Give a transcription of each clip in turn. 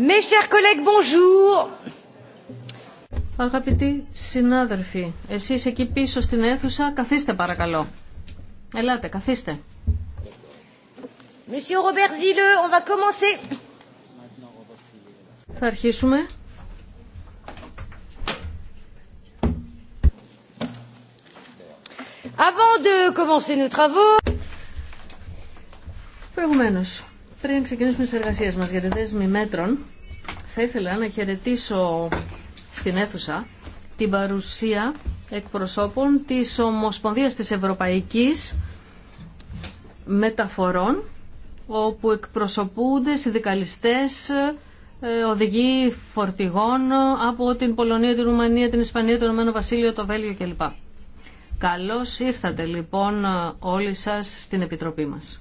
Mes chers collègues, bonjour. Αγαπητοί συνάδελφοι, εσείς εκεί πίσω στην αίθουσα, καθίστε παρακαλώ. Ελάτε, καθίστε. Monsieur Robert Zille, on va commencer. Θα αρχίσουμε. Avant de commencer nos travaux. Προηγουμένως, πριν ξεκινήσουμε τι εργασίες μας για τη δέσμη μέτρων, θα ήθελα να χαιρετήσω στην αίθουσα την παρουσία εκπροσώπων της ομοσπονδία τη Ευρωπαϊκής Μεταφορών, όπου εκπροσωπούνται συνδικαλιστέ ε, οδηγοί φορτηγών από την Πολωνία, την Ρουμανία, την Ισπανία, το Ηνωμένο Βασίλειο, το Βέλγιο κλπ. Καλώς ήρθατε λοιπόν όλοι σας στην Επιτροπή μας.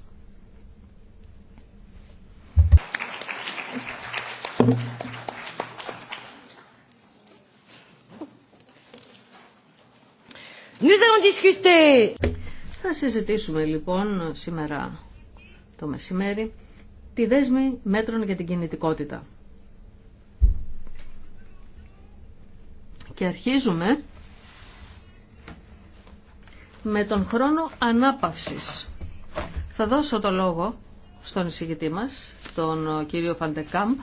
Θα συζητήσουμε λοιπόν σήμερα το μεσημέρι τη δέσμη μέτρων για την κινητικότητα. Και αρχίζουμε με τον χρόνο ανάπαυσης. Θα δώσω το λόγο στον εισηγητή μας, τον κύριο Φαντεκάμπ,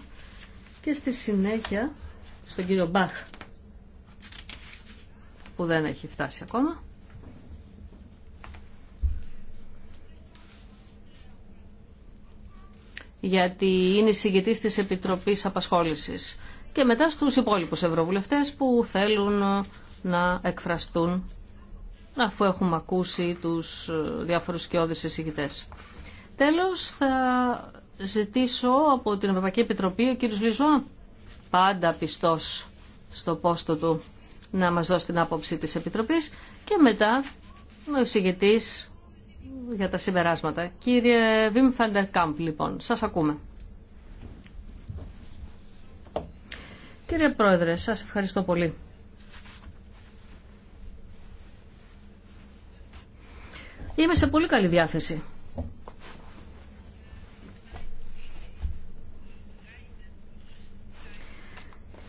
και στη συνέχεια στον κύριο Μπαχ που δεν έχει φτάσει ακόμα. γιατί είναι εισηγητής της Επιτροπής Απασχόλησης και μετά στους υπόλοιπους ευρωβουλευτές που θέλουν να εκφραστούν αφού έχουμε ακούσει τους διάφορους σκιώδεις εισηγητές. Τέλος θα ζητήσω από την Ευρωπαϊκή Επιτροπή ο κύριος Λιζό πάντα πιστός στο πόστο του να μας δώσει την άποψη της Επιτροπής και μετά ο εισηγητής για τα συμπεράσματα. Κύριε Βίμ Φαντερ Κάμπ, λοιπόν, σας ακούμε. Κύριε Πρόεδρε, σας ευχαριστώ πολύ. Είμαι σε πολύ καλή διάθεση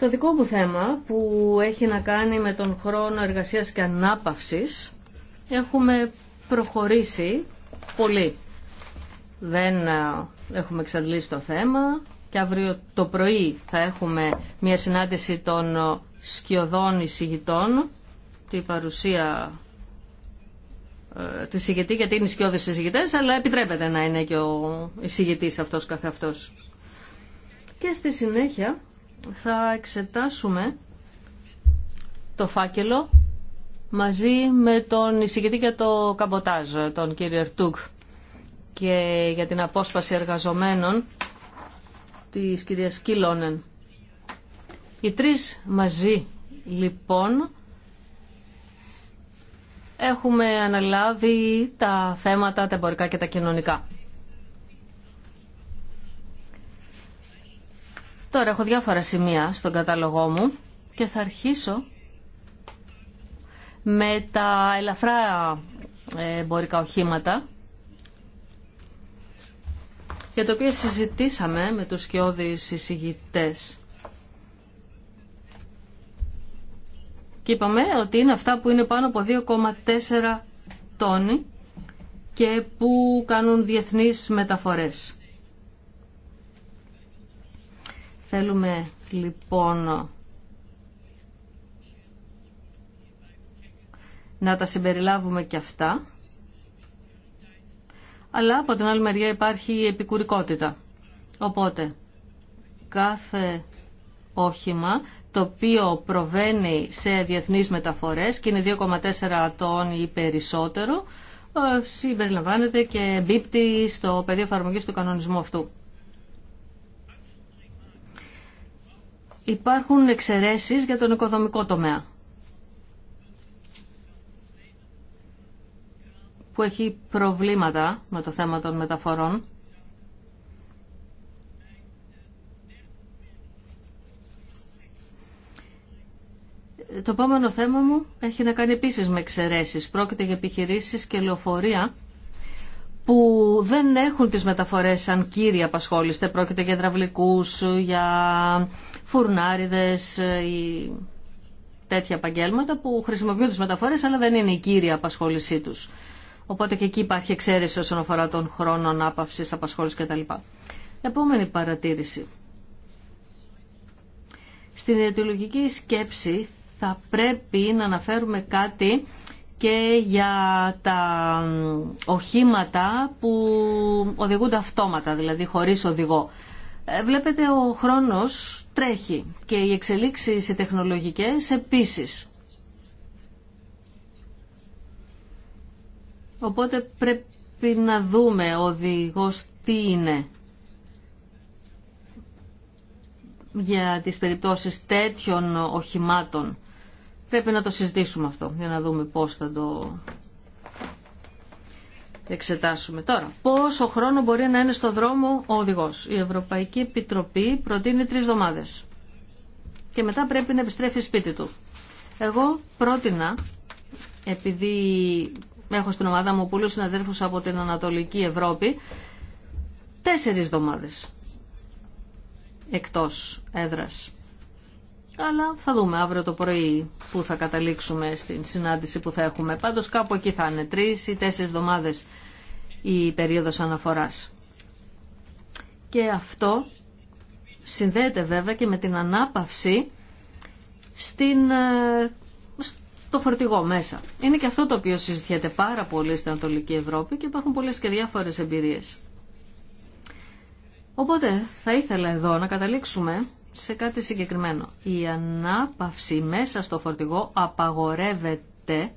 Το δικό μου θέμα που έχει να κάνει με τον χρόνο εργασίας και ανάπαυσης έχουμε προχωρήσει πολύ. Δεν ε, έχουμε εξαντλήσει το θέμα και αύριο το πρωί θα έχουμε μια συνάντηση των ε, σκιωδών εισηγητών τη παρουσία ε, του εισηγητή γιατί είναι σκιώδες εισηγητές αλλά επιτρέπεται να είναι και ο εισηγητής αυτός καθεαυτός. Και στη συνέχεια θα εξετάσουμε το φάκελο μαζί με τον εισηγητή για το καμποτάζ, τον κύριο Ερτούγκ και για την απόσπαση εργαζομένων της κυρίας Κιλόνεν. Οι τρεις μαζί λοιπόν έχουμε αναλάβει τα θέματα τα εμπορικά και τα κοινωνικά. Τώρα έχω διάφορα σημεία στον κατάλογό μου και θα αρχίσω με τα ελαφρά εμπορικά οχήματα για τα οποία συζητήσαμε με τους σκιώδεις εισηγητές. Και είπαμε ότι είναι αυτά που είναι πάνω από 2,4 τόνοι και που κάνουν διεθνείς μεταφορές. Θέλουμε λοιπόν να τα συμπεριλάβουμε και αυτά, αλλά από την άλλη μεριά υπάρχει η επικουρικότητα. Οπότε, κάθε όχημα το οποίο προβαίνει σε διεθνείς μεταφορές και είναι 2,4 τόνοι ή περισσότερο, ε, συμπεριλαμβάνεται και μπίπτει στο πεδίο εφαρμογή του κανονισμού αυτού. υπάρχουν εξαιρέσεις για τον οικοδομικό τομέα. που έχει προβλήματα με το θέμα των μεταφορών. Το επόμενο θέμα μου έχει να κάνει επίσης με εξαιρέσεις. Πρόκειται για επιχειρήσεις και λεωφορεία που δεν έχουν τις μεταφορές σαν κύρια απασχόληστε. Πρόκειται για τραυλικούς, για φουρνάριδες ή τέτοια επαγγέλματα που χρησιμοποιούν τις μεταφορές αλλά δεν είναι η κύρια απασχόλησή τους. Οπότε και εκεί υπάρχει εξαίρεση όσον αφορά τον χρόνο ανάπαυσης, απασχόλησης κτλ. Επόμενη παρατήρηση. Στην αιτιολογική σκέψη θα πρέπει να αναφέρουμε κάτι και για τα οχήματα που οδηγούνται αυτόματα, δηλαδή χωρίς οδηγό. Ε, βλέπετε ο χρόνος τρέχει και οι εξελίξεις οι τεχνολογικές επίσης. Οπότε πρέπει να δούμε ο οδηγός τι είναι για τις περιπτώσεις τέτοιων οχημάτων Πρέπει να το συζητήσουμε αυτό για να δούμε πώς θα το εξετάσουμε. Τώρα, πόσο χρόνο μπορεί να είναι στο δρόμο ο οδηγός. Η Ευρωπαϊκή Επιτροπή προτείνει τρεις εβδομάδες και μετά πρέπει να επιστρέφει σπίτι του. Εγώ πρότεινα, επειδή έχω στην ομάδα μου πολλούς συναδέλφους από την Ανατολική Ευρώπη, τέσσερις εβδομάδες εκτός έδρας αλλά θα δούμε αύριο το πρωί που θα καταλήξουμε στην συνάντηση που θα έχουμε. Πάντως κάπου εκεί θα είναι τρεις ή τέσσερις εβδομάδες η περίοδος αναφοράς. Και αυτό συνδέεται βέβαια και με την ανάπαυση στην, ε, στο φορτηγό μέσα. Είναι και αυτό το οποίο συζητιέται πάρα πολύ στην Ανατολική Ευρώπη και υπάρχουν πολλές και διάφορες εμπειρίες. Οπότε θα ήθελα εδώ να καταλήξουμε σε κάτι συγκεκριμένο. Η ανάπαυση μέσα στο φορτηγό απαγορεύεται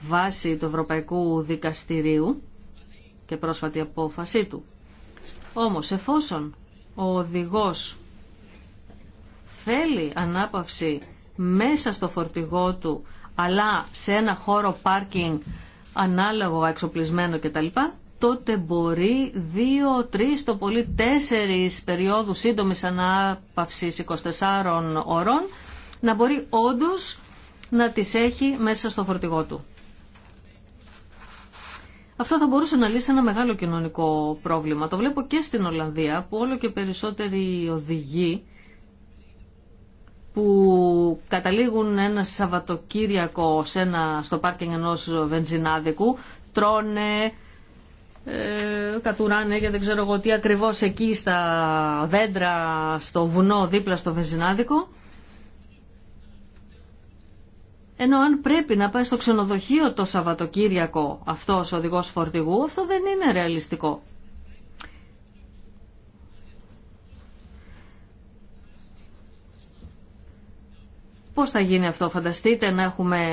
βάσει του Ευρωπαϊκού Δικαστηρίου και πρόσφατη απόφασή του. Όμως εφόσον ο οδηγός θέλει ανάπαυση μέσα στο φορτηγό του αλλά σε ένα χώρο πάρκινγκ ανάλογο, εξοπλισμένο κτλ τότε μπορεί δύο, τρει το πολύ τέσσερι περίοδου σύντομη ανάπαυση 24 ώρων να μπορεί όντω να τις έχει μέσα στο φορτηγό του. Αυτό θα μπορούσε να λύσει ένα μεγάλο κοινωνικό πρόβλημα. Το βλέπω και στην Ολλανδία που όλο και περισσότεροι οδηγοί που καταλήγουν ένα Σαββατοκύριακο σε ένα, στο πάρκινγκ ενός βενζινάδικου τρώνε, ε, κατουράνε και δεν ξέρω εγώ τι ακριβώς εκεί στα δέντρα, στο βουνό δίπλα στο Βεζινάδικο. Ενώ αν πρέπει να πάει στο ξενοδοχείο το Σαββατοκύριακο αυτός ο οδηγός φορτηγού, αυτό δεν είναι ρεαλιστικό. Πώς θα γίνει αυτό, φανταστείτε να έχουμε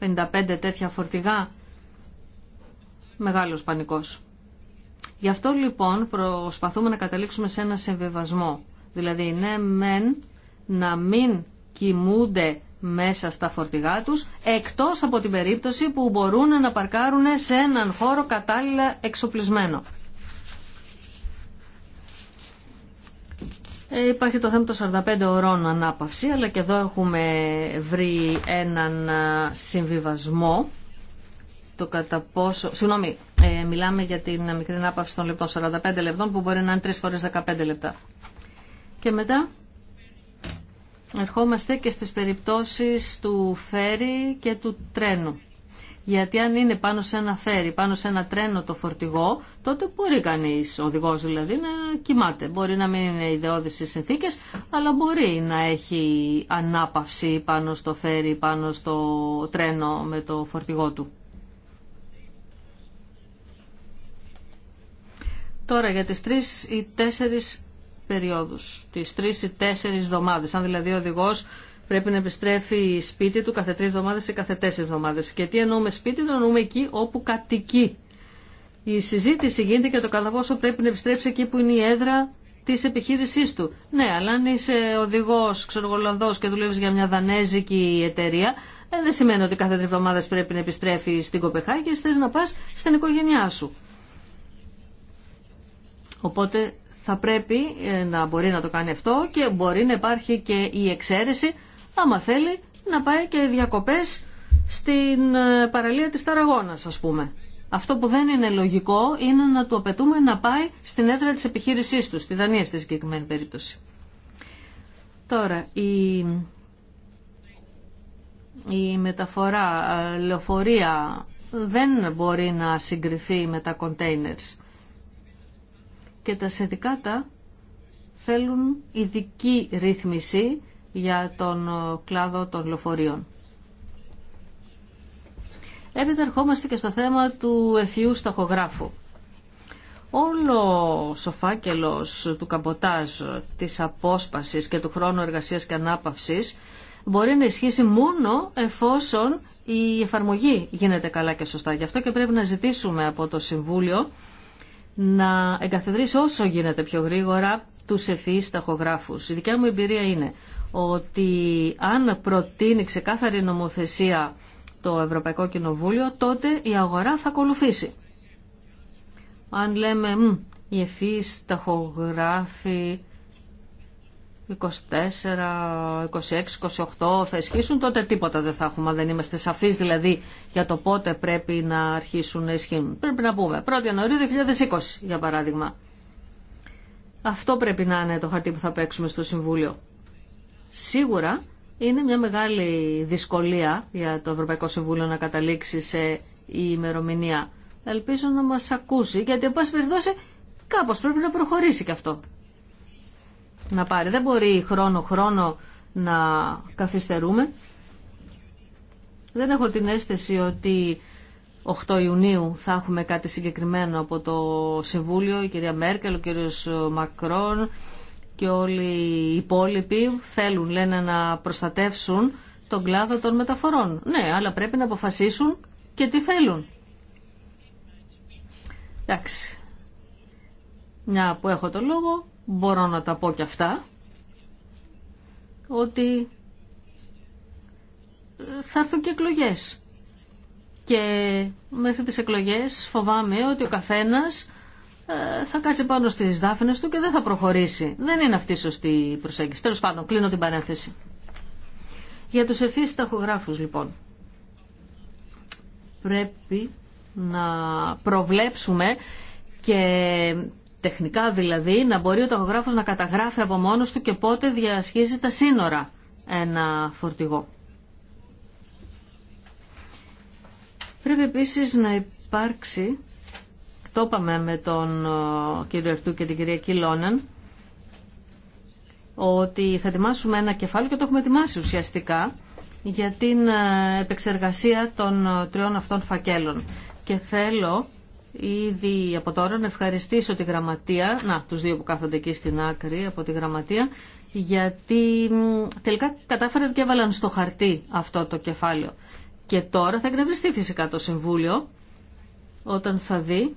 55 τέτοια φορτηγά μεγάλος πανικός. Γι' αυτό λοιπόν προσπαθούμε να καταλήξουμε σε ένα συμβιβασμό. Δηλαδή ναι μεν να μην κοιμούνται μέσα στα φορτηγά τους, εκτός από την περίπτωση που μπορούν να παρκάρουν σε έναν χώρο κατάλληλα εξοπλισμένο. Ε, υπάρχει το θέμα των 45 ωρών ανάπαυση, αλλά και εδώ έχουμε βρει έναν συμβιβασμό το κατά πόσο... Συγγνώμη, ε, μιλάμε για την μικρή ανάπαυση των λεπτών, 45 λεπτών, που μπορεί να είναι 3 φορές 15 λεπτά. Και μετά ερχόμαστε και στις περιπτώσεις του φέρι και του τρένου. Γιατί αν είναι πάνω σε ένα φέρι, πάνω σε ένα τρένο το φορτηγό, τότε μπορεί κανεί, ο οδηγό δηλαδή, να κοιμάται. Μπορεί να μην είναι ιδεώδει οι συνθήκε, αλλά μπορεί να έχει ανάπαυση πάνω στο φέρι, πάνω στο τρένο με το φορτηγό του. Τώρα για τις τρεις ή τέσσερις περιόδους, τις τρεις ή τέσσερις εβδομάδες, αν δηλαδή ο οδηγό πρέπει να επιστρέφει σπίτι του κάθε τρεις εβδομάδες ή κάθε τέσσερις εβδομάδες. Και τι εννοούμε σπίτι το εννοούμε εκεί όπου κατοικεί. Η συζήτηση γίνεται και το κατά πόσο πρέπει να επιστρέψει εκεί που είναι η έδρα τη επιχείρησή του. Ναι, αλλά αν είσαι οδηγό, εγώ, και δουλεύει για μια δανέζικη εταιρεία, ε, δεν σημαίνει ότι κάθε τρει εβδομάδε πρέπει να επιστρέφει στην Κοπεχάγη, θε να πα στην οικογένειά σου. Οπότε θα πρέπει ε, να μπορεί να το κάνει αυτό και μπορεί να υπάρχει και η εξαίρεση άμα θέλει να πάει και διακοπές στην ε, παραλία της Ταραγώνας ας πούμε. Αυτό που δεν είναι λογικό είναι να του απαιτούμε να πάει στην έδρα της επιχείρησής του, στη Δανία στη συγκεκριμένη περίπτωση. Τώρα, η, η μεταφορά, ε, λεωφορεία δεν μπορεί να συγκριθεί με τα containers και τα συνδικάτα θέλουν ειδική ρύθμιση για τον ε, κλάδο των λεωφορείων. Έπειτα ερχόμαστε και στο θέμα του εφιού σταχογράφου. Όλο ο φάκελο του καμποτάζ, της απόσπασης και του χρόνου εργασίας και ανάπαυσης μπορεί να ισχύσει μόνο εφόσον η εφαρμογή γίνεται καλά και σωστά. Γι' αυτό και πρέπει να ζητήσουμε από το Συμβούλιο να εγκαθιδρύσει όσο γίνεται πιο γρήγορα τους ευφυείς ταχογράφους. Η δικιά μου εμπειρία είναι ότι αν προτείνει ξεκάθαρη νομοθεσία το Ευρωπαϊκό Κοινοβούλιο, τότε η αγορά θα ακολουθήσει. Αν λέμε μ, οι ευφυείς ταχογράφοι 24, 26, 28 θα ισχύσουν, τότε τίποτα δεν θα έχουμε. Δεν είμαστε σαφείς δηλαδή για το πότε πρέπει να αρχίσουν να ισχύουν. Πρέπει να πούμε 1η Ιανουαρίου 2020 για παράδειγμα. Αυτό πρέπει να είναι το χαρτί που θα παίξουμε στο Συμβούλιο. Σίγουρα είναι μια μεγάλη δυσκολία για το Ευρωπαϊκό Συμβούλιο να καταλήξει σε ημερομηνία. Ελπίζω να μας ακούσει γιατί εν πάση περιπτώσει κάπως πρέπει να προχωρήσει και αυτό να πάρει. Δεν μπορεί χρόνο-χρόνο να καθυστερούμε. Δεν έχω την αίσθηση ότι 8 Ιουνίου θα έχουμε κάτι συγκεκριμένο από το Συμβούλιο, η κυρία Μέρκελ, ο κύριος Μακρόν και όλοι οι υπόλοιποι θέλουν, λένε, να προστατεύσουν τον κλάδο των μεταφορών. Ναι, αλλά πρέπει να αποφασίσουν και τι θέλουν. Εντάξει. Μια που έχω το λόγο, μπορώ να τα πω κι αυτά, ότι θα έρθουν και εκλογές. Και μέχρι τις εκλογές φοβάμαι ότι ο καθένας ε, θα κάτσει πάνω στις δάφνες του και δεν θα προχωρήσει. Δεν είναι αυτή η σωστή προσέγγιση. Τέλος πάντων, κλείνω την παρένθεση. Για τους ευφύς ταχογράφους, λοιπόν, πρέπει να προβλέψουμε και τεχνικά δηλαδή, να μπορεί ο ταχογράφος να καταγράφει από μόνος του και πότε διασχίζει τα σύνορα ένα φορτηγό. Πρέπει επίσης να υπάρξει, το είπαμε με τον ε, κύριο Ερτού και την κυρία Κιλόνεν, ότι θα ετοιμάσουμε ένα κεφάλαιο και το έχουμε ετοιμάσει ουσιαστικά για την ε, επεξεργασία των ε, τριών αυτών φακέλων. Και θέλω ήδη από τώρα να ευχαριστήσω τη γραμματεία, να, τους δύο που κάθονται εκεί στην άκρη από τη γραμματεία, γιατί τελικά κατάφεραν και έβαλαν στο χαρτί αυτό το κεφάλαιο. Και τώρα θα εκνευριστεί φυσικά το Συμβούλιο όταν θα δει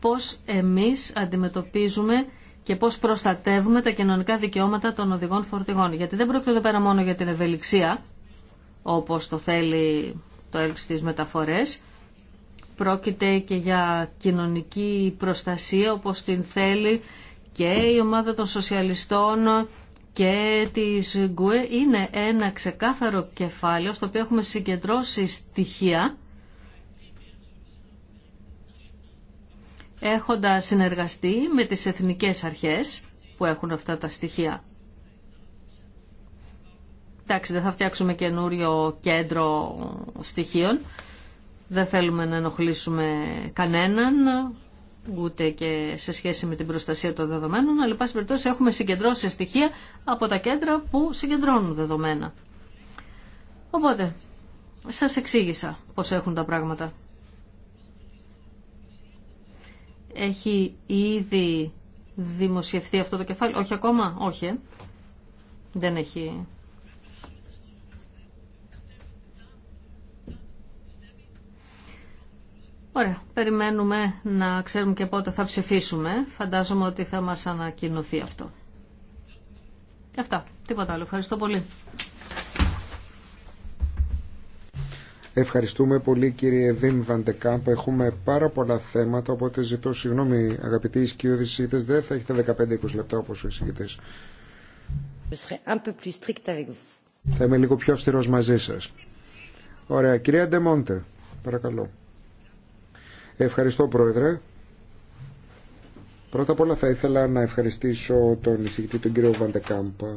πώς εμείς αντιμετωπίζουμε και πώς προστατεύουμε τα κοινωνικά δικαιώματα των οδηγών φορτηγών. Γιατί δεν πρόκειται εδώ πέρα μόνο για την ευελιξία, όπως το θέλει το έλξη στις μεταφορές, πρόκειται και για κοινωνική προστασία όπως την θέλει και η ομάδα των σοσιαλιστών και της ΓΚΟΕ είναι ένα ξεκάθαρο κεφάλαιο στο οποίο έχουμε συγκεντρώσει στοιχεία έχοντας συνεργαστεί με τις εθνικές αρχές που έχουν αυτά τα στοιχεία. Εντάξει, δεν θα φτιάξουμε καινούριο κέντρο στοιχείων, δεν θέλουμε να ενοχλήσουμε κανέναν, ούτε και σε σχέση με την προστασία των δεδομένων, αλλά πάση περιπτώσει έχουμε συγκεντρώσει στοιχεία από τα κέντρα που συγκεντρώνουν δεδομένα. Οπότε, σας εξήγησα πώς έχουν τα πράγματα. Έχει ήδη δημοσιευθεί αυτό το κεφάλαιο. Όχι ακόμα, όχι. Ε. Δεν έχει Ωραία. Περιμένουμε να ξέρουμε και πότε θα ψηφίσουμε. Φαντάζομαι ότι θα μας ανακοινωθεί αυτό. Αυτά. Τίποτα άλλο. Ευχαριστώ πολύ. Ευχαριστούμε πολύ κύριε Δήμ Βαντεκάμπ. Έχουμε πάρα πολλά θέματα, οπότε ζητώ συγγνώμη αγαπητοί ισχυώδεις συζήτητες, δεν θα έχετε 15-20 λεπτά όπως ο Θα είμαι λίγο πιο αυστηρός μαζί σας. Ωραία. Κυρία Ντεμόντε, παρακαλώ. Ευχαριστώ Πρόεδρε. Πρώτα απ' όλα θα ήθελα να ευχαριστήσω τον εισηγητή τον κύριο Βαντεκάμπα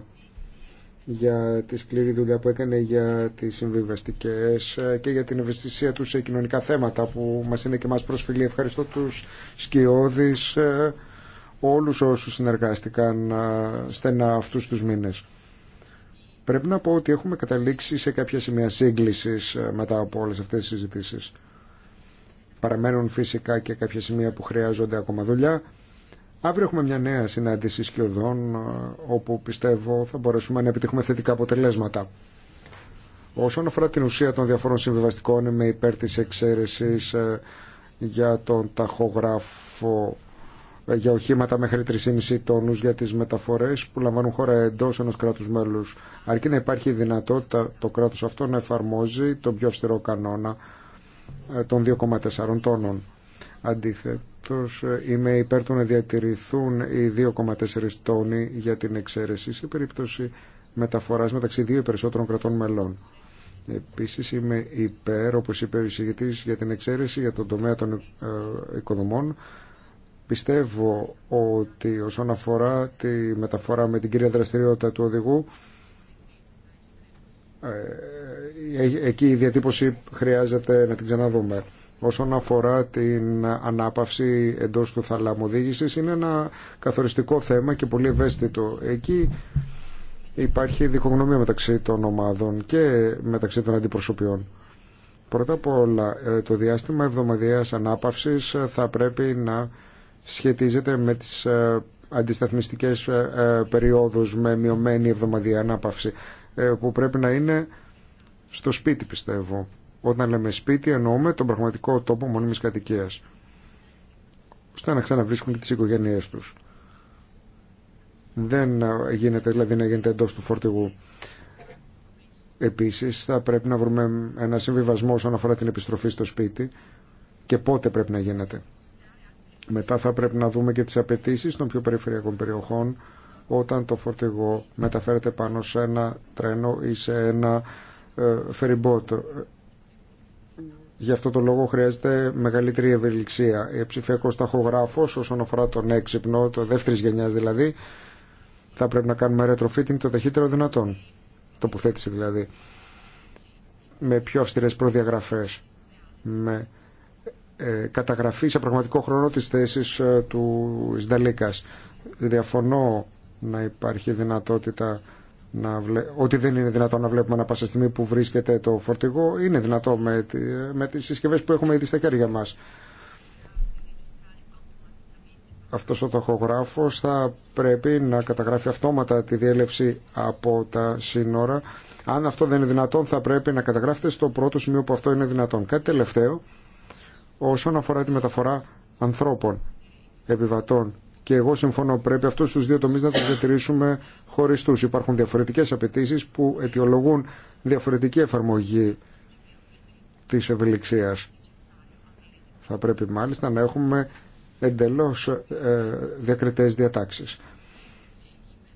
για τη σκληρή δουλειά που έκανε για τις συμβιβαστικέ και για την ευαισθησία του σε κοινωνικά θέματα που μας είναι και μας προσφυλή. Ευχαριστώ τους σκιώδεις, όλους όσους συνεργάστηκαν ε, στενά αυτούς τους μήνες. Πρέπει να πω ότι έχουμε καταλήξει σε κάποια σημεία σύγκλησης ε, μετά από όλες αυτές τις συζητήσεις. Παραμένουν φυσικά και κάποια σημεία που χρειάζονται ακόμα δουλειά. Αύριο έχουμε μια νέα συνάντηση σκιωδών ε, όπου πιστεύω θα μπορέσουμε να επιτύχουμε θετικά αποτελέσματα. Όσον αφορά την ουσία των διαφόρων συμβιβαστικών είμαι υπέρ της εξαίρεσης ε, για τον ταχογράφο ε, για οχήματα μέχρι 3,5 τόνους για τις μεταφορές που λαμβάνουν χώρα εντός ενός κράτου μέλους αρκεί να υπάρχει δυνατότητα το κράτος αυτό να εφαρμόζει τον πιο αυστηρό κανόνα ε, των 2,4 τόνων. Αντίθετος, ε, είμαι υπέρ του να διατηρηθούν οι 2,4 τόνοι για την εξαίρεση σε περίπτωση μεταφορά μεταξύ δύο ή περισσότερων κρατών μελών. Επίσης είμαι υπέρ, όπως είπε ο εισηγητή, για την εξαίρεση για τον τομέα των ε, οικοδομών. Πιστεύω ότι όσον αφορά τη μεταφορά με την κύρια δραστηριότητα του οδηγού, ε, εκεί η διατύπωση χρειάζεται να την ξαναδούμε. Όσον αφορά την ανάπαυση εντός του θαλάμου είναι ένα καθοριστικό θέμα και πολύ ευαίσθητο. Εκεί υπάρχει δικογνωμία μεταξύ των ομάδων και μεταξύ των αντιπροσωπιών. Πρώτα απ' όλα, ε, το διάστημα εβδομαδιαίας ανάπαυσης ε, θα πρέπει να σχετίζεται με τις αντισταθμιστικές περιόδους με μειωμένη εβδομαδιαία ανάπαυση που πρέπει να είναι στο σπίτι πιστεύω. Όταν λέμε σπίτι εννοούμε τον πραγματικό τόπο μονίμης κατοικίας. Ώστε να ξαναβρίσκουν και τις οικογένειές τους. Δεν ε, γίνεται δηλαδή να γίνεται εντός του φορτηγού. Επίσης θα πρέπει να βρούμε ένα συμβιβασμό όσον αφορά την επιστροφή στο σπίτι και πότε πρέπει να γίνεται. Μετά θα πρέπει να δούμε και τις απαιτήσει των πιο περιφερειακών περιοχών όταν το φορτηγό μεταφέρεται πάνω σε ένα τρένο ή σε ένα ε, Φεριμπότ. Ε, γι' αυτό το λόγο χρειάζεται μεγαλύτερη ευελιξία. Η ψηφιακό ταχογράφο όσον αφορά τον έξυπνο, το δεύτερη γενιά δηλαδή, θα πρέπει να κάνουμε retrofitting το ταχύτερο δυνατόν. Τοποθέτηση δηλαδή. Με πιο αυστηρέ προδιαγραφέ. Με ε, καταγραφή σε πραγματικό χρόνο τη θέση του Ισδαλίκα. Διαφωνώ να υπάρχει δυνατότητα ότι δεν είναι δυνατόν να βλέπουμε ανά πάσα στιγμή που βρίσκεται το φορτηγό. Είναι δυνατό με, τη... με τις συσκευές που έχουμε ήδη στα χέρια μας. Αυτός ο τοχογράφος θα πρέπει να καταγράφει αυτόματα τη διέλευση από τα σύνορα. Αν αυτό δεν είναι δυνατόν θα πρέπει να καταγράφεται στο πρώτο σημείο που αυτό είναι δυνατόν. Κάτι τελευταίο όσον αφορά τη μεταφορά ανθρώπων, επιβατών και εγώ συμφωνώ, πρέπει αυτούς τους δύο τομείς να τους διατηρήσουμε τους. Υπάρχουν διαφορετικές απαιτήσει που αιτιολογούν διαφορετική εφαρμογή της ευελιξίας. Θα πρέπει μάλιστα να έχουμε εντελώ ε, διακριτές διατάξεις.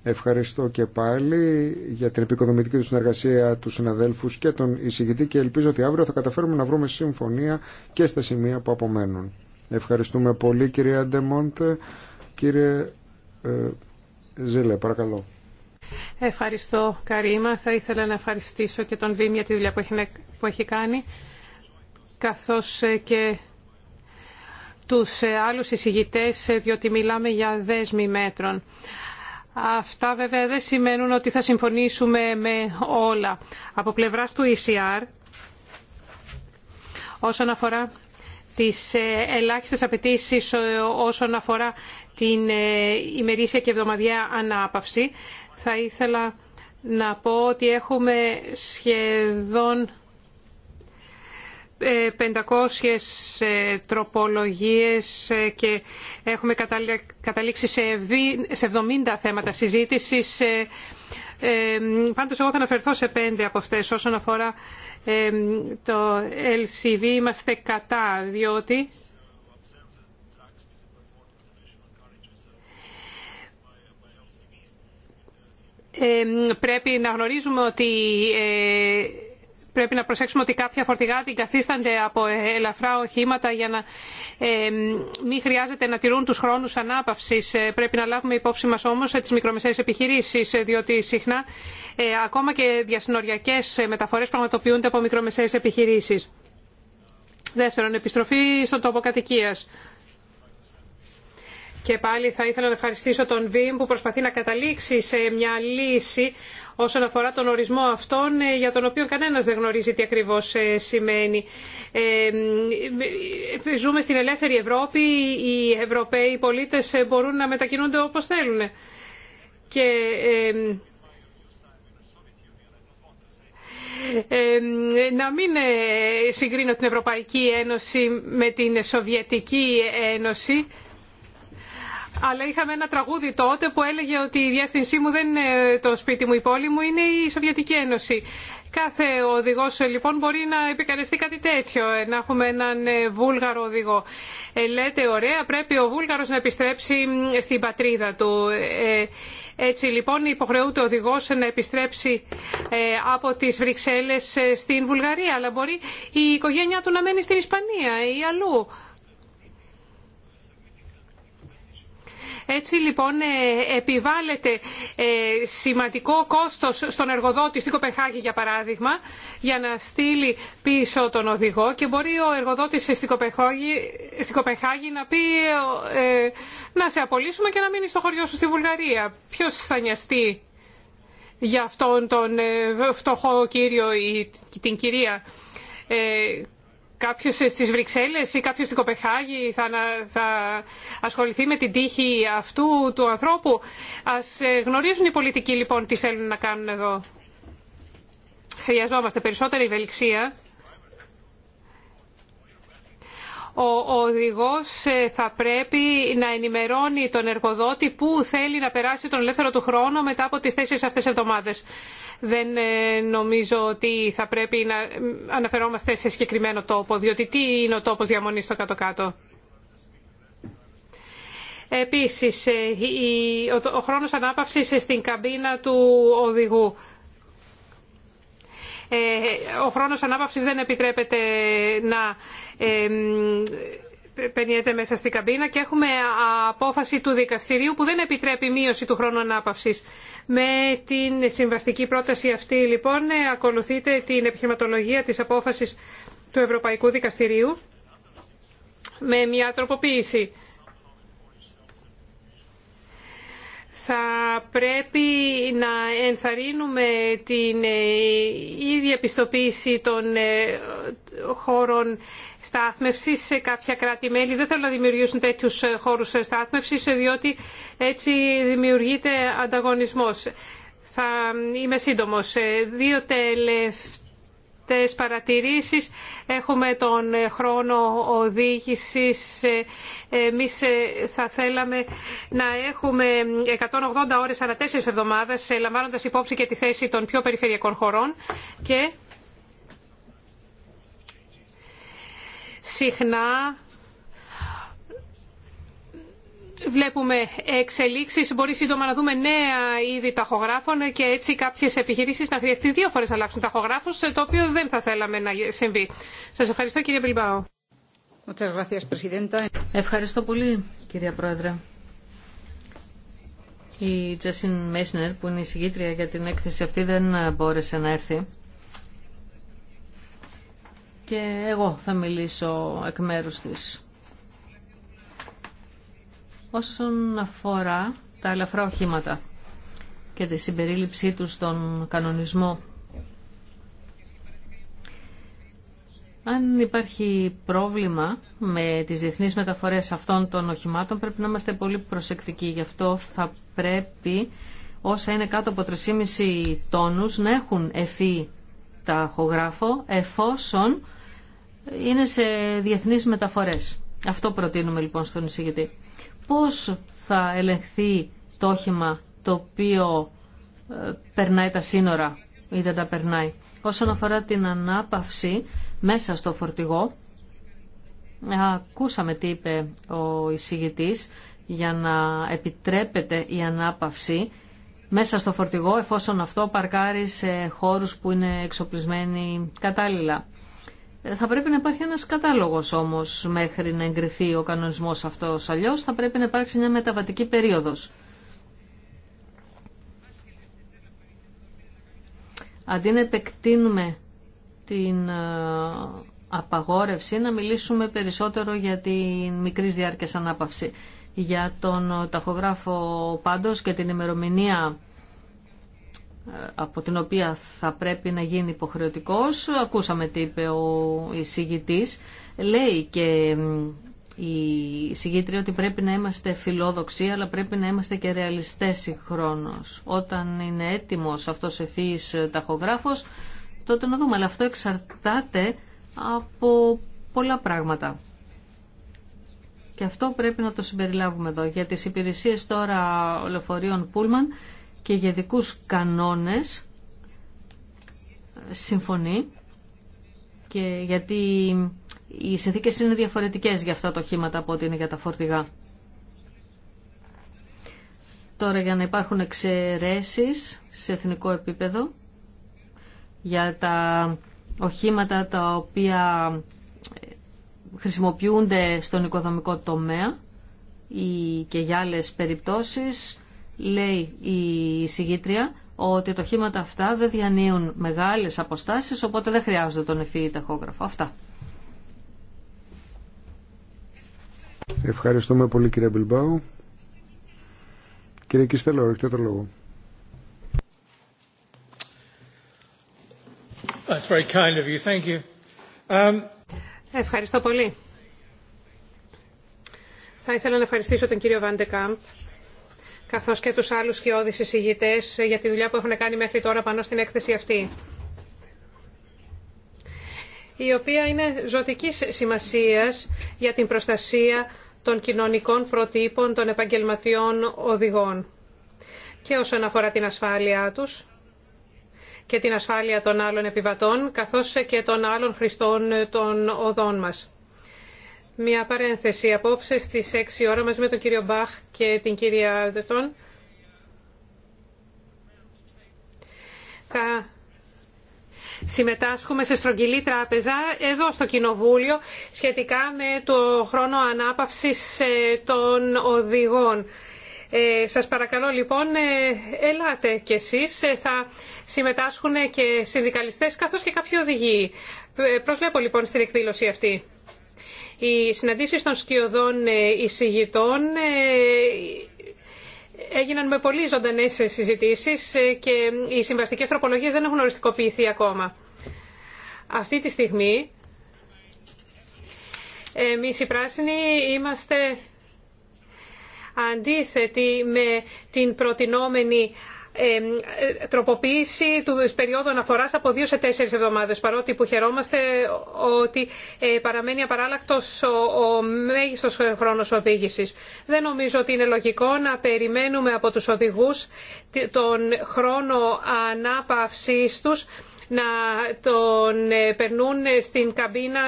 Ευχαριστώ και πάλι για την επικοδομητική του συνεργασία του συναδέλφου και τον εισηγητή και ελπίζω ότι αύριο θα καταφέρουμε να βρούμε συμφωνία και στα σημεία που απομένουν. Ευχαριστούμε πολύ κυρία Ντεμόντε. Κύριε ε, Ζήλε, παρακαλώ. Ευχαριστώ, Καρίμα. Θα ήθελα να ευχαριστήσω και τον Βήμ για τη δουλειά που έχει, κάνει, καθώς ε, και τους ε, άλλους εισηγητές, διότι μιλάμε για δέσμη μέτρων. Αυτά βέβαια δεν σημαίνουν ότι θα συμφωνήσουμε με όλα. Από πλευράς του ECR, όσον αφορά τις ελάχιστες απαιτήσει όσον αφορά την ε, ημερήσια και εβδομαδιαία ανάπαυση. Θα ήθελα να πω ότι έχουμε σχεδόν 500 ε, ε, τροπολογίες και έχουμε καταλήξει σε 70 θέματα συζήτησης. Πάντως εγώ θα αναφερθώ σε πέντε από αυτές. Όσον αφορά το LCV είμαστε κατά, διότι πρέπει να γνωρίζουμε ότι ε, πρέπει να προσέξουμε ότι κάποια φορτηγά την καθίστανται από ελαφρά οχήματα για να μην χρειάζεται να τηρούν τους χρόνους ανάπαυσης. Ε, πρέπει να λάβουμε υπόψη μας όμως ε, τις μικρομεσαίες επιχειρήσεις, διότι συχνά ακόμα και διασυνοριακές μεταφορές πραγματοποιούνται από μικρομεσαίες επιχειρήσεις. Δεύτερον, επιστροφή στον τόπο κατοικίας. Και πάλι θα ήθελα να ευχαριστήσω τον Βίμ που προσπαθεί να καταλήξει σε μια λύση όσον αφορά τον ορισμό αυτόν ε, για τον οποίο κανένας δεν γνωρίζει τι ακριβώς ε, σημαίνει. Ε, ζούμε στην ελεύθερη Ευρώπη, οι Ευρωπαίοι πολίτες μπορούν να μετακινούνται όπως θέλουν. Και να μην συγκρίνω την Ευρωπαϊκή Ένωση με την Σοβιετική Ένωση αλλά είχαμε ένα τραγούδι τότε που έλεγε ότι η διεύθυνσή μου δεν είναι το σπίτι μου, η πόλη μου, είναι η Σοβιετική Ένωση. Κάθε οδηγό λοιπόν μπορεί να επικαλεστεί κάτι τέτοιο, ε, να έχουμε έναν ε, βούλγαρο οδηγό. Ε, λέτε ωραία, πρέπει ο βούλγαρο να επιστρέψει στην πατρίδα του. Ε, έτσι λοιπόν υποχρεούται ο οδηγό να επιστρέψει από τι Βρυξέλλε στην Βουλγαρία, αλλά μπορεί η οικογένειά του να μένει στην Ισπανία ή αλλού. Έτσι λοιπόν ε, επιβάλλεται ε, σημαντικό κόστος στον εργοδότη στην Κοπεχάγη για παράδειγμα για να στείλει πίσω τον οδηγό και μπορεί ο εργοδότης στην Κοπεχάγη, να πει ε, να σε απολύσουμε και να μείνει στο χωριό σου στη Βουλγαρία. Ποιος θα νοιαστεί για αυτόν τον φτωχό κύριο ή την κυρία. Κάποιο στις Βρυξέλλες ή κάποιο στην Κοπεχάγη θα, ασχοληθεί με την τύχη αυτού του ανθρώπου. Ας ε, γνωρίζουν οι πολιτικοί λοιπόν τι θέλουν να κάνουν εδώ. Χρειαζόμαστε περισσότερη ευελιξία ο οδηγός ε, θα πρέπει να ενημερώνει τον εργοδότη που θέλει να περάσει τον ελεύθερο του χρόνο μετά από τις τέσσερις αυτές εβδομάδες. Δεν ε, νομίζω ότι θα πρέπει να αναφερόμαστε σε συγκεκριμένο τόπο, διότι τι είναι ο τόπος διαμονής στο κάτω-κάτω. Επίσης, ε, ο χρόνος ανάπαυσης στην καμπίνα του οδηγού. Ε, ο χρόνος ανάπαυσης δεν επιτρέπεται να ε, πενιέται μέσα στην καμπίνα και έχουμε απόφαση του δικαστηρίου που δεν επιτρέπει μείωση του χρόνου ανάπαυσης. Με την συμβαστική πρόταση αυτή λοιπόν ε, ακολουθείτε την επιχειρηματολογία της απόφασης του Ευρωπαϊκού Δικαστηρίου με μια τροποποίηση. θα πρέπει να ενθαρρύνουμε την ίδια ε, επιστοποίηση των ε, χώρων στάθμευσης σε κάποια κράτη-μέλη. Δεν θέλω να δημιουργήσουν τέτοιου ε, χώρους στάθμευση, διότι έτσι δημιουργείται ανταγωνισμός. Θα είμαι σύντομος. Δύο τελευταία τις παρατηρήσεις, έχουμε τον χρόνο οδήγησης. Εμείς θα θέλαμε να έχουμε 180 ώρες ανά τέσσερις εβδομάδες, λαμβάνοντας υπόψη και τη θέση των πιο περιφερειακών χωρών. Και συχνά βλέπουμε εξελίξει. μπορεί σύντομα να δούμε νέα είδη ταχογράφων και έτσι κάποιε επιχειρήσει να χρειαστεί δύο φορέ να αλλάξουν ταχογράφου, το οποίο δεν θα θέλαμε να συμβεί. Σα ευχαριστώ κύριε Μπιλμπάου. Ευχαριστώ πολύ κυρία Πρόεδρε. Η Τζασίν Μέσνερ που είναι η συγκήτρια για την έκθεση αυτή δεν μπόρεσε να έρθει. Και εγώ θα μιλήσω εκ μέρους της. Όσον αφορά τα ελαφρά οχήματα και τη συμπερίληψή τους στον κανονισμό, αν υπάρχει πρόβλημα με τις διεθνείς μεταφορές αυτών των οχημάτων, πρέπει να είμαστε πολύ προσεκτικοί. Γι' αυτό θα πρέπει όσα είναι κάτω από 3,5 τόνους να έχουν εφή ταχογράφο εφόσον είναι σε διεθνείς μεταφορές. Αυτό προτείνουμε λοιπόν στον εισηγητή πώς θα ελεγχθεί το όχημα το οποίο ε, περνάει τα σύνορα ή δεν τα περνάει. Όσον αφορά την ανάπαυση μέσα στο φορτηγό, ακούσαμε τι είπε ο εισηγητής για να επιτρέπεται η ανάπαυση μέσα στο φορτηγό εφόσον αυτό παρκάρει σε χώρους που είναι εξοπλισμένοι κατάλληλα. Θα πρέπει να υπάρχει ένας κατάλογος όμως μέχρι να εγκριθεί ο κανονισμός αυτός. Αλλιώς θα πρέπει να υπάρξει μια μεταβατική περίοδος. Αντί να επεκτείνουμε την ε, απαγόρευση, να μιλήσουμε περισσότερο για την μικρή διάρκεια ανάπαυση. Για τον ταχογράφο πάντως και την ημερομηνία από την οποία θα πρέπει να γίνει υποχρεωτικός. Ακούσαμε τι είπε ο εισηγητής. Λέει και η συγκήτρια ότι πρέπει να είμαστε φιλόδοξοι, αλλά πρέπει να είμαστε και ρεαλιστές συγχρόνως. Όταν είναι έτοιμος αυτός ευφύης ταχογράφος, τότε να δούμε. Αλλά αυτό εξαρτάται από πολλά πράγματα. Και αυτό πρέπει να το συμπεριλάβουμε εδώ. Για τις υπηρεσίες τώρα λεωφορείων Πούλμαν, και για δικούς κανόνες συμφωνεί και γιατί οι συνθήκες είναι διαφορετικές για αυτά τα οχήματα από ό,τι είναι για τα φορτηγά. Τώρα για να υπάρχουν εξαιρέσει σε εθνικό επίπεδο για τα οχήματα τα οποία ε, χρησιμοποιούνται στον οικοδομικό τομέα ή και για άλλες περιπτώσεις λέει η συγγήτρια ότι τα οχήματα αυτά δεν διανύουν μεγάλες αποστάσεις, οπότε δεν χρειάζονται τον εφή ταχόγραφο. Αυτά. Ευχαριστούμε πολύ κύριε Μπιλμπάου. Κύριε Κιστελό, έχετε το λόγο. That's very kind of you. Thank you. Um, Ευχαριστώ πολύ. Θα ήθελα να ευχαριστήσω τον κύριο Βάντεκαμπ καθώς και τους άλλους σκιώδεις εισηγητές για τη δουλειά που έχουν κάνει μέχρι τώρα πάνω στην έκθεση αυτή η οποία είναι ζωτικής σημασίας για την προστασία των κοινωνικών προτύπων των επαγγελματιών οδηγών και όσον αφορά την ασφάλειά τους και την ασφάλεια των άλλων επιβατών καθώς και των άλλων χρηστών των οδών μας. Μια παρένθεση. Απόψε στις 6 ώρα μαζί με τον κύριο Μπαχ και την κυρία Άλτετον θα συμμετάσχουμε σε στρογγυλή τράπεζα εδώ στο Κοινοβούλιο σχετικά με το χρόνο ανάπαυσης ε, των οδηγών. Ε, σας παρακαλώ λοιπόν, ε, ελάτε κι εσείς, ε, θα συμμετάσχουν και συνδικαλιστές καθώς και κάποιοι οδηγοί. Ε, προσλέπω λοιπόν στην εκδήλωση αυτή. Οι συναντήσεις των σκιωδών ε, εισηγητών ε, έγιναν με πολύ ζωντανές συζητήσεις ε, και οι συμβαστικές τροπολογίες δεν έχουν οριστικοποιηθεί ακόμα. Αυτή τη στιγμή εμείς οι πράσινοι είμαστε αντίθετοι με την προτινόμενη ε, τροποποίηση του περίοδου αναφορα από δύο σε τέσσερις εβδομάδες παρότι που χαιρόμαστε ότι ε, παραμένει απαράλλακτο ο μέγιστο χρόνο οδήγηση. Δεν νομίζω ότι είναι λογικό να περιμένουμε από τους οδηγούς τον χρόνο ανάπαυσής τους να τον ε, περνούν στην καμπίνα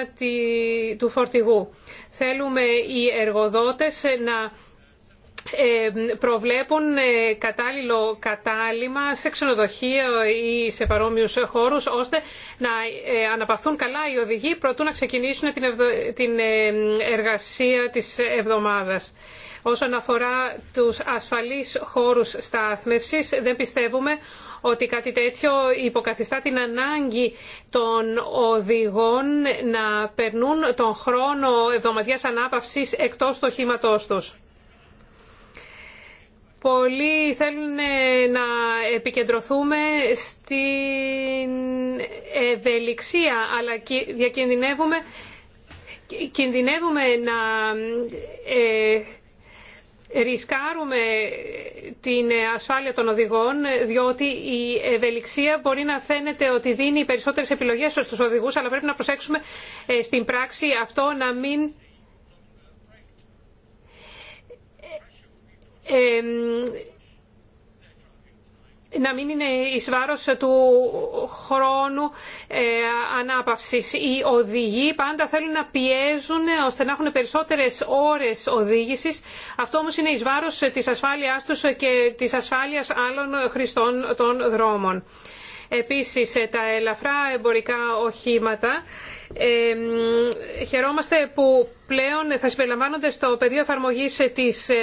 του φορτηγού. Θέλουμε οι εργοδότες να ε, προβλέπουν ε, κατάλληλο κατάλημα σε ξενοδοχεία ή σε παρόμοιους χώρους ώστε να ε, αναπαυθούν καλά οι οδηγοί προτού να ξεκινήσουν την εργασία της εβδομάδας. Όσον αφορά τους ασφαλείς χώρους στάθμευσης, δεν πιστεύουμε ότι κάτι τέτοιο υποκαθιστά την ανάγκη των οδηγών να περνούν τον χρόνο εβδομαδίας ανάπαυσης εκτός του οχήματός τους Πολλοί θέλουν ε, να επικεντρωθούμε στην ευελιξία, αλλά διακινδυνεύουμε κινδυνεύουμε να ε, ρισκάρουμε την ασφάλεια των οδηγών, διότι η ευελιξία μπορεί να φαίνεται ότι δίνει περισσότερες επιλογές στους οδηγούς, αλλά πρέπει να προσέξουμε ε, στην πράξη αυτό να μην να μην είναι εις βάρος του χρόνου ε, ανάπαυσης. Οι οδηγοί πάντα θέλουν να πιέζουν ώστε να έχουν περισσότερες ώρες οδήγησης. Αυτό όμως είναι εις βάρος της ασφάλειάς τους και της ασφάλειας άλλων χρηστών των δρόμων. Επίσης, ε, τα ελαφρά εμπορικά οχήματα ε, χαιρόμαστε που πλέον θα συμπεριλαμβάνονται στο πεδίο εφαρμογής της ε,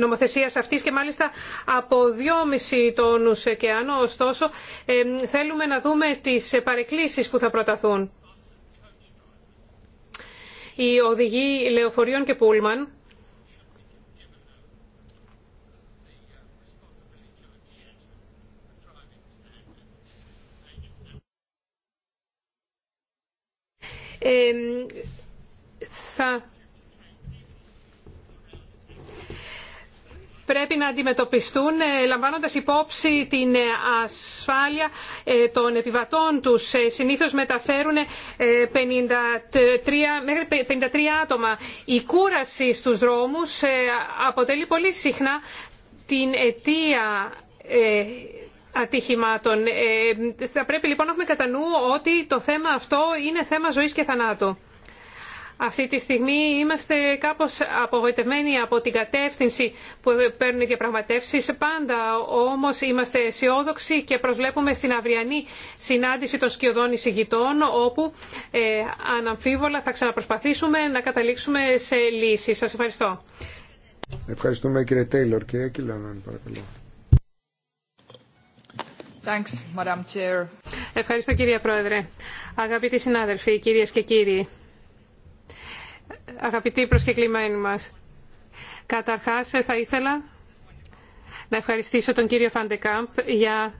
νομοθεσίας αυτής και μάλιστα από 2,5 τόνους άνω. Ωστόσο, θέλουμε να δούμε τις παρεκκλήσεις που θα προταθούν. Η Οδηγή λεωφορείων και πούλμαν θα πρέπει να αντιμετωπιστούν ε, λαμβάνοντας υπόψη την ε, ασφάλεια ε, των επιβατών τους. Συνήθως μεταφέρουν 53, μέχρι 53 άτομα. Η κούραση στους δρόμους αποτελεί πολύ συχνά την αιτία ατυχημάτων. Θα πρέπει λοιπόν να έχουμε κατά νου ότι το θέμα αυτό είναι θέμα ζωής και θανάτου. Αυτή τη στιγμή είμαστε κάπως απογοητευμένοι από την κατεύθυνση που παίρνουν οι διαπραγματεύσεις πάντα. Όμως είμαστε αισιόδοξοι και προσβλέπουμε στην αυριανή συνάντηση των σκιωδών εισηγητών όπου ε, αναμφίβολα θα ξαναπροσπαθήσουμε να καταλήξουμε σε λύσεις. Σας ευχαριστώ. Ευχαριστούμε κύριε Τέιλορ. Κύριε Κιλάναν παρακαλώ. Ευχαριστώ κύριε Πρόεδρε. Αγαπητοί συνάδελφοι, κυρίες και κύριοι. Αγαπητοί προσκεκλημένοι μας, καταρχάς θα ήθελα να ευχαριστήσω τον κύριο Φαντεκάμπ για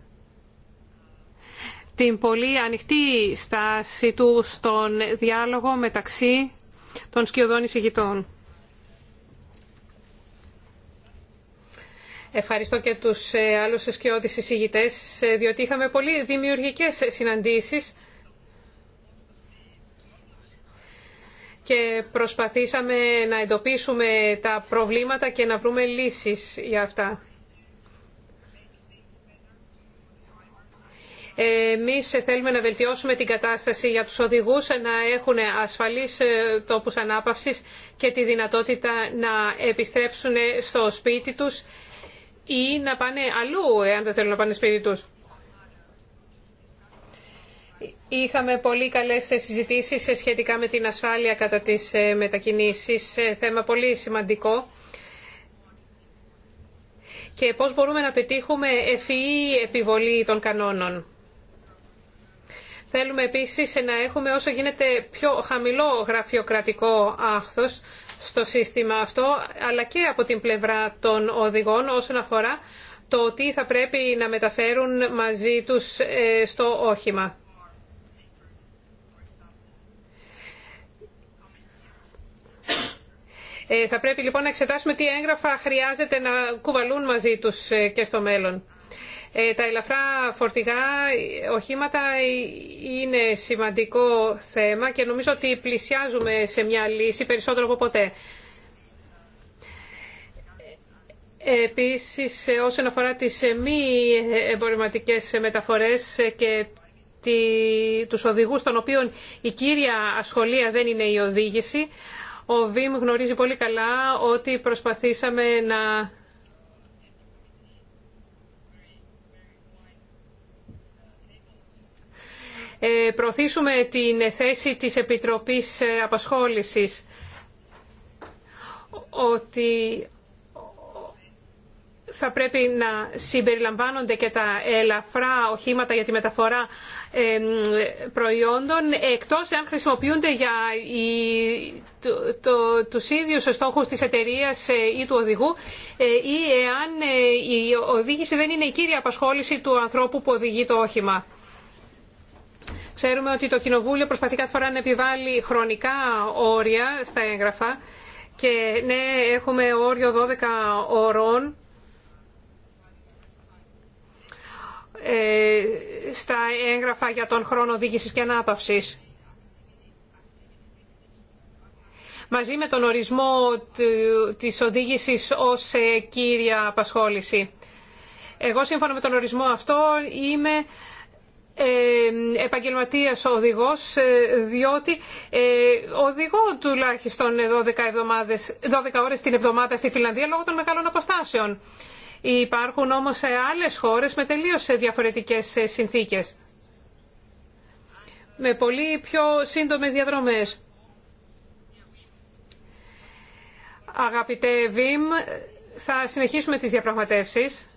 την πολύ ανοιχτή στάση του στον διάλογο μεταξύ των σκιωδών εισηγητών. Ευχαριστώ και τους ε, άλλους σκιώδεις εισηγητές, ε, διότι είχαμε πολύ δημιουργικές συναντήσεις και προσπαθήσαμε να εντοπίσουμε τα προβλήματα και να βρούμε λύσεις για αυτά. Εμεί θέλουμε να βελτιώσουμε την κατάσταση για τους οδηγούς να έχουν ασφαλείς ε, τόπους ανάπαυσης και τη δυνατότητα να επιστρέψουν στο σπίτι τους ή να πάνε αλλού, εάν δεν θέλουν να πάνε σπίτι τους. Είχαμε πολύ καλές συζητήσεις σχετικά με την ασφάλεια κατά τις ε, μετακινήσεις, ε, θέμα πολύ σημαντικό. Και πώς μπορούμε να πετύχουμε ευφυή επιβολή των κανόνων. Θέλουμε επίσης να έχουμε όσο γίνεται πιο χαμηλό γραφειοκρατικό άχθος στο σύστημα αυτό, αλλά και από την πλευρά των οδηγών όσον αφορά το τι θα πρέπει να μεταφέρουν μαζί τους ε, στο όχημα. Ε, θα πρέπει λοιπόν να εξετάσουμε τι έγγραφα χρειάζεται να κουβαλούν μαζί τους ε, και στο μέλλον. Ε, τα ελαφρά φορτηγά οχήματα είναι σημαντικό θέμα και νομίζω ότι πλησιάζουμε σε μια λύση περισσότερο από ποτέ. Επίσης, όσον αφορά τις μη εμπορευματικές μεταφορές και τους οδηγούς των οποίων η κύρια ασχολία δεν είναι η οδήγηση, ο Βίμ γνωρίζει πολύ καλά ότι προσπαθήσαμε να ε, προωθήσουμε την θέση της Επιτροπής ε, Απασχόλησης ότι θα πρέπει να συμπεριλαμβάνονται και τα ελαφρά οχήματα για τη μεταφορά προϊόντων εκτός εάν χρησιμοποιούνται για το, το, τους ίδιους στόχους της εταιρείας ε, ή του οδηγού ε, ή εάν ε, η οδήγηση δεν είναι η κύρια απασχόληση του ανθρώπου που οδηγεί το όχημα. Ξέρουμε ότι το Κοινοβούλιο προσπαθεί κάθε φορά να επιβάλλει χρονικά όρια στα έγγραφα και ναι, έχουμε όριο 12 ώρων Ε, στα έγγραφα για τον χρόνο οδήγησης και ανάπαυσης. Μαζί με τον ορισμό της οδήγησης ως ε, κύρια απασχόληση. Εγώ σύμφωνα με τον ορισμό αυτό είμαι ε, επαγγελματίας οδηγός διότι οδηγώ τουλάχιστον 12, εβδομάδες, 12 ώρες την εβδομάδα στη Φιλανδία λόγω των μεγάλων αποστάσεων. Υπάρχουν όμως άλλες χώρες με τελείως διαφορετικές ε, συνθήκες. Με πολύ πιο σύντομες διαδρομές. Αγαπητέ Βιμ, θα συνεχίσουμε τις διαπραγματεύσεις.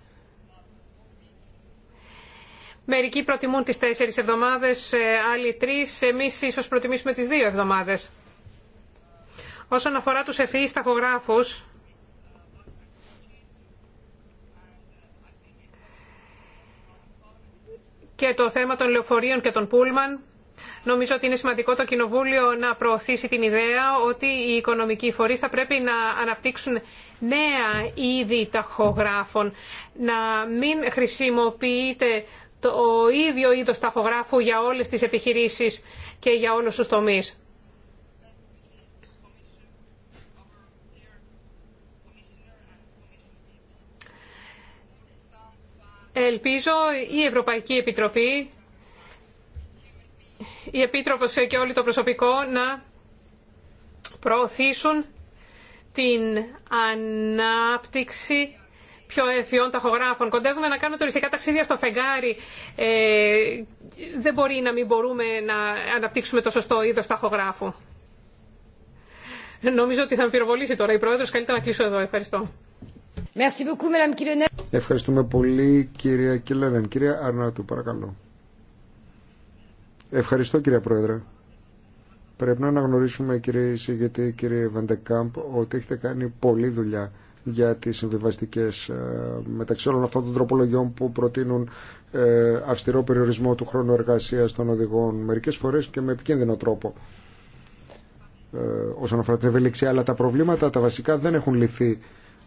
Μερικοί προτιμούν τις τέσσερις εβδομάδες, ε, άλλοι τρεις. Εμείς ίσως προτιμήσουμε τις δύο εβδομάδες. Όσον αφορά τους ευφυείς ταχογράφους, και το θέμα των λεωφορείων και των πούλμαν. Νομίζω ότι είναι σημαντικό το Κοινοβούλιο να προωθήσει την ιδέα ότι οι οικονομικοί φορείς θα πρέπει να αναπτύξουν νέα είδη ταχογράφων, να μην χρησιμοποιείται το ίδιο είδος ταχογράφου για όλες τις επιχειρήσεις και για όλους τους τομείς. Ελπίζω η Ευρωπαϊκή Επιτροπή, η Επίτροπος και όλο το προσωπικό να προωθήσουν την ανάπτυξη πιο ευφυών ταχογράφων. Κοντεύουμε να κάνουμε τουριστικά ταξίδια στο φεγγάρι. Ε, δεν μπορεί να μην μπορούμε να αναπτύξουμε το σωστό είδος ταχογράφου. Νομίζω ότι θα με πυροβολήσει τώρα η Πρόεδρος. Καλύτερα να κλείσω εδώ. Ευχαριστώ. Ευχαριστούμε πολύ κυρία Κιλένεν. Κυρία Αρνάτου, παρακαλώ. Ευχαριστώ κυρία Πρόεδρε. Πρέπει να αναγνωρίσουμε κύριε Σιγητή, κύριε Βαντεκάμπ, ότι έχετε κάνει πολλή δουλειά για τις συμβιβαστικέ ε, μεταξύ όλων αυτών των τροπολογιών που προτείνουν ε, αυστηρό περιορισμό του χρόνου εργασίας των οδηγών μερικές φορές και με επικίνδυνο τρόπο ε, όσον αφορά την ευελιξία αλλά τα προβλήματα τα βασικά δεν έχουν λυθεί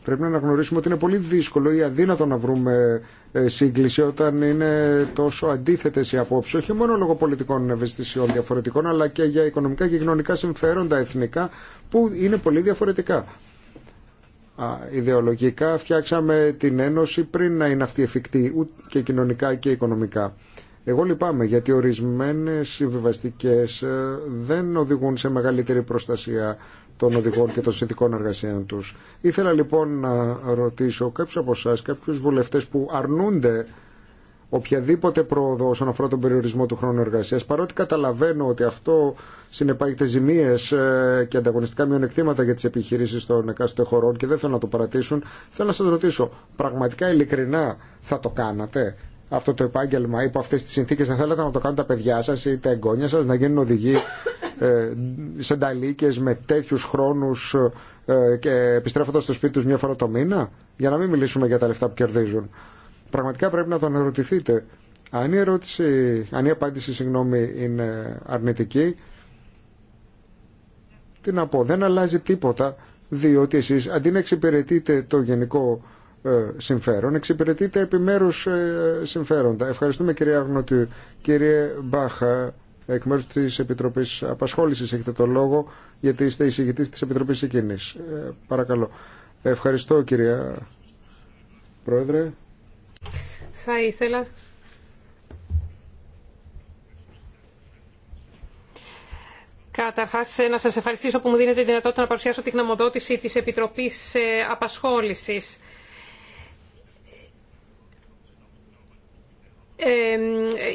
Πρέπει να αναγνωρίσουμε ότι είναι πολύ δύσκολο ή αδύνατο να βρούμε ε, σύγκληση όταν είναι τόσο αντίθετε οι απόψει, όχι μόνο λόγω πολιτικών ευαισθησιών διαφορετικών, αλλά και για οικονομικά και κοινωνικά συμφέροντα εθνικά που είναι πολύ διαφορετικά. Α, ιδεολογικά φτιάξαμε την Ένωση πριν να είναι αυτή εφικτή και κοινωνικά και οικονομικά. Εγώ λυπάμαι γιατί ορισμένες συμβιβαστικέ ε, δεν οδηγούν σε μεγαλύτερη προστασία των οδηγών και των συνθηκών εργασίων τους. Ήθελα λοιπόν να ρωτήσω κάποιους από εσά, κάποιους βουλευτές που αρνούνται οποιαδήποτε πρόοδο όσον αφορά τον περιορισμό του χρόνου εργασίας, παρότι καταλαβαίνω ότι αυτό συνεπάγεται ζημίες ε, και ανταγωνιστικά μειονεκτήματα για τις επιχειρήσεις των εκάστοτε χωρών και δεν θέλω να το παρατήσουν, θέλω να σας ρωτήσω, πραγματικά ειλικρινά θα το κάνατε, αυτό το επάγγελμα υπό αυτές τις συνθήκες θα θέλατε να το κάνουν τα παιδιά σας ή τα εγγόνια σας να γίνουν οδηγοί ε, σε με τέτοιους χρόνους ε, και επιστρέφοντας στο σπίτι τους μια φορά το μήνα για να μην μιλήσουμε για τα λεφτά που κερδίζουν. Πραγματικά πρέπει να τον ερωτηθείτε. Αν η, ερώτηση, αν η απάντηση συγγνώμη, είναι αρνητική, τι να πω, δεν αλλάζει τίποτα διότι εσείς αντί να εξυπηρετείτε το γενικό ε, συμφέρον εξυπηρετεί τα επιμέρους ε, συμφέροντα. Ευχαριστούμε κυρία Αγνωτή. Κύριε Μπάχα, εκ μέρου τη Επιτροπής Απασχόλησης έχετε το λόγο γιατί είστε εισηγητής της Επιτροπής εκείνης. Ε, παρακαλώ. Ευχαριστώ κυρία Πρόεδρε. Θα ήθελα Καταρχάς, να σας ευχαριστήσω που μου δίνετε τη δυνατότητα να παρουσιάσω τη γνωμοδότηση της Επιτροπής Απασχόλησης.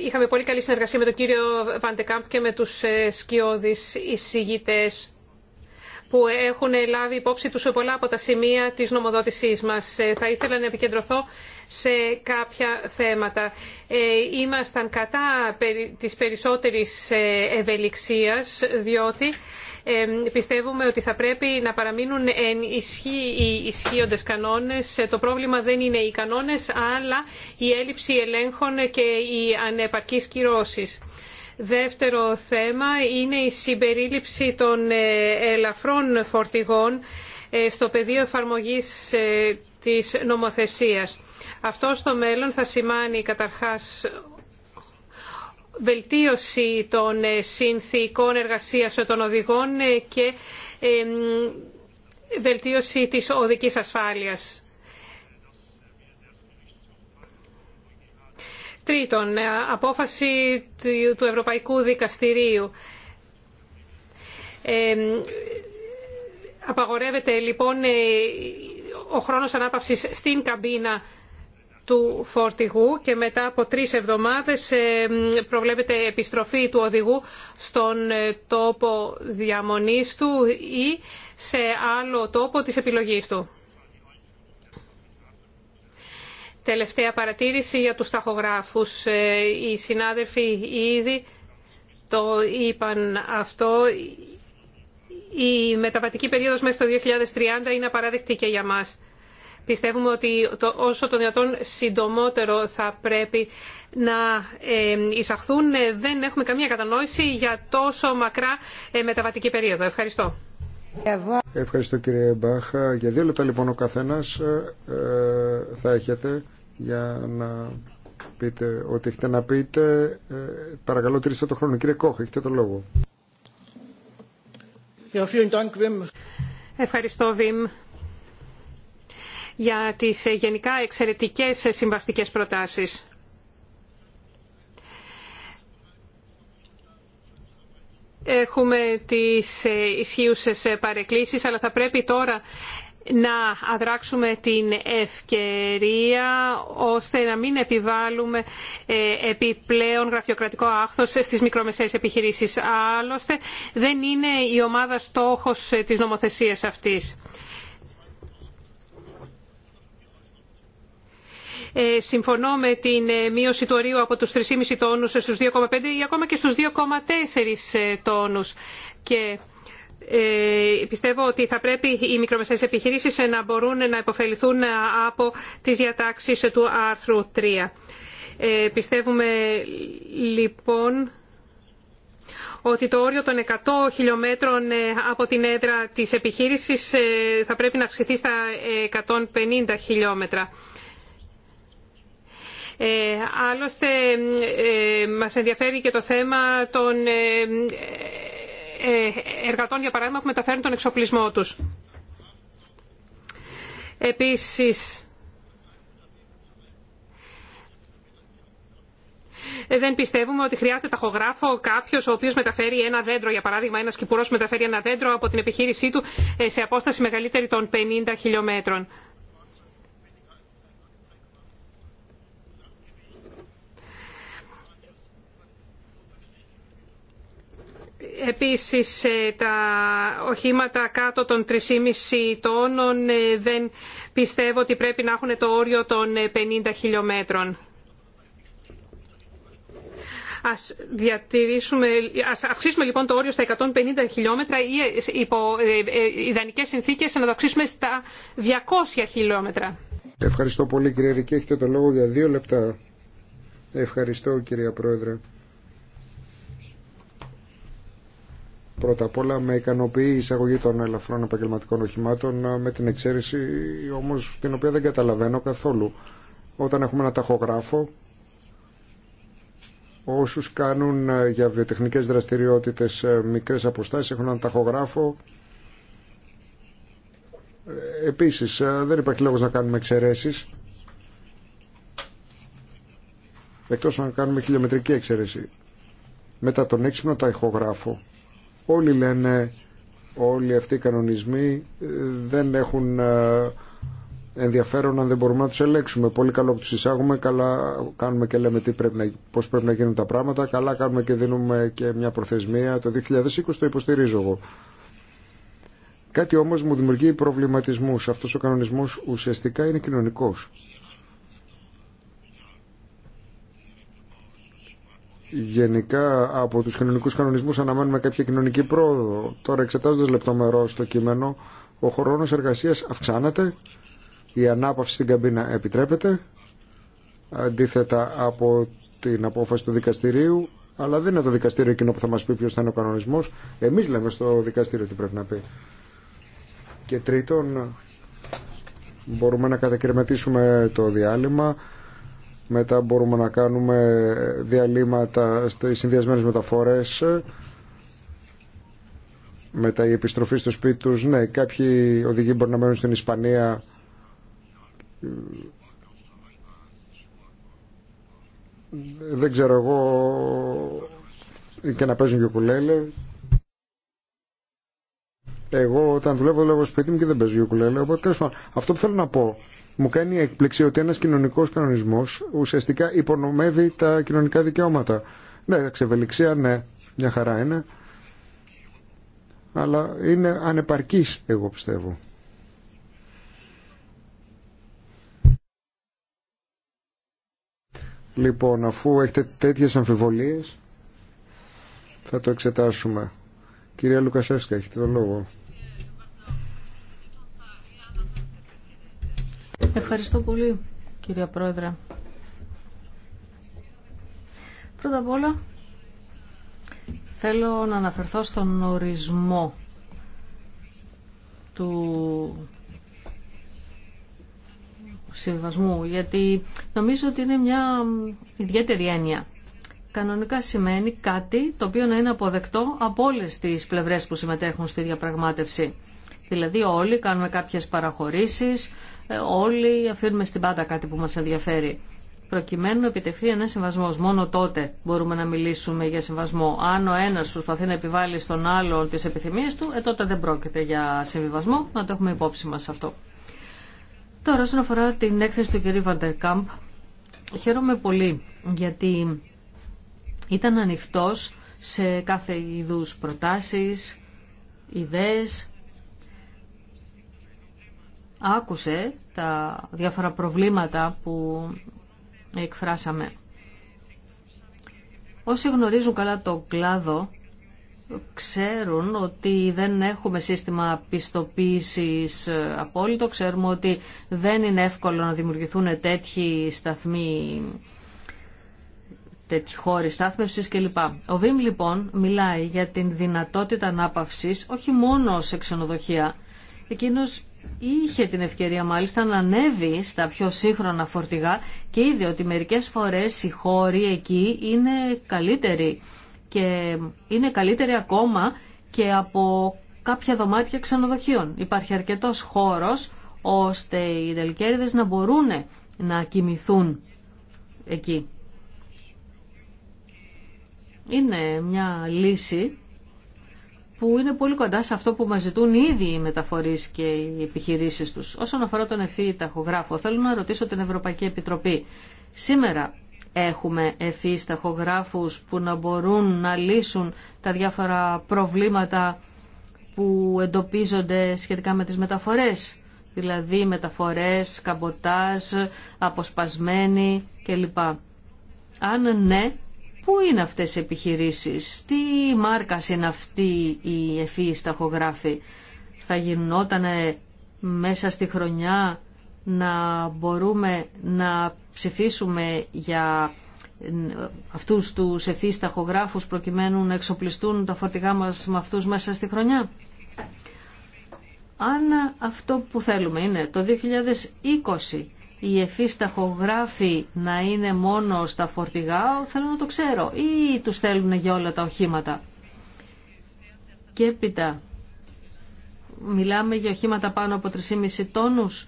είχαμε πολύ καλή συνεργασία με τον κύριο Βαντεκάμπ και με τους ε, σκιώδεις εισηγητές που έχουν λάβει υπόψη τους σε πολλά από τα σημεία της νομοδότησής μας. Ε, θα ήθελα να επικεντρωθώ σε κάποια θέματα. Ε, ήμασταν κατά της περισσότερης ευελιξίας, διότι πιστεύουμε ότι θα πρέπει να παραμείνουν ισχύ οι ισχύοντες κανόνες. Ε, το πρόβλημα δεν είναι οι κανόνες αλλά η έλλειψη ελέγχων και οι ανεπαρκής κυρώσεις. Δεύτερο θέμα είναι η συμπερίληψη των ε, ελαφρών φορτηγών ε, στο πεδίο εφαρμογής της νομοθεσίας. Αυτό στο μέλλον θα σημάνει καταρχάς βελτίωση των ε, συνθήκων εργασίας των οδηγών ε, και βελτίωση της οδικής ασφάλειας. Τρίτον, ε, απόφαση του Ευρωπαϊκού Δικαστηρίου. απαγορεύεται λοιπόν ο χρόνος ανάπαυσης στην καμπίνα του φορτηγού και μετά από τρεις εβδομάδες ε, προβλέπεται επιστροφή του οδηγού στον ε, τόπο διαμονής του ή σε άλλο τόπο της επιλογής του. Τελευταία παρατήρηση για τους ταχογράφους. Ε, οι συνάδελφοι ήδη το είπαν αυτό. Η μεταβατική περίοδος μέχρι το 2030 είναι απαράδεκτη και για μας. Πιστεύουμε ότι όσο το δυνατόν συντομότερο θα πρέπει να ε, εισαχθούν. Ε, δεν έχουμε καμία κατανόηση για τόσο μακρά ε, μεταβατική περίοδο. Ευχαριστώ. Ευχαριστώ κύριε Μπάχα. Για δύο λεπτά λοιπόν ο καθένας ε, θα έχετε για να πείτε ό,τι έχετε να πείτε. παρακαλώ τρίστε το χρόνο. Κύριε Κόχ, έχετε το λόγο. Ευχαριστώ Βιμ για τις ε, γενικά εξαιρετικές ε, συμβαστικές προτάσεις. Έχουμε τις ε, ισχύουσες παρεκκλήσεις, αλλά θα πρέπει τώρα να αδράξουμε την ευκαιρία ώστε να μην επιβάλλουμε επιπλέον γραφειοκρατικό άχθος στις μικρομεσαίες επιχειρήσεις. Άλλωστε δεν είναι η ομάδα στόχος της νομοθεσίας αυτής. Ε, συμφωνώ με την ε, μείωση του ορίου από τους 3,5 τόνους στους 2,5 ή ακόμα και στους 2,4 ε, τόνους. Και πιστεύω ότι θα πρέπει οι μικρομεσαίες επιχειρήσεις να μπορούν να υποφεληθούν από τις διατάξεις του άρθρου 3. Πιστεύουμε λοιπόν ότι το όριο των 100 χιλιόμετρων από την έδρα της επιχείρησης θα πρέπει να αυξηθεί στα 150 χιλιόμετρα. Ε, άλλωστε, ε, μας ενδιαφέρει και το θέμα των ε, εργατών, για παράδειγμα, που μεταφέρουν τον εξοπλισμό τους. Επίσης, δεν πιστεύουμε ότι χρειάζεται ταχογράφο κάποιο ο οποίο μεταφέρει ένα δέντρο, για παράδειγμα ένα κυπουρό μεταφέρει ένα δέντρο από την επιχείρησή του σε απόσταση μεγαλύτερη των 50 χιλιόμετρων. Επίσης ε, τα οχήματα κάτω των 3,5 τόνων ε, δεν πιστεύω ότι πρέπει να έχουν το όριο των 50 ε, χιλιόμετρων. Ας, διατηρήσουμε, ας αυξήσουμε λοιπόν το όριο στα 150 χιλιόμετρα ή υπό ιδανικές συνθήκες να το αυξήσουμε στα 200 χιλιόμετρα. Ευχαριστώ πολύ κύριε Ρικέ. Έχετε το λόγο για δύο λεπτά. Ευχαριστώ κυρία Πρόεδρε. Πρώτα απ' όλα με ικανοποιεί η εισαγωγή των ελαφρών επαγγελματικών οχημάτων με την εξαίρεση όμως την οποία δεν καταλαβαίνω καθόλου. Όταν έχουμε ένα ταχογράφο όσους κάνουν για βιοτεχνικές δραστηριότητες μικρές αποστάσεις έχουν έναν ταχογράφο ε, επίσης δεν υπάρχει λόγος να κάνουμε εξαιρέσεις εκτός αν κάνουμε χιλιομετρική εξαίρεση μετά τον έξυπνο ταχογράφο Όλοι λένε όλοι αυτοί οι κανονισμοί ε, δεν έχουν ε, ενδιαφέρον αν δεν μπορούμε να τους ελέγξουμε. Πολύ καλό που τους εισάγουμε, καλά κάνουμε και λέμε τι πρέπει να, πώς πρέπει να γίνουν τα πράγματα, καλά κάνουμε και δίνουμε και μια προθεσμία. Το 2020 το υποστηρίζω εγώ. Κάτι όμως μου δημιουργεί προβληματισμούς. Αυτός ο κανονισμός ουσιαστικά είναι κοινωνικός. Γενικά από τους κοινωνικούς κανονισμούς αναμένουμε κάποια κοινωνική πρόοδο. Τώρα εξετάζοντας λεπτομερώς το κείμενο, ο χρόνος εργασίας αυξάνεται, η ανάπαυση στην καμπίνα επιτρέπεται, αντίθετα από την απόφαση του δικαστηρίου, αλλά δεν είναι το δικαστήριο εκείνο που θα μας πει ποιος θα είναι ο κανονισμός. Εμείς λέμε στο δικαστήριο τι πρέπει να πει. Και τρίτον, μπορούμε να κατακαιρματίσουμε το διάλειμμα μετά μπορούμε να κάνουμε διαλύματα στις συνδυασμένες μεταφορές. Μετά η επιστροφή στο σπίτι τους. Ναι, κάποιοι οδηγοί μπορούν να μένουν στην Ισπανία δεν ξέρω εγώ και να παίζουν και εγώ όταν δουλεύω δουλεύω σπίτι μου και δεν παίζω γιουκουλέλε. οπότε αυτό που θέλω να πω μου κάνει έκπληξη ότι ένας κοινωνικός κανονισμός ουσιαστικά υπονομεύει τα κοινωνικά δικαιώματα. Ναι, ξεβελιξία, ναι, μια χαρά είναι. Αλλά είναι ανεπαρκής, εγώ πιστεύω. Λοιπόν, αφού έχετε τέτοιες αμφιβολίες, θα το εξετάσουμε. Κυρία Λουκασέσκα, έχετε το λόγο. Ευχαριστώ πολύ, κυρία Πρόεδρε. Πρώτα απ' όλα, θέλω να αναφερθώ στον ορισμό του συμβασμού, γιατί νομίζω ότι είναι μια ιδιαίτερη έννοια. Κανονικά σημαίνει κάτι το οποίο να είναι αποδεκτό από όλες τις πλευρές που συμμετέχουν στη διαπραγμάτευση. Δηλαδή όλοι κάνουμε κάποιες παραχωρήσεις, ε, όλοι αφήνουμε στην πάντα κάτι που μας ενδιαφέρει. Προκειμένου να επιτευχθεί ένα συμβασμό. Μόνο τότε μπορούμε να μιλήσουμε για συμβασμό. Αν ο ένα προσπαθεί να επιβάλλει στον άλλον τι επιθυμίε του, ε, τότε δεν πρόκειται για συμβιβασμό. Να το έχουμε υπόψη μα αυτό. Τώρα, όσον αφορά την έκθεση του κ. Βαντερκάμπ, χαίρομαι πολύ γιατί ήταν ανοιχτό σε κάθε είδου προτάσει, ιδέε άκουσε τα διάφορα προβλήματα που εκφράσαμε. Όσοι γνωρίζουν καλά το κλάδο, ξέρουν ότι δεν έχουμε σύστημα πιστοποίησης απόλυτο. Ξέρουμε ότι δεν είναι εύκολο να δημιουργηθούν τέτοιοι σταθμοί, τέτοιοι χώροι στάθμευσης κλπ. Ο ΒΙΜ λοιπόν μιλάει για την δυνατότητα ανάπαυσης όχι μόνο σε ξενοδοχεία. Εκείνος είχε την ευκαιρία μάλιστα να ανέβει στα πιο σύγχρονα φορτηγά και είδε ότι μερικές φορές οι χώροι εκεί είναι καλύτεροι και είναι καλύτεροι ακόμα και από κάποια δωμάτια ξενοδοχείων. Υπάρχει αρκετός χώρος ώστε οι δελκέριδες να μπορούν να κοιμηθούν εκεί. Είναι μια λύση που είναι πολύ κοντά σε αυτό που μας ζητούν ήδη οι μεταφορεί και οι επιχειρήσεις τους. Όσον αφορά τον ΕΦΗ ταχογράφο, θέλω να ρωτήσω την Ευρωπαϊκή Επιτροπή. Σήμερα έχουμε ΕΦΗ ταχογράφου που να μπορούν να λύσουν τα διάφορα προβλήματα που εντοπίζονται σχετικά με τις μεταφορές, δηλαδή μεταφορές, καμποτάζ, αποσπασμένοι κλπ. Αν ναι, Πού είναι αυτές οι επιχειρήσεις, τι μάρκα είναι αυτή η ευφύη σταχογράφη. Θα γινόταν μέσα στη χρονιά να μπορούμε να ψηφίσουμε για αυτούς τους ευφύης ταχογράφους προκειμένου να εξοπλιστούν τα φορτηγά μας με αυτούς μέσα στη χρονιά. Αν αυτό που θέλουμε είναι το 2020 οι τα ταχογράφοι να είναι μόνο στα φορτηγά, θέλω να το ξέρω, ή τους θέλουν για όλα τα οχήματα. Και έπειτα, μιλάμε για οχήματα πάνω από 3,5 τόνους.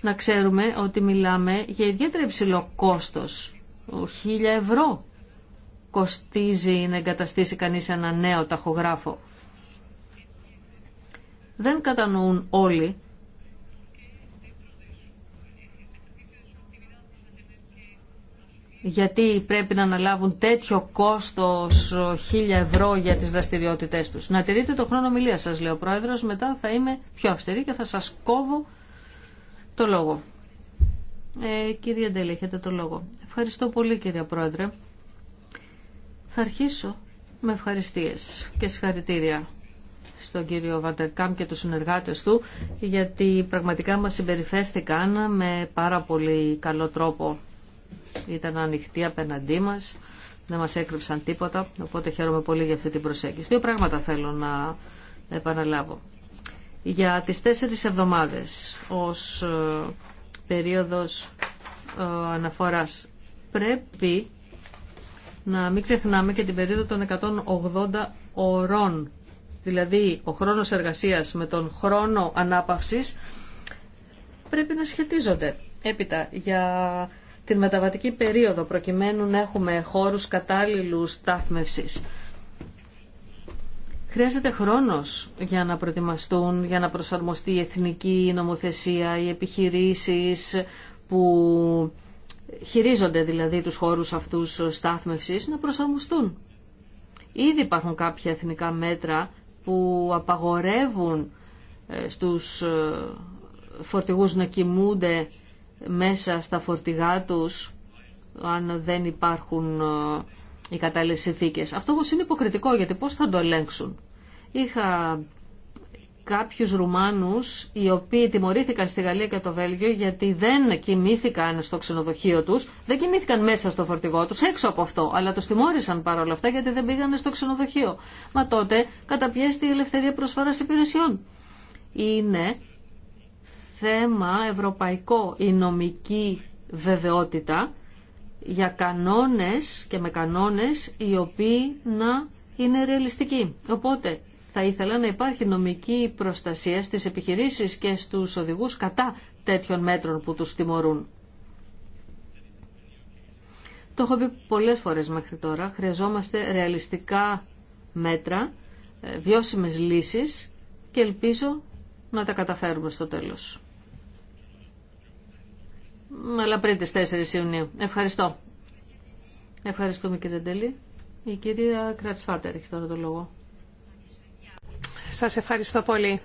Να ξέρουμε ότι μιλάμε για ιδιαίτερα υψηλό κόστος, 1.000 ευρώ κοστίζει να εγκαταστήσει κανείς ένα νέο ταχογράφο. Δεν κατανοούν όλοι γιατί πρέπει να αναλάβουν τέτοιο κόστος 1000 ε, ευρώ για τις δραστηριότητές τους. Να τηρείτε το χρόνο μιλία σας, λέει ο Πρόεδρος, μετά θα είμαι πιο αυστηρή και θα σας κόβω το λόγο. Ε, κύριε Ντέλη, έχετε το λόγο. Ευχαριστώ πολύ κύριε Πρόεδρε. Θα αρχίσω με ευχαριστίες και συγχαρητήρια στον κύριο Βαντερκάμ και τους συνεργάτες του γιατί πραγματικά μας συμπεριφέρθηκαν με πάρα πολύ καλό τρόπο ήταν ανοιχτή απέναντί μα, δεν μας έκρυψαν τίποτα, οπότε χαίρομαι πολύ για αυτή την προσέγγιση. Δύο πράγματα θέλω να επαναλάβω. Για τις τέσσερις εβδομάδες ως ε, περίοδος ε, αναφοράς πρέπει να μην ξεχνάμε και την περίοδο των 180 ωρών. Δηλαδή ο χρόνος εργασίας με τον χρόνο ανάπαυσης πρέπει να σχετίζονται. Έπειτα για την μεταβατική περίοδο προκειμένου να έχουμε χώρους κατάλληλου στάθμευσης. Χρειάζεται χρόνος για να προετοιμαστούν, για να προσαρμοστεί η εθνική νομοθεσία, οι επιχειρήσεις που χειρίζονται δηλαδή τους χώρους αυτούς στάθμευσης να προσαρμοστούν. Ήδη υπάρχουν κάποια εθνικά μέτρα που απαγορεύουν ε, στους ε, φορτηγούς να κοιμούνται μέσα στα φορτηγά τους αν δεν υπάρχουν ε, οι κατάλληλες συνθήκε. Αυτό όμως είναι υποκριτικό γιατί πώς θα το ελέγξουν. Είχα κάποιους Ρουμάνους οι οποίοι τιμωρήθηκαν στη Γαλλία και το Βέλγιο γιατί δεν κοιμήθηκαν στο ξενοδοχείο τους, δεν κοιμήθηκαν μέσα στο φορτηγό τους, έξω από αυτό, αλλά τους τιμώρησαν παρόλα αυτά γιατί δεν πήγαν στο ξενοδοχείο. Μα τότε καταπιέστη η ελευθερία προσφοράς υπηρεσιών. Είναι θέμα ευρωπαϊκό η νομική βεβαιότητα για κανόνες και με κανόνες οι οποίοι να είναι ρεαλιστικοί. Οπότε θα ήθελα να υπάρχει νομική προστασία στις επιχειρήσεις και στους οδηγούς κατά τέτοιων μέτρων που τους τιμωρούν. Το έχω πει πολλές φορές μέχρι τώρα. Χρειαζόμαστε ρεαλιστικά μέτρα, ε, βιώσιμες λύσεις και ελπίζω να τα καταφέρουμε στο τέλος αλλά πριν τις 4 Ιουνίου. Ευχαριστώ. Ευχαριστούμε κύριε Ντελή. Η κυρία Κρατσφάτερ έχει τώρα το λόγο. Σας ευχαριστώ πολύ.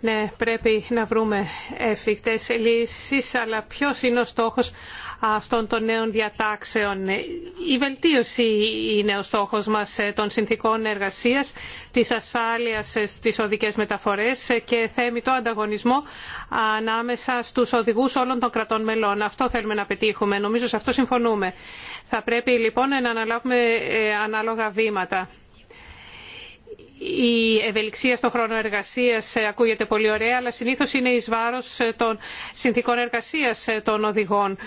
Ναι, πρέπει να βρούμε εφικτές λύσεις, αλλά ποιος είναι ο στόχος αυτών των νέων διατάξεων. Η βελτίωση είναι ο στόχος μας ε, των συνθήκων εργασίας, της ασφάλειας ε, στις οδικές μεταφορές και θέμη το ανταγωνισμό ανάμεσα στους οδηγούς όλων των κρατών μελών. Αυτό θέλουμε να πετύχουμε. Νομίζω σε αυτό συμφωνούμε. Θα πρέπει λοιπόν να αναλάβουμε ε, ανάλογα βήματα. Η ευελιξία στον χρόνο εργασία ακούγεται πολύ ωραία, αλλά συνήθω είναι ει βάρο των συνθήκων εργασία των οδηγών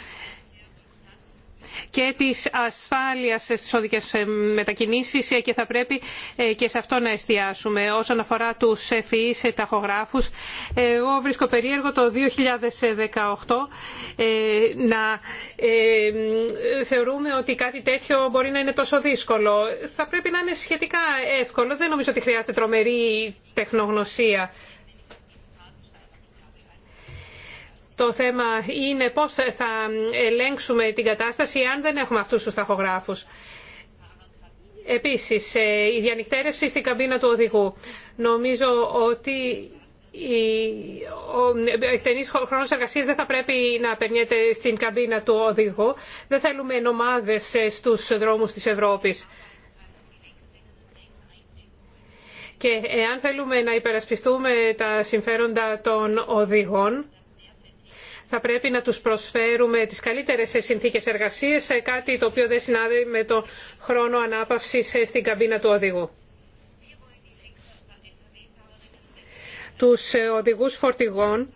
και τη ασφάλεια στις οδικές μετακινήσεις και θα πρέπει ε, και σε αυτό να εστιάσουμε. Όσον αφορά του ευφυεί ταχογράφου, εγώ βρίσκω περίεργο το 2018 ε, να ε, θεωρούμε ότι κάτι τέτοιο μπορεί να είναι τόσο δύσκολο. Θα πρέπει να είναι σχετικά εύκολο. Δεν νομίζω ότι χρειάζεται τρομερή τεχνογνωσία Το θέμα είναι πώς θα ελέγξουμε την κατάσταση αν δεν έχουμε αυτούς τους ταχογράφους. Επίσης, ε, η διανυκτέρευση στην καμπίνα του οδηγού. Νομίζω ότι ο ε, εκτενή χρόνος εργασίας δεν θα πρέπει να περνιέται στην καμπίνα του οδηγού. Δεν θέλουμε νομάδες ε, στους δρόμους της Ευρώπης. Και εάν θέλουμε να υπερασπιστούμε τα συμφέροντα των οδηγών, θα πρέπει να τους προσφέρουμε τις καλύτερες συνθήκες εργασίας, ε, κάτι το οποίο δεν συνάδει με το χρόνο ανάπαυσης ε, στην καμπίνα του οδηγού. Τους ε, οδηγούς φορτηγών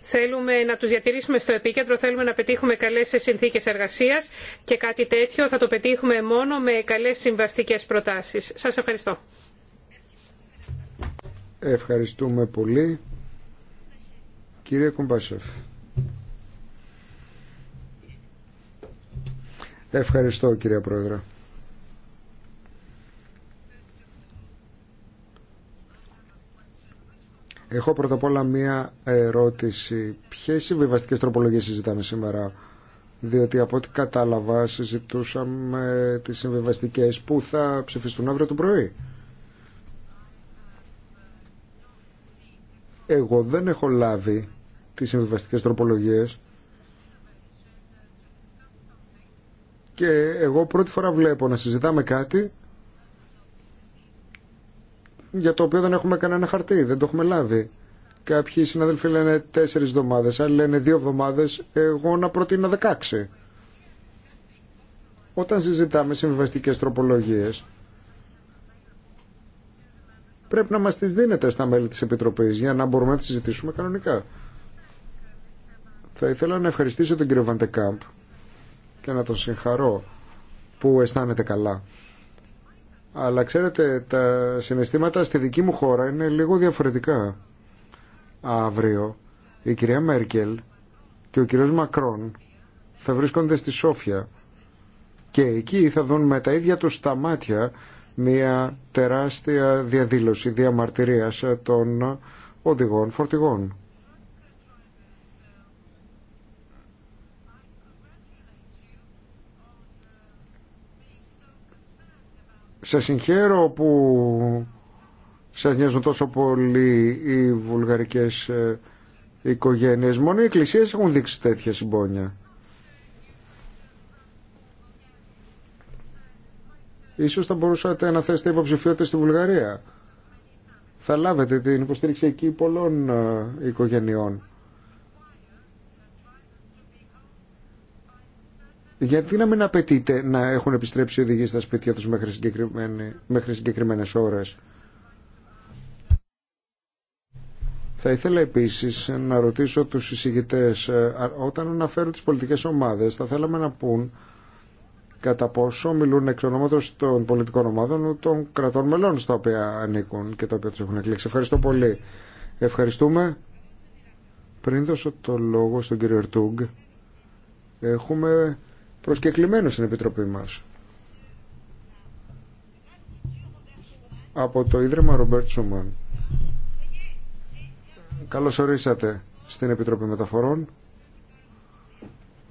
θέλουμε να τους διατηρήσουμε στο επίκεντρο, θέλουμε να πετύχουμε καλές συνθήκες εργασίας και κάτι τέτοιο θα το πετύχουμε μόνο με καλές συμβαστικές προτάσεις. Σας ευχαριστώ. Ευχαριστούμε πολύ. Κύριε Κομπάσεφ. Ευχαριστώ κύριε Πρόεδρε. Έχω πρώτα απ' όλα μία ερώτηση. Ποιε συμβιβαστικέ τροπολογίες συζητάμε σήμερα, διότι από ό,τι κατάλαβα συζητούσαμε τις συμβιβαστικέ που θα ψηφιστούν αύριο το πρωί. Εγώ δεν έχω λάβει τις συμβιβαστικέ τροπολογίες και εγώ πρώτη φορά βλέπω να συζητάμε κάτι για το οποίο δεν έχουμε κανένα χαρτί, δεν το έχουμε λάβει. Κάποιοι συναδελφοί λένε τέσσερι εβδομάδε, άλλοι λένε δύο εβδομάδε. Εγώ να προτείνω δεκάξι. Όταν συζητάμε συμβιβαστικέ τροπολογίε, πρέπει να μα τι δίνετε στα μέλη τη Επιτροπή για να μπορούμε να τι συζητήσουμε κανονικά. Θα ήθελα να ευχαριστήσω τον κύριο Βαντεκάμπ και να τον συγχαρώ που αισθάνεται καλά. Αλλά ξέρετε, τα συναισθήματα στη δική μου χώρα είναι λίγο διαφορετικά. Αύριο η κυρία Μέρκελ και ο κύριος Μακρόν θα βρίσκονται στη Σόφια και εκεί θα δουν με τα ίδια τους τα μάτια μια τεράστια διαδήλωση διαμαρτυρίας των οδηγών φορτηγών. Σε συγχαίρω που σας νοιάζουν τόσο πολύ οι βουλγαρικές ε, οικογένειες. Μόνο οι εκκλησίες έχουν δείξει τέτοια συμπόνια. Ίσως θα μπορούσατε να θέσετε υποψηφιότητες στη Βουλγαρία. Θα λάβετε την υποστήριξη εκεί πολλών ε, οικογενειών. γιατί να μην απαιτείται να έχουν επιστρέψει οι οδηγοί στα σπίτια τους μέχρι, μέχρι συγκεκριμένες ώρες. Θα ήθελα επίσης να ρωτήσω τους εισηγητές, ε, όταν αναφέρουν τις πολιτικές ομάδες, θα θέλαμε να πούν κατά πόσο μιλούν εξ ονόματος των πολιτικών ομάδων των κρατών μελών στα οποία ανήκουν και τα οποία τους έχουν εκλέξει. Ευχαριστώ πολύ. Ευχαριστούμε. Πριν δώσω το λόγο στον κύριο Ερτούγκ, έχουμε προσκεκλημένο στην Επιτροπή μας. Από το Ίδρυμα Ρομπέρτ Σούμαν. Καλώς ορίσατε στην Επιτροπή Μεταφορών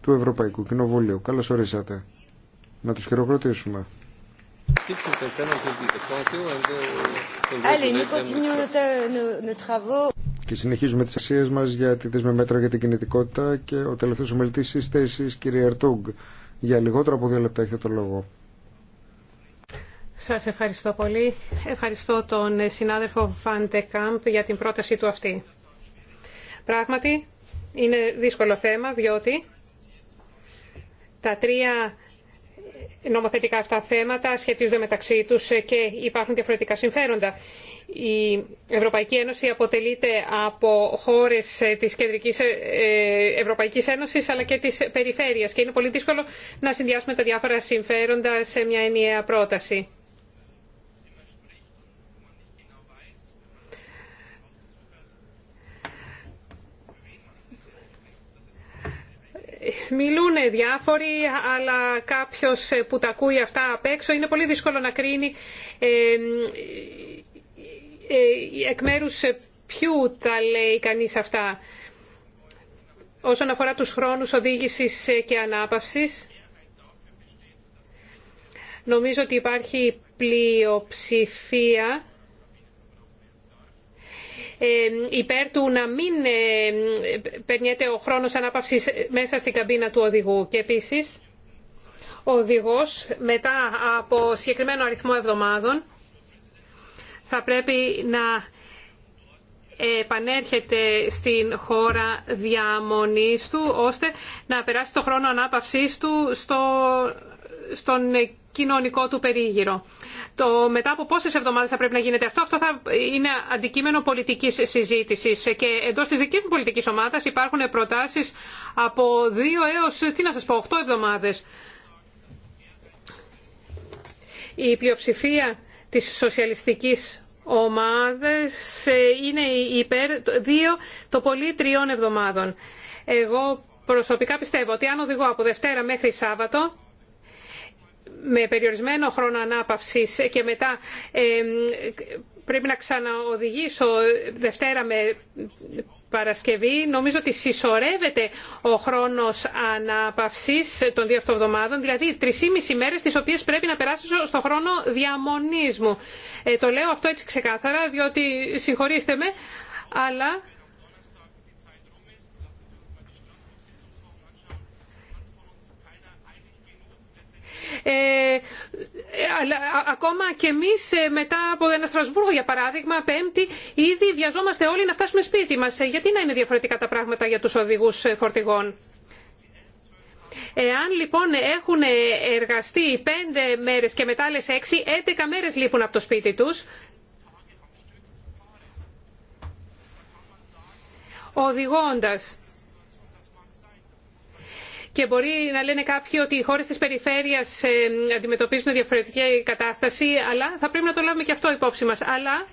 του Ευρωπαϊκού Κοινοβουλίου. Καλώς ορίσατε. Να τους χειροκροτήσουμε. Και συνεχίζουμε τις αξίες μας για τη δεσμεμέτρα για την κινητικότητα και ο τελευταίος ομιλητής είστε εσείς κύριε Ερτούγκ. Για λιγότερο από δύο λεπτά έχετε το λόγο. Σας ευχαριστώ πολύ. Ευχαριστώ τον συνάδελφο Φάντε Κάμπ για την πρότασή του αυτή. Πράγματι, είναι δύσκολο θέμα, διότι τα τρία νομοθετικά αυτά θέματα σχετίζονται μεταξύ τους και υπάρχουν διαφορετικά συμφέροντα. Η Ευρωπαϊκή Ένωση αποτελείται από χώρες ε, της Κεντρικής ε, ε, Ευρωπαϊκής Ένωσης αλλά και της περιφέρειας και είναι πολύ δύσκολο να συνδυάσουμε τα διάφορα συμφέροντα σε μια ενιαία πρόταση. μιλούν διάφοροι, αλλά κάποιος ε, που τα ακούει αυτά απ' έξω είναι πολύ δύσκολο να κρίνει ε, ε, εκ μέρους ποιου τα λέει κανείς αυτά. Όσον αφορά τους χρόνους οδήγησης και ανάπαυσης, νομίζω ότι υπάρχει πλειοψηφία υπέρ του να μην περνιέται ο χρόνος ανάπαυσης μέσα στην καμπίνα του οδηγού. Και επίσης, ο οδηγός μετά από συγκεκριμένο αριθμό εβδομάδων θα πρέπει να επανέρχεται στην χώρα διαμονής του ώστε να περάσει το χρόνο ανάπαυσής του στο, στον κοινωνικό του περίγυρο το μετά από πόσε εβδομάδε θα πρέπει να γίνεται αυτό, αυτό θα είναι αντικείμενο πολιτική συζήτηση. Και εντό τη δική μου πολιτική ομάδα υπάρχουν προτάσει από δύο έω, τι να σα πω, οχτώ εβδομάδε. Η πλειοψηφία τη σοσιαλιστική ομάδα είναι υπέρ δύο, το πολύ τριών εβδομάδων. Εγώ προσωπικά πιστεύω ότι αν οδηγώ από Δευτέρα μέχρι Σάββατο με περιορισμένο χρόνο ανάπαυσης και μετά πρέπει να ξαναοδηγήσω Δευτέρα με Παρασκευή. Νομίζω ότι συσσωρεύεται ο χρόνος ανάπαυσης των δύο δηλαδή εβδομάδων, δηλαδή μισή μέρες τις οποίες πρέπει να περάσω στο χρόνο διαμονής μου. Ε, το λέω αυτό έτσι ξεκάθαρα, διότι συγχωρήστε με, αλλά Ε, ε, ακόμα και εμεί ε, μετά από ένα Στρασβούργο για παράδειγμα, Πέμπτη, ήδη βιαζόμαστε όλοι να φτάσουμε σπίτι μας. Γιατί να είναι διαφορετικά τα πράγματα για τους οδηγού φορτηγών. Εάν λοιπόν έχουν εργαστεί πέντε μέρες και μετά άλλες έξι, έντεκα μέρες λείπουν από το σπίτι τους. Οδηγώντας και μπορεί να λένε κάποιοι ότι οι χώρες της περιφέρειας ε, αντιμετωπίζουν διαφορετική κατάσταση αλλά θα πρέπει να το λάβουμε και αυτό υπόψη μας. Αλλά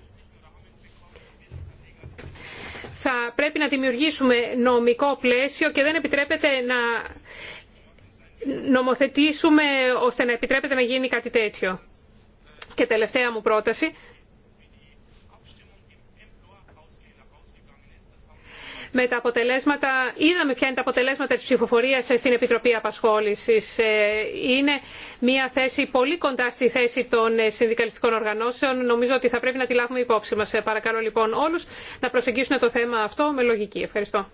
θα πρέπει να δημιουργήσουμε νομικό πλαίσιο και δεν επιτρέπεται να νομοθετήσουμε ώστε να επιτρέπεται να γίνει κάτι τέτοιο. Και τελευταία μου πρόταση με τα αποτελέσματα. Είδαμε ποια είναι τα αποτελέσματα της ψηφοφορίας στην Επιτροπή Απασχόλησης. Ε, είναι μια θέση πολύ κοντά στη θέση των ε, συνδικαλιστικών οργανώσεων. Νομίζω ότι θα πρέπει να τη λάβουμε υπόψη μας. Ε, παρακαλώ λοιπόν όλους να προσεγγίσουν το θέμα αυτό με λογική. Ευχαριστώ.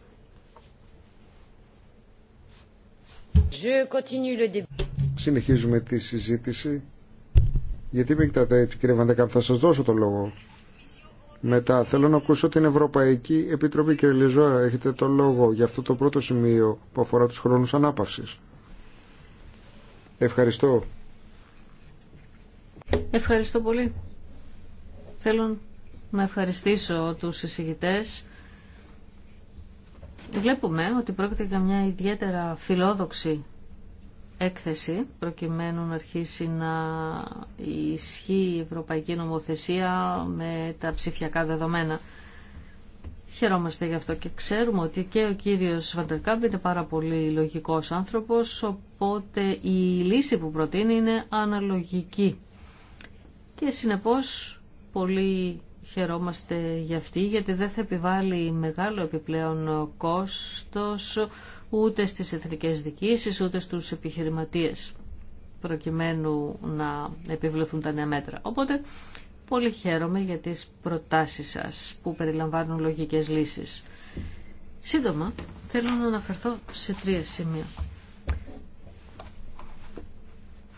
Συνεχίζουμε τη συζήτηση. Γιατί κοιτάτε έτσι κύριε Βαντεκάμπ, θα σας δώσω το λόγο. Μετά θέλω να ακούσω την Ευρωπαϊκή Επιτροπή. Κύριε Λιζόα, έχετε το λόγο για αυτό το πρώτο σημείο που αφορά τους χρόνους ανάπαυσης. Ευχαριστώ. Ευχαριστώ πολύ. Θέλω να ευχαριστήσω τους εισηγητές. Βλέπουμε ότι πρόκειται για μια ιδιαίτερα φιλόδοξη έκθεση προκειμένου να αρχίσει να ισχύει η Ευρωπαϊκή Νομοθεσία με τα ψηφιακά δεδομένα. Χαιρόμαστε γι' αυτό και ξέρουμε ότι και ο κύριος Βαντερκάμπ είναι πάρα πολύ λογικός άνθρωπος, οπότε η λύση που προτείνει είναι αναλογική. Και συνεπώς πολύ χαιρόμαστε γι' αυτή, γιατί δεν θα επιβάλλει μεγάλο επιπλέον κόστος ούτε στις εθνικές δικήσεις, ούτε στους επιχειρηματίες, προκειμένου να επιβληθούν τα νέα μέτρα. Οπότε, πολύ χαίρομαι για τις προτάσεις σας που περιλαμβάνουν λογικές λύσεις. Σύντομα, θέλω να αναφερθώ σε τρία σημεία.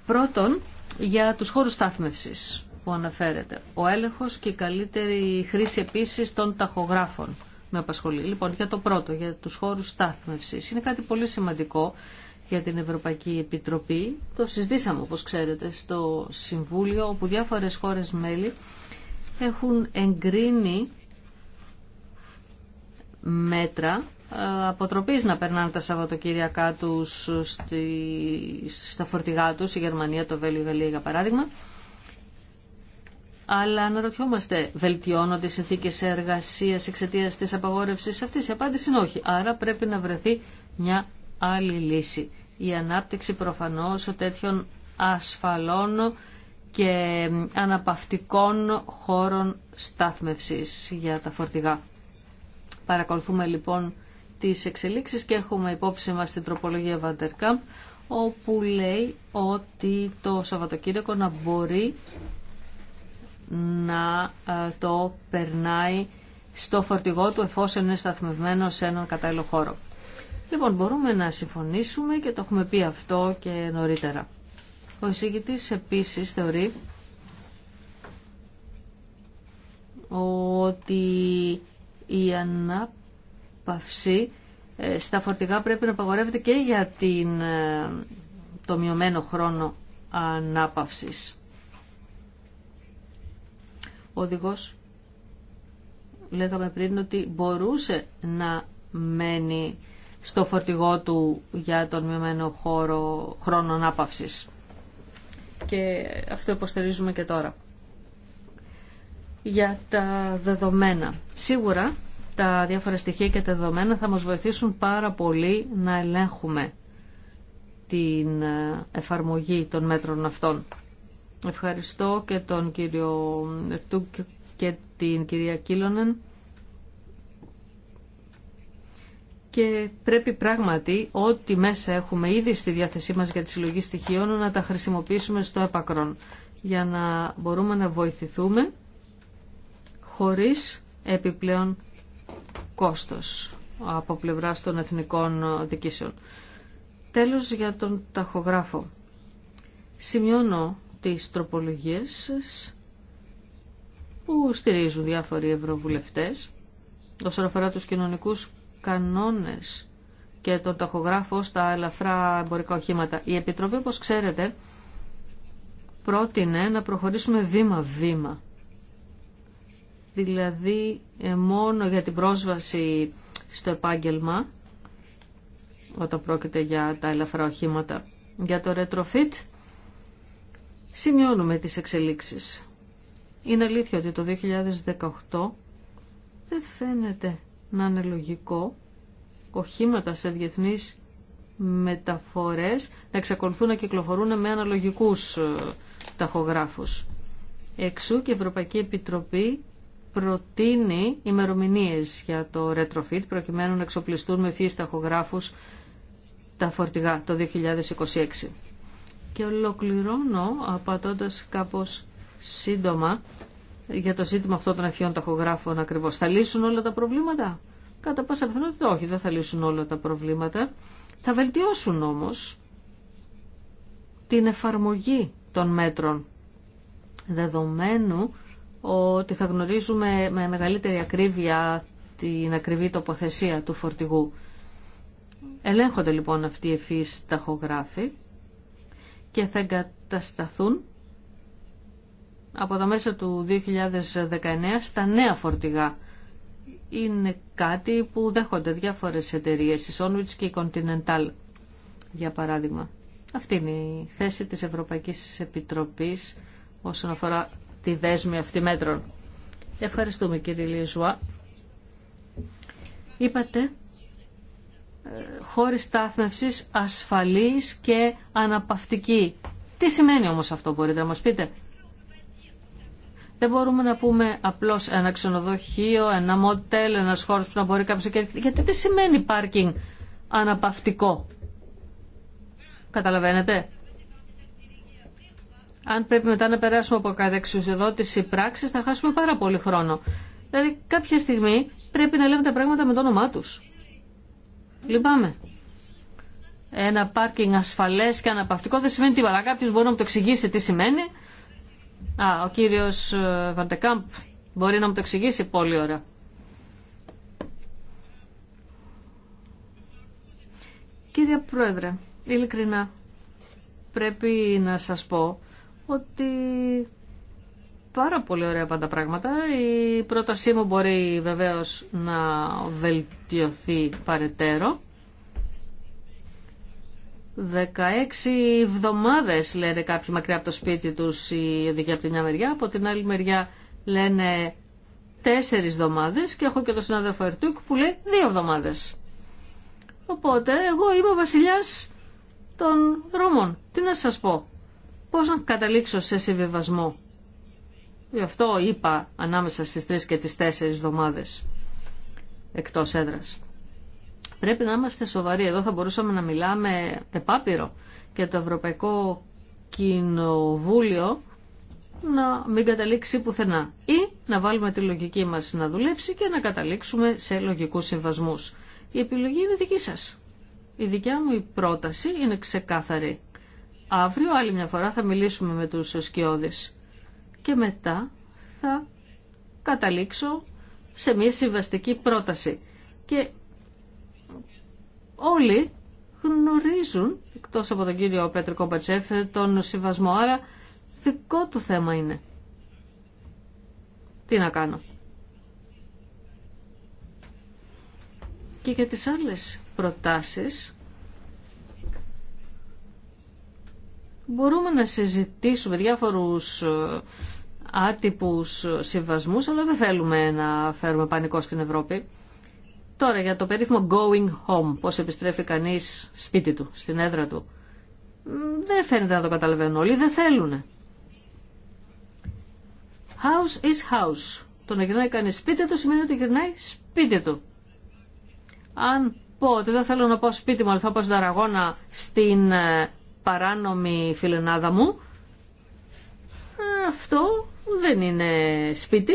Πρώτον, για τους χώρους στάθμευσης που αναφέρεται. Ο έλεγχος και η καλύτερη χρήση επίσης των ταχογράφων με απασχολεί. Λοιπόν, για το πρώτο, για του χώρου στάθμευση. Είναι κάτι πολύ σημαντικό για την Ευρωπαϊκή Επιτροπή. Το συζητήσαμε, όπως ξέρετε, στο Συμβούλιο, όπου διάφορες χώρες μέλη έχουν εγκρίνει μέτρα ε, αποτροπής να περνάνε τα Σαββατοκύριακά τους στα φορτηγά τους, η Γερμανία, το Βέλιο, η Γαλλία για παράδειγμα αλλά αναρωτιόμαστε, βελτιώνονται οι συνθήκε εργασία εξαιτία τη απαγόρευση αυτή. Η απάντηση είναι όχι. Άρα πρέπει να βρεθεί μια άλλη λύση. Η ανάπτυξη προφανώ τέτοιων ασφαλών και αναπαυτικών χώρων στάθμευσης για τα φορτηγά. Παρακολουθούμε λοιπόν τις εξελίξεις και έχουμε υπόψη μας την τροπολογία Βαντερκάμπ όπου λέει ότι το Σαββατοκύριακο να μπορεί να ε, το περνάει στο φορτηγό του εφόσον είναι σταθμευμένο σε έναν κατάλληλο χώρο. Λοιπόν, μπορούμε να συμφωνήσουμε και το έχουμε πει αυτό και νωρίτερα. Ο εισηγητής επίσης θεωρεί ότι η ανάπαυση ε, στα φορτηγά πρέπει να απαγορεύεται και για την, ε, το μειωμένο χρόνο ανάπαυσης. Ο οδηγός λέγαμε πριν ότι μπορούσε να μένει στο φορτηγό του για τον μειωμένο χώρο χρόνο ανάπαυσης. Και αυτό υποστηρίζουμε και τώρα. Για τα δεδομένα. Σίγουρα τα διάφορα στοιχεία και τα δεδομένα θα μας βοηθήσουν πάρα πολύ να ελέγχουμε την ε, εφαρμογή των μέτρων αυτών. Ευχαριστώ και τον κύριο Ερτούκ και την κυρία Κίλωνεν Και πρέπει πράγματι ό,τι μέσα έχουμε ήδη στη διάθεσή μας για τη συλλογή στοιχείων να τα χρησιμοποιήσουμε στο επακρόν για να μπορούμε να βοηθηθούμε χωρίς επιπλέον κόστος από πλευράς των εθνικών δικήσεων. Τέλος για τον ταχογράφο. Σημειώνω τις τροπολογίες σας που στηρίζουν διάφοροι ευρωβουλευτές όσον αφορά τους κοινωνικούς κανόνες και τον ταχογράφο στα ελαφρά εμπορικά οχήματα. Η Επιτροπή, όπως ξέρετε, πρότεινε να προχωρήσουμε βήμα-βήμα. Δηλαδή, ε, μόνο για την πρόσβαση στο επάγγελμα, όταν πρόκειται για τα ελαφρά οχήματα. Για το retrofit σημειώνουμε τις εξελίξεις. Είναι αλήθεια ότι το 2018 δεν φαίνεται να είναι λογικό οχήματα σε διεθνείς μεταφορές να εξακολουθούν να κυκλοφορούν με αναλογικούς ε, ταχογράφους. Εξού και η Ευρωπαϊκή Επιτροπή προτείνει ημερομηνίες για το retrofit προκειμένου να εξοπλιστούν με φύση ταχογράφους τα φορτηγά το 2026. Και ολοκληρώνω απαντώντας κάπως σύντομα για το ζήτημα αυτό των αρχιών ταχογράφων ακριβώς. Θα λύσουν όλα τα προβλήματα. Κατά πάσα πιθανότητα όχι, δεν θα λύσουν όλα τα προβλήματα. Θα βελτιώσουν όμως την εφαρμογή των μέτρων δεδομένου ότι θα γνωρίζουμε με μεγαλύτερη ακρίβεια την ακριβή τοποθεσία του φορτηγού. Ελέγχονται λοιπόν αυτοί οι ευφύς ταχογράφοι και θα εγκατασταθούν από τα μέσα του 2019 στα νέα φορτηγά. Είναι κάτι που δέχονται διάφορες εταιρείες, η Sonwich και η Continental, για παράδειγμα. Αυτή είναι η θέση της Ευρωπαϊκής Επιτροπής όσον αφορά τη δέσμη αυτή μέτρων. Ευχαριστούμε κύριε Λιζουά. Είπατε χώρη στάθμευσης ασφαλής και αναπαυτική. Τι σημαίνει όμως αυτό μπορείτε να μας πείτε. Δεν μπορούμε να πούμε απλώς ένα ξενοδοχείο, ένα μοτέλ, ένας χώρος που να μπορεί κάποιος να Γιατί τι σημαίνει πάρκινγκ αναπαυτικό. Καταλαβαίνετε. Αν πρέπει μετά να περάσουμε από κατεξουσιοδότηση πράξης θα χάσουμε πάρα πολύ χρόνο. Δηλαδή κάποια στιγμή πρέπει να λέμε τα πράγματα με το όνομά τους. Λυπάμαι. Ένα πάρκινγκ ασφαλέ και αναπαυτικό δεν σημαίνει τίποτα. Κάποιο μπορεί να μου το εξηγήσει τι σημαίνει. Α, ο κύριο ε, Βαντεκάμπ μπορεί να μου το εξηγήσει πολύ ωραία. Κύριε Πρόεδρε, ειλικρινά πρέπει να σας πω ότι πάρα πολύ ωραία πάντα πράγματα. Η πρότασή μου μπορεί βεβαίως να βελτιωθεί παρετέρω. 16 εβδομάδες λένε κάποιοι μακριά από το σπίτι τους οι οδηγοί από τη μια μεριά, από την άλλη μεριά λένε 4 εβδομάδες και έχω και τον συνάδελφο Ερτούκ που λέει 2 εβδομάδες. Οπότε εγώ είμαι βασιλιάς των δρόμων. Τι να σας πω, πώς να καταλήξω σε συμβιβασμό. Γι' αυτό είπα ανάμεσα στις τρεις και τις τέσσερις εβδομάδες εκτός έδρας. Πρέπει να είμαστε σοβαροί. Εδώ θα μπορούσαμε να μιλάμε επάπειρο και το Ευρωπαϊκό Κοινοβούλιο να μην καταλήξει πουθενά. Ή να βάλουμε τη λογική μας να δουλέψει και να καταλήξουμε σε λογικούς συμβασμούς. Η επιλογή είναι δική σας. Η δικιά μου η πρόταση είναι ξεκάθαρη. Αύριο άλλη μια φορά θα μιλήσουμε με τους σκιώδεις και μετά θα καταλήξω σε μια συμβαστική πρόταση. Και όλοι γνωρίζουν, εκτός από τον κύριο Πέτρο Κομπατσέφ, τον συμβασμό, άρα δικό του θέμα είναι. Τι να κάνω. Και για τις άλλες προτάσεις μπορούμε να συζητήσουμε διάφορους ε, άτυπους συμβασμούς, αλλά δεν θέλουμε να φέρουμε πανικό στην Ευρώπη. Τώρα για το περίφημο going home, πώς επιστρέφει κανείς σπίτι του, στην έδρα του. Δεν φαίνεται να το καταλαβαίνουν όλοι, δεν θέλουν. House is house. Το να γυρνάει κανείς σπίτι του σημαίνει ότι γυρνάει σπίτι του. Αν πω ότι δεν θέλω να πάω σπίτι μου, αλλά θα πάω στην Αραγώνα, στην ε, παράνομη φιλενάδα μου, ε, αυτό δεν είναι σπίτι.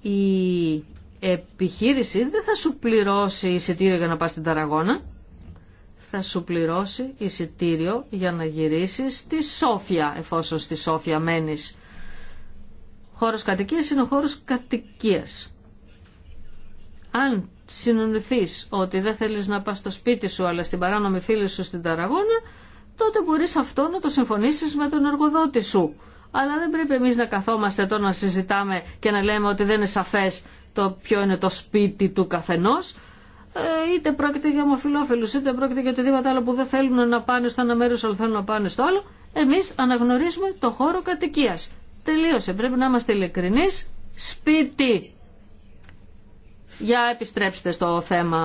Η επιχείρηση δεν θα σου πληρώσει εισιτήριο για να πας στην Ταραγώνα. Θα σου πληρώσει εισιτήριο για να γυρίσεις στη Σόφια, εφόσον στη Σόφια μένεις. Χώρος κατοικίας είναι ο χώρος κατοικίας. Αν συνονιθείς ότι δεν θέλεις να πας στο σπίτι σου αλλά στην παράνομη φίλη σου στην Ταραγώνα, τότε μπορείς αυτό να το συμφωνήσεις με τον εργοδότη σου. Αλλά δεν πρέπει εμείς να καθόμαστε τώρα να συζητάμε και να λέμε ότι δεν είναι σαφές το ποιο είναι το σπίτι του καθενός. Ε, είτε πρόκειται για ομοφιλόφιλους, είτε πρόκειται για οτιδήποτε άλλο που δεν θέλουν να πάνε στο ένα μέρος, αλλά θέλουν να πάνε στο άλλο. Εμείς αναγνωρίζουμε το χώρο κατοικίας. Τελείωσε. Πρέπει να είμαστε ειλικρινεί. Σπίτι. Για επιστρέψτε στο θέμα,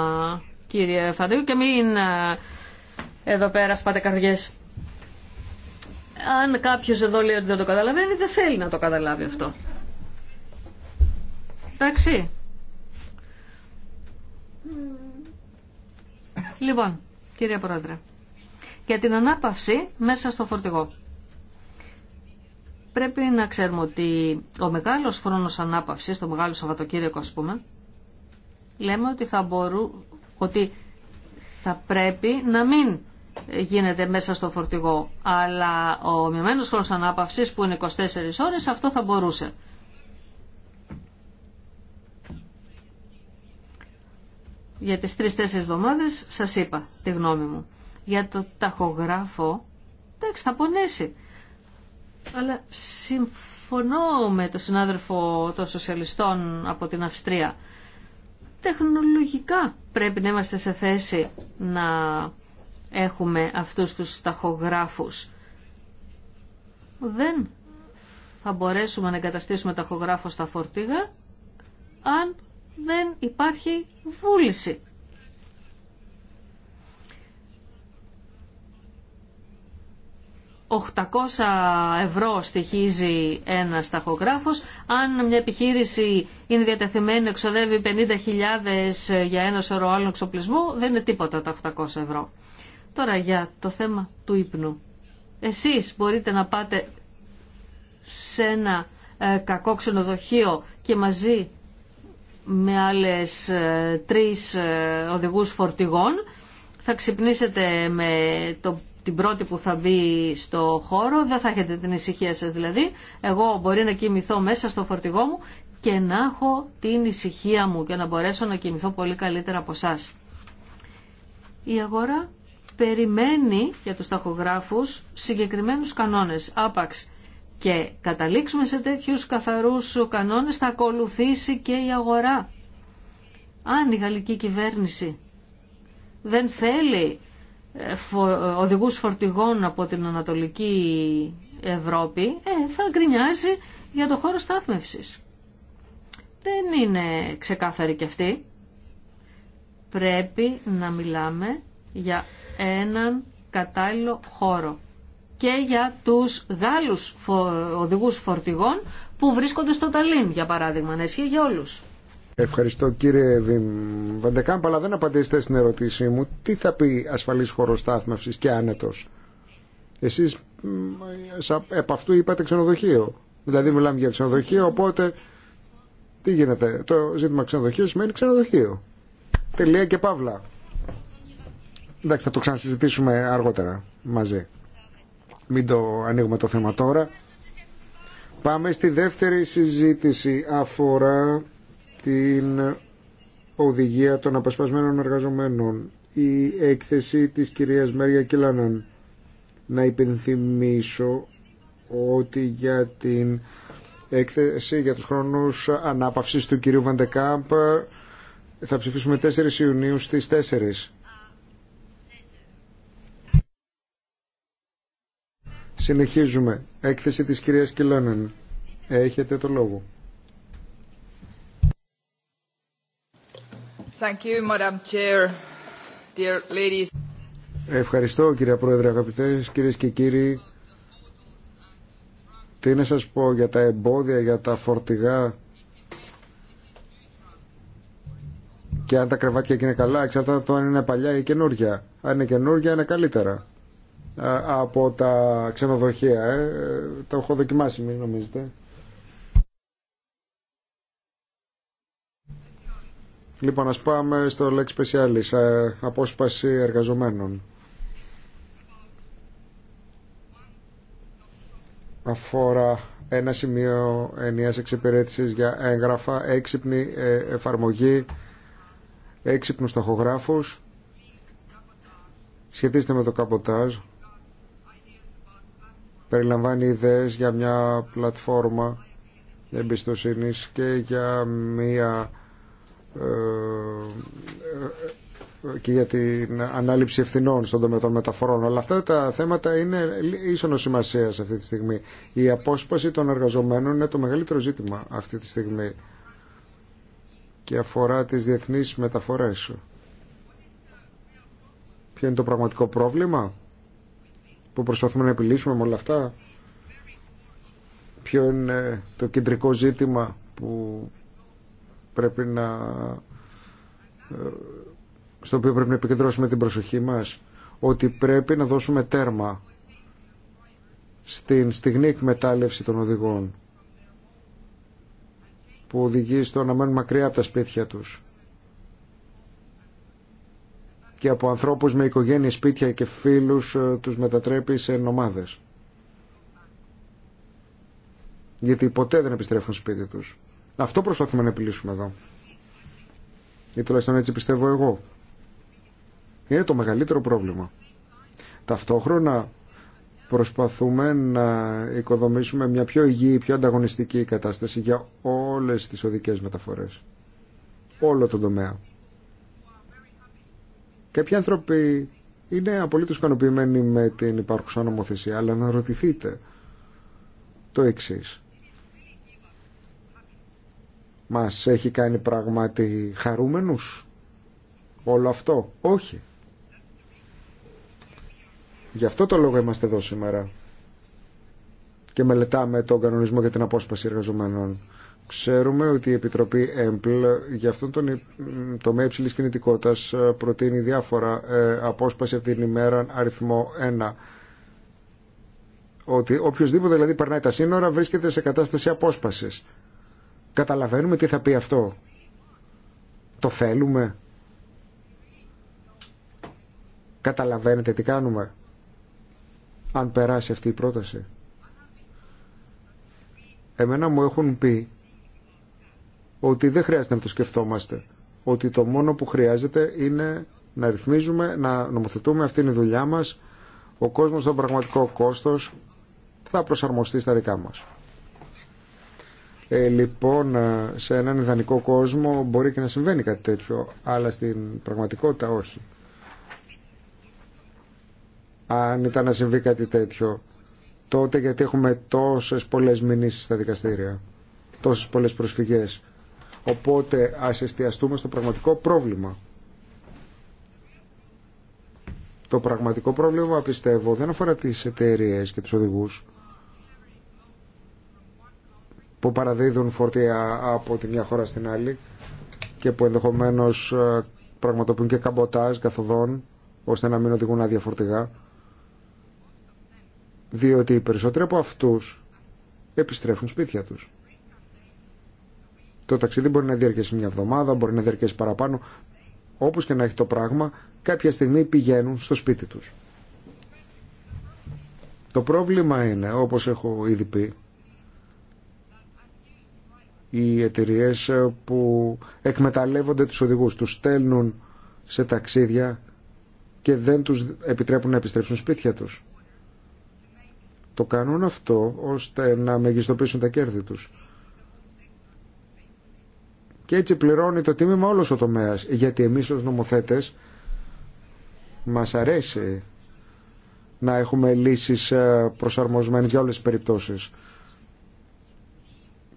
κύριε Φαντέκο, και μην ε, εδώ πέρα σπάτε καρδιές. Αν κάποιο εδώ λέει ότι δεν το καταλαβαίνει, δεν θέλει να το καταλάβει αυτό. Εντάξει. Λοιπόν, κύριε Πρόεδρε, για την ανάπαυση μέσα στο φορτηγό. Πρέπει να ξέρουμε ότι ο μεγάλος χρόνος ανάπαυσης, το μεγάλο Σαββατοκύριακο ας πούμε, λέμε ότι θα μπορού, ότι θα πρέπει να μην γίνεται μέσα στο φορτηγό. Αλλά ο μειωμένο χρόνο ανάπαυση που είναι 24 ώρε, αυτό θα μπορούσε. Για τις 3-4 εβδομάδες σας είπα τη γνώμη μου. Για το ταχογράφο, εντάξει θα πονέσει. Αλλά συμφωνώ με τον συνάδελφο των σοσιαλιστών από την Αυστρία. Τεχνολογικά πρέπει να είμαστε σε θέση να έχουμε αυτούς τους ταχογράφους. Δεν θα μπορέσουμε να εγκαταστήσουμε ταχογράφο στα φορτίγα αν δεν υπάρχει βούληση. «800 ευρώ στοιχίζει ένα ταχογράφος. Αν μια επιχείρηση είναι διατεθειμένη να εξοδεύει 50.000 για ένα σωρό άλλων εξοπλισμού, δεν είναι τίποτα τα 800 ευρώ. Τώρα για το θέμα του ύπνου. Εσείς μπορείτε να πάτε σε ένα ε, κακό ξενοδοχείο και μαζί με άλλες ε, τρεις ε, οδηγούς φορτηγών θα ξυπνήσετε με το, την πρώτη που θα μπει στο χώρο, δεν θα έχετε την ησυχία σας δηλαδή. Εγώ μπορεί να κοιμηθώ μέσα στο φορτηγό μου και να έχω την ησυχία μου και να μπορέσω να κοιμηθώ πολύ καλύτερα από εσά. Η αγορά περιμένει για τους ταχογράφους συγκεκριμένους κανόνες άπαξ και καταλήξουμε σε τέτοιους καθαρούς κανόνες θα ακολουθήσει και η αγορά. Αν η γαλλική κυβέρνηση δεν θέλει ε, οδηγούς φορτηγών από την Ανατολική Ευρώπη, ε, θα γκρινιάζει για το χώρο στάθμευσης. Δεν είναι ξεκάθαρη κι αυτή. Πρέπει να μιλάμε για έναν κατάλληλο χώρο και για τους Γάλλους οδηγούς φορτηγών που βρίσκονται στο Ταλίν, για παράδειγμα, να ισχύει για όλους. Ευχαριστώ κύριε Βαντεκάμπα αλλά δεν απαντήσετε στην ερώτησή μου. Τι θα πει ασφαλής χώρος στάθμευσης και άνετος. Εσείς επ' αυτού είπατε ξενοδοχείο. Δηλαδή μιλάμε για ξενοδοχείο, οπότε τι γίνεται. Το ζήτημα ξενοδοχείο σημαίνει ξενοδοχείο. Τελεία και παύλα. Εντάξει, θα το ξανασυζητήσουμε αργότερα μαζί. Μην το ανοίγουμε το θέμα τώρα. Πάμε στη δεύτερη συζήτηση. Αφορά την οδηγία των Απασπασμένων εργαζομένων. Η έκθεση της κυρίας Μέρια Κιλάναν. Να υπενθυμίσω ότι για την έκθεση για τους χρόνους ανάπαυσης του κυρίου Βαντεκάμπ θα ψηφίσουμε 4 Ιουνίου στις 4. Συνεχίζουμε. Έκθεση της κυρίας Κιλόνεν. Έχετε το λόγο. Thank you, Madam Chair. Dear ladies. Ευχαριστώ κυρία Πρόεδρε, αγαπητές κυρίες και κύριοι. Τι να σας πω για τα εμπόδια, για τα φορτηγά και αν τα κρεβάτια είναι καλά, εξαρτάται το αν είναι παλιά ή καινούργια. Αν είναι καινούργια είναι καλύτερα από τα ξενοδοχεία. Ε. τα έχω δοκιμάσει, μην νομίζετε. Λοιπόν, ας πάμε στο Lex Specialis, ε, απόσπαση εργαζομένων. Αφορά ένα σημείο ενιαίας εξυπηρέτησης για έγγραφα, έξυπνη ε, εφαρμογή, έξυπνους ταχογράφους. Σχετίζεται με το καποτάζ περιλαμβάνει ιδέες για μια πλατφόρμα εμπιστοσύνης και για μια ε, ε, ε, και για την ανάληψη ευθυνών στον τομέα των μεταφορών. Αλλά αυτά τα θέματα είναι ίσονο σημασία αυτή τη στιγμή. Η απόσπαση των εργαζομένων είναι το μεγαλύτερο ζήτημα αυτή τη στιγμή και αφορά τις διεθνείς μεταφορές. Ποιο είναι το πραγματικό πρόβλημα? που προσπαθούμε να επιλύσουμε με όλα αυτά. Ποιο είναι το κεντρικό ζήτημα που πρέπει να ε, στο οποίο πρέπει να επικεντρώσουμε την προσοχή μας ότι πρέπει να δώσουμε τέρμα στην στιγμή εκμετάλλευση των οδηγών που οδηγεί στο να μένουν μακριά από τα σπίτια τους και από ανθρώπους με οικογένειες, σπίτια και φίλους ε, τους μετατρέπει σε νομάδες. Γιατί ποτέ δεν επιστρέφουν σπίτι τους. Αυτό προσπαθούμε να επιλύσουμε εδώ. Ή τουλάχιστον έτσι πιστεύω εγώ. Είναι το μεγαλύτερο πρόβλημα. Ταυτόχρονα προσπαθούμε να οικοδομήσουμε μια πιο υγιή, πιο ανταγωνιστική κατάσταση για όλες τις οδικές μεταφορές. Όλο τον τομέα. Κάποιοι άνθρωποι είναι απολύτως ικανοποιημένοι με την υπάρχουσα νομοθεσία, αλλά να ρωτηθείτε το εξή. Μας έχει κάνει πράγματι χαρούμενου, όλο αυτό. Όχι. Γι' αυτό το λόγο είμαστε εδώ σήμερα και μελετάμε τον κανονισμό για την απόσπαση εργαζομένων. Ξέρουμε ότι η Επιτροπή ΕΜΠΛ για αυτόν τον τομέα υψηλής κινητικότητας ε, προτείνει διάφορα ε, απόσπαση από την ημέρα αριθμό 1 ότι οποιοδήποτε δηλαδή περνάει τα σύνορα βρίσκεται σε κατάσταση απόσπασης. Καταλαβαίνουμε τι θα πει αυτό. Το θέλουμε. Καταλαβαίνετε τι κάνουμε. Αν περάσει αυτή η πρόταση. Εμένα μου έχουν πει ότι δεν χρειάζεται να το σκεφτόμαστε. Ότι το μόνο που χρειάζεται είναι να ρυθμίζουμε, να νομοθετούμε, αυτή είναι η δουλειά μας. Ο κόσμος στον πραγματικό κόστος θα προσαρμοστεί στα δικά μας. Ε, λοιπόν, ε, σε έναν ιδανικό κόσμο μπορεί και να συμβαίνει κάτι τέτοιο, αλλά στην πραγματικότητα όχι. Αν ήταν να συμβεί κάτι τέτοιο, τότε γιατί έχουμε τόσες πολλές μηνύσεις στα δικαστήρια, τόσες πολλές προσφυγές. Οπότε ας εστιαστούμε στο πραγματικό πρόβλημα. Το πραγματικό πρόβλημα, πιστεύω, δεν αφορά τις εταιρείε και τους οδηγούς που παραδίδουν φορτία από τη μια χώρα στην άλλη και που ενδεχομένως ε, πραγματοποιούν και καμποτάζ καθοδόν ώστε να μην οδηγούν άδεια φορτηγά διότι οι περισσότεροι από αυτούς επιστρέφουν σπίτια τους. Το ταξίδι μπορεί να διαρκέσει μια εβδομάδα, μπορεί να διαρκέσει παραπάνω. Όπως και να έχει το πράγμα, κάποια στιγμή πηγαίνουν στο σπίτι τους. Το πρόβλημα είναι, όπως έχω ήδη πει, οι εταιρείε που εκμεταλλεύονται τους οδηγούς, τους στέλνουν σε ταξίδια και δεν τους επιτρέπουν να επιστρέψουν σπίτια τους. Το κάνουν αυτό ώστε να μεγιστοποιήσουν τα κέρδη τους. Και έτσι πληρώνει το τίμημα όλο ο τομέας. Γιατί εμείς ως νομοθέτες μας αρέσει να έχουμε λύσεις ε, προσαρμοσμένες για όλες τις περιπτώσεις.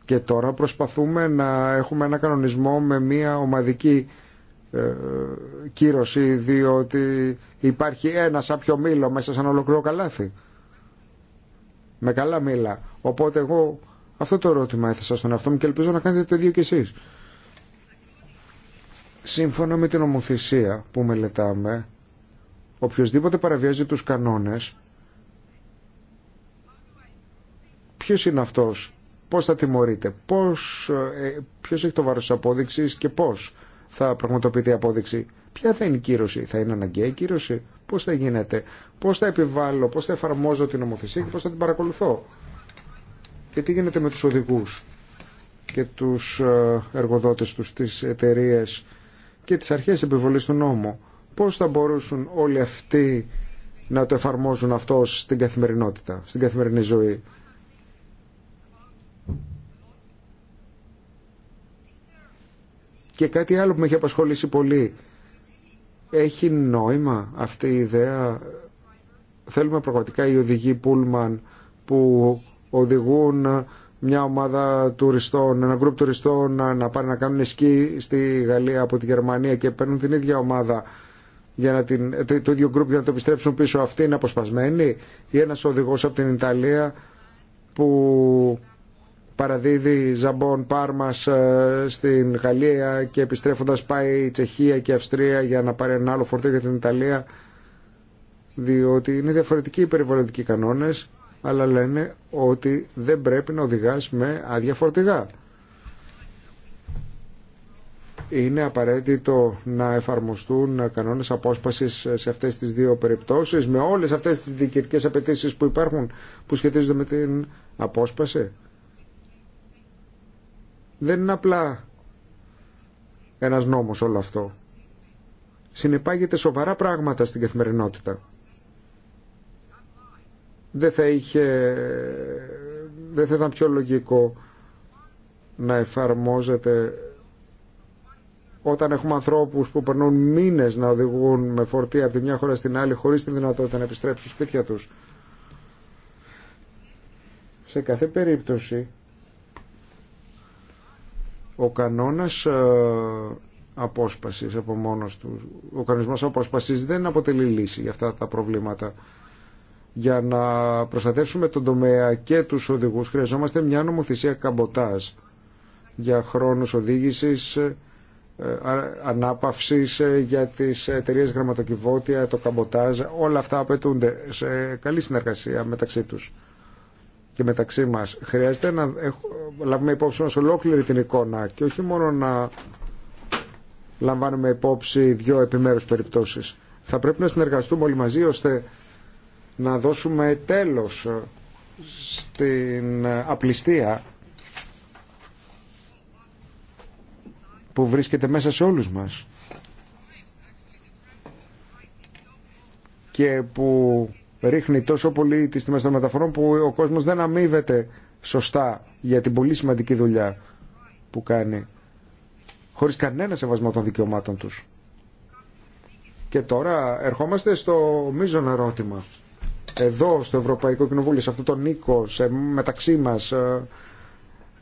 Και τώρα προσπαθούμε να έχουμε ένα κανονισμό με μια ομαδική ε, κύρωση διότι υπάρχει ένα σάπιο μήλο μέσα σε ένα ολοκληρό καλάθι με καλά μήλα οπότε εγώ αυτό το ερώτημα έθεσα στον εαυτό μου και ελπίζω να κάνετε το ίδιο κι εσείς σύμφωνα με την ομοθεσία που μελετάμε, οποιοδήποτε παραβιάζει τους κανόνες, ποιος είναι αυτός, πώς θα τιμωρείται, πώς, ε, ποιος έχει το βάρος της απόδειξης και πώς θα πραγματοποιείται η απόδειξη. Ποια θα είναι η κύρωση, θα είναι αναγκαία η κύρωση, πώς θα γίνεται, πώς θα επιβάλλω, πώς θα εφαρμόζω την νομοθεσία και πώς θα την παρακολουθώ. Και τι γίνεται με τους οδηγούς και τους ε, εργοδότες τους, τις εταιρείες και τις αρχές επιβολής του νόμου. Πώς θα μπορούσαν όλοι αυτοί να το εφαρμόζουν αυτό στην καθημερινότητα, στην καθημερινή ζωή. Και κάτι άλλο που με έχει απασχολήσει πολύ. Έχει νόημα αυτή η ιδέα. Θέλουμε πραγματικά οι οδηγοί Πούλμαν που οδηγούν μια ομάδα τουριστών, ένα γκρουπ τουριστών να, να πάνε να κάνουν σκι στη Γαλλία από τη Γερμανία και παίρνουν την ίδια ομάδα για να την, το, ίδιο γκρουπ για να το επιστρέψουν πίσω αυτή είναι αποσπασμένη ή ένας οδηγός από την Ιταλία που παραδίδει ζαμπόν πάρμας ε, στην Γαλλία και επιστρέφοντας πάει η Τσεχία και η Αυστρία για να πάρει ένα άλλο φορτίο για την Ιταλία διότι είναι διαφορετικοί οι περιβαλλοντικοί κανόνες αλλά λένε ότι δεν πρέπει να οδηγάς με άδεια φορτηγά. Είναι απαραίτητο να εφαρμοστούν κανόνες απόσπασης σε αυτές τις δύο περιπτώσεις με όλες αυτές τις διοικητικές απαιτήσει που υπάρχουν που σχετίζονται με την απόσπαση. Δεν είναι απλά ένας νόμος όλο αυτό. Συνεπάγεται σοβαρά πράγματα στην καθημερινότητα δεν θα, ήταν πιο λογικό να εφαρμόζεται όταν έχουμε ανθρώπους που περνούν μήνες να οδηγούν με φορτία από τη μια χώρα στην άλλη χωρίς τη δυνατότητα να επιστρέψουν σπίτια τους. Σε κάθε περίπτωση ο κανόνας ε, απόσπασης από μόνος του, ο κανονισμός απόσπασης δεν αποτελεί λύση για αυτά τα προβλήματα για να προστατεύσουμε τον τομέα και τους οδηγούς χρειαζόμαστε μια νομοθεσία καμποτάς για χρόνους οδήγησης ε, ανάπαυσης ε, για τις εταιρείε γραμματοκιβώτια, το καμποτάζ, όλα αυτά απαιτούνται σε καλή συνεργασία μεταξύ τους και μεταξύ μας. Χρειάζεται να λάβουμε υπόψη μας ολόκληρη την εικόνα και όχι μόνο να λαμβάνουμε υπόψη δύο επιμέρους περιπτώσεις. Θα πρέπει να συνεργαστούμε όλοι μαζί ώστε να δώσουμε τέλος στην απληστία που βρίσκεται μέσα σε όλους μας και που ρίχνει τόσο πολύ τις τιμές των μεταφορών που ο κόσμος δεν αμείβεται σωστά για την πολύ σημαντική δουλειά που κάνει χωρίς κανένα σεβασμό των δικαιωμάτων τους. Και τώρα ερχόμαστε στο μείζον ερώτημα εδώ στο Ευρωπαϊκό Κοινοβούλιο, σε αυτό τον οίκο, σε, μεταξύ μας ε,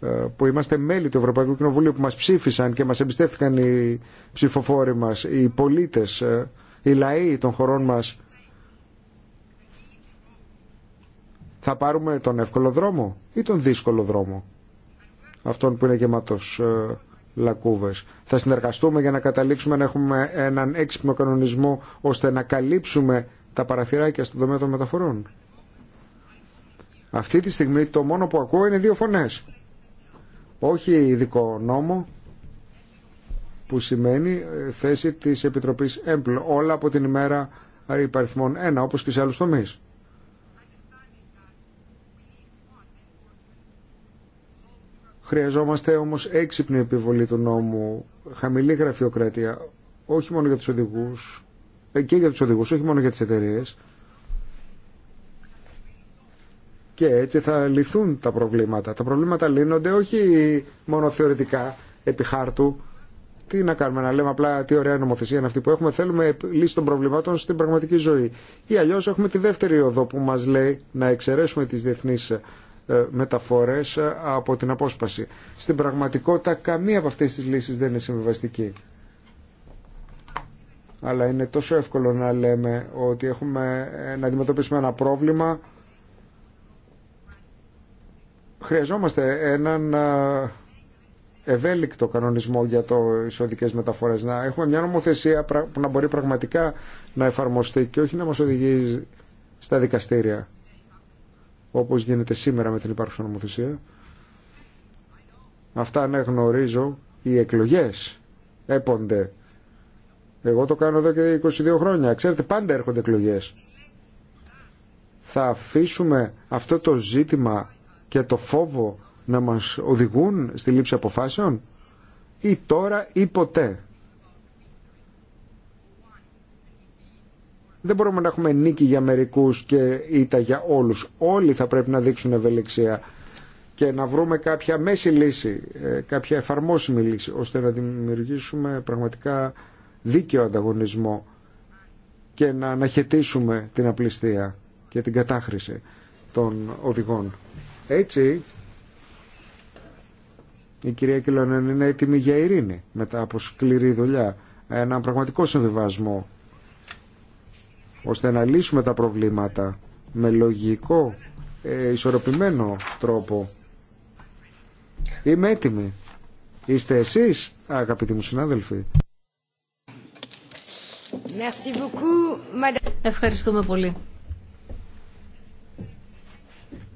ε, που είμαστε μέλη του Ευρωπαϊκού Κοινοβουλίου που μας ψήφισαν και μας εμπιστεύτηκαν οι ψηφοφόροι μας, οι πολίτες, ε, οι λαοί των χωρών μας θα πάρουμε τον εύκολο δρόμο ή τον δύσκολο δρόμο αυτόν που είναι γεμάτος λακκούβες. Θα συνεργαστούμε για να καταλήξουμε να έχουμε έναν έξυπνο κανονισμό ώστε να καλύψουμε τα παραθυράκια στον τομέα των μεταφορών. Αυτή τη στιγμή το μόνο που ακούω είναι δύο φωνές. Όχι ειδικό νόμο που σημαίνει ε, θέση της Επιτροπής ΕΜΠΛ όλα από την ημέρα υπαριθμών 1 όπως και σε άλλους τομείς. Χρειαζόμαστε όμως έξυπνη επιβολή του νόμου, χαμηλή γραφειοκρατία, όχι μόνο για τους οδηγούς, και για τους οδηγούς, όχι μόνο για τις εταιρείε. Και έτσι θα λυθούν τα προβλήματα. Τα προβλήματα λύνονται όχι μόνο θεωρητικά επί χάρτου. Τι να κάνουμε, να λέμε απλά τι ωραία νομοθεσία είναι αυτή που έχουμε. Θέλουμε λύση των προβλημάτων στην πραγματική ζωή. Ή αλλιώ έχουμε τη δεύτερη οδό που μα λέει να εξαιρέσουμε τι διεθνεί ε, μεταφορέ ε, από την απόσπαση. Στην πραγματικότητα, καμία από αυτέ τι λύσει δεν είναι συμβιβαστική αλλά είναι τόσο εύκολο να λέμε ότι έχουμε να αντιμετωπίσουμε ένα πρόβλημα. Χρειαζόμαστε έναν ευέλικτο κανονισμό για το εισοδικές μεταφορές. Να έχουμε μια νομοθεσία που να μπορεί πραγματικά να εφαρμοστεί και όχι να μας οδηγεί στα δικαστήρια όπως γίνεται σήμερα με την υπάρχουσα νομοθεσία. Αυτά να γνωρίζω οι εκλογές έπονται εγώ το κάνω εδώ και 22 χρόνια. Ξέρετε, πάντα έρχονται εκλογέ. Θα αφήσουμε αυτό το ζήτημα και το φόβο να μας οδηγούν στη λήψη αποφάσεων ή τώρα ή ποτέ. Δεν μπορούμε να έχουμε νίκη για μερικούς και ήττα για όλους. Όλοι θα πρέπει να δείξουν ευελιξία και να βρούμε κάποια μέση λύση, ε, κάποια εφαρμόσιμη λύση, ώστε να δημιουργήσουμε πραγματικά δίκαιο ανταγωνισμό και να αναχαιτήσουμε την απληστία και την κατάχρηση των οδηγών. Έτσι, η κυρία Κιλόνεν είναι έτοιμη για ειρήνη μετά από σκληρή δουλειά, ένα πραγματικό συμβιβασμό, ώστε να λύσουμε τα προβλήματα με λογικό, ε, ισορροπημένο τρόπο. Είμαι έτοιμη. Είστε εσείς, αγαπητοί μου συνάδελφοι. Ευχαριστούμε πολύ.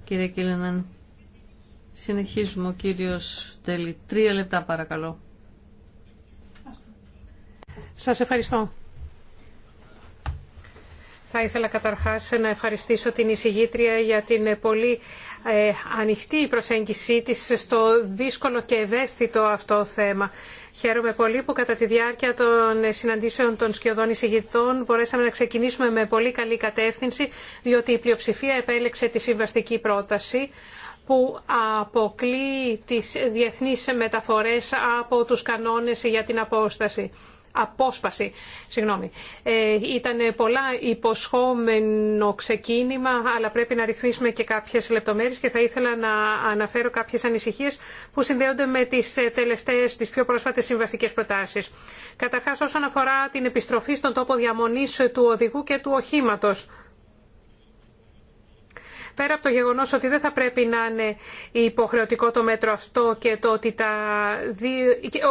Κύριε Κίλεναν, συνεχίζουμε. Ο κύριος Τέλη. Τρία λεπτά παρακαλώ. Σας ευχαριστώ. Θα ήθελα καταρχάς να ευχαριστήσω την εισηγήτρια για την πολύ ε, ανοιχτή προσέγγιση της στο δύσκολο και ευαίσθητο αυτό θέμα. Χαίρομαι πολύ που κατά τη διάρκεια των συναντήσεων των σκιωδών εισηγητών μπορέσαμε να ξεκινήσουμε με πολύ καλή κατεύθυνση, διότι η πλειοψηφία επέλεξε τη συμβαστική πρόταση που αποκλεί τις διεθνείς μεταφορές από τους κανόνες για την απόσταση απόσπαση. Συγγνώμη. Ε, ήταν πολλά υποσχόμενο ξεκίνημα, αλλά πρέπει να ρυθμίσουμε και κάποιες λεπτομέρειες και θα ήθελα να αναφέρω κάποιες ανησυχίες που συνδέονται με τις ε, τελευταίες, τις πιο πρόσφατες συμβαστικές προτάσεις. Καταρχάς όσον αφορά την επιστροφή στον τόπο διαμονής του οδηγού και του οχήματος. Πέρα από το γεγονός ότι δεν θα πρέπει να είναι υποχρεωτικό το μέτρο αυτό και το ότι, τα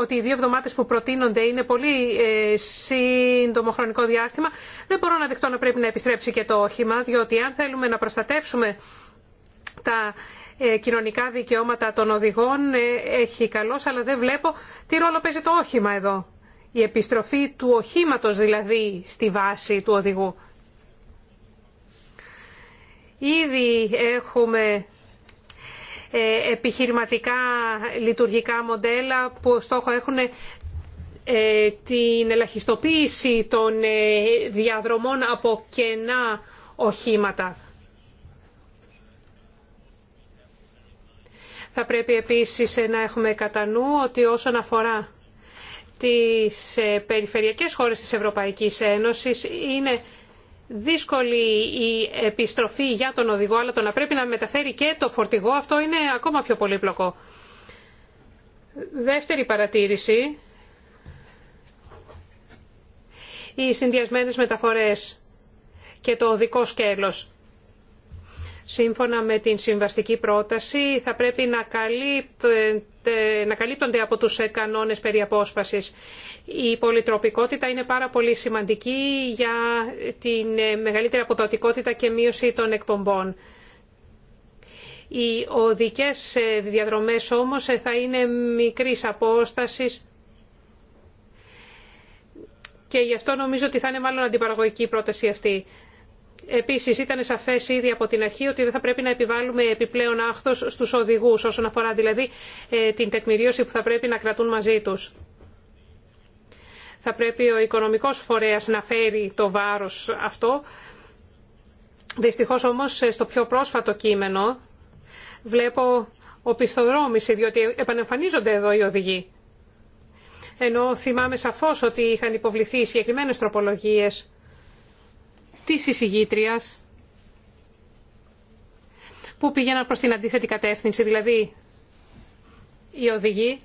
ότι οι δύο εβδομάδες που προτείνονται είναι πολύ ε, σύντομο χρονικό διάστημα, δεν μπορώ να δεχτώ να πρέπει να επιστρέψει και το όχημα, διότι αν θέλουμε να προστατεύσουμε τα ε, κοινωνικά δικαιώματα των οδηγών ε, έχει καλός, αλλά δεν βλέπω τι ρόλο παίζει το όχημα εδώ. Η επιστροφή του οχήματος δηλαδή στη βάση του οδηγού. Ήδη έχουμε ε, επιχειρηματικά λειτουργικά μοντέλα που στόχο έχουν ε, την ελαχιστοποίηση των ε, διαδρομών από κενά οχήματα. Θα πρέπει επίσης να έχουμε κατά νου ότι όσον αφορά τις περιφερειακές χώρες της Ευρωπαϊκής Ένωσης είναι δύσκολη η επιστροφή για τον οδηγό, αλλά το να πρέπει να μεταφέρει και το φορτηγό, αυτό είναι ακόμα πιο πολύπλοκο. Δεύτερη παρατήρηση. Οι συνδυασμένες μεταφορές και το οδικό σκέλος. Σύμφωνα με την συμβαστική πρόταση θα πρέπει να καλύπτουν ε, να καλύπτονται από τους ε, κανόνες περί απόσπασης. Η πολυτροπικότητα είναι πάρα πολύ σημαντική για την ε, μεγαλύτερη αποδοτικότητα και μείωση των εκπομπών. Οι οδικές διαδρομές όμως θα είναι μικρής απόστασης και γι' αυτό νομίζω ότι θα είναι μάλλον αντιπαραγωγική η πρόταση αυτή. Επίσης ήταν σαφές ήδη από την αρχή ότι δεν θα πρέπει να επιβάλλουμε επιπλέον άχθος στους οδηγούς όσον αφορά δηλαδή ε, την τεκμηρίωση που θα πρέπει να κρατούν μαζί τους. Θα πρέπει ο οικονομικός φορέας να φέρει το βάρος αυτό. Δυστυχώς όμως ε, στο πιο πρόσφατο κείμενο βλέπω οπισθοδρόμηση διότι επανεμφανίζονται εδώ οι οδηγοί. Ενώ θυμάμαι σαφώς ότι είχαν υποβληθεί συγκεκριμένες τροπολογίες της εισηγήτριας που πήγαιναν προς την αντίθετη κατεύθυνση, δηλαδή οι οδηγοί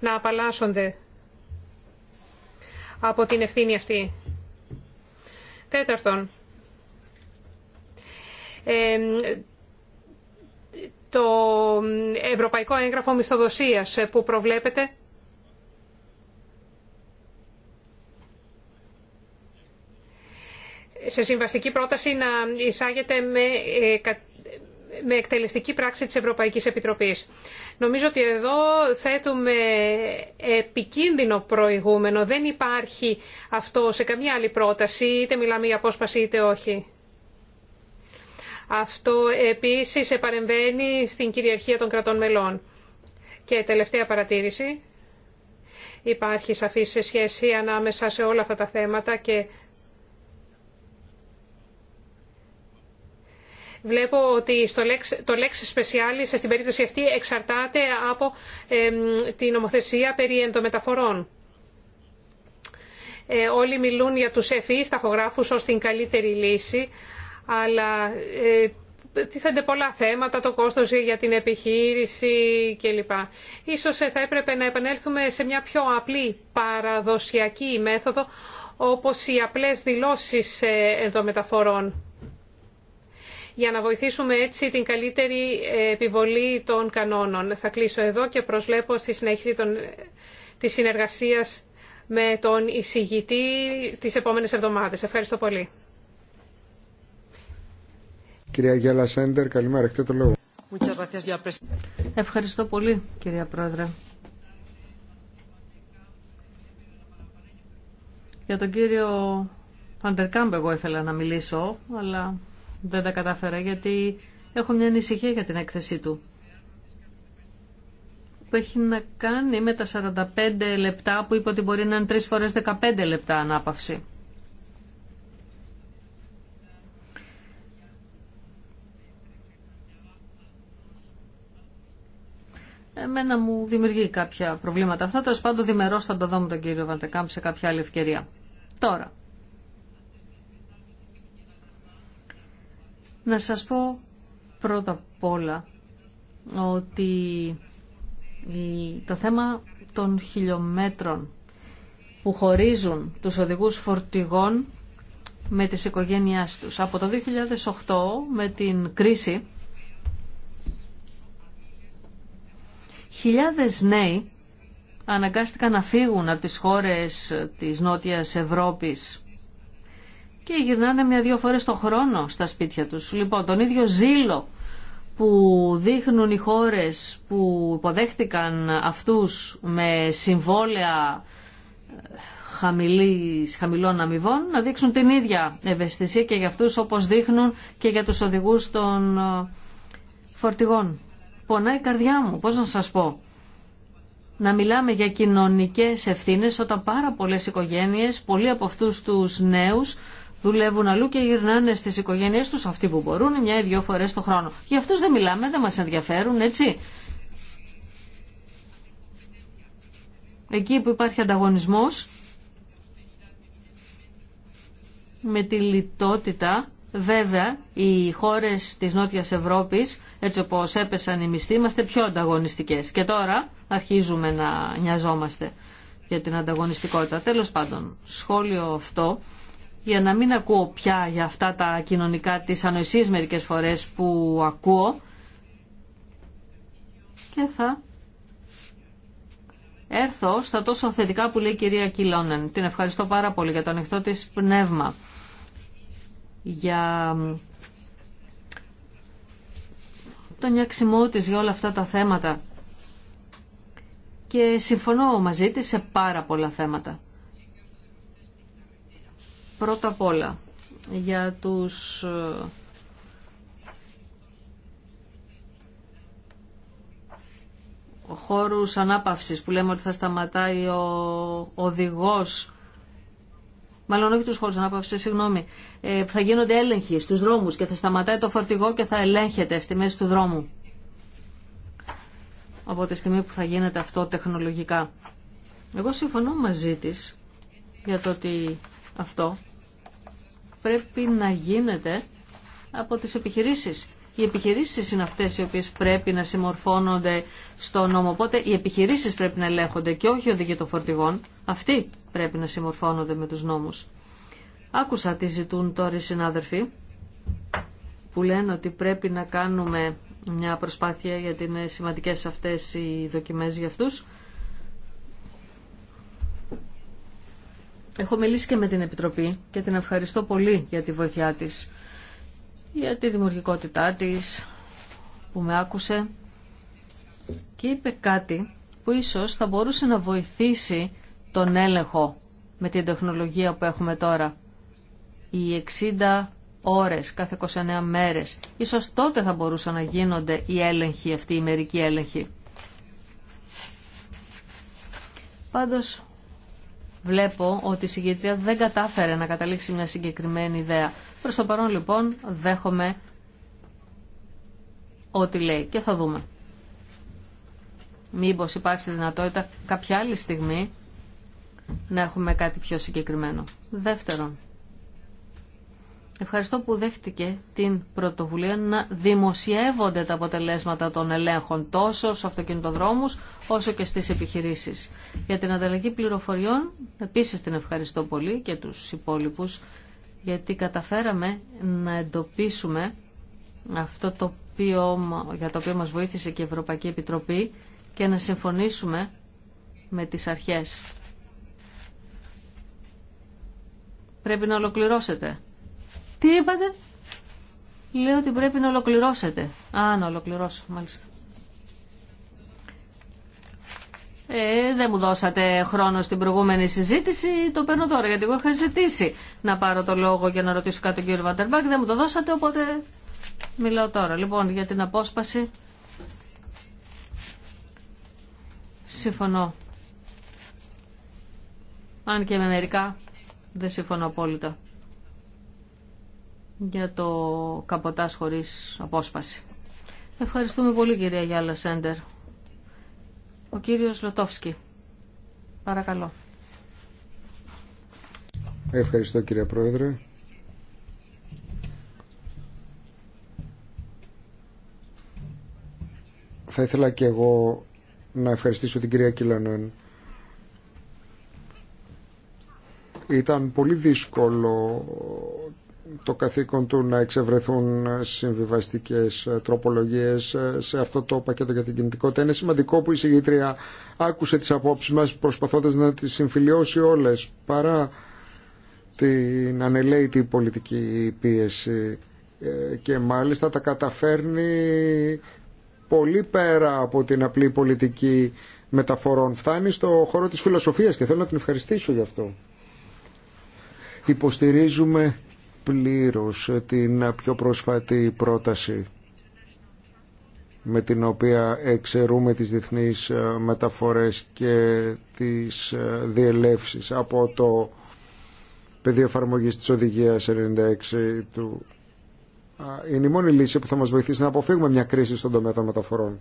να απαλλάσσονται από την ευθύνη αυτή. Τέταρτον, ε, το Ευρωπαϊκό Έγγραφο Μισθοδοσίας που προβλέπεται σε συμβαστική πρόταση να εισάγεται ε, με, εκτελεστική πράξη της Ευρωπαϊκής Επιτροπής. Νομίζω ότι εδώ θέτουμε επικίνδυνο προηγούμενο. Δεν υπάρχει αυτό σε καμία άλλη πρόταση, είτε μιλάμε για απόσπαση είτε όχι. Αυτό επίσης επαρεμβαίνει στην κυριαρχία των κρατών μελών. Και τελευταία παρατήρηση. Υπάρχει σαφή σε σχέση ανάμεσα σε όλα αυτά τα θέματα και Βλέπω ότι το λέξη specialis στην περίπτωση αυτή εξαρτάται από την νομοθεσία περί εντομεταφορών. Ε, όλοι μιλούν για τους ευφυείς ταχογράφους ως την καλύτερη λύση, αλλά ε, τίθενται πολλά θέματα, το κόστος για την επιχείρηση κλπ. Ίσως ε, θα έπρεπε να επανέλθουμε σε μια πιο απλή παραδοσιακή μέθοδο, όπως οι απλές δηλώσεις ε, εντομεταφορών για να βοηθήσουμε έτσι την καλύτερη επιβολή των κανόνων. Θα κλείσω εδώ και προσλέπω στη συνέχιση των, της συνεργασίας με τον εισηγητή τις επόμενες εβδομάδες. Ευχαριστώ πολύ. Κυρία Γιάλα Σέντερ, καλημέρα. Έχετε το λόγο. Ευχαριστώ πολύ, κυρία Πρόεδρε. Για τον κύριο Φαντερκάμπ εγώ ήθελα να μιλήσω, αλλά δεν τα κατάφερα γιατί έχω μια ανησυχία για την έκθεσή του που έχει να κάνει με τα 45 λεπτά που είπε ότι μπορεί να είναι 3 φορές 15 λεπτά ανάπαυση. Εμένα μου δημιουργεί κάποια προβλήματα αυτά. Τέλο πάντων, διμερώ θα το δω με τον κύριο Βαντεκάμπ σε κάποια άλλη ευκαιρία. Τώρα, Να σας πω πρώτα απ' όλα ότι το θέμα των χιλιόμετρων που χωρίζουν τους οδηγούς φορτηγών με τις οικογένειάς τους. Από το 2008 με την κρίση χιλιάδες νέοι αναγκάστηκαν να φύγουν από τις χώρες της Νότιας Ευρώπης και γυρνάνε μια-δύο φορές το χρόνο στα σπίτια τους. Λοιπόν, τον ίδιο ζήλο που δείχνουν οι χώρες που υποδέχτηκαν αυτούς με συμβόλαια ε, χαμηλών αμοιβών να δείξουν την ίδια ευαισθησία και για αυτούς όπως δείχνουν και για τους οδηγούς των ε, φορτηγών. Πονάει η καρδιά μου, πώς να σας πω. Να μιλάμε για κοινωνικές ευθύνες όταν πάρα πολλές οικογένειες, πολλοί από αυτούς τους νέους δουλεύουν αλλού και γυρνάνε στις οικογένειές τους αυτοί που μπορούν μια ή δυο φορές το χρόνο. Για αυτούς δεν μιλάμε, δεν μας ενδιαφέρουν, έτσι. Εκεί που υπάρχει ανταγωνισμός, με τη λιτότητα, βέβαια, οι χώρες της Νότιας Ευρώπης, έτσι όπως έπεσαν οι μισθοί, είμαστε πιο ανταγωνιστικές. Και τώρα αρχίζουμε να νοιαζόμαστε για την ανταγωνιστικότητα. Τέλος πάντων, σχόλιο αυτό για να μην ακούω πια για αυτά τα κοινωνικά της ανοησίες μερικές φορές που ακούω και θα έρθω στα τόσο θετικά που λέει η κυρία Κιλόνεν. Την ευχαριστώ πάρα πολύ για το ανοιχτό της πνεύμα, για τον νιάξιμό της για όλα αυτά τα θέματα και συμφωνώ μαζί της σε πάρα πολλά θέματα. Πρώτα απ' όλα, για τους ε, χώρους ανάπαυσης που λέμε ότι θα σταματάει ο οδηγός μάλλον όχι τους χώρους ανάπαυσης, συγγνώμη, ε, που θα γίνονται έλεγχοι στους δρόμους και θα σταματάει το φορτηγό και θα ελέγχεται στη μέση του δρόμου από τη στιγμή που θα γίνεται αυτό τεχνολογικά. Εγώ συμφωνώ μαζί της για το ότι αυτό πρέπει να γίνεται από τις επιχειρήσεις. Οι επιχειρήσεις είναι αυτές οι οποίες πρέπει να συμμορφώνονται στο νόμο. Οπότε οι επιχειρήσεις πρέπει να ελέγχονται και όχι οδηγοί των φορτηγών. Αυτοί πρέπει να συμμορφώνονται με τους νόμους. Άκουσα τι ζητούν τώρα οι συνάδελφοι που λένε ότι πρέπει να κάνουμε μια προσπάθεια γιατί είναι σημαντικές αυτές οι δοκιμές για αυτούς. Έχω μιλήσει και με την Επιτροπή και την ευχαριστώ πολύ για τη βοήθειά της, για τη δημιουργικότητά της που με άκουσε και είπε κάτι που ίσως θα μπορούσε να βοηθήσει τον έλεγχο με την τεχνολογία που έχουμε τώρα. Οι 60 ώρες κάθε 29 μέρες. Ίσως τότε θα μπορούσαν να γίνονται οι έλεγχοι αυτοί, οι μερικοί έλεγχοι. Πάντως βλέπω ότι η συγκεντρία δεν κατάφερε να καταλήξει μια συγκεκριμένη ιδέα. Προς το παρόν λοιπόν δέχομαι ό,τι λέει και θα δούμε. Μήπως υπάρξει δυνατότητα κάποια άλλη στιγμή να έχουμε κάτι πιο συγκεκριμένο. Δεύτερον, Ευχαριστώ που δέχτηκε την πρωτοβουλία να δημοσιεύονται τα αποτελέσματα των ελέγχων τόσο στους αυτοκινητοδρόμους όσο και στις επιχειρήσεις. Για την ανταλλαγή πληροφοριών επίσης την ευχαριστώ πολύ και τους υπόλοιπους γιατί καταφέραμε να εντοπίσουμε αυτό το οποίο, για το οποίο μας βοήθησε και η Ευρωπαϊκή Επιτροπή και να συμφωνήσουμε με τις αρχές. Πρέπει να ολοκληρώσετε τι είπατε? Λέω ότι πρέπει να ολοκληρώσετε. Α, να ολοκληρώσω, μάλιστα. Ε, δεν μου δώσατε χρόνο στην προηγούμενη συζήτηση, το παίρνω τώρα, γιατί εγώ είχα ζητήσει να πάρω το λόγο για να ρωτήσω κάτι τον κύριο Βαντερμπάκ, δεν μου το δώσατε, οπότε μιλάω τώρα. Λοιπόν, για την απόσπαση, συμφωνώ. Αν και με μερικά, δεν συμφωνώ απόλυτα για το καποτάς χωρίς απόσπαση. Ευχαριστούμε πολύ κυρία Γιάλα Σέντερ. Ο κύριος Λοτόφσκι. Παρακαλώ. Ευχαριστώ κυρία Πρόεδρε. Θα ήθελα και εγώ να ευχαριστήσω την κυρία Κιλανέν. Ήταν πολύ δύσκολο το καθήκον του να εξευρεθούν συμβιβαστικές ε, τροπολογίες ε, σε αυτό το πακέτο για την κινητικότητα. Είναι σημαντικό που η συγγήτρια άκουσε τις απόψεις μας προσπαθώντας να τις συμφιλιώσει όλες παρά την ανελαίτη πολιτική πίεση ε, και μάλιστα τα καταφέρνει πολύ πέρα από την απλή πολιτική μεταφορών. Φτάνει στο χώρο της φιλοσοφίας και θέλω να την ευχαριστήσω γι' αυτό. Υποστηρίζουμε πλήρως την πιο πρόσφατη πρόταση με την οποία εξαιρούμε τις διεθνείς ε, μεταφορές και τις ε, διελεύσεις από το πεδίο εφαρμογής της οδηγίας 96 του. Είναι η μόνη λύση που θα μας βοηθήσει να αποφύγουμε μια κρίση στον τομέα των μεταφορών.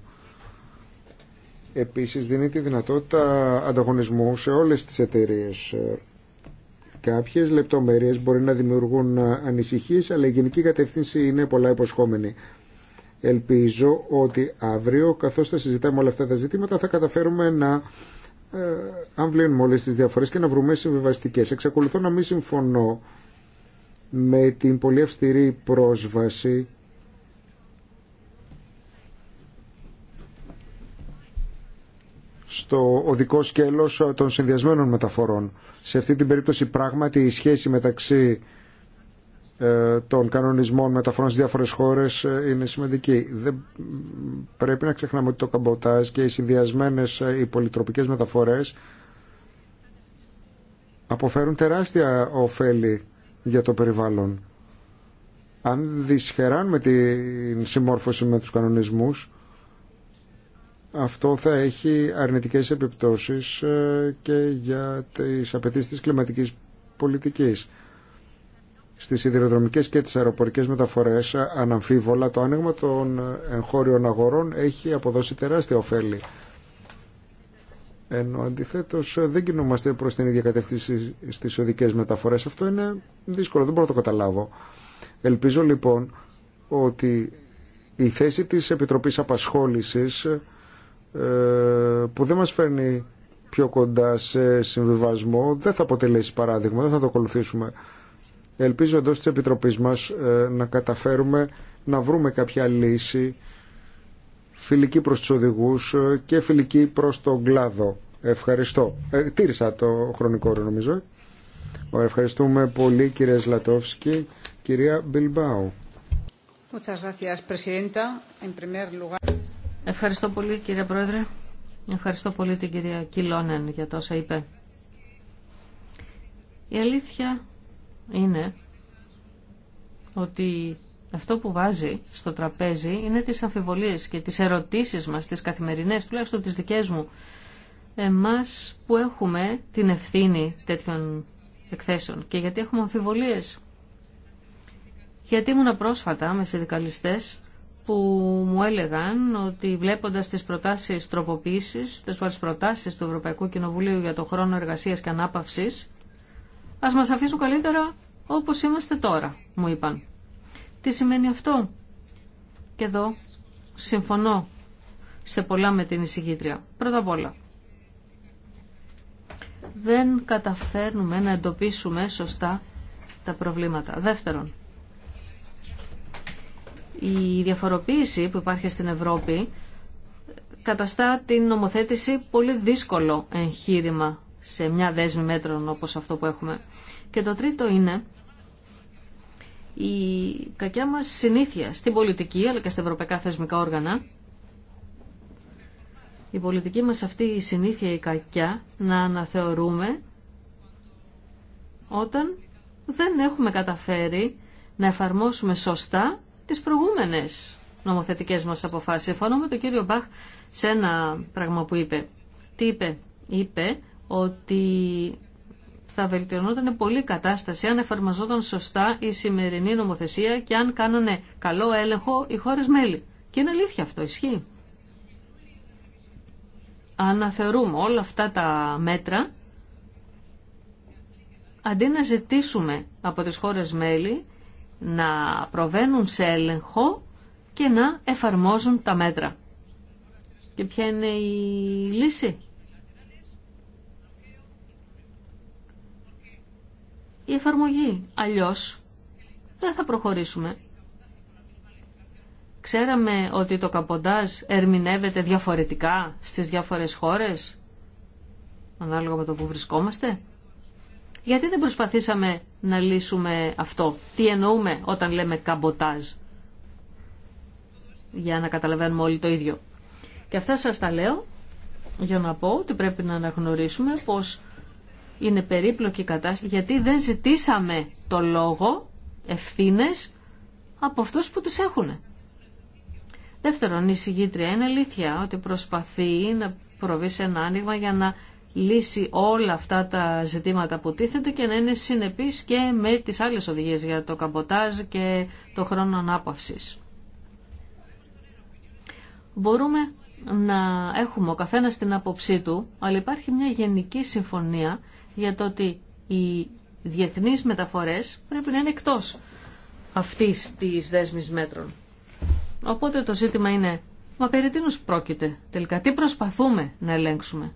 Επίσης δίνει τη δυνατότητα ανταγωνισμού σε όλες τις εταιρείες ε, Κάποιε λεπτομέρειε μπορεί να δημιουργούν ε, ανησυχίε, αλλά η γενική κατεύθυνση είναι πολλά υποσχόμενη. Ελπίζω ότι αύριο, καθώ θα συζητάμε όλα αυτά τα ζητήματα, θα καταφέρουμε να ε, αμβλύνουμε όλε τι διαφορέ και να βρούμε συμβιβαστικέ. Εξακολουθώ να μην συμφωνώ με την πολύ αυστηρή πρόσβαση στο οδικό σκέλος των συνδυασμένων μεταφορών. Σε αυτή την περίπτωση πράγματι η σχέση μεταξύ ε, των κανονισμών μεταφορών στις διάφορες χώρες ε, είναι σημαντική. Δεν πρέπει να ξεχνάμε ότι το καμποτάζ και οι συνδυασμένες ε, οι πολυτροπικές μεταφορές αποφέρουν τεράστια ωφέλη για το περιβάλλον. Αν δυσχεράνουμε την συμμόρφωση με τους κανονισμούς αυτό θα έχει αρνητικές επιπτώσεις ε, και για τις απαιτήσει της κλιματικής πολιτικής. Στις σιδηροδρομικές και τις αεροπορικές μεταφορές ε, αναμφίβολα το άνοιγμα των εγχώριων αγορών έχει αποδώσει τεράστια ωφέλη. Ενώ αντιθέτω ε, δεν κινούμαστε προς την ίδια κατεύθυνση στις οδικές μεταφορές. Αυτό είναι δύσκολο, δεν μπορώ να το καταλάβω. Ελπίζω λοιπόν ότι η θέση της Επιτροπής Απασχόλησης ε, που δεν μας φέρνει πιο κοντά σε συμβιβασμό δεν θα αποτελέσει παράδειγμα, δεν θα το ακολουθήσουμε. Ελπίζω εντός της Επιτροπής μας ε, να καταφέρουμε να βρούμε κάποια λύση φιλική προς τους οδηγούς ε, και φιλική προς τον κλάδο. Ευχαριστώ. Ε, τήρησα το χρονικό όριο, νομίζω. Ευχαριστούμε πολύ κύριε Σλατόφσκι. Κυρία Μπιλμπάου. Ευχαριστώ πολύ κύριε Πρόεδρε. Ευχαριστώ πολύ την κυρία Κιλόνεν για τόσα είπε. Η αλήθεια είναι ότι αυτό που βάζει στο τραπέζι είναι τις αμφιβολίες και τις ερωτήσεις μας, τις καθημερινές, τουλάχιστον τις δικές μου, εμάς που έχουμε την ευθύνη τέτοιων εκθέσεων και γιατί έχουμε αμφιβολίες. Γιατί ήμουν πρόσφατα με συνδικαλιστές που μου έλεγαν ότι βλέποντας τις προτάσεις τροποποίησης, τις προτάσεις του Ευρωπαϊκού Κοινοβουλίου για το χρόνο εργασίας και ανάπαυσης, ας μας αφήσουν καλύτερα όπως είμαστε τώρα, μου είπαν. Τι σημαίνει αυτό? Και εδώ συμφωνώ σε πολλά με την εισηγήτρια. Πρώτα απ' όλα, δεν καταφέρνουμε να εντοπίσουμε σωστά τα προβλήματα. Δεύτερον, η διαφοροποίηση που υπάρχει στην Ευρώπη καταστά την νομοθέτηση πολύ δύσκολο εγχείρημα σε μια δέσμη μέτρων όπως αυτό που έχουμε. Και το τρίτο είναι η κακιά μας συνήθεια στην πολιτική αλλά και στα ευρωπαϊκά θεσμικά όργανα η πολιτική μας αυτή η συνήθεια η κακιά να αναθεωρούμε όταν δεν έχουμε καταφέρει να εφαρμόσουμε σωστά τις προηγούμενες νομοθετικές μας αποφάσεις. Συμφωνώ το τον κύριο Μπαχ σε ένα πράγμα που είπε. Τι είπε. Είπε ότι θα βελτιωνόταν πολύ η κατάσταση αν εφαρμοζόταν σωστά η σημερινή νομοθεσία και αν κάνανε καλό έλεγχο οι χώρες μέλη. Και είναι αλήθεια αυτό, ισχύει. Αναθεωρούμε όλα αυτά τα μέτρα αντί να ζητήσουμε από τις χώρες μέλη να προβαίνουν σε έλεγχο και να εφαρμόζουν τα μέτρα. Και ποια είναι η λύση. Η εφαρμογή. Αλλιώς δεν θα προχωρήσουμε. Ξέραμε ότι το καποντάζ ερμηνεύεται διαφορετικά στις διάφορες χώρες, ανάλογα με το που βρισκόμαστε. Γιατί δεν προσπαθήσαμε να λύσουμε αυτό. Τι εννοούμε όταν λέμε καμποτάζ. Για να καταλαβαίνουμε όλοι το ίδιο. Και αυτά σας τα λέω για να πω ότι πρέπει να αναγνωρίσουμε πως είναι περίπλοκη κατάσταση γιατί δεν ζητήσαμε το λόγο ευθύνε από αυτούς που τις έχουν. Δεύτερον, η συγγήτρια είναι αλήθεια ότι προσπαθεί να προβεί σε ένα άνοιγμα για να λύσει όλα αυτά τα ζητήματα που τίθεται και να είναι συνεπής και με τις άλλες οδηγίες για το καμποτάζ και το χρόνο ανάπαυσης. Μπορούμε να έχουμε ο καθένας την άποψή του, αλλά υπάρχει μια γενική συμφωνία για το ότι οι διεθνείς μεταφορές πρέπει να είναι εκτός αυτής της δέσμης μέτρων. Οπότε το ζήτημα είναι, μα περί τίνος πρόκειται τελικά, τι προσπαθούμε να ελέγξουμε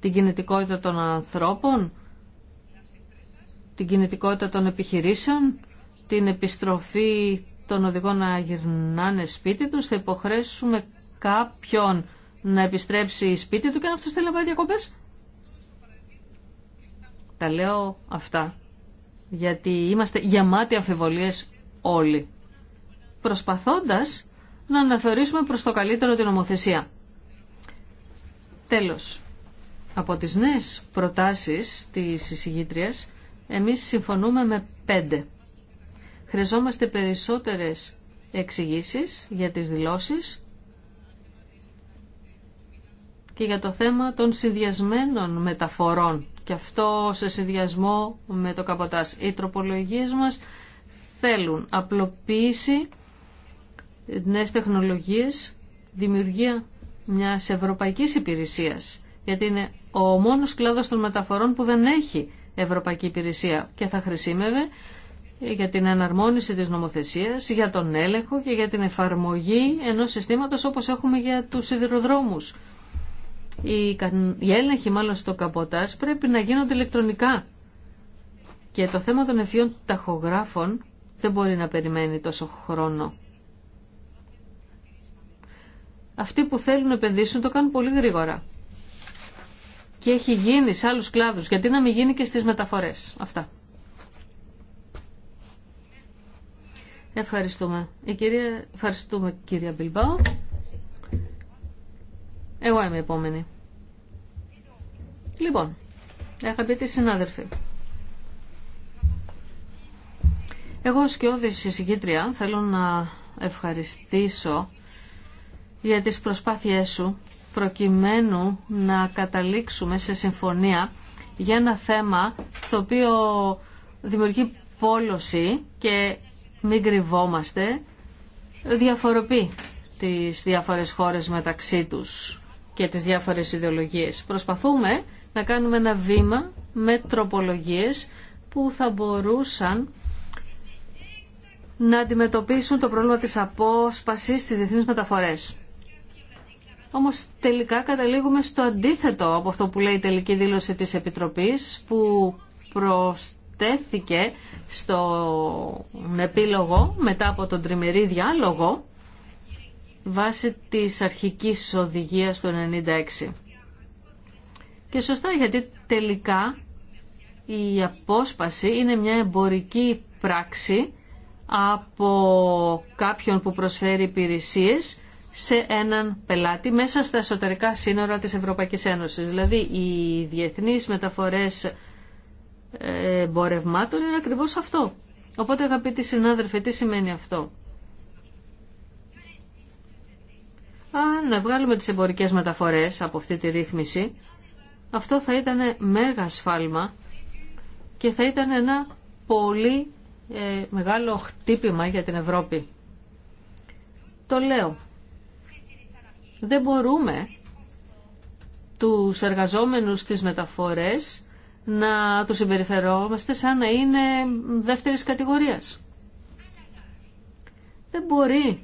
την κινητικότητα των ανθρώπων, την κινητικότητα των επιχειρήσεων, την επιστροφή των οδηγών να γυρνάνε σπίτι τους, θα υποχρέσουμε κάποιον να επιστρέψει σπίτι του και να αυτός θέλει να πάει διακοπές. Τα λέω αυτά, γιατί είμαστε γεμάτοι αμφιβολίες όλοι, προσπαθώντας να αναθεωρήσουμε προς το καλύτερο την ομοθεσία Τέλος. Από τις νέες προτάσεις της εισηγήτριας, εμείς συμφωνούμε με πέντε. Χρειαζόμαστε περισσότερες εξηγήσει για τις δηλώσεις και για το θέμα των συνδυασμένων μεταφορών και αυτό σε συνδυασμό με το καποτάς. Οι τροπολογίες μας θέλουν απλοποίηση, νέες τεχνολογίες, δημιουργία μιας ευρωπαϊκής υπηρεσίας γιατί είναι ο μόνος κλάδος των μεταφορών που δεν έχει ευρωπαϊκή υπηρεσία και θα χρησιμεύε για την αναρμόνιση της νομοθεσίας, για τον έλεγχο και για την εφαρμογή ενός συστήματος όπως έχουμε για τους σιδηροδρόμους. Οι, οι έλεγχοι μάλλον στο καποτάς πρέπει να γίνονται ηλεκτρονικά και το θέμα των ευφυών ταχογράφων δεν μπορεί να περιμένει τόσο χρόνο. Αυτοί που θέλουν να επενδύσουν το κάνουν πολύ γρήγορα και έχει γίνει σε άλλους κλάδους, γιατί να μην γίνει και στις μεταφορές. Αυτά. Ευχαριστούμε. Η κυρία... Ευχαριστούμε κυρία Μπιλμπάου. Εγώ είμαι η επόμενη. Λοιπόν, αγαπητοί συνάδελφοι. Εγώ ως κοιόδης θέλω να ευχαριστήσω για τις προσπάθειές σου προκειμένου να καταλήξουμε σε συμφωνία για ένα θέμα το οποίο δημιουργεί πόλωση και μην κρυβόμαστε, διαφοροποιεί τις διάφορες χώρες μεταξύ τους και τις διάφορες ιδεολογίες. Προσπαθούμε να κάνουμε ένα βήμα με τροπολογίες που θα μπορούσαν να αντιμετωπίσουν το πρόβλημα της απόσπασης της διεθνείς μεταφορές. Όμω τελικά καταλήγουμε στο αντίθετο από αυτό που λέει η τελική δήλωση της Επιτροπής που προστέθηκε στον επίλογο μετά από τον τριμερή διάλογο βάσει της αρχικής οδηγίας του 96. Και σωστά γιατί τελικά η απόσπαση είναι μια εμπορική πράξη από κάποιον που προσφέρει υπηρεσίες σε έναν πελάτη μέσα στα εσωτερικά σύνορα της Ευρωπαϊκής Ένωσης. Δηλαδή οι διεθνείς μεταφορές ε, εμπορευμάτων είναι ακριβώς αυτό. Οπότε αγαπητοί συνάδελφοι, τι σημαίνει αυτό. Αν βγάλουμε τις εμπορικές μεταφορές από αυτή τη ρύθμιση, αυτό θα ήταν μέγα σφάλμα και θα ήταν ένα πολύ ε, μεγάλο χτύπημα για την Ευρώπη. Το λέω δεν μπορούμε τους εργαζόμενους στις μεταφορές να τους συμπεριφερόμαστε σαν να είναι δεύτερης κατηγορίας. Δεν μπορεί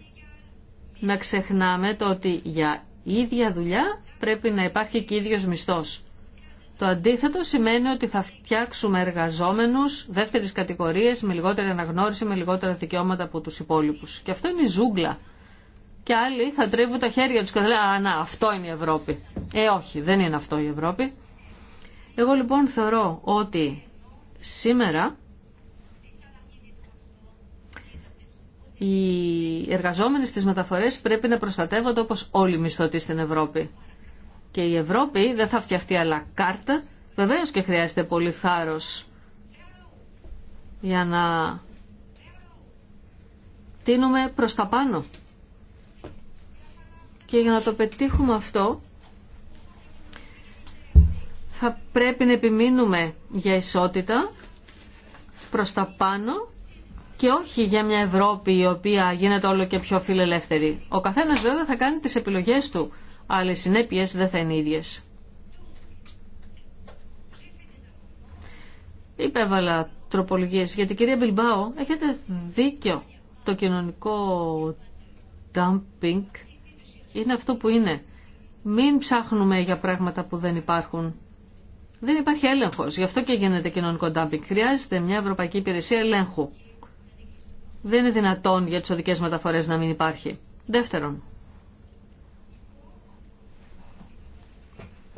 να ξεχνάμε το ότι για ίδια δουλειά πρέπει να υπάρχει και ίδιος μισθός. Το αντίθετο σημαίνει ότι θα φτιάξουμε εργαζόμενους δεύτερης κατηγορίας με λιγότερη αναγνώριση, με λιγότερα δικαιώματα από τους υπόλοιπους. Και αυτό είναι η ζούγκλα και άλλοι θα τρίβουν τα χέρια τους και θα λένε «Α, να, αυτό είναι η Ευρώπη». Ε, όχι, δεν είναι αυτό η Ευρώπη. Εγώ λοιπόν θεωρώ ότι σήμερα οι εργαζόμενοι στις μεταφορές πρέπει να προστατεύονται όπως όλοι οι μισθωτοί στην Ευρώπη. Και η Ευρώπη δεν θα φτιαχτεί αλλά κάρτα. Βεβαίως και χρειάζεται πολύ θάρρος για να τίνουμε προς τα πάνω. Και για να το πετύχουμε αυτό θα πρέπει να επιμείνουμε για ισότητα προς τα πάνω και όχι για μια Ευρώπη η οποία γίνεται όλο και πιο φιλελεύθερη. Ο καθένας βέβαια θα κάνει τις επιλογές του, αλλά οι συνέπειες δεν θα είναι ίδιες. Υπέβαλα τροπολογίες, γιατί κυρία Μπιλμπάο έχετε δίκιο. Το κοινωνικό dumping είναι αυτό που είναι. Μην ψάχνουμε για πράγματα που δεν υπάρχουν. Δεν υπάρχει έλεγχο. Γι' αυτό και γίνεται κοινωνικό ντάμπινγκ. Χρειάζεται μια ευρωπαϊκή υπηρεσία ελέγχου. Δεν είναι δυνατόν για τι οδικέ μεταφορέ να μην υπάρχει. Δεύτερον,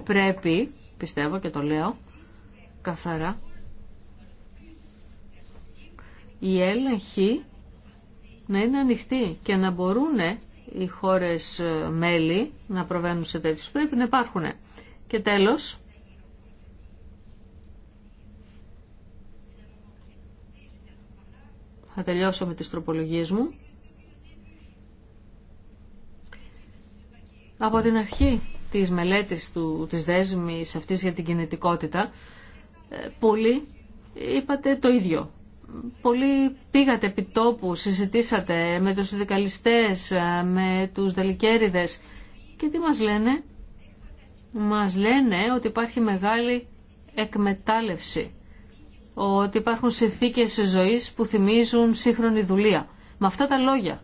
πρέπει, πιστεύω και το λέω καθαρά, η έλεγχοι να είναι ανοιχτοί και να μπορούν οι χώρες ε, μέλη να προβαίνουν σε τέτοιους. Πρέπει να υπάρχουν. Και τέλος, θα τελειώσω με τις τροπολογίες μου. Από την αρχή της μελέτης του, της δέσμης αυτής για την κινητικότητα, ε, πολλοί είπατε το ίδιο πολύ πήγατε επί τόπου, συζητήσατε με τους συνδικαλιστές, με τους δελικέριδες και τι μας λένε. Μας λένε ότι υπάρχει μεγάλη εκμετάλλευση, ότι υπάρχουν συνθήκες ζωής που θυμίζουν σύγχρονη δουλεία. Με αυτά τα λόγια.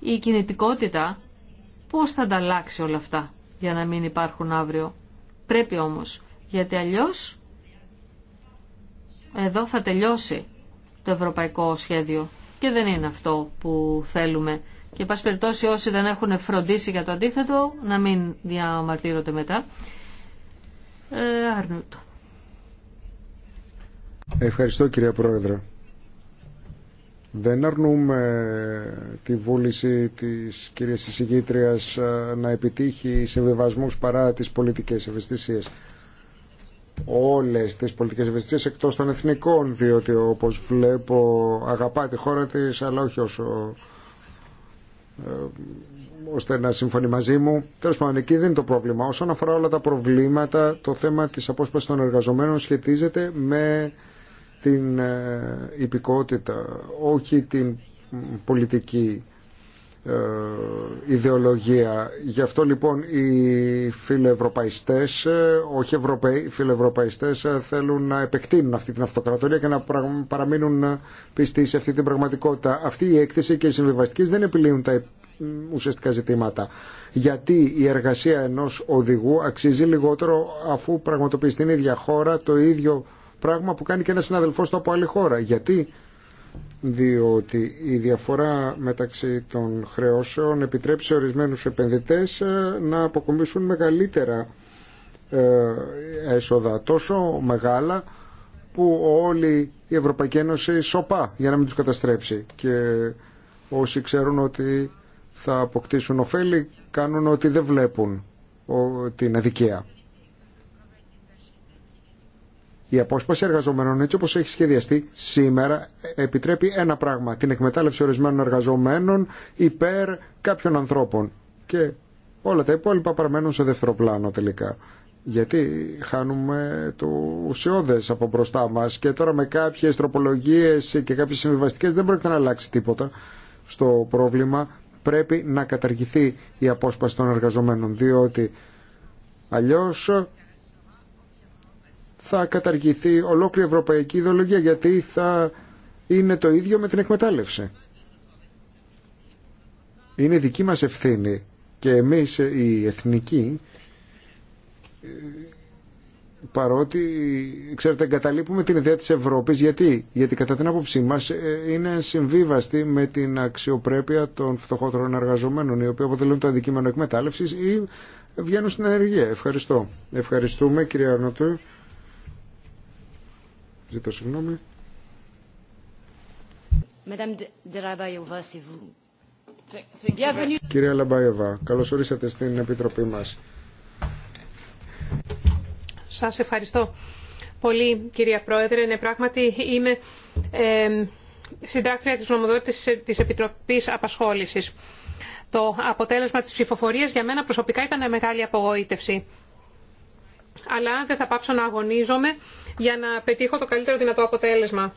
Η κινητικότητα πώς θα ανταλλάξει όλα αυτά για να μην υπάρχουν αύριο. Πρέπει όμως, γιατί αλλιώς εδώ θα τελειώσει το ευρωπαϊκό σχέδιο και δεν είναι αυτό που θέλουμε. Και πας περιπτώσει όσοι δεν έχουν φροντίσει για το αντίθετο να μην διαμαρτύρονται μετά. Ε, αρνούτο. Ευχαριστώ κυρία Πρόεδρε. Δεν αρνούμε τη βούληση της κυρίας εισηγήτριας ε, να επιτύχει συμβιβασμούς παρά τις πολιτικές ευαισθησίες όλες τις πολιτικές ευαισθησίες εκτός των εθνικών διότι όπως βλέπω αγαπάει τη χώρα της αλλά όχι όσο ε, ώστε να συμφωνεί μαζί μου. Τέλος πάντων, εκεί δεν είναι το πρόβλημα. Όσον αφορά όλα τα προβλήματα, το θέμα της απόσπασης των εργαζομένων σχετίζεται με την ε, υπηκότητα, όχι την πολιτική ε, ιδεολογία. Γι' αυτό λοιπόν οι φιλοευρωπαϊστές, ε, όχι Ευρωπαίοι, οι φιλοευρωπαϊστές ε, θέλουν να επεκτείνουν αυτή την αυτοκρατορία και να παραμείνουν πιστοί σε αυτή την πραγματικότητα. Αυτή η έκθεση και οι συμβιβαστικές δεν επιλύουν τα ουσιαστικά ζητήματα. Γιατί η εργασία ενός οδηγού αξίζει λιγότερο αφού πραγματοποιεί στην ίδια χώρα το ίδιο πράγμα που κάνει και ένα συναδελφός του από άλλη χώρα. Γιατί διότι η διαφορά μεταξύ των χρεώσεων επιτρέπει σε ορισμένους επενδυτές ε, να αποκομίσουν μεγαλύτερα ε, έσοδα, τόσο μεγάλα που όλη η Ευρωπαϊκή Ένωση σοπά για να μην τους καταστρέψει και όσοι ξέρουν ότι θα αποκτήσουν ωφέλη κάνουν ότι δεν βλέπουν την αδικία. Η απόσπαση εργαζομένων έτσι όπως έχει σχεδιαστεί σήμερα επιτρέπει ένα πράγμα, την εκμετάλλευση ορισμένων εργαζομένων υπέρ κάποιων ανθρώπων. Και όλα τα υπόλοιπα παραμένουν σε δεύτερο πλάνο τελικά. Γιατί χάνουμε το ουσιώδε από μπροστά μα και τώρα με κάποιε τροπολογίε και κάποιε συμβιβαστικέ δεν πρόκειται να αλλάξει τίποτα στο πρόβλημα. Πρέπει να καταργηθεί η απόσπαση των εργαζομένων, διότι αλλιώ θα καταργηθεί ολόκληρη ευρωπαϊκή ιδεολογία γιατί θα είναι το ίδιο με την εκμετάλλευση. Είναι δική μας ευθύνη και εμείς οι εθνικοί παρότι ξέρετε εγκαταλείπουμε την ιδέα της Ευρώπης γιατί, γιατί κατά την άποψή μας ε, είναι συμβίβαστη με την αξιοπρέπεια των φτωχότερων εργαζομένων οι οποίοι αποτελούν το αντικείμενο εκμετάλλευσης ή βγαίνουν στην ενεργεία. Ευχαριστώ. Ευχαριστούμε κύριε Αρνότου. Ζητώ συγγνώμη. Κυρία Λαμπάιεβα, καλώς ορίσατε στην Επιτροπή μας. Σας ευχαριστώ πολύ κυρία Πρόεδρε. Ναι, πράγματι είμαι ε, συντάκτρια της νομοδότητας της Επιτροπής Απασχόλησης. Το αποτέλεσμα της ψηφοφορίας για μένα προσωπικά ήταν μεγάλη απογοήτευση αλλά δεν θα πάψω να αγωνίζομαι για να πετύχω το καλύτερο δυνατό αποτέλεσμα.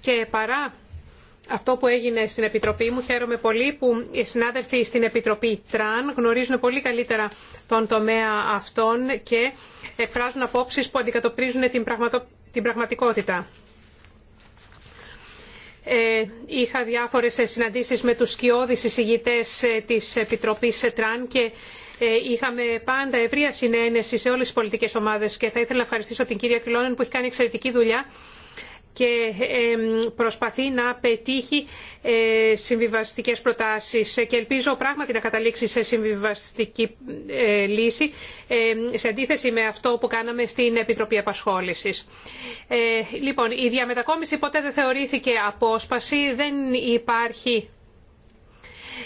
Και παρά αυτό που έγινε στην Επιτροπή μου, χαίρομαι πολύ που οι συνάδελφοι στην Επιτροπή Τραν γνωρίζουν πολύ καλύτερα τον τομέα αυτών και εκφράζουν απόψεις που αντικατοπτρίζουν την, πραγματικότητα. Ε, είχα διάφορες συναντήσεις με τους σκιώδεις εισηγητές ε, της Επιτροπής Τραν και ε, είχαμε πάντα ευρεία συνένεση σε όλες τις πολιτικές ομάδες και θα ήθελα να ευχαριστήσω την κυρία Κρυλώνεν που έχει κάνει εξαιρετική δουλειά και προσπαθεί να πετύχει ε, συμβιβαστικές προτάσεις ε, και ελπίζω πράγματι να καταλήξει σε συμβιβαστική λύση σε αντίθεση με αυτό που κάναμε στην Επιτροπή Απασχόλησης. Λοιπόν, η διαμετακόμιση ποτέ δεν θεωρήθηκε απόσπαση, δεν υπάρχει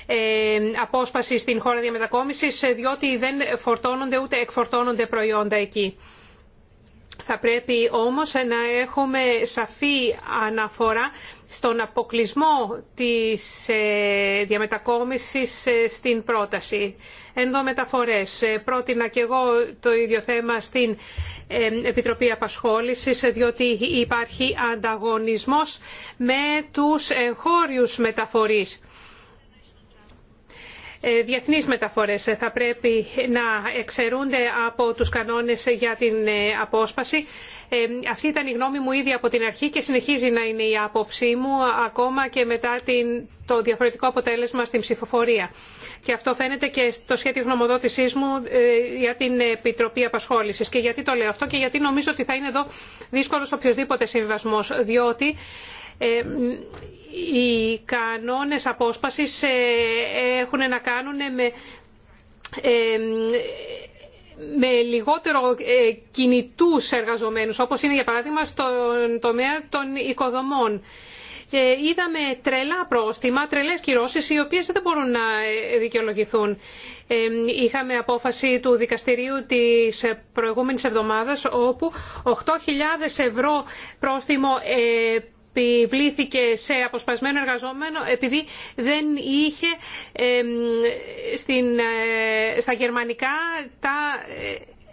ε, απόσπαση στην χώρα διαμετακόμιση ε, διότι δεν φορτώνονται ούτε εκφορτώνονται προϊόντα εκεί. Θα πρέπει όμως να έχουμε σαφή αναφορά στον αποκλεισμό της ε, διαμετακόμισης στην πρόταση. Ενδομεταφορές. Πρότεινα και εγώ το ίδιο θέμα στην Επιτροπή Απασχόλησης, διότι υπάρχει ανταγωνισμός με τους εγχώριους μεταφορείς ε, διεθνείς μεταφορές. Ε, θα πρέπει να εξαιρούνται από τους κανόνες για την ε, απόσπαση. Αυτή ήταν η γνώμη μου ήδη από την αρχή και συνεχίζει να είναι η άποψή μου ακόμα και μετά το διαφορετικό αποτέλεσμα στην ψηφοφορία. Και αυτό φαίνεται και στο σχέδιο γνωμοδότησή μου για την Επιτροπή Απασχόλησης. Και γιατί το λέω αυτό και γιατί νομίζω ότι θα είναι εδώ δύσκολος οποιοδήποτε συμβιβασμός, διότι ε, οι κανόνες απόσπασης ε, έχουν να κάνουν με, ε, λιγότερο κινητούς εργαζομένους, όπως είναι για παράδειγμα στον τομέα των οικοδομών. Είδαμε τρελά πρόστιμα, τρελές κυρώσεις, οι οποίες δεν μπορούν να δικαιολογηθούν. Είχαμε απόφαση του δικαστηρίου της προηγούμενης εβδομάδας, όπου 8.000 ευρώ πρόστιμο επιβλήθηκε σε αποσπασμένο εργαζόμενο επειδή δεν είχε στην, ε, στα γερμανικά τα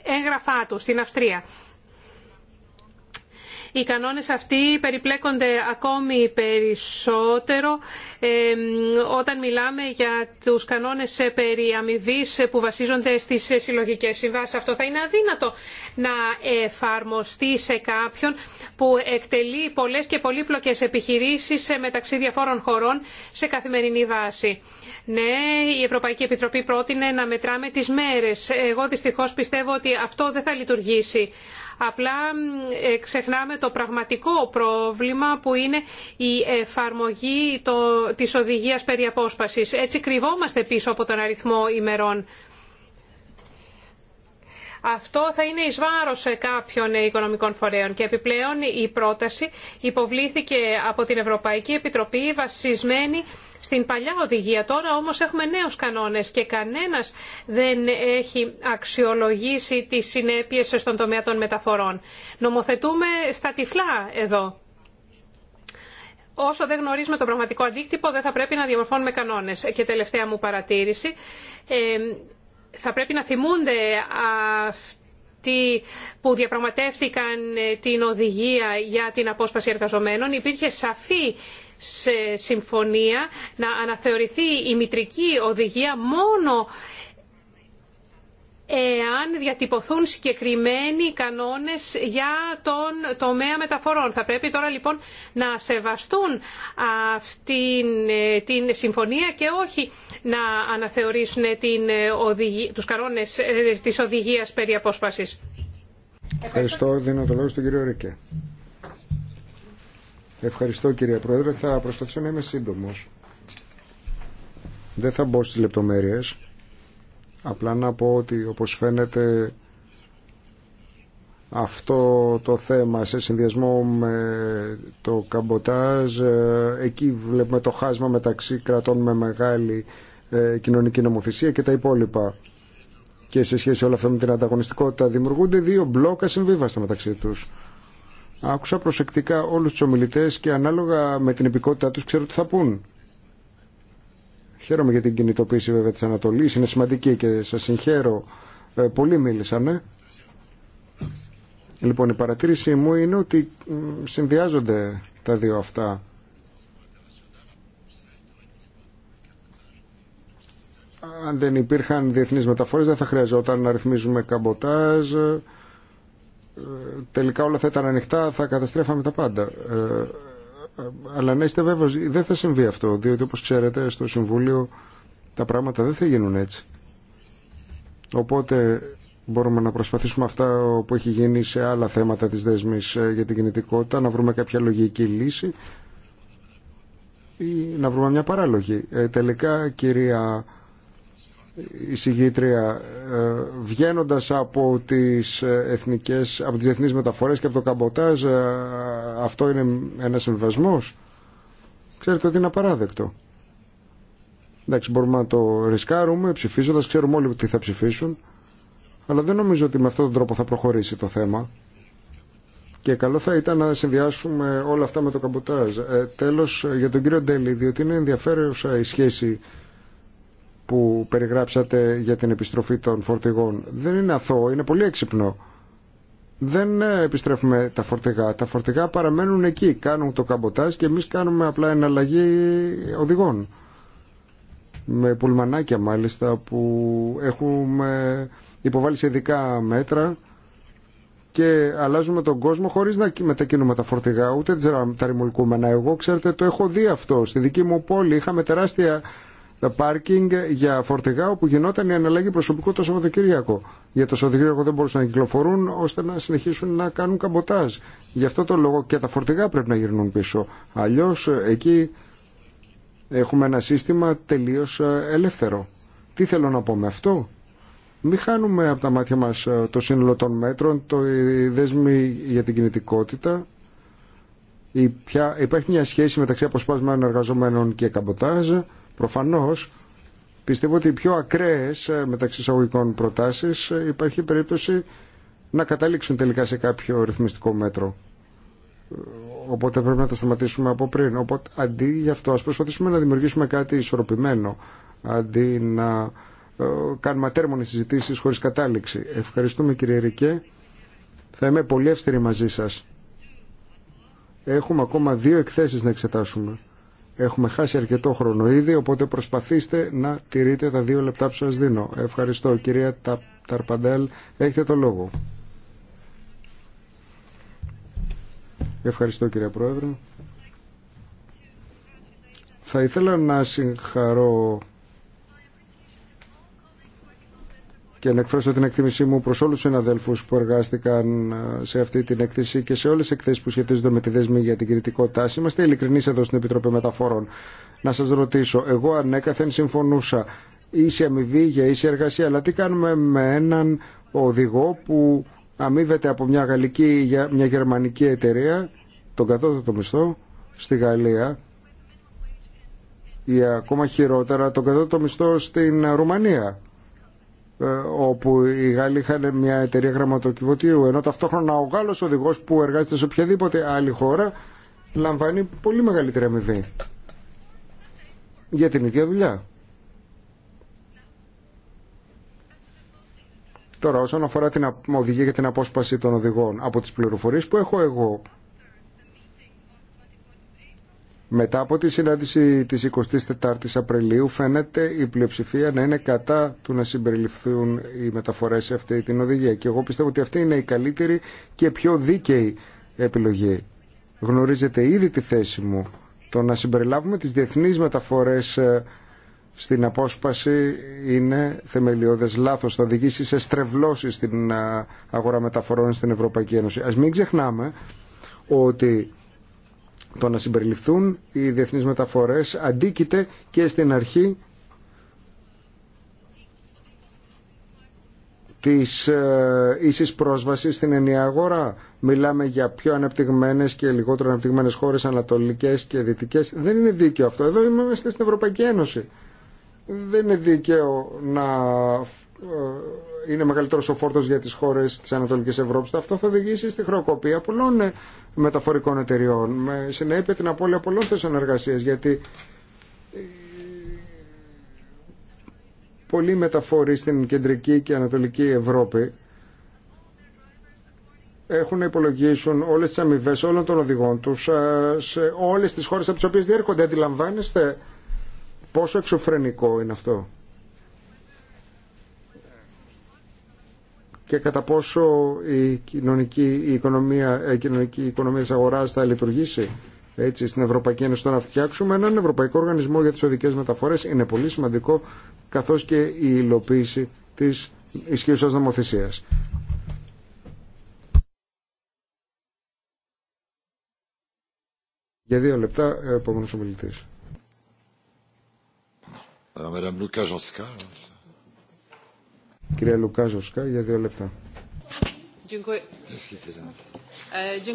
ε, έγγραφά του στην Αυστρία οι κανόνες αυτοί περιπλέκονται ακόμη περισσότερο όταν μιλάμε για τους κανόνες περί αμοιβής που βασίζονται στις συλλογικές συμβάσεις. Αυτό θα είναι αδύνατο να εφαρμοστεί σε κάποιον που εκτελεί πολλές και πολύπλοκες επιχειρήσεις μεταξύ διαφόρων χωρών σε καθημερινή βάση. Ναι, η Ευρωπαϊκή Επιτροπή πρότεινε να μετράμε τις μέρες. Εγώ δυστυχώς πιστεύω ότι αυτό δεν θα λειτουργήσει. Απλά ε, ξεχνάμε το πραγματικό πρόβλημα που είναι η εφαρμογή της οδηγίας περί απόσπασης. Έτσι κρυβόμαστε πίσω από τον αριθμό ημερών. Αυτό θα είναι εις βάρος κάποιων οικονομικών φορέων και επιπλέον η πρόταση υποβλήθηκε από την Ευρωπαϊκή Επιτροπή βασισμένη στην παλιά οδηγία. Τώρα όμως έχουμε νέους κανόνες και κανένας δεν έχει αξιολογήσει τις συνέπειες στον τομέα των μεταφορών. Νομοθετούμε στα τυφλά εδώ. Όσο δεν γνωρίζουμε το πραγματικό αντίκτυπο δεν θα πρέπει να διαμορφώνουμε κανόνες. Και τελευταία μου παρατήρηση, ε, θα πρέπει να θυμούνται αυτοί που διαπραγματεύτηκαν την οδηγία για την απόσπαση εργαζομένων υπήρχε σαφή σε συμφωνία να αναθεωρηθεί η μητρική οδηγία μόνο εάν διατυπωθούν συγκεκριμένοι κανόνες για τον τομέα μεταφορών. Θα πρέπει τώρα λοιπόν να σεβαστούν αυτή ε, την συμφωνία και όχι να αναθεωρήσουν την ε, τους κανόνες ε, της οδηγίας περί απόσπασης. Ευχαριστώ. Δίνω το λόγο κύριο Ευχαριστώ κύριε Πρόεδρε. Θα προσπαθήσω να είμαι σύντομο. Δεν θα μπω στις λεπτομέρειες. Απλά να πω ότι όπως φαίνεται αυτό το θέμα σε συνδυασμό με το καμποτάζ ε, εκεί βλέπουμε το χάσμα μεταξύ κρατών με μεγάλη ε, κοινωνική νομοθεσία και τα υπόλοιπα και σε σχέση όλα αυτά με την ανταγωνιστικότητα δημιουργούνται δύο μπλόκα συμβίβαστα μεταξύ τους Άκουσα προσεκτικά όλους τους ομιλητές και ανάλογα με την επικότητά τους ξέρω τι θα πούν. Χαίρομαι για την κινητοποίηση βέβαια της Ανατολής, είναι σημαντική και σας συγχαίρω. Ε, πολλοί μίλησαν, ε. Λοιπόν, η παρατήρησή μου είναι ότι συνδυάζονται τα δύο αυτά. Αν δεν υπήρχαν διεθνείς μεταφορές δεν θα χρειαζόταν να ρυθμίζουμε καμποτάζ, τελικά όλα θα ήταν ανοιχτά, θα καταστρέφαμε τα πάντα. Ε, αλλά να είστε βέβαιος, δεν θα συμβεί αυτό, διότι όπως ξέρετε στο Συμβούλιο τα πράγματα δεν θα γίνουν έτσι. Οπότε μπορούμε να προσπαθήσουμε αυτά που έχει γίνει σε άλλα θέματα της δέσμης ε, για την κινητικότητα, να βρούμε κάποια λογική λύση ή να βρούμε μια παράλογη. Ε, τελικά, κυρία εισηγήτρια ε, βγαίνοντας από τις ε, εθνικές από τις εθνείς μεταφορές και από το καμποτάζ ε, αυτό είναι ένα συμβασμός ξέρετε ότι είναι απαράδεκτο εντάξει μπορούμε να το ρισκάρουμε ψηφίζοντας ξέρουμε όλοι τι θα ψηφίσουν αλλά δεν νομίζω ότι με αυτόν τον τρόπο θα προχωρήσει το θέμα και καλό θα ήταν να συνδυάσουμε όλα αυτά με το καμποτάζ ε, τέλος για τον κύριο Ντέλη διότι είναι ενδιαφέρουσα η σχέση που περιγράψατε για την επιστροφή των φορτηγών δεν είναι αθώο, είναι πολύ έξυπνο. Δεν ε, επιστρέφουμε τα φορτηγά. Τα φορτηγά παραμένουν εκεί, κάνουν το καμποτάζ και εμείς κάνουμε απλά εναλλαγή οδηγών. Με πουλμανάκια μάλιστα που έχουμε υποβάλει σε ειδικά μέτρα και αλλάζουμε τον κόσμο χωρίς να μετακινούμε τα φορτηγά, ούτε τα ρημουλκούμενα. Εγώ, ξέρετε, το έχω δει αυτό. Στη δική μου πόλη είχαμε τεράστια τα πάρκινγκ για φορτηγά όπου γινόταν η αναλλαγή προσωπικού το Σαββατοκύριακο. Για το Σαββατοκύριακο δεν μπορούσαν να κυκλοφορούν ώστε να συνεχίσουν να κάνουν καμποτάζ. Γι' αυτό το λόγο και τα φορτηγά πρέπει να γυρνούν πίσω. Αλλιώ εκεί έχουμε ένα σύστημα τελείω ε, ελεύθερο. Τι θέλω να πω με αυτό. Μην χάνουμε από τα μάτια μα ε, το σύνολο των μέτρων, το ε, δέσμη για την κινητικότητα, υπάρχει μια σχέση μεταξύ αποσπάσμενων εργαζομένων και καμποτάζ. Προφανώς πιστεύω ότι οι πιο ακραίες ε, μεταξύ εισαγωγικών προτάσεις ε, υπάρχει περίπτωση να καταλήξουν τελικά σε κάποιο ρυθμιστικό μέτρο. Ε, οπότε πρέπει να τα σταματήσουμε από πριν. Οπότε αντί γι' αυτό ας προσπαθήσουμε να δημιουργήσουμε κάτι ισορροπημένο αντί να κάνουμε ατέρμονες συζητήσεις χωρίς κατάληξη. Ευχαριστούμε κύριε Ρικέ. Θα είμαι πολύ εύστηρη μαζί σας. Έχουμε ακόμα δύο εκθέσεις να εξετάσουμε. Έχουμε χάσει αρκετό χρόνο ήδη, οπότε προσπαθήστε να τηρείτε τα δύο λεπτά που σας δίνω. Ευχαριστώ κυρία Ταρπαντέλ. Έχετε το λόγο. Ευχαριστώ κύριε Πρόεδρε. Θα ήθελα να συγχαρώ και να εκφράσω την εκτίμησή μου προς όλους τους συναδέλφους που εργάστηκαν ε, σε αυτή την εκθέση και σε όλες τις εκθέσεις που σχετίζονται με τη δέσμη για την κινητικότητα. Είμαστε ειλικρινείς εδώ στην Επιτροπή Μεταφορών. Να σας ρωτήσω, εγώ ανέκαθεν συμφωνούσα ίση αμοιβή για ίση εργασία, αλλά τι κάνουμε με έναν οδηγό που αμείβεται από μια γαλλική ή μια γερμανική εταιρεία τον κατώτατο μισθό στη Γαλλία ή ακόμα χειρότερα τον κατώτατο μισθό στην Ρουμανία ε, όπου οι Γάλλοι είχαν μια εταιρεία γραμματοκιβωτίου ενώ ταυτόχρονα ο Γάλλος οδηγός που εργάζεται σε οποιαδήποτε άλλη χώρα λαμβάνει πολύ μεγαλύτερη αμοιβή για την ίδια δουλειά. Τώρα όσον αφορά την οδηγία για την απόσπαση των οδηγών από τις πληροφορίες που έχω εγώ μετά από τη συνάντηση της 24 η Απριλίου φαίνεται η πλειοψηφία να είναι κατά του να συμπεριληφθούν οι μεταφορές σε αυτή την οδηγία. Και εγώ πιστεύω ότι αυτή είναι η καλύτερη και πιο δίκαιη επιλογή. Γνωρίζετε ήδη τη θέση μου. Το να συμπεριλάβουμε τις διεθνείς μεταφορές ε, στην απόσπαση είναι θεμελιώδε λάθο, Θα οδηγήσει σε στρεβλώσει στην ε, αγορά μεταφορών στην Ευρωπαϊκή Ένωση. Ας μην ξεχνάμε ότι το να συμπεριληφθούν οι διεθνείς μεταφορές αντίκειται και στην αρχή της ε, ίσης πρόσβασης στην ενιαία αγορά. Μιλάμε για πιο ανεπτυγμένες και λιγότερο ανεπτυγμένες χώρες ανατολικές και δυτικές. Δεν είναι δίκαιο αυτό. Εδώ είμαστε στην Ευρωπαϊκή Ένωση. Δεν είναι δίκαιο να ε, είναι μεγαλύτερος ο φόρτος για τις χώρες της Ανατολικής Ευρώπης. Αυτό θα οδηγήσει στη που πολλών ε, μεταφορικών εταιριών. Με συνέπεια την απώλεια πολλών θέσεων εργασία, γιατί ε, πολλοί μεταφοροί στην κεντρική και ανατολική Ευρώπη έχουν να υπολογίσουν όλε τι αμοιβέ όλων των οδηγών του ε, σε όλε τι χώρε από τι οποίε διέρχονται. Αντιλαμβάνεστε πόσο εξωφρενικό είναι αυτό. και κατά πόσο η κοινωνική η οικονομία, η κοινωνική οικονομία της αγοράς θα λειτουργήσει έτσι, στην Ευρωπαϊκή Ένωση. να φτιάξουμε έναν Ευρωπαϊκό Οργανισμό για τις Οδικές Μεταφορές είναι πολύ σημαντικό, καθώς και η υλοποίηση της ισχύουσας νομοθεσίας. Για δύο λεπτά, ε, επόμενος ομιλητής. Madame Κυρία Λουκάζοσκα, για δύο λεπτά.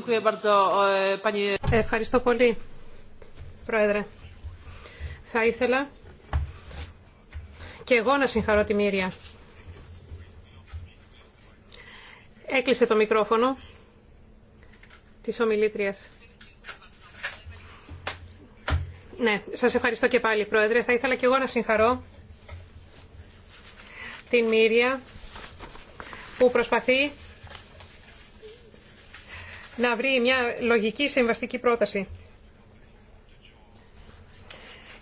Ε, ε, ευχαριστώ πολύ, Πρόεδρε. Θα ήθελα και εγώ να συγχαρώ τη Μύρια. Έκλεισε το μικρόφωνο της ομιλήτριας. Ναι, σας ευχαριστώ και πάλι, Πρόεδρε. Θα ήθελα και εγώ να συγχαρώ την Μύρια που προσπαθεί να βρει μια λογική συμβαστική πρόταση.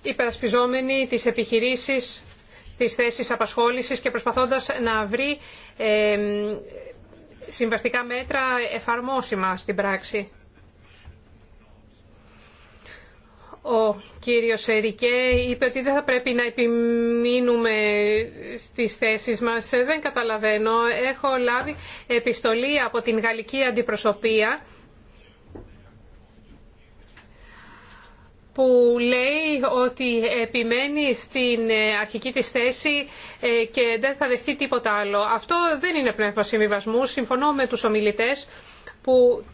Υπερασπιζόμενη τις επιχειρήσεις, τις θέσεις απασχόλησης και προσπαθώντας να βρει ε, συμβαστικά μέτρα εφαρμόσιμα στην πράξη. Ο κύριος Ερικέ είπε ότι δεν θα πρέπει να επιμείνουμε στις θέσεις μας. Δεν καταλαβαίνω. Έχω λάβει επιστολή από την γαλλική αντιπροσωπεία που λέει ότι επιμένει στην αρχική της θέση ε, και δεν θα δεχτεί τίποτα άλλο. Αυτό δεν είναι πνεύμα συμβιβασμού. Συμφωνώ με τους ομιλητές που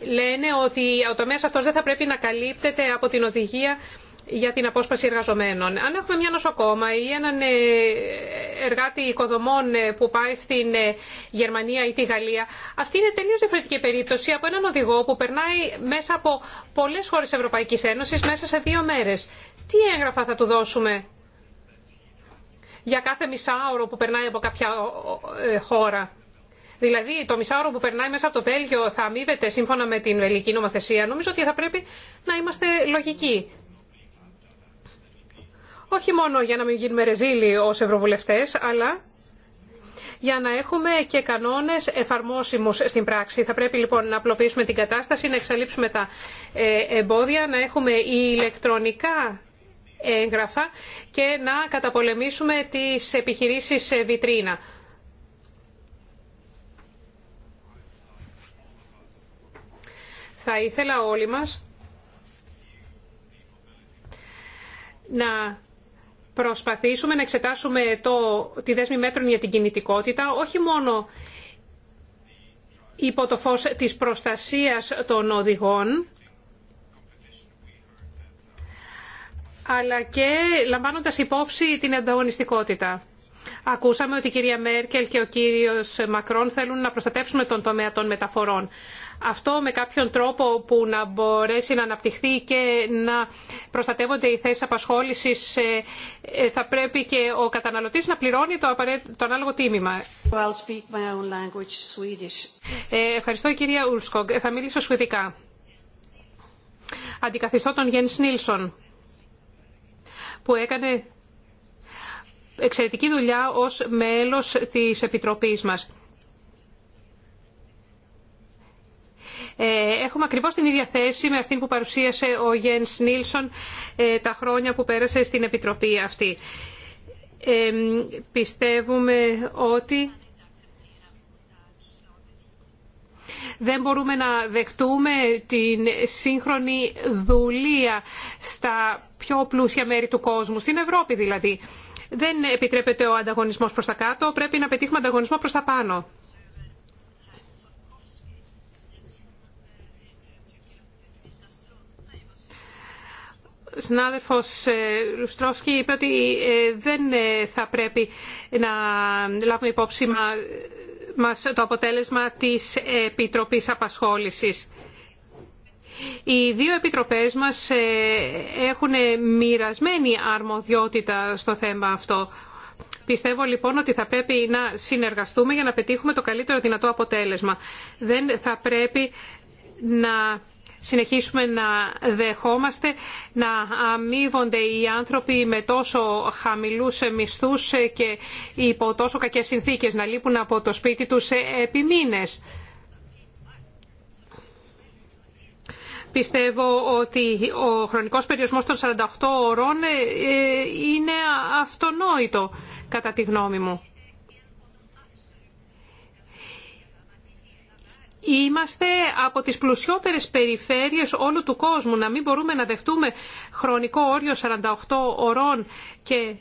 λένε ότι ο τομέα αυτό δεν θα πρέπει να καλύπτεται από την οδηγία για την απόσπαση εργαζομένων. Αν έχουμε μια νοσοκόμα ή έναν ε, εργάτη οικοδομών ε, που πάει στην ε, Γερμανία ή τη Γαλλία, αυτή είναι τελείως διαφορετική περίπτωση από έναν οδηγό που περνάει μέσα από πολλές χώρες Ευρωπαϊκής Ένωσης μέσα σε δύο μέρες. Τι έγγραφα θα του δώσουμε για κάθε μισάωρο που περνάει από κάποια χώρα. Δηλαδή το μισάωρο που περνάει μέσα από το Βέλγιο θα αμείβεται σύμφωνα με την ελληνική νομοθεσία. Νομίζω ότι θα πρέπει να είμαστε λογικοί. Όχι μόνο για να μην γίνουμε ρεζίλοι ω ευρωβουλευτές, αλλά για να έχουμε και κανόνε εφαρμόσιμου στην πράξη. Θα πρέπει λοιπόν να απλοποιήσουμε την κατάσταση, να εξαλείψουμε τα ε, εμπόδια, να έχουμε ηλεκτρονικά έγγραφα και να καταπολεμήσουμε τις επιχειρήσεις βιτρίνα. Θα ήθελα όλοι μας να προσπαθήσουμε να εξετάσουμε το, τη δέσμη μέτρων για την κινητικότητα, όχι μόνο υπό το φως της προστασίας των οδηγών, αλλά και λαμβάνοντας υπόψη την ανταγωνιστικότητα. Ακούσαμε ότι η κυρία Μέρκελ και ο κύριος Μακρόν θέλουν να προστατεύσουμε τον τομέα των μεταφορών αυτό με κάποιον τρόπο που να μπορέσει να αναπτυχθεί και να προστατεύονται οι θέσεις απασχόλησης ε, ε, θα πρέπει και ο καταναλωτής να πληρώνει το, το ανάλογο τίμημα. Ε, ευχαριστώ κυρία Ουρσκογκ. Θα μιλήσω σουηδικά. Αντικαθιστώ τον Γιάννη Νίλσον που έκανε εξαιρετική δουλειά ως μέλος της Επιτροπής μας. Ε, έχουμε ακριβώς την ίδια θέση με αυτή που παρουσίασε ο Γιένς Νίλσον ε, τα χρόνια που πέρασε στην Επιτροπή αυτή. Ε, πιστεύουμε ότι δεν μπορούμε να δεχτούμε την σύγχρονη δουλεία στα πιο πλούσια μέρη του κόσμου, στην Ευρώπη δηλαδή. Δεν επιτρέπεται ο ανταγωνισμός προς τα κάτω, πρέπει να πετύχουμε ανταγωνισμό προς τα πάνω. συνάδελφος ε, Λουστρόφσκι είπε ότι ε, δεν ε, θα πρέπει να λάβουμε υπόψη μας το αποτέλεσμα της Επιτροπής Απασχόλησης. Οι δύο επιτροπές μας έχουν μοιρασμένη αρμοδιότητα στο θέμα αυτό. Πιστεύω λοιπόν ότι θα πρέπει να συνεργαστούμε για να πετύχουμε το καλύτερο δυνατό αποτέλεσμα. Δεν θα πρέπει να συνεχίσουμε να δεχόμαστε να αμείβονται οι άνθρωποι με τόσο χαμηλούς μισθούς και υπό τόσο κακές συνθήκες να λείπουν από το σπίτι τους επί μήνες. Πιστεύω ότι ο χρονικός περιορισμός των 48 ώρων ε, είναι αυτονόητο κατά τη γνώμη μου. Είμαστε από τις πλουσιότερες περιφέρειες όλου του κόσμου. Να μην μπορούμε να δεχτούμε χρονικό όριο 48 ωρών και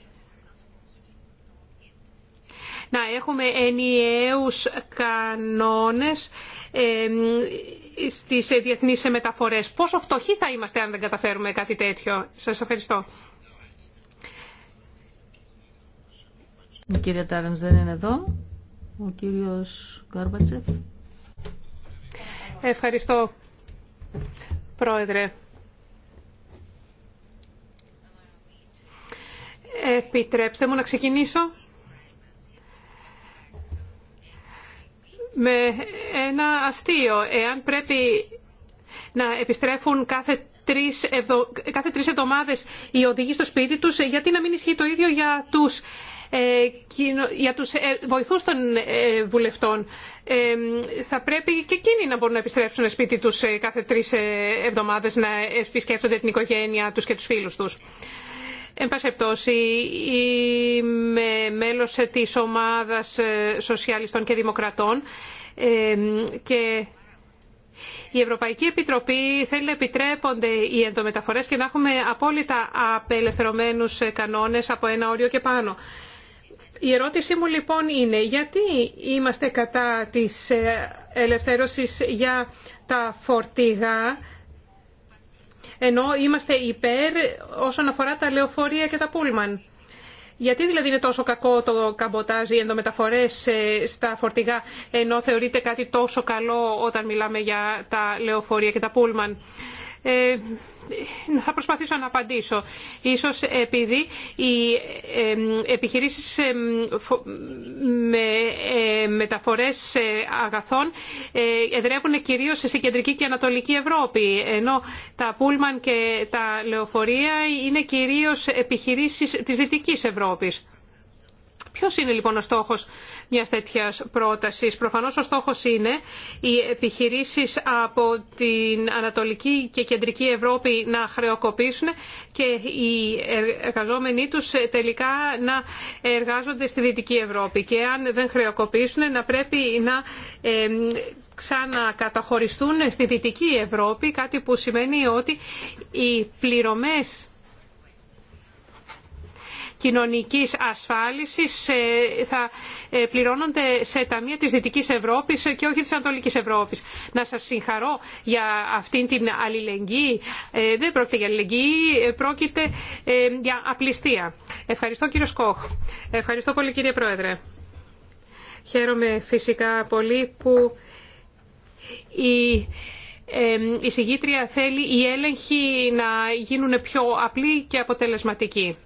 να έχουμε ενιαίους κανόνες στις διεθνείς μεταφορές. Πόσο φτωχοί θα είμαστε αν δεν καταφέρουμε κάτι τέτοιο. Σας ευχαριστώ. Η κυρία Τάρενς δεν είναι εδώ. Ο κύριος Γκάρμπατσεφ. Ευχαριστώ, Πρόεδρε. Επιτρέψτε μου να ξεκινήσω με ένα αστείο. Εάν πρέπει να επιστρέφουν κάθε τρεις, εβδο... κάθε τρεις εβδομάδες οι οδηγοί στο σπίτι τους, γιατί να μην ισχύει το ίδιο για τους ε, για τους ε, βοηθούς των ε, βουλευτών. Θα πρέπει και εκείνοι να μπορούν να επιστρέψουν σπίτι τους κάθε τρεις εβδομάδες να επισκέφτονται την οικογένεια τους και τους φίλους τους. Εν πάση περιπτώσει, είμαι μέλος της ομάδας σοσιαλιστών και δημοκρατών και η Ευρωπαϊκή Επιτροπή θέλει να επιτρέπονται οι εντομεταφορέ και να έχουμε απόλυτα απελευθερωμένους κανόνες από ένα όριο και πάνω. Η ερώτησή μου λοιπόν είναι γιατί είμαστε κατά της ε, ελευθέρωσης για τα φορτηγά ενώ είμαστε υπέρ όσον αφορά τα λεωφορεία και τα πούλμαν. Γιατί δηλαδή είναι τόσο κακό το καμποτάζ, οι ενδομεταφορές ε, στα φορτηγά, ενώ θεωρείται κάτι τόσο καλό όταν μιλάμε για τα λεωφορεία και τα πούλμαν. Ε, θα προσπαθήσω να απαντήσω. Ίσως επειδή οι επιχειρήσεις με ε, μεταφορές ε, αγαθών ε, εδρεύουν κυρίως στην κεντρική και ανατολική Ευρώπη, ενώ τα πούλμαν και τα λεωφορεία είναι κυρίως επιχειρήσεις της Δυτικής Ευρώπης. Ποιο είναι λοιπόν ο στόχος Μια τέτοια πρότασης. Προφανώς ο στόχος είναι οι επιχειρήσει από την Ανατολική και Κεντρική Ευρώπη να χρεοκοπήσουν και οι εργαζόμενοι τους τελικά να εργάζονται στη Δυτική Ευρώπη. Και αν δεν χρεοκοπήσουν να πρέπει να ξανακαταχωριστούν στη Δυτική Ευρώπη, κάτι που σημαίνει ότι οι πληρωμές κοινωνικής ασφάλισης θα ε, πληρώνονται σε ταμεία της Δυτικής Ευρώπης και όχι της Ανατολικής Ευρώπης. Να σας συγχαρώ για αυτήν την αλληλεγγύη. Ε, δεν πρόκειται για αλληλεγγύη, ε, πρόκειται για απληστία. Ευχαριστώ κύριο Σκόχ. Ευχαριστώ πολύ κύριε Πρόεδρε. Χαίρομαι φυσικά πολύ που η η συγγήτρια θέλει οι έλεγχοι να γίνουν πιο απλοί και αποτελεσματικοί.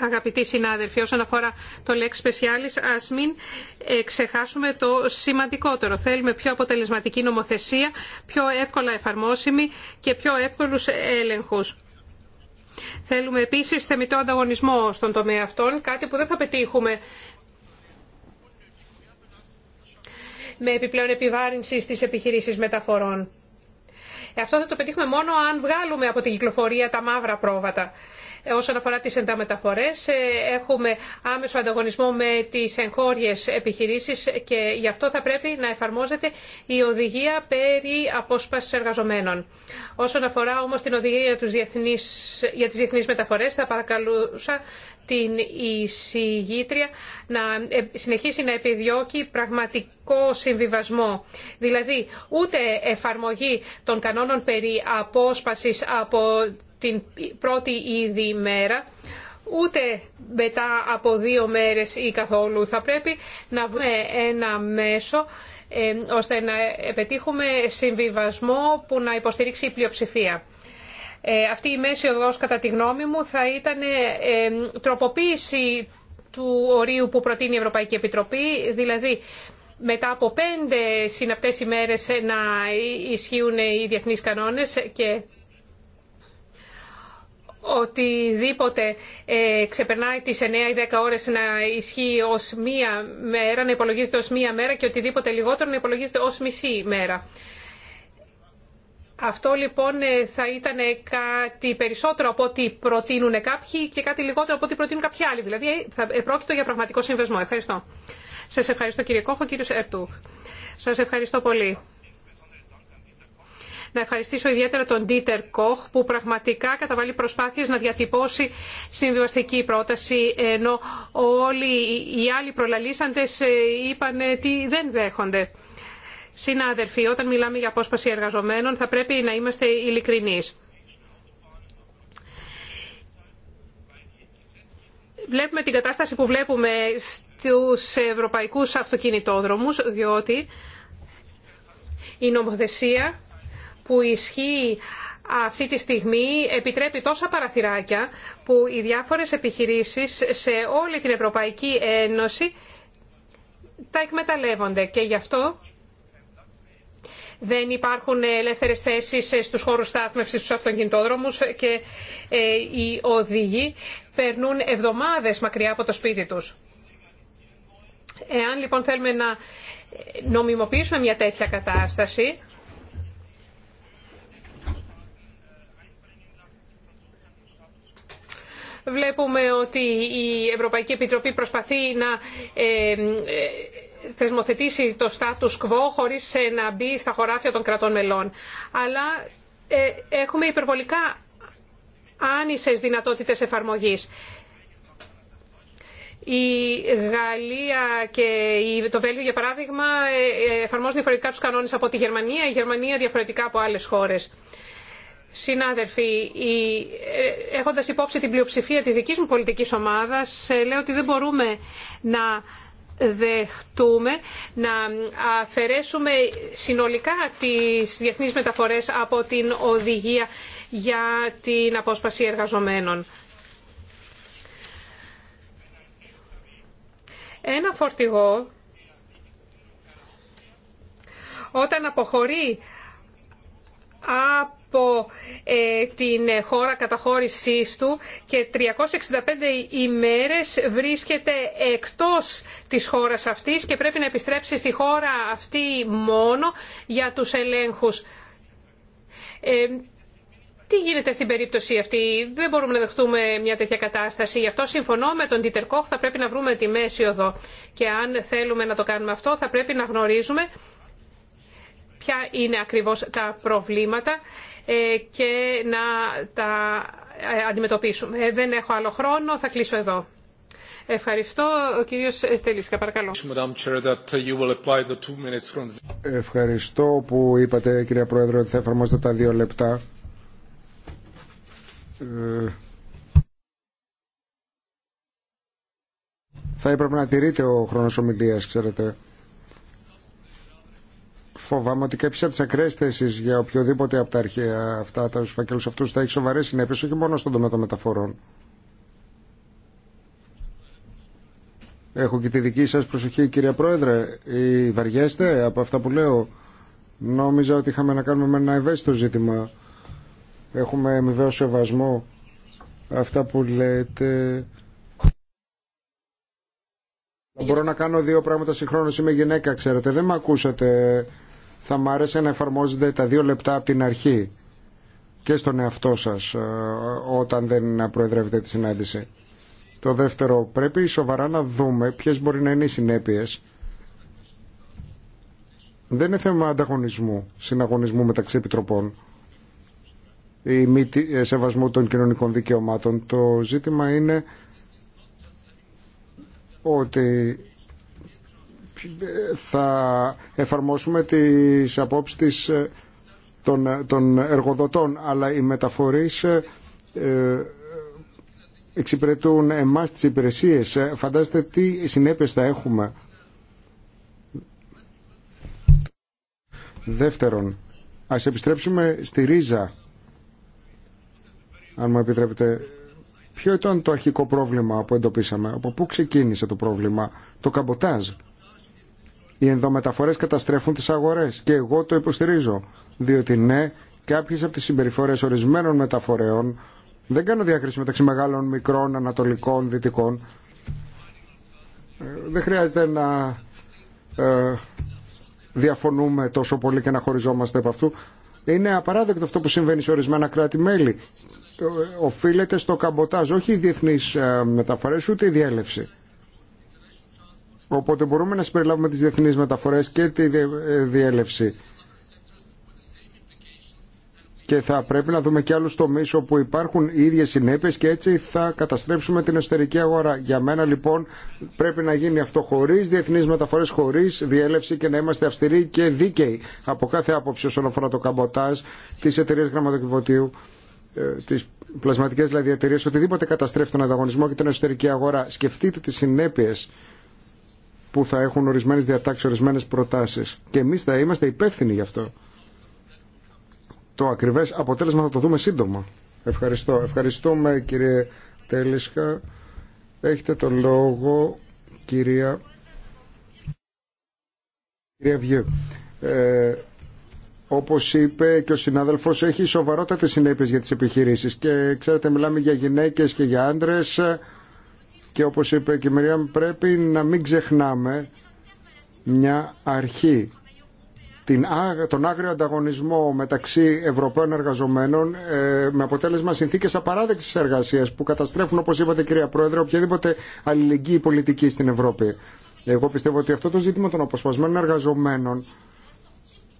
Αγαπητοί συνάδελφοι, όσον αφορά το Lex Specialis, ας μην ε, ξεχάσουμε το σημαντικότερο. Θέλουμε πιο αποτελεσματική νομοθεσία, πιο εύκολα εφαρμόσιμη και πιο εύκολους έλεγχους. Θέλουμε επίσης θεμητό ανταγωνισμό στον τομέα αυτών, κάτι που δεν θα πετύχουμε με επιπλέον επιβάρυνση στις επιχειρήσεις μεταφορών. Αυτό θα το πετύχουμε μόνο αν βγάλουμε από την κυκλοφορία τα μαύρα πρόβατα όσον αφορά τις ενταμεταφορές. Ε, έχουμε άμεσο ανταγωνισμό με τις εγχώριες επιχειρήσεις και γι' αυτό θα πρέπει να εφαρμόζεται η οδηγία περί απόσπασης εργαζομένων. Όσον αφορά όμως την οδηγία τους διεθνείς, για τις διεθνείς μεταφορές θα παρακαλούσα την εισηγήτρια να ε, συνεχίσει να επιδιώκει πραγματικό συμβιβασμό. Δηλαδή ούτε εφαρμογή των κανόνων περί απόσπασης από την πρώτη ήδη ημέρα, ούτε μετά από δύο μέρες ή καθόλου. Θα πρέπει να βρούμε ένα μέσο ε, ώστε να πετύχουμε συμβιβασμό που να υποστηρίξει η πλειοψηφία. Ε, αυτή η μέση οδός, κατά τη γνώμη μου, θα ήταν ε, τροποποίηση του ορίου που προτείνει η Ευρωπαϊκή Επιτροπή, δηλαδή μετά από πέντε συναπτές ημέρες να ισχύουν οι διεθνείς κανόνες και οτιδήποτε ε, ξεπερνάει τις 9 ή 10 ώρες να ισχύει ως μία μέρα, να υπολογίζεται ως μία μέρα και οτιδήποτε λιγότερο να υπολογίζεται ως μισή μέρα. Αυτό λοιπόν ε, θα ήταν κάτι περισσότερο από ό,τι προτείνουν κάποιοι και κάτι λιγότερο από ό,τι προτείνουν κάποιοι άλλοι. Δηλαδή θα ε, πρόκειται για πραγματικό συμβεσμό. Ευχαριστώ. Σας ευχαριστώ κύριε Κόχο, κύριος Ερτούχ. Σας ευχαριστώ πολύ να ευχαριστήσω ιδιαίτερα τον Ντίτερ Κοχ που πραγματικά καταβάλει προσπάθειες να διατυπώσει συμβιβαστική πρόταση ενώ όλοι οι άλλοι προλαλήσαντες ε, είπαν ότι ε, δεν δέχονται. Συνάδελφοι, όταν μιλάμε για απόσπαση εργαζομένων θα πρέπει να είμαστε ειλικρινείς. Βλέπουμε την κατάσταση που βλέπουμε στους ευρωπαϊκούς αυτοκινητόδρομους, διότι η νομοθεσία που ισχύει αυτή τη στιγμή επιτρέπει τόσα παραθυράκια που οι διάφορες επιχειρήσεις σε όλη την Ευρωπαϊκή Ένωση τα εκμεταλλεύονται και γι' αυτό δεν υπάρχουν ελεύθερες θέσεις στους χώρους στάθμευσης στους αυτοκινητόδρομους και ε, οι οδηγοί περνούν εβδομάδες μακριά από το σπίτι τους. Εάν λοιπόν θέλουμε να νομιμοποιήσουμε μια τέτοια κατάσταση Βλέπουμε ότι η Ευρωπαϊκή Επιτροπή προσπαθεί να ε, ε, θεσμοθετήσει το status quo χωρίς ε, να μπει στα χωράφια των κρατών μελών. Αλλά έχουμε υπερβολικά άνισες δυνατότητες εφαρμογής. Η Γαλλία και το Βέλγιο, για παράδειγμα, εφαρμόζουν διαφορετικά τους κανόνες από τη Γερμανία, η Γερμανία διαφορετικά από άλλες χώρες. Συνάδελφοι, ε, έχοντας υπόψη την πλειοψηφία της δικής μου πολιτικής ομάδας, ε, λέω ότι δεν μπορούμε να δεχτούμε να αφαιρέσουμε συνολικά τις διεθνείς μεταφορές από την οδηγία για την απόσπαση εργαζομένων. Ένα φορτηγό όταν αποχωρεί από ε, την χώρα καταχώρησής του και 365 ημέρες βρίσκεται εκτός της χώρας αυτής και πρέπει να επιστρέψει στη χώρα αυτή μόνο για τους ελέγχους. Ε, τι γίνεται στην περίπτωση αυτή, δεν μπορούμε να δεχτούμε μια τέτοια κατάσταση. Γι' αυτό συμφωνώ με τον Τίτερ Κόχ, θα πρέπει να βρούμε τη μέση εδώ Και αν θέλουμε να το κάνουμε αυτό, θα πρέπει να γνωρίζουμε ποια είναι ακριβώς τα προβλήματα ε, και να τα ε, αντιμετωπίσουμε. Ε, δεν έχω άλλο χρόνο, θα κλείσω εδώ. Ευχαριστώ. Ο κύριος Τελίσκα, παρακαλώ. Ευχαριστώ που είπατε, κυρία Πρόεδρε, ότι θα εφαρμόσετε τα δύο λεπτά. Θα έπρεπε να τηρείτε ο χρόνος ομιλίας, ξέρετε φοβάμαι ότι κάποιε από τι ακραίε θέσει για οποιοδήποτε από τα αρχαία αυτά, του φακέλου αυτού, θα έχει σοβαρέ συνέπειε, όχι μόνο στον τομέα των μεταφορών. Έχω και τη δική σα προσοχή, κυρία Πρόεδρε. βαριέστε από αυτά που λέω. Νόμιζα ότι είχαμε να κάνουμε με ένα ευαίσθητο ζήτημα. Έχουμε αμοιβαίο σεβασμό. Αυτά που λέτε... Μπορώ να κάνω δύο πράγματα συγχρόνως. Είμαι γυναίκα, ξέρετε. Δεν με ακούσατε θα μ' άρεσε να εφαρμόζετε τα δύο λεπτά από την αρχή και στον εαυτό σας ε, όταν δεν προεδρεύετε τη συνάντηση. Το δεύτερο, πρέπει σοβαρά να δούμε ποιες μπορεί να είναι οι συνέπειες. Δεν είναι θέμα ανταγωνισμού, συναγωνισμού μεταξύ επιτροπών ή μη ε, σεβασμού των κοινωνικών δικαιωμάτων. Το ζήτημα είναι ότι θα εφαρμόσουμε τις απόψεις της, ε, των, ε, των εργοδοτών αλλά οι μεταφορείς ε, ε εξυπηρετούν εμάς τις υπηρεσίες. Φαντάζεστε τι συνέπειες θα έχουμε. Δεύτερον, ας επιστρέψουμε στη ρίζα. Αν μου επιτρέπετε, ποιο ήταν το αρχικό πρόβλημα που εντοπίσαμε, από πού ξεκίνησε το πρόβλημα, το καμποτάζ. Οι ενδομεταφορές καταστρέφουν τις αγορές και εγώ το υποστηρίζω, διότι ναι, κάποιες από τις συμπεριφορές ορισμένων μεταφορέων δεν κάνω διάκριση μεταξύ μεγάλων, μικρών, ανατολικών, δυτικών. Ε, δεν χρειάζεται να ε, διαφωνούμε τόσο πολύ και να χωριζόμαστε από αυτού. Είναι απαράδεκτο αυτό που συμβαίνει σε ορισμένα κράτη-μέλη. Ε, οφείλεται στο καμποτάζ, όχι οι διεθνεί μεταφορέ, ούτε η διέλευση. Οπότε μπορούμε να συμπεριλάβουμε τις διεθνείς μεταφορές και τη ε, διέλευση. Και θα πρέπει να δούμε και άλλους τομείς όπου υπάρχουν οι ίδιες συνέπειες και έτσι θα καταστρέψουμε την εσωτερική αγορά. Για μένα λοιπόν πρέπει να γίνει αυτό χωρίς διεθνείς μεταφορές, χωρίς διέλευση και να είμαστε αυστηροί και δίκαιοι από κάθε άποψη όσον αφορά το καμποτάζ της εταιρείας γραμματοκιβωτίου ε, τις πλασματικές δηλαδή εταιρείες, οτιδήποτε καταστρέφει τον ανταγωνισμό και την εσωτερική αγορά. Σκεφτείτε τις συνέπειες που θα έχουν ορισμένες διατάξεις, ορισμένες προτάσεις. Και εμεί θα είμαστε υπεύθυνοι γι' αυτό. Το ακριβέ, αποτέλεσμα θα το δούμε σύντομα. Ευχαριστώ. Ευχαριστούμε κύριε Τέλισκα. Έχετε το λόγο κυρία Κυρία Βιέ. Ε, όπως είπε και ο συνάδελφος έχει σοβαρότατες συνέπειες για τις επιχειρήσεις και ξέρετε μιλάμε για γυναίκες και για άντρες και όπως είπε και η Μυρία, πρέπει να μην ξεχνάμε μια αρχή. Την, τον άγριο ανταγωνισμό μεταξύ Ευρωπαίων εργαζομένων ε, με αποτέλεσμα συνθήκες απαράδεκτης εργασίας που καταστρέφουν, όπως είπατε κυρία Πρόεδρε, οποιαδήποτε αλληλεγγύη πολιτική στην Ευρώπη. Εγώ πιστεύω ότι αυτό το ζήτημα των αποσπασμένων εργαζομένων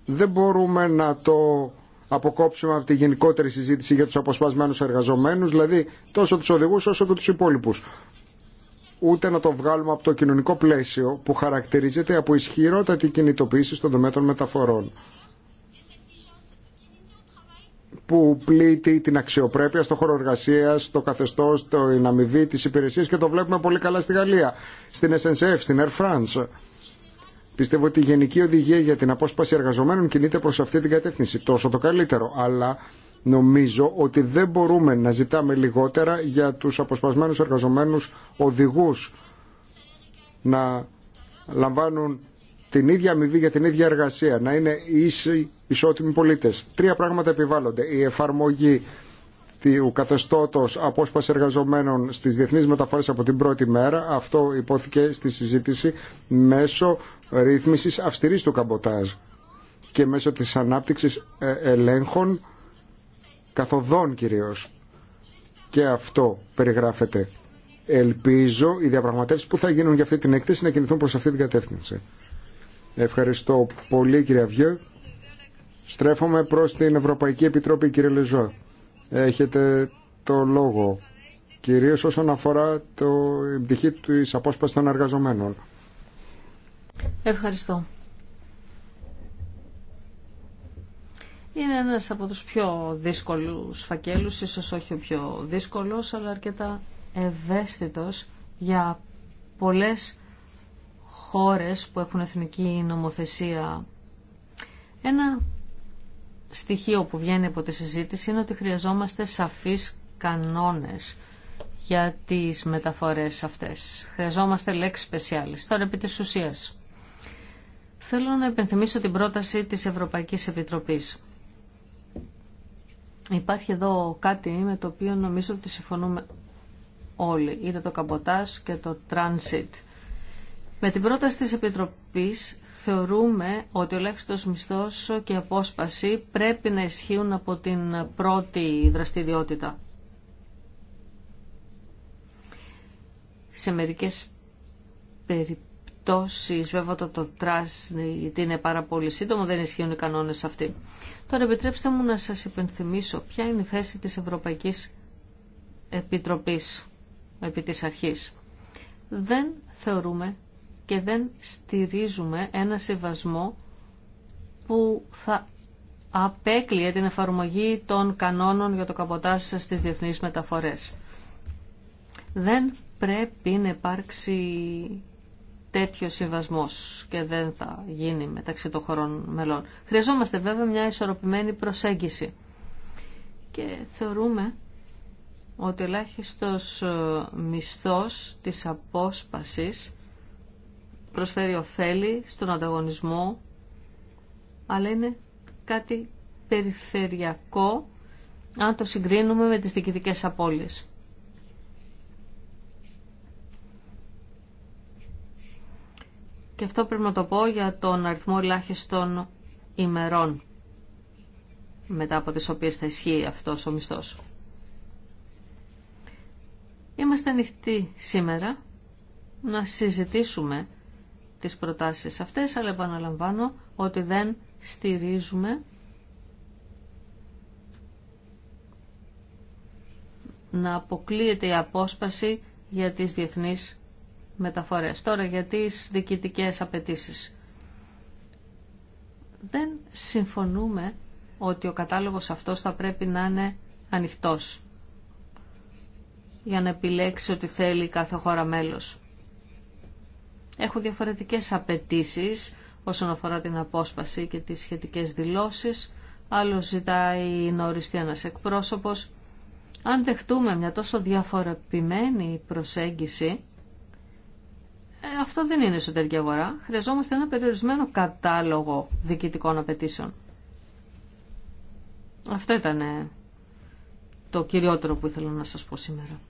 δεν μπορούμε να το αποκόψουμε από τη γενικότερη συζήτηση για τους αποσπασμένους εργαζομένους, δηλαδή τόσο τους οδηγούς όσο και τους υπόλοιπους ούτε να το βγάλουμε από το κοινωνικό πλαίσιο που χαρακτηρίζεται από ισχυρότατη κινητοποίηση στον τομέα των μεταφορών που πλήττει την αξιοπρέπεια στο χώρο εργασία, το καθεστώ, την αμοιβή, τη υπηρεσία, και το βλέπουμε πολύ καλά στη Γαλλία, στην SNCF, στην Air France. Πιστεύω ότι η Γενική Οδηγία για την Απόσπαση Εργαζομένων κινείται προ αυτή την κατεύθυνση. Τόσο το καλύτερο. Αλλά Νομίζω ότι δεν μπορούμε να ζητάμε λιγότερα για τους αποσπασμένους εργαζομένους οδηγούς να λαμβάνουν την ίδια αμοιβή για την ίδια εργασία, να είναι ίσοι, ισότιμοι πολίτες. Τρία πράγματα επιβάλλονται. Η εφαρμογή του καθεστώτος απόσπαση εργαζομένων στις διεθνείς μεταφορές από την πρώτη μέρα. Αυτό υπόθηκε στη συζήτηση μέσω ρύθμισης αυστηρής του καμποτάζ και μέσω της ανάπτυξης ε, ελέγχων καθοδόν κυρίως. Και αυτό περιγράφεται. Ελπίζω οι διαπραγματεύσεις που θα γίνουν για αυτή την έκθεση να κινηθούν προς αυτή την κατεύθυνση. Ευχαριστώ πολύ κύριε Αβιού. Στρέφομαι προς την Ευρωπαϊκή Επιτροπή κύριε Λεζό. Έχετε το λόγο κυρίως όσον αφορά το πτυχή της απόσπασης των εργαζομένων. Ευχαριστώ. είναι ένας από τους πιο δύσκολους φακέλους, ίσως όχι ο πιο δύσκολος, αλλά αρκετά ευαίσθητος για πολλές χώρες που έχουν εθνική νομοθεσία. Ένα στοιχείο που βγαίνει από τη συζήτηση είναι ότι χρειαζόμαστε σαφείς κανόνες για τις μεταφορές αυτές. Χρειαζόμαστε λέξεις specialis. Τώρα επί της ουσίας. Θέλω να υπενθυμίσω την πρόταση της Ευρωπαϊκής Επιτροπής. Υπάρχει εδώ κάτι με το οποίο νομίζω ότι συμφωνούμε όλοι. Είναι το καμποτάζ και το transit. Με την πρόταση της Επιτροπής θεωρούμε ότι ο ελάχιστος μισθός και απόσπαση πρέπει να ισχύουν από την πρώτη δραστηριότητα. Σε μερικές περιπτώσεις βέβαια το τρας είναι πάρα πολύ σύντομο, δεν ισχύουν οι κανόνες αυτοί. Τώρα επιτρέψτε μου να σας υπενθυμίσω ποια είναι η θέση της Ευρωπαϊκής Επιτροπής επί της αρχής. Δεν θεωρούμε και δεν στηρίζουμε ένα σεβασμό που θα απέκλειε την εφαρμογή των κανόνων για το σας στις διεθνείς μεταφορές. Δεν πρέπει να υπάρξει τέτοιο συμβασμό και δεν θα γίνει μεταξύ των χωρών μελών. Χρειαζόμαστε βέβαια μια ισορροπημένη προσέγγιση και θεωρούμε ότι ελάχιστο ε, μισθός της απόσπαση προσφέρει ωφέλη στον ανταγωνισμό, αλλά είναι κάτι περιφερειακό αν το συγκρίνουμε με τις διοικητικές απώλειες. Και αυτό πρέπει να το πω για τον αριθμό ελάχιστων ημερών μετά από τις οποίες θα ισχύει αυτός ο μισθός. Είμαστε ανοιχτοί σήμερα να συζητήσουμε τις προτάσεις αυτές, αλλά επαναλαμβάνω ότι δεν στηρίζουμε να αποκλείεται η απόσπαση για τις διεθνείς μεταφορές. Τώρα για τις διοικητικές απαιτήσεις. Δεν συμφωνούμε ότι ο κατάλογος αυτός θα πρέπει να είναι ανοιχτός για να επιλέξει ότι θέλει κάθε χώρα μέλος. Έχουν διαφορετικές απαιτήσεις όσον αφορά την απόσπαση και τις σχετικές δηλώσεις. Άλλος ζητάει να οριστεί ένας εκπρόσωπος. Αν δεχτούμε μια τόσο διαφορεπημένη προσέγγιση, ε, αυτό δεν είναι εσωτερική αγορά. Χρειαζόμαστε ένα περιορισμένο κατάλογο διοικητικών απαιτήσεων. Αυτό ήταν ε, το κυριότερο που ήθελα να σας πω σήμερα.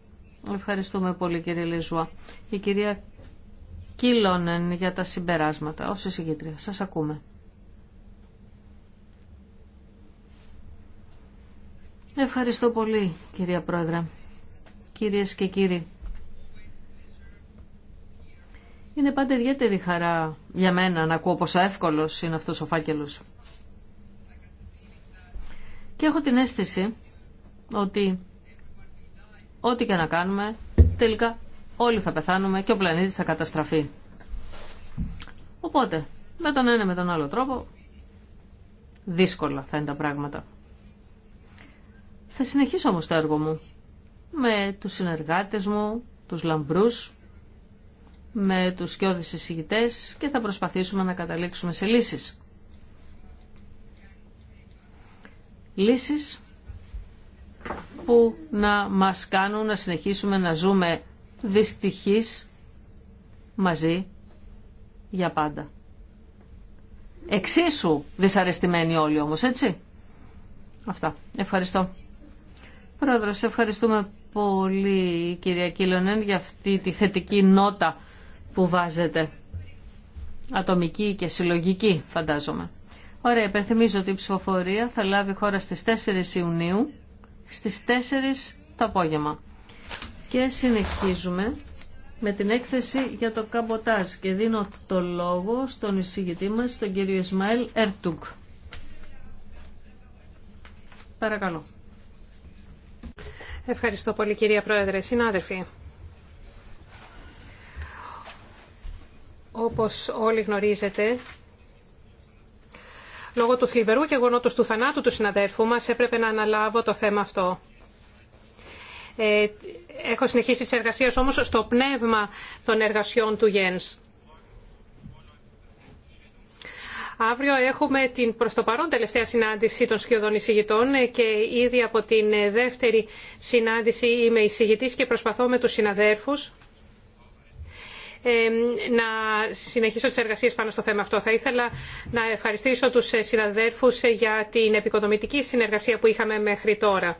Ευχαριστούμε πολύ κύριε Λίζουα. Η κυρία Κίλωνεν για τα συμπεράσματα. Ως εισηγήτρια, σας ακούμε. Ευχαριστώ πολύ κυρία Πρόεδρε. Κυρίες και κύριοι, είναι πάντα ιδιαίτερη χαρά για μένα να ακούω πόσο εύκολος είναι αυτός ο φάκελος. Και έχω την αίσθηση ότι ό,τι και να κάνουμε, τελικά όλοι θα πεθάνουμε και ο πλανήτης θα καταστραφεί. Οπότε, με τον ένα με τον άλλο τρόπο, δύσκολα θα είναι τα πράγματα. Θα συνεχίσω όμως το έργο μου με τους συνεργάτες μου, τους λαμπρούς, με τους σκιώδεις εισηγητές και θα προσπαθήσουμε να καταλήξουμε σε λύσεις. Λύσεις που να μας κάνουν να συνεχίσουμε να ζούμε δυστυχής μαζί για πάντα. Εξίσου δυσαρεστημένοι όλοι όμως, έτσι. Αυτά. Ευχαριστώ. Πρόεδρος, ευχαριστούμε πολύ κυρία Κίλονεν για αυτή τη θετική νότα που βάζετε. Ατομική και συλλογική, φαντάζομαι. Ωραία, υπενθυμίζω ότι η ψηφοφορία θα λάβει χώρα στις 4 Ιουνίου, στις 4 το απόγευμα. Και συνεχίζουμε με την έκθεση για το καμποτάζ και δίνω το λόγο στον εισηγητή μας, τον κύριο Ισμαήλ Ερτούκ. Παρακαλώ. Ευχαριστώ πολύ κυρία Πρόεδρε. Συνάδελφοι, Όπως όλοι γνωρίζετε, λόγω του θλιβερού γεγονότος του θανάτου του συναδέρφου μας έπρεπε να αναλάβω το θέμα αυτό. Ε, έχω συνεχίσει τις εργασίες όμως στο πνεύμα των εργασιών του Γένς. Αύριο έχουμε την προς το παρόν τελευταία συνάντηση των σκιωδών εισηγητών και ήδη από την δεύτερη συνάντηση είμαι εισηγητής και προσπαθώ με τους συναδέρφους να συνεχίσω τις εργασίες πάνω στο θέμα αυτό. Θα ήθελα να ευχαριστήσω τους ε, συναδέρφους ε, για την επικοδομητική συνεργασία που είχαμε μέχρι τώρα.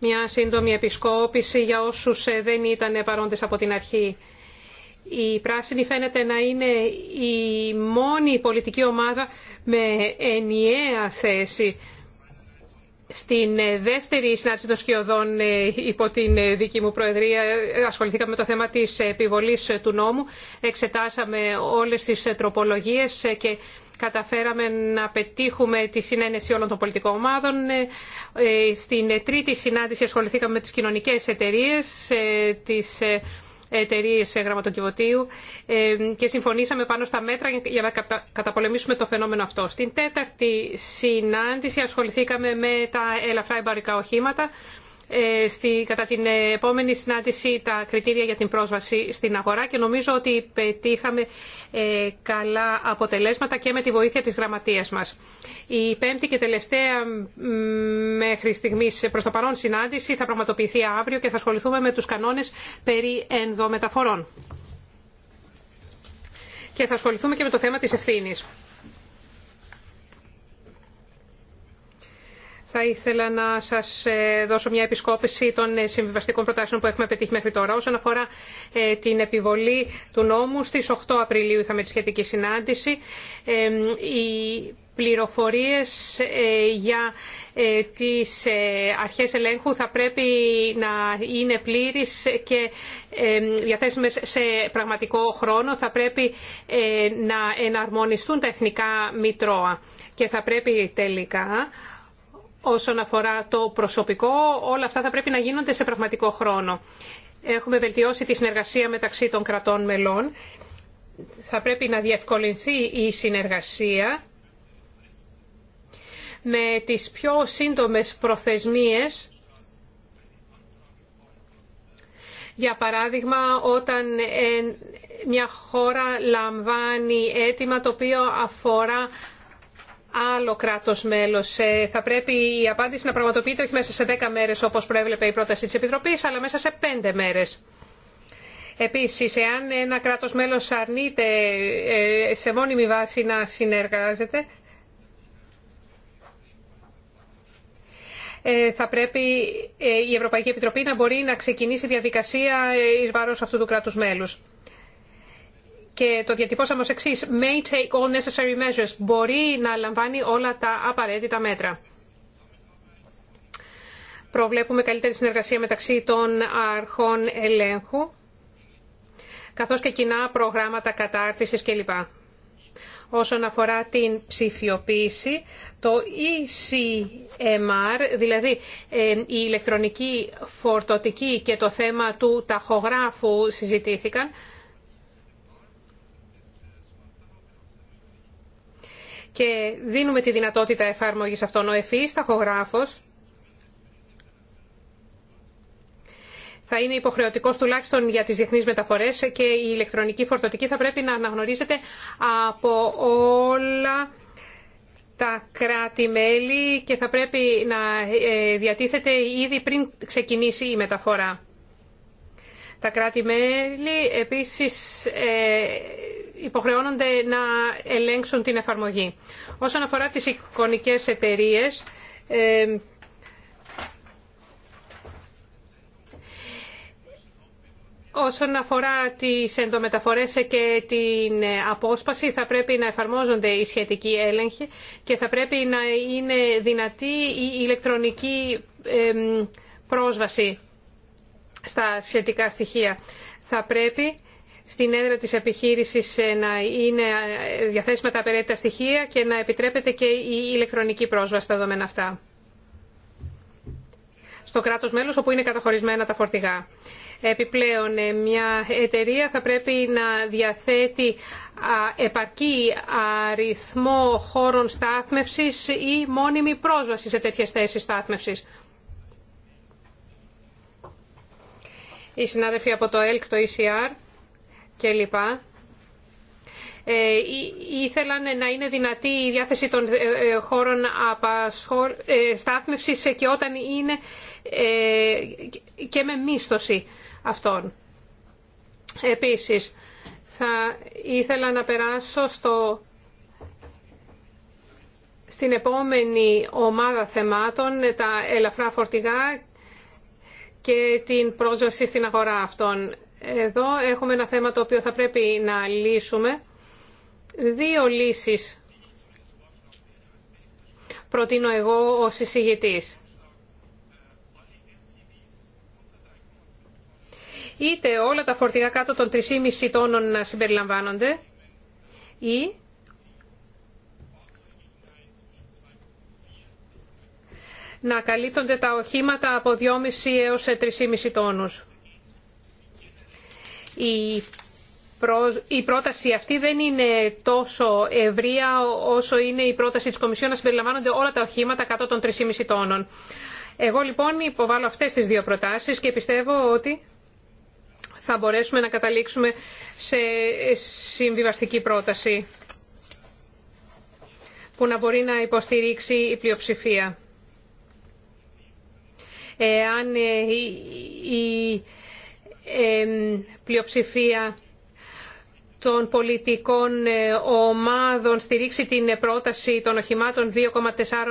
Μια σύντομη επισκόπηση για όσους ε, δεν ήταν παρόντες από την αρχή. Η Πράσινη φαίνεται να είναι η μόνη πολιτική ομάδα με ενιαία θέση στην ε, δεύτερη συνάντηση των σκιωδών ε, υπό την ε, δική μου προεδρία ασχοληθήκαμε με το θέμα της επιβολής του νόμου. Εξετάσαμε όλες τις τροπολογίες και καταφέραμε να πετύχουμε τη συνένεση όλων των πολιτικών ομάδων. Στην τρίτη συνάντηση ασχοληθήκαμε με τις κοινωνικές εταιρείες, εταιρείε γραμματοκιβωτίου ε, και συμφωνήσαμε πάνω στα μέτρα για να καταπολεμήσουμε το φαινόμενο αυτό. Στην τέταρτη συνάντηση ασχοληθήκαμε με τα ελαφρά εμπαρικά οχήματα ε, στη, κατά την επόμενη συνάντηση τα κριτήρια για την πρόσβαση στην αγορά και νομίζω ότι πετύχαμε ε, καλά αποτελέσματα και με τη βοήθεια της γραμματείας μας. Η πέμπτη και τελευταία μέχρι στιγμής προς το παρόν συνάντηση θα πραγματοποιηθεί αύριο και θα ασχοληθούμε με τους κανόνες περί ενδομεταφορών. Και θα ασχοληθούμε και με το θέμα της ευθύνης. Θα ήθελα να σας ε, δώσω μια επισκόπηση των ε, συμβιβαστικών προτάσεων που έχουμε πετύχει μέχρι τώρα. Όσον αφορά ε, την επιβολή του νόμου, στις 8 Απριλίου είχαμε τη σχετική συνάντηση. Οι πληροφορίες για τις αρχές ελέγχου θα πρέπει να είναι πλήρεις και διαθέσιμες σε πραγματικό χρόνο. Θα πρέπει να εναρμονιστούν τα εθνικά μητρώα και θα πρέπει τελικά όσον αφορά το προσωπικό, όλα αυτά θα πρέπει να γίνονται σε πραγματικό χρόνο. Έχουμε βελτιώσει τη συνεργασία μεταξύ των κρατών μελών. Θα πρέπει να διευκολυνθεί η συνεργασία με τις πιο σύντομες προθεσμίες για παράδειγμα όταν μια χώρα λαμβάνει αίτημα το οποίο αφορά άλλο κράτος μέλος. Ε, θα πρέπει η απάντηση να πραγματοποιείται όχι μέσα σε 10 μέρες όπως προέβλεπε η πρόταση της Επιτροπής, αλλά μέσα σε 5 μέρες. Επίσης, εάν ένα κράτος μέλος αρνείται ε, σε μόνιμη βάση να συνεργάζεται, ε, θα πρέπει η Ευρωπαϊκή Επιτροπή να μπορεί να ξεκινήσει διαδικασία εις βάρος αυτού του κράτους μέλους και το διατυπώσαμε ως εξής «may take all necessary measures» μπορεί να λαμβάνει όλα τα απαραίτητα μέτρα. Προβλέπουμε καλύτερη συνεργασία μεταξύ των αρχών ελέγχου καθώς και κοινά προγράμματα κατάρτισης κλπ. Όσον αφορά την ψηφιοποίηση, το ECMR, δηλαδή ε, η ηλεκτρονική φορτωτική και το θέμα του ταχογράφου συζητήθηκαν. και δίνουμε τη δυνατότητα εφαρμογής αυτών. Ο ΕΦΗ, ταχογράφος θα είναι υποχρεωτικό τουλάχιστον για τις διεθνείς μεταφορές και η ηλεκτρονική φορτωτική θα πρέπει να αναγνωρίζεται από όλα τα κράτη-μέλη και θα πρέπει να ε, διατίθεται ήδη πριν ξεκινήσει η μεταφορά. Τα κράτη-μέλη επίσης ε, υποχρεώνονται να ελέγξουν την εφαρμογή. Όσον αφορά τις εικονικές εταιρείε. Ε, όσον αφορά τις εντομεταφορές και την απόσπαση, θα πρέπει να εφαρμόζονται οι σχετικοί έλεγχοι και θα πρέπει να είναι δυνατή η ηλεκτρονική πρόσβαση στα σχετικά στοιχεία. Θα πρέπει στην έδρα της επιχείρησης ε, να είναι ε, διαθέσιμα τα απαραίτητα στοιχεία και να επιτρέπεται και η ηλεκτρονική πρόσβαση στα δεδομένα αυτά στο κράτος μέλος όπου είναι καταχωρισμένα τα φορτηγά. Επιπλέον, ε, μια εταιρεία θα πρέπει να διαθέτει επαρκή αριθμό χώρων στάθμευσης ή μόνιμη πρόσβαση σε τέτοιες θέσεις στάθμευσης. Οι συνάδελφοι από το ΕΛΚ, το ECR, κλπ. Ε, ήθελαν να είναι δυνατή η διάθεση των ε, ε, χώρων απασχολ... Ε, στάθμευσης και όταν είναι και με μίσθωση αυτών. Επίσης, θα ήθελα να περάσω στο... στην επόμενη ομάδα θεμάτων, τα ελαφρά φορτηγά και την πρόσβαση στην αγορά αυτών. Εδώ έχουμε ένα θέμα το οποίο θα πρέπει να λύσουμε. Δύο λύσεις προτείνω εγώ ως εισηγητής. Είτε όλα τα φορτηγά κάτω των 3,5 τόνων να συμπεριλαμβάνονται ή να καλύπτονται τα οχήματα από 2,5 έως 3,5 τόνους η πρόταση αυτή δεν είναι τόσο ευρεία όσο είναι η πρόταση της Κομισιόν να συμπεριλαμβάνονται όλα τα οχήματα κάτω των 3,5 τόνων. Εγώ λοιπόν υποβάλλω αυτές τις δύο προτάσεις και πιστεύω ότι θα μπορέσουμε να καταλήξουμε σε συμβιβαστική πρόταση που να μπορεί να υποστηρίξει η πλειοψηφία. Εάν η πλειοψηφία των πολιτικών ε, ομάδων στηρίξει την ε, πρόταση των οχημάτων 2,4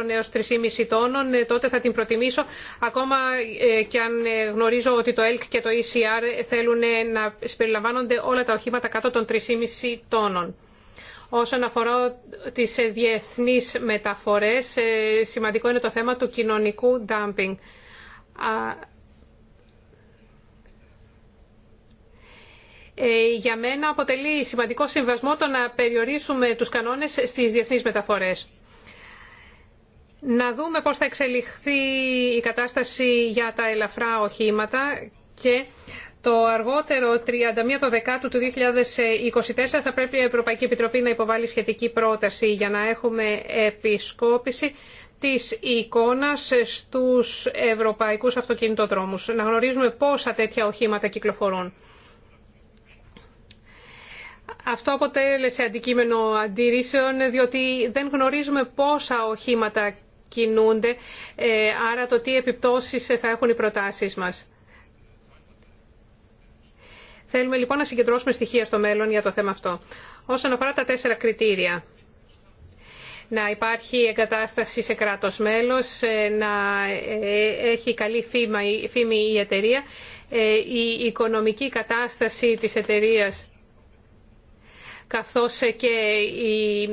έως 3,5 τόνων, ε, τότε θα την προτιμήσω, ακόμα και αν γνωρίζω ότι το ΕΛΚ και το ECR θέλουν να συμπεριλαμβάνονται όλα τα οχήματα κάτω των 3,5 τόνων. Όσον αφορά τις διεθνείς μεταφορές, σημαντικό είναι το θέμα του κοινωνικού ντάμπινγκ. Ε, για μένα αποτελεί σημαντικό συμβασμό το να περιορίσουμε τους κανόνες στις διεθνείς μεταφορές. Να δούμε πώς θα εξελιχθεί η κατάσταση για τα ελαφρά οχήματα και το αργότερο 31 το δεκάτου του 2024 θα πρέπει η Ευρωπαϊκή Επιτροπή να υποβάλει σχετική πρόταση για να έχουμε επισκόπηση της εικόνας στους ευρωπαϊκούς αυτοκινητοδρόμους. Να γνωρίζουμε πόσα τέτοια οχήματα κυκλοφορούν. Αυτό αποτέλεσε αντικείμενο αντιρρήσεων διότι δεν γνωρίζουμε πόσα οχήματα κινούνται, ε, άρα το τι επιπτώσεις θα έχουν οι προτάσεις μας. Θέλουμε λοιπόν να συγκεντρώσουμε στοιχεία στο μέλλον για το θέμα αυτό. Όσον αφορά τα τέσσερα κριτήρια. Να υπάρχει εγκατάσταση σε κράτος μέλος, ε, να ε, έχει καλή φήμη η εταιρεία, η οικονομική κατάσταση της εταιρείας καθώς και η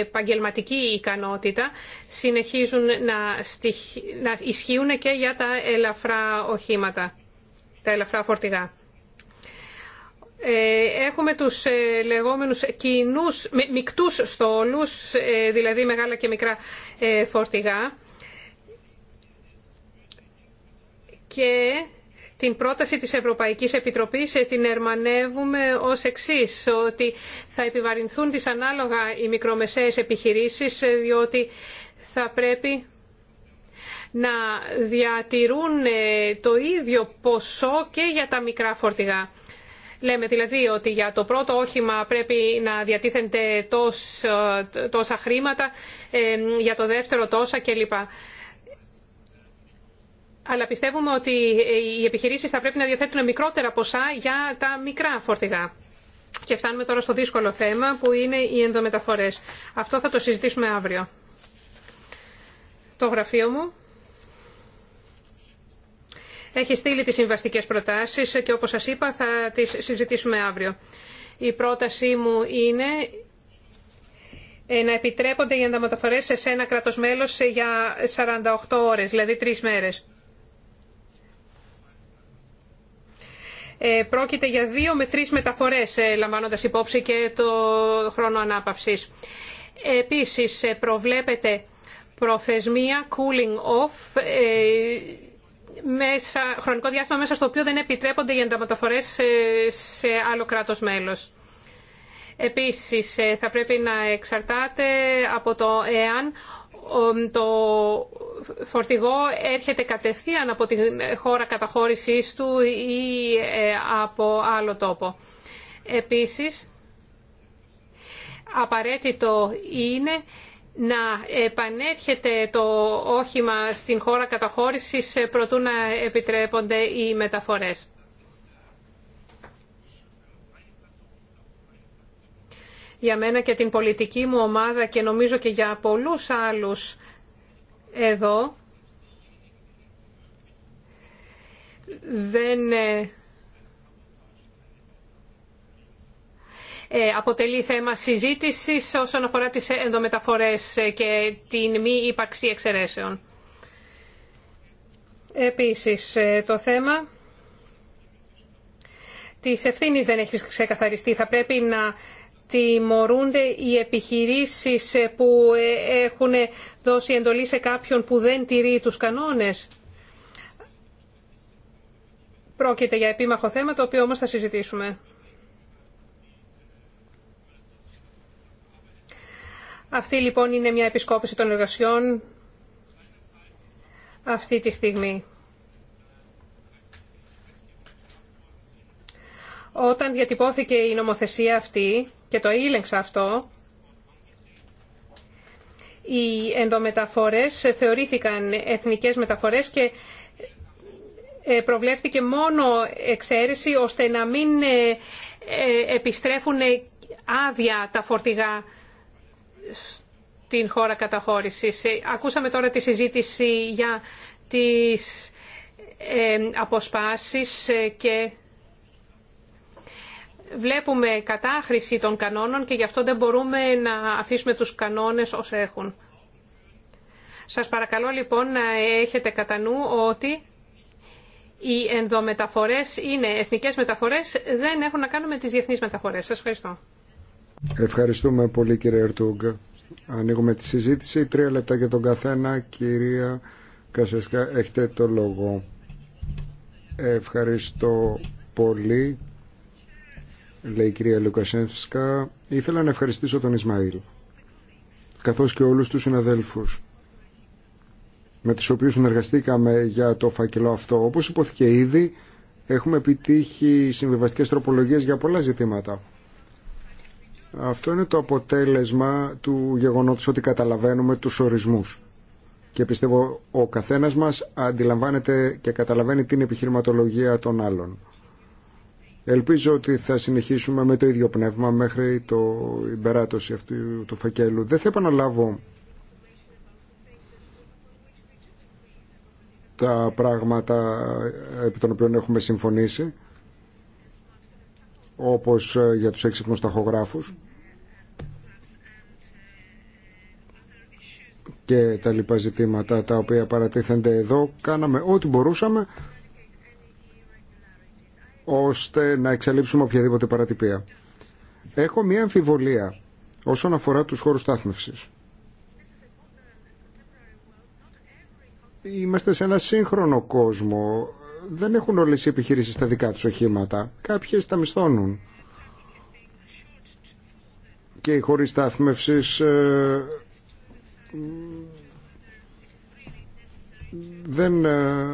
επαγγελματική ικανότητα συνεχίζουν να, να ισχύουν και για τα ελαφρά οχήματα, τα ελαφρά φορτηγά. Ε, έχουμε τους ε, λεγόμενους κοινούς, μικτούς στόλους, ε, δηλαδή μεγάλα και μικρά φορτηγά. Και την πρόταση της Ευρωπαϊκής Επιτροπής ε, την ερμανεύουμε ως εξής, ότι θα επιβαρυνθούν ανάλογα οι μικρομεσαίες επιχειρήσεις, ε, διότι θα πρέπει να διατηρούν ε, το ίδιο ποσό και για τα μικρά φορτηγά. Λέμε δηλαδή ότι για το πρώτο όχημα πρέπει να διατίθενται τόσα χρήματα, για το δεύτερο τόσα κλπ. Αλλά πιστεύουμε ότι οι επιχειρήσει θα πρέπει να διαθέτουν μικρότερα ποσά για τα μικρά φορτηγά. Και φτάνουμε τώρα στο δύσκολο θέμα που είναι οι ενδομεταφορέ. Αυτό θα το συζητήσουμε αύριο. Το γραφείο μου έχει στείλει τις συμβαστικές προτάσεις και όπως σας είπα θα τις συζητήσουμε αύριο. Η πρότασή μου είναι να επιτρέπονται οι ενδομεταφορές σε ένα κράτος μέλος για 48 ώρες, δηλαδή τρεις μέρες. Ε, πρόκειται για δύο με τρεις μεταφορές ε, λαμβάνοντας υπόψη και το χρόνο ανάπαυσης. Επίσης ε, προβλέπεται προθεσμία cooling off μέσα, χρονικό διάστημα μέσα στο οποίο δεν επιτρέπονται για μεταφορές σε άλλο κράτος μέλος. Επίσης θα πρέπει να εξαρτάται από το εάν το φορτηγό έρχεται κατευθείαν από την χώρα καταχώρησής του ή ε, από άλλο τόπο. Επίσης, απαραίτητο είναι να επανέρχεται το όχημα στην χώρα καταχώρησης ε, προτού να επιτρέπονται οι μεταφορές. Για μένα και την πολιτική μου ομάδα και νομίζω και για πολλούς άλλους εδώ δεν ε, ε, αποτελεί θέμα συζήτησης όσον αφορά τις ενδομεταφορές ε, και την μη ύπαρξη εξαιρέσεων. Επίσης, το θέμα της ευθύνης δεν έχει ξεκαθαριστεί. Θα πρέπει να τιμωρούνται οι επιχειρήσεις ε, που ε, έχουν δώσει εντολή σε κάποιον που δεν τηρεί τους κανόνες. Πρόκειται για επίμαχο θέμα, το οποίο όμως θα συζητήσουμε. Αυτή λοιπόν είναι μια επισκόπηση των εργασιών αυτή τη στιγμή. Όταν διατυπώθηκε η νομοθεσία αυτή, και το ήλεγξα αυτό, οι ενδομεταφορές θεωρήθηκαν εθνικές μεταφορές και ε, προβλέφθηκε μόνο εξαίρεση ώστε να μην ε, ε, επιστρέφουν άδεια τα φορτηγά στην χώρα καταχώρησης. Ακούσαμε τώρα τη συζήτηση για τις αποσπάσεις και βλέπουμε κατάχρηση των κανόνων και γι' αυτό δεν μπορούμε να αφήσουμε τους κανόνες ως έχουν. Σας παρακαλώ λοιπόν να έχετε κατά νου ότι οι ενδομεταφορές είναι εθνικές μεταφορές, δεν έχουν να κάνουν με τις διεθνείς μεταφορές. Σας ευχαριστώ. Ευχαριστούμε πολύ κύριε Ερτούγκ. Ανοίγουμε τη συζήτηση. Τρία λεπτά για τον καθένα. Κυρία Κασέσκα, έχετε το λόγο. Ευχαριστώ πολύ λέει η κυρία Λουκασένσκα, ήθελα να ευχαριστήσω τον Ισμαήλ, καθώς και όλους τους συναδέλφους με τους οποίους συνεργαστήκαμε για το φάκελο αυτό. Όπως υπόθηκε ήδη, έχουμε επιτύχει συμβιβαστικές τροπολογίες για πολλά ζητήματα. Αυτό είναι το αποτέλεσμα του γεγονότος ότι καταλαβαίνουμε τους ορισμούς. Και πιστεύω ο καθένας μας αντιλαμβάνεται και καταλαβαίνει την επιχειρηματολογία των άλλων. Ελπίζω ότι θα συνεχίσουμε με το ίδιο πνεύμα μέχρι το υπεράτωση αυτού του φακέλου. Δεν θα επαναλάβω τα πράγματα επί των οποίων έχουμε συμφωνήσει όπως ε, για τους έξυπνους ταχογράφους και τα λοιπά ζητήματα τα οποία παρατίθενται εδώ κάναμε ό,τι μπορούσαμε ώστε να εξαλείψουμε οποιαδήποτε παρατυπία. Έχω μία αμφιβολία όσον αφορά τους χώρους στάθμευσης. Είμαστε σε ένα σύγχρονο κόσμο. Δεν έχουν όλες οι επιχειρήσεις τα δικά τους οχήματα. Κάποιες τα μισθώνουν. Και οι χώροι στάθμευσης ε, δεν... Ε,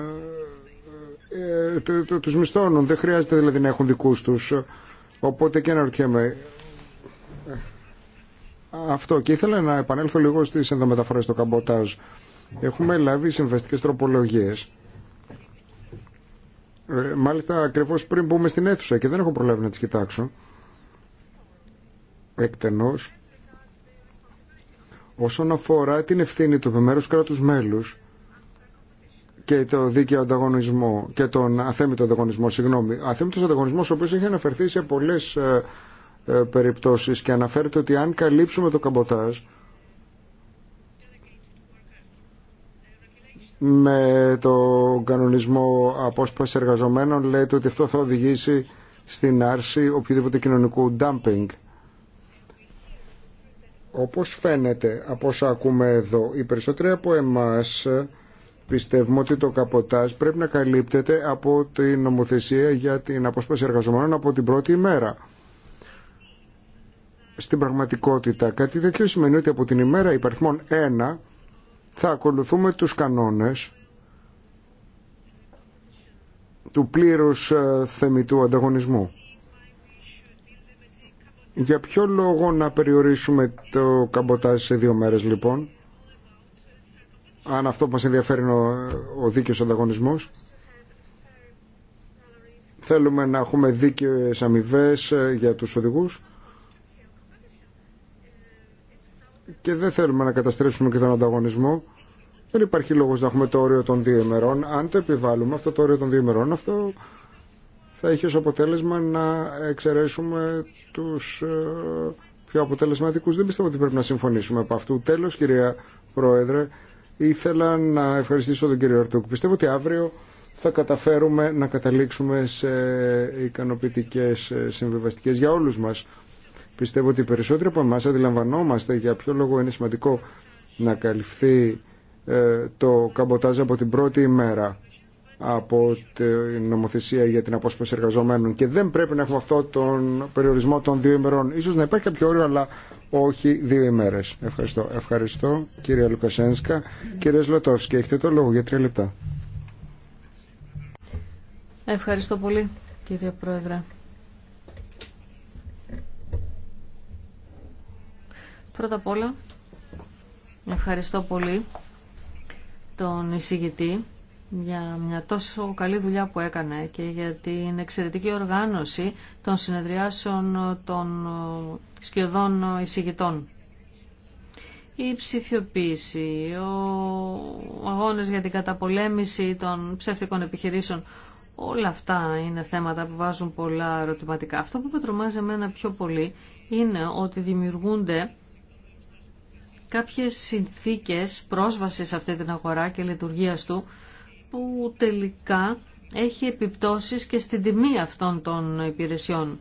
ε, τους μισθώνουν. Δεν χρειάζεται δηλαδή να έχουν δικούς τους. Οπότε και αναρωτιέμαι. Ε, αυτό. Και ήθελα να επανέλθω λίγο στις ενδομεταφορές στο καμποτάζ. Έχουμε λάβει συμβαστικές τροπολογίες. Ε, μάλιστα ακριβώς πριν μπούμε στην αίθουσα και δεν έχω προλάβει να τις κοιτάξω. Εκτενώς. Όσον αφορά την ευθύνη του επιμέρους κράτους μέλους, και το δίκαιο ανταγωνισμό και τον αθέμητο ανταγωνισμό, συγγνώμη. Αθέμητος ανταγωνισμός ο οποίος έχει αναφερθεί σε πολλές ε, ε περιπτώσεις και αναφέρεται ότι αν καλύψουμε το καμποτάζ με το κανονισμό απόσπαση εργαζομένων λέτε ότι αυτό θα οδηγήσει στην άρση οποιοδήποτε κοινωνικού dumping. Όπως φαίνεται από όσα ακούμε εδώ, οι περισσότεροι από εμάς Πιστεύουμε ότι το καποτάζ πρέπει να καλύπτεται από την νομοθεσία για την απόσπαση εργαζομένων από την πρώτη ημέρα. Στην πραγματικότητα κάτι τέτοιο σημαίνει ότι από την ημέρα υπαριθμών 1 θα ακολουθούμε τους κανόνες του πλήρους ε, θεμητού ανταγωνισμού. Για ποιο λόγο να περιορίσουμε το καμποτάζ σε δύο μέρες λοιπόν αν αυτό που μας ενδιαφέρει είναι ο δίκαιος ανταγωνισμός. Θέλουμε να έχουμε δίκαιες αμοιβέ ε, για τους οδηγούς και δεν θέλουμε να καταστρέψουμε και τον ανταγωνισμό. Δεν υπάρχει λόγος να έχουμε το όριο των δύο ημερών. Αν το επιβάλλουμε αυτό το όριο των δύο ημερών, αυτό θα έχει ως αποτέλεσμα να εξαιρέσουμε τους ε, πιο αποτελεσματικούς. Δεν πιστεύω ότι πρέπει να συμφωνήσουμε από αυτού. Τέλος, κυρία Πρόεδρε, Ήθελα να ευχαριστήσω τον κύριο Αρτούκ. Πιστεύω ότι αύριο θα καταφέρουμε να καταλήξουμε σε ικανοποιητικές ε, συμβιβαστικές για όλους μας. Πιστεύω ότι οι περισσότεροι από εμά αντιλαμβανόμαστε για ποιο λόγο είναι σημαντικό να καλυφθεί ε, το καμποτάζ από την πρώτη ημέρα από την νομοθεσία για την απόσπαση εργαζομένων και δεν πρέπει να έχουμε αυτό τον περιορισμό των δύο ημερών. Ίσως να υπάρχει κάποιο όριο, αλλά όχι δύο ημέρε. Ευχαριστώ. Ευχαριστώ κύριε Λουκασένσκα. Κύριε Σλατόφσκι, έχετε το λόγο για τρία λεπτά. Ευχαριστώ πολύ κύριε Πρόεδρε. Πρώτα απ' όλα, ευχαριστώ πολύ τον εισηγητή για μια τόσο καλή δουλειά που έκανε και για την εξαιρετική οργάνωση των συνεδριάσεων των σκιωδών εισηγητών. Η ψηφιοποίηση, ο αγώνες για την καταπολέμηση των ψεύτικων επιχειρήσεων, όλα αυτά είναι θέματα που βάζουν πολλά ερωτηματικά. Αυτό που με τρομάζει εμένα πιο πολύ είναι ότι δημιουργούνται κάποιες συνθήκες πρόσβασης σε αυτή την αγορά και λειτουργίας του, που τελικά έχει επιπτώσεις και στην τιμή αυτών των υπηρεσιών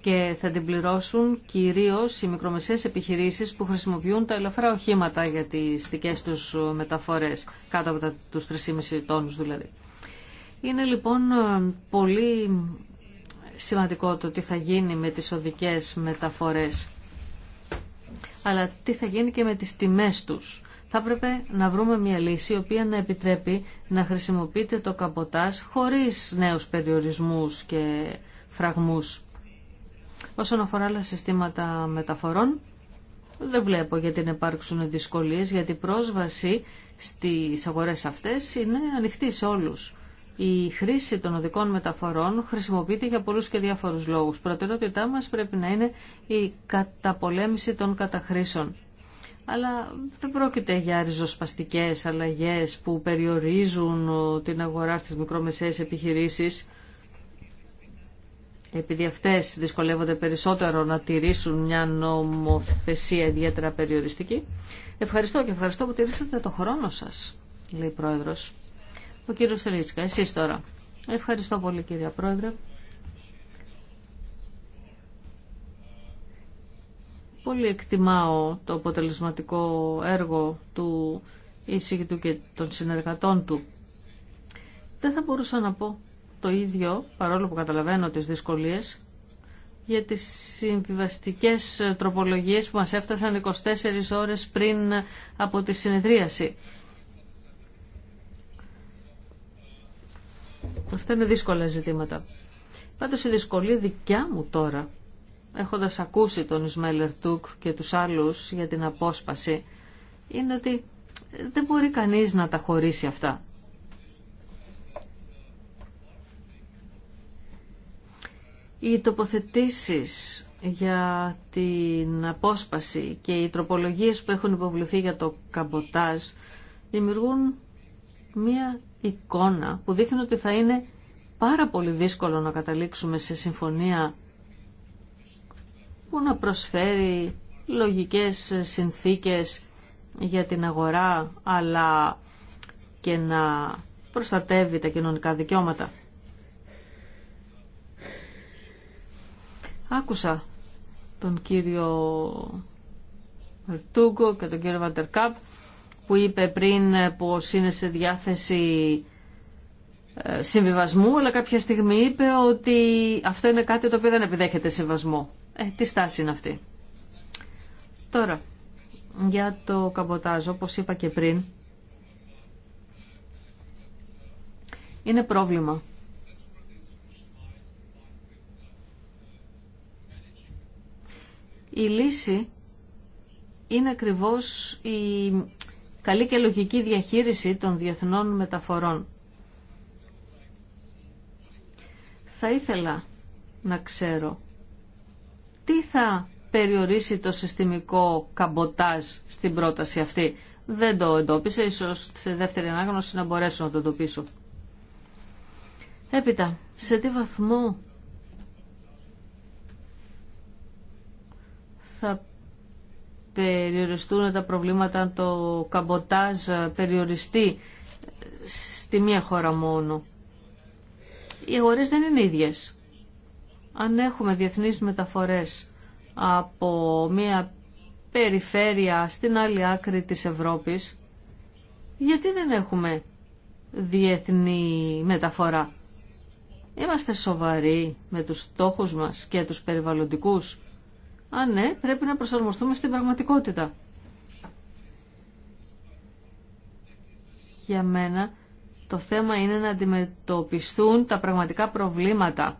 και θα την πληρώσουν κυρίως οι μικρομεσαίες επιχειρήσεις που χρησιμοποιούν τα ελαφρά οχήματα για τις δικές τους μεταφορές, κάτω από τα, τους 3,5 τόνους δηλαδή. Είναι λοιπόν ε, πολύ σημαντικό το τι θα γίνει με τις οδικές μεταφορές, αλλά τι θα γίνει και με τις τιμές τους θα έπρεπε να βρούμε μια λύση η οποία να επιτρέπει να χρησιμοποιείται το καμποτάζ χωρίς νέους περιορισμούς και φραγμούς. Όσον αφορά άλλα συστήματα μεταφορών, δεν βλέπω γιατί να υπάρξουν δυσκολίες, γιατί η πρόσβαση στις αγορές αυτές είναι ανοιχτή σε όλους. Η χρήση των οδικών μεταφορών χρησιμοποιείται για πολλούς και διάφορους λόγους. Προτεραιότητά μας πρέπει να είναι η καταπολέμηση των καταχρήσεων αλλά δεν πρόκειται για ριζοσπαστικές αλλαγές που περιορίζουν ε, την αγορά στις μικρομεσαίες επιχειρήσεις επειδή αυτές δυσκολεύονται περισσότερο να τηρήσουν μια νομοθεσία ιδιαίτερα περιοριστική. Ευχαριστώ και ευχαριστώ που τηρήσατε το χρόνο σας, λέει η Πρόεδρος. Ο κύριος Τελίτσκα, εσείς τώρα. Ευχαριστώ πολύ κύριε Πρόεδρε. Πολύ εκτιμάω το αποτελεσματικό έργο του εισηγητού και των συνεργατών του. Δεν θα μπορούσα να πω το ίδιο, παρόλο που καταλαβαίνω τις δυσκολίες, για τις συμβιβαστικές τροπολογίες που μας έφτασαν 24 ώρες πριν από τη συνεδρίαση. Αυτά είναι δύσκολα ζητήματα. Πάντως η δυσκολία δικιά μου τώρα έχοντας ακούσει τον Ισμέλερ Τούκ και τους άλλους για την απόσπαση, είναι ότι δεν μπορεί κανείς να τα χωρίσει αυτά. Οι τοποθετήσεις για την απόσπαση και οι τροπολογίες που έχουν υποβληθεί για το καμποτάζ δημιουργούν μία εικόνα που δείχνει ότι θα είναι πάρα πολύ δύσκολο να καταλήξουμε σε συμφωνία που να προσφέρει λογικές συνθήκες για την αγορά αλλά και να προστατεύει τα κοινωνικά δικαιώματα. Άκουσα τον κύριο Ερτούγκο και τον κύριο Βαντερκάπ που είπε πριν πως είναι σε διάθεση ε, συμβιβασμού αλλά κάποια στιγμή είπε ότι αυτό είναι κάτι το οποίο δεν επιδέχεται συμβασμό ε, τι στάση είναι αυτή. Τώρα, για το καμποτάζ, όπως είπα και πριν, είναι πρόβλημα. Η λύση είναι ακριβώς η καλή και λογική διαχείριση των διεθνών μεταφορών. Θα ήθελα να ξέρω τι θα περιορίσει το συστημικό καμποτάζ στην πρόταση αυτή. Δεν το εντόπισε, ίσως σε δεύτερη ανάγνωση να μπορέσω να το εντοπίσω. Έπειτα, σε τι βαθμό θα περιοριστούν τα προβλήματα αν το καμποτάζ περιοριστεί στη μία χώρα μόνο. Οι αγορές δεν είναι ίδιες αν έχουμε διεθνείς μεταφορές από μια περιφέρεια στην άλλη άκρη της Ευρώπης, γιατί δεν έχουμε διεθνή μεταφορά. Είμαστε σοβαροί με τους στόχους μας και τους περιβαλλοντικούς. Αν ναι, πρέπει να προσαρμοστούμε στην πραγματικότητα. Για μένα το θέμα είναι να αντιμετωπιστούν τα πραγματικά προβλήματα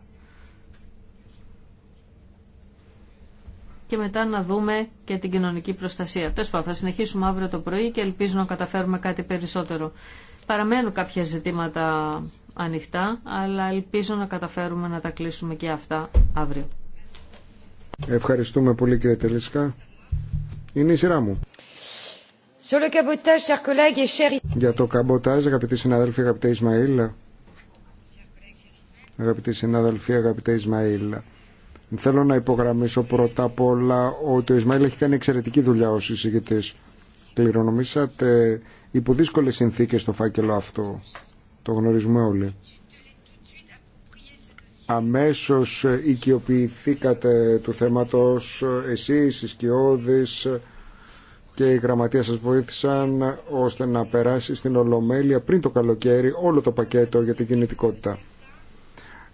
και μετά να δούμε και την κοινωνική προστασία. Τέλο πάντων, θα συνεχίσουμε αύριο το πρωί και ελπίζω να καταφέρουμε κάτι περισσότερο. Παραμένουν κάποια ζητήματα ανοιχτά, αλλά ελπίζω να καταφέρουμε να τα κλείσουμε και αυτά αύριο. Ευχαριστούμε πολύ κύριε Τελίσκα. Είναι η σειρά μου. Για το καμποτάζ, αγαπητοί συνάδελφοι, αγαπητέ Ισμαήλ. Αγαπητοί συνάδελφοι, αγαπητέ Ισμαήλ. Θέλω να υπογραμμίσω πρώτα απ' όλα ότι ο Ισμαήλ έχει κάνει εξαιρετική δουλειά ως εισηγητής. Κληρονομήσατε υπό δύσκολες συνθήκες το φάκελο αυτό. Το γνωρίζουμε όλοι. Αμέσως οικειοποιηθήκατε του θέματος εσείς, οι σκιώδεις και η γραμματεία σας βοήθησαν ώστε να περάσει στην Ολομέλεια πριν το καλοκαίρι όλο το πακέτο για την κινητικότητα.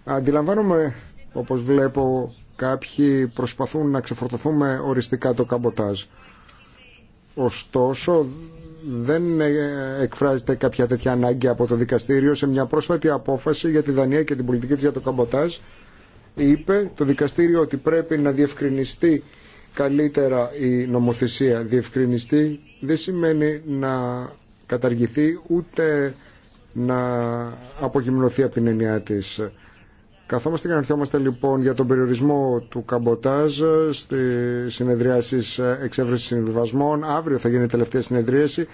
Αντιλαμβάνομαι, όπως βλέπω, Κάποιοι προσπαθούν να ξεφορτωθούμε οριστικά το καμποτάζ. Ωστόσο, δεν εκφράζεται κάποια τέτοια ανάγκη από το δικαστήριο. Σε μια πρόσφατη απόφαση για τη Δανία και την πολιτική της για το καμποτάζ, είπε το δικαστήριο ότι πρέπει να διευκρινιστεί καλύτερα η νομοθεσία. Διευκρινιστεί δεν σημαίνει να καταργηθεί ούτε να απογυμνωθεί από την έννοια της. Καθόμαστε και αναρχιόμαστε λοιπόν για τον περιορισμό του καμποτάζ ε, στι συνεδριάσει ε, εξέβρεση συμβιβασμών. Αύριο θα γίνει η τελευταία συνεδρίαση.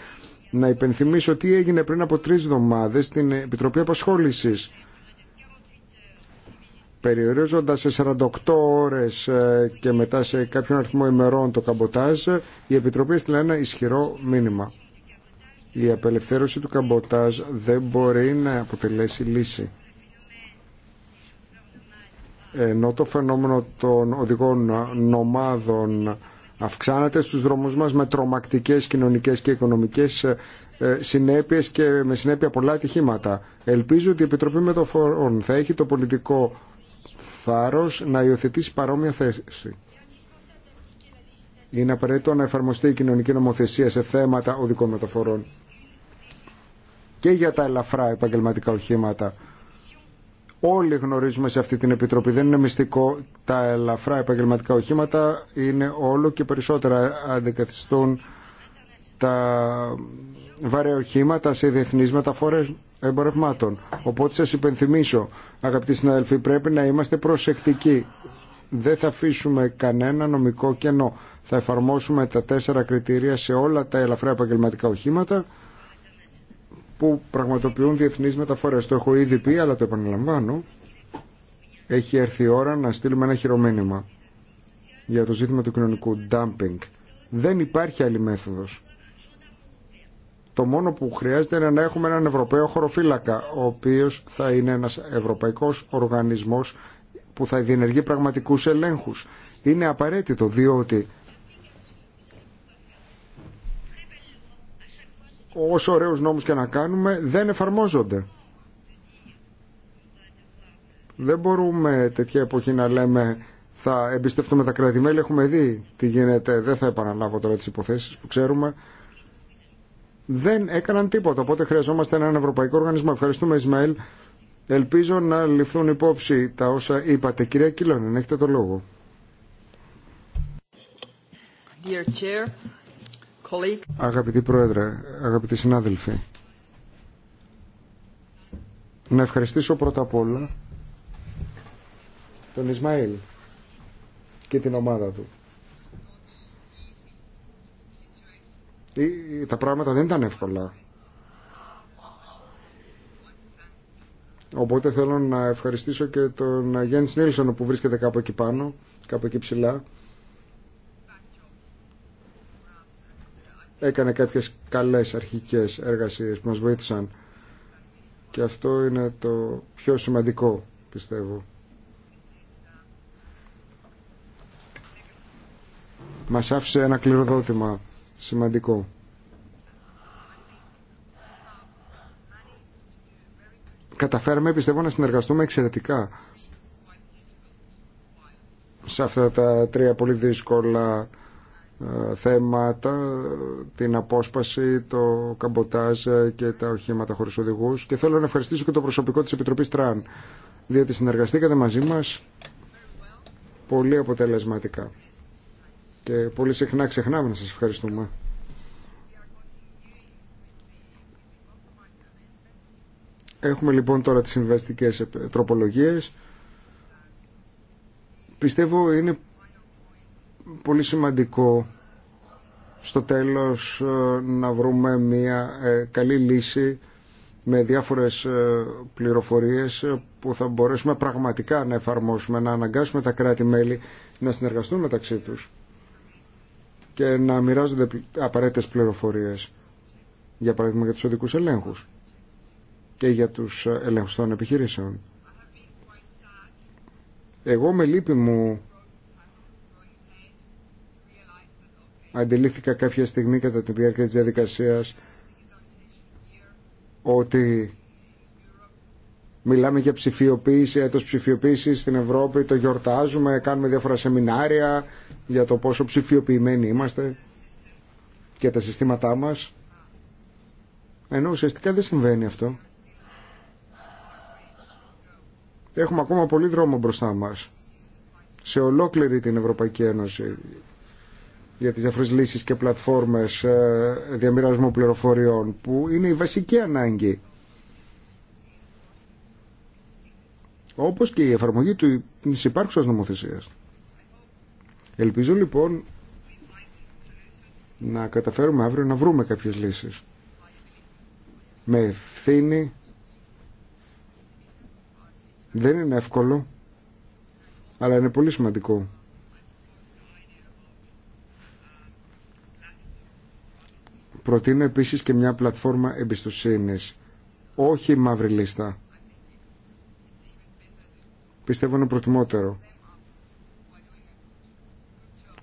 Να υπενθυμίσω τι έγινε πριν από τρει εβδομάδε στην Επιτροπή Απασχόληση. Περιορίζοντα σε 48 ώρε ε, και μετά σε κάποιον αριθμό ημερών το καμποτάζ, η Επιτροπή έστειλε ένα ισχυρό μήνυμα. Η απελευθέρωση του καμποτάζ δεν μπορεί να αποτελέσει λύση ενώ το φαινόμενο των οδηγών νομάδων αυξάνεται στους δρόμους μας με τρομακτικές κοινωνικές και οικονομικές ε, συνέπειες και με συνέπεια πολλά ατυχήματα. Ελπίζω ότι η Επιτροπή Μεταφορών θα έχει το πολιτικό θάρρος να υιοθετήσει παρόμοια θέση. Είναι απαραίτητο να εφαρμοστεί η κοινωνική νομοθεσία σε θέματα οδικών μεταφορών και για τα ελαφρά επαγγελματικά οχήματα Όλοι γνωρίζουμε σε αυτή την Επιτροπή, δεν είναι μυστικό, τα ελαφρά επαγγελματικά οχήματα είναι όλο και περισσότερα αντικαθιστούν τα βαρέα οχήματα σε διεθνεί μεταφορε εμπορευμάτων. Οπότε σα υπενθυμίσω, αγαπητοί συναδελφοί, πρέπει να είμαστε προσεκτικοί. Δεν θα αφήσουμε κανένα νομικό κενό. Θα εφαρμόσουμε τα τέσσερα κριτήρια σε όλα τα ελαφρά επαγγελματικά οχήματα που πραγματοποιούν διεθνείς μεταφορές. Το έχω ήδη πει, αλλά το επαναλαμβάνω. Έχει έρθει η ώρα να στείλουμε ένα χειρομήνυμα για το ζήτημα του κοινωνικού dumping. Δεν υπάρχει άλλη μέθοδος. Το μόνο που χρειάζεται είναι να έχουμε έναν Ευρωπαίο χωροφύλακα, ο οποίος θα είναι ένας ευρωπαϊκός οργανισμός που θα διενεργεί πραγματικούς ελέγχους. Είναι απαραίτητο, διότι όσο ωραίους νόμου και να κάνουμε δεν εφαρμόζονται. Δεν μπορούμε τέτοια εποχή να λέμε θα εμπιστευτούμε τα κρατη Έχουμε δει τι γίνεται. Δεν θα επαναλάβω τώρα τι υποθέσει που ξέρουμε. Δεν έκαναν τίποτα. Οπότε χρειαζόμαστε έναν ευρωπαϊκό οργανισμό. Ευχαριστούμε Ισμαήλ. Ελπίζω να ληφθούν υπόψη τα όσα είπατε. Κυρία Κιλόνιν, έχετε το λόγο. Dear Chair, Αγαπητοί Πρόεδρε, αγαπητοί συνάδελφοι, να ευχαριστήσω πρώτα απ' όλα τον Ισμαήλ και την ομάδα του. Ε, τα πράγματα δεν ήταν εύκολα. Οπότε θέλω να ευχαριστήσω και τον Γιάννη Νίλσον που βρίσκεται κάπου εκεί πάνω, κάπου εκεί ψηλά, έκανε κάποιες καλές αρχικές εργασίες που μας βοήθησαν και αυτό είναι το πιο σημαντικό πιστεύω. Μας άφησε ένα κληροδότημα σημαντικό. Καταφέραμε, πιστεύω, να συνεργαστούμε εξαιρετικά σε αυτά τα τρία πολύ δύσκολα ε, θέματα, την απόσπαση, το καμποτάζ ε, και τα οχήματα χωρίς οδηγούς και θέλω να ευχαριστήσω και το προσωπικό της Επιτροπής Τραν διότι συνεργαστήκατε μαζί μας πολύ αποτελεσματικά και πολύ συχνά ξεχνάμε να σας ευχαριστούμε. Έχουμε λοιπόν τώρα τις συμβαστικές τροπολογίες. Πιστεύω είναι πολύ σημαντικό στο τέλος ε, να βρούμε μια ε, καλή λύση με διάφορες ε, πληροφορίες που θα μπορέσουμε πραγματικά να εφαρμόσουμε, να αναγκάσουμε τα κράτη-μέλη να συνεργαστούν μεταξύ τους και να μοιράζονται απαραίτητες πληροφορίες, για παράδειγμα για τους οδικούς ελέγχους και για τους ελέγχους των επιχειρήσεων. Εγώ με λύπη μου αντιλήφθηκα κάποια στιγμή κατά τη διάρκεια της διαδικασίας ότι μιλάμε για ψηφιοποίηση, έτος ψηφιοποίηση στην Ευρώπη, το γιορτάζουμε, κάνουμε διάφορα σεμινάρια για το πόσο ψηφιοποιημένοι είμαστε και τα συστήματά μας. Ενώ ουσιαστικά δεν συμβαίνει αυτό. Έχουμε ακόμα πολύ δρόμο μπροστά μας σε ολόκληρη την Ευρωπαϊκή Ένωση για τις διάφορες λύσεις και πλατφόρμες ε, διαμοιρασμού πληροφοριών που είναι η βασική ανάγκη όπως και η εφαρμογή του υπάρχουσας νομοθεσίας. Ελπίζω λοιπόν να καταφέρουμε αύριο να βρούμε κάποιες λύσεις με ευθύνη δεν είναι εύκολο αλλά είναι πολύ σημαντικό Προτείνω επίσης και μια πλατφόρμα εμπιστοσύνης, όχι μαύρη λίστα. Πιστεύω είναι προτιμότερο.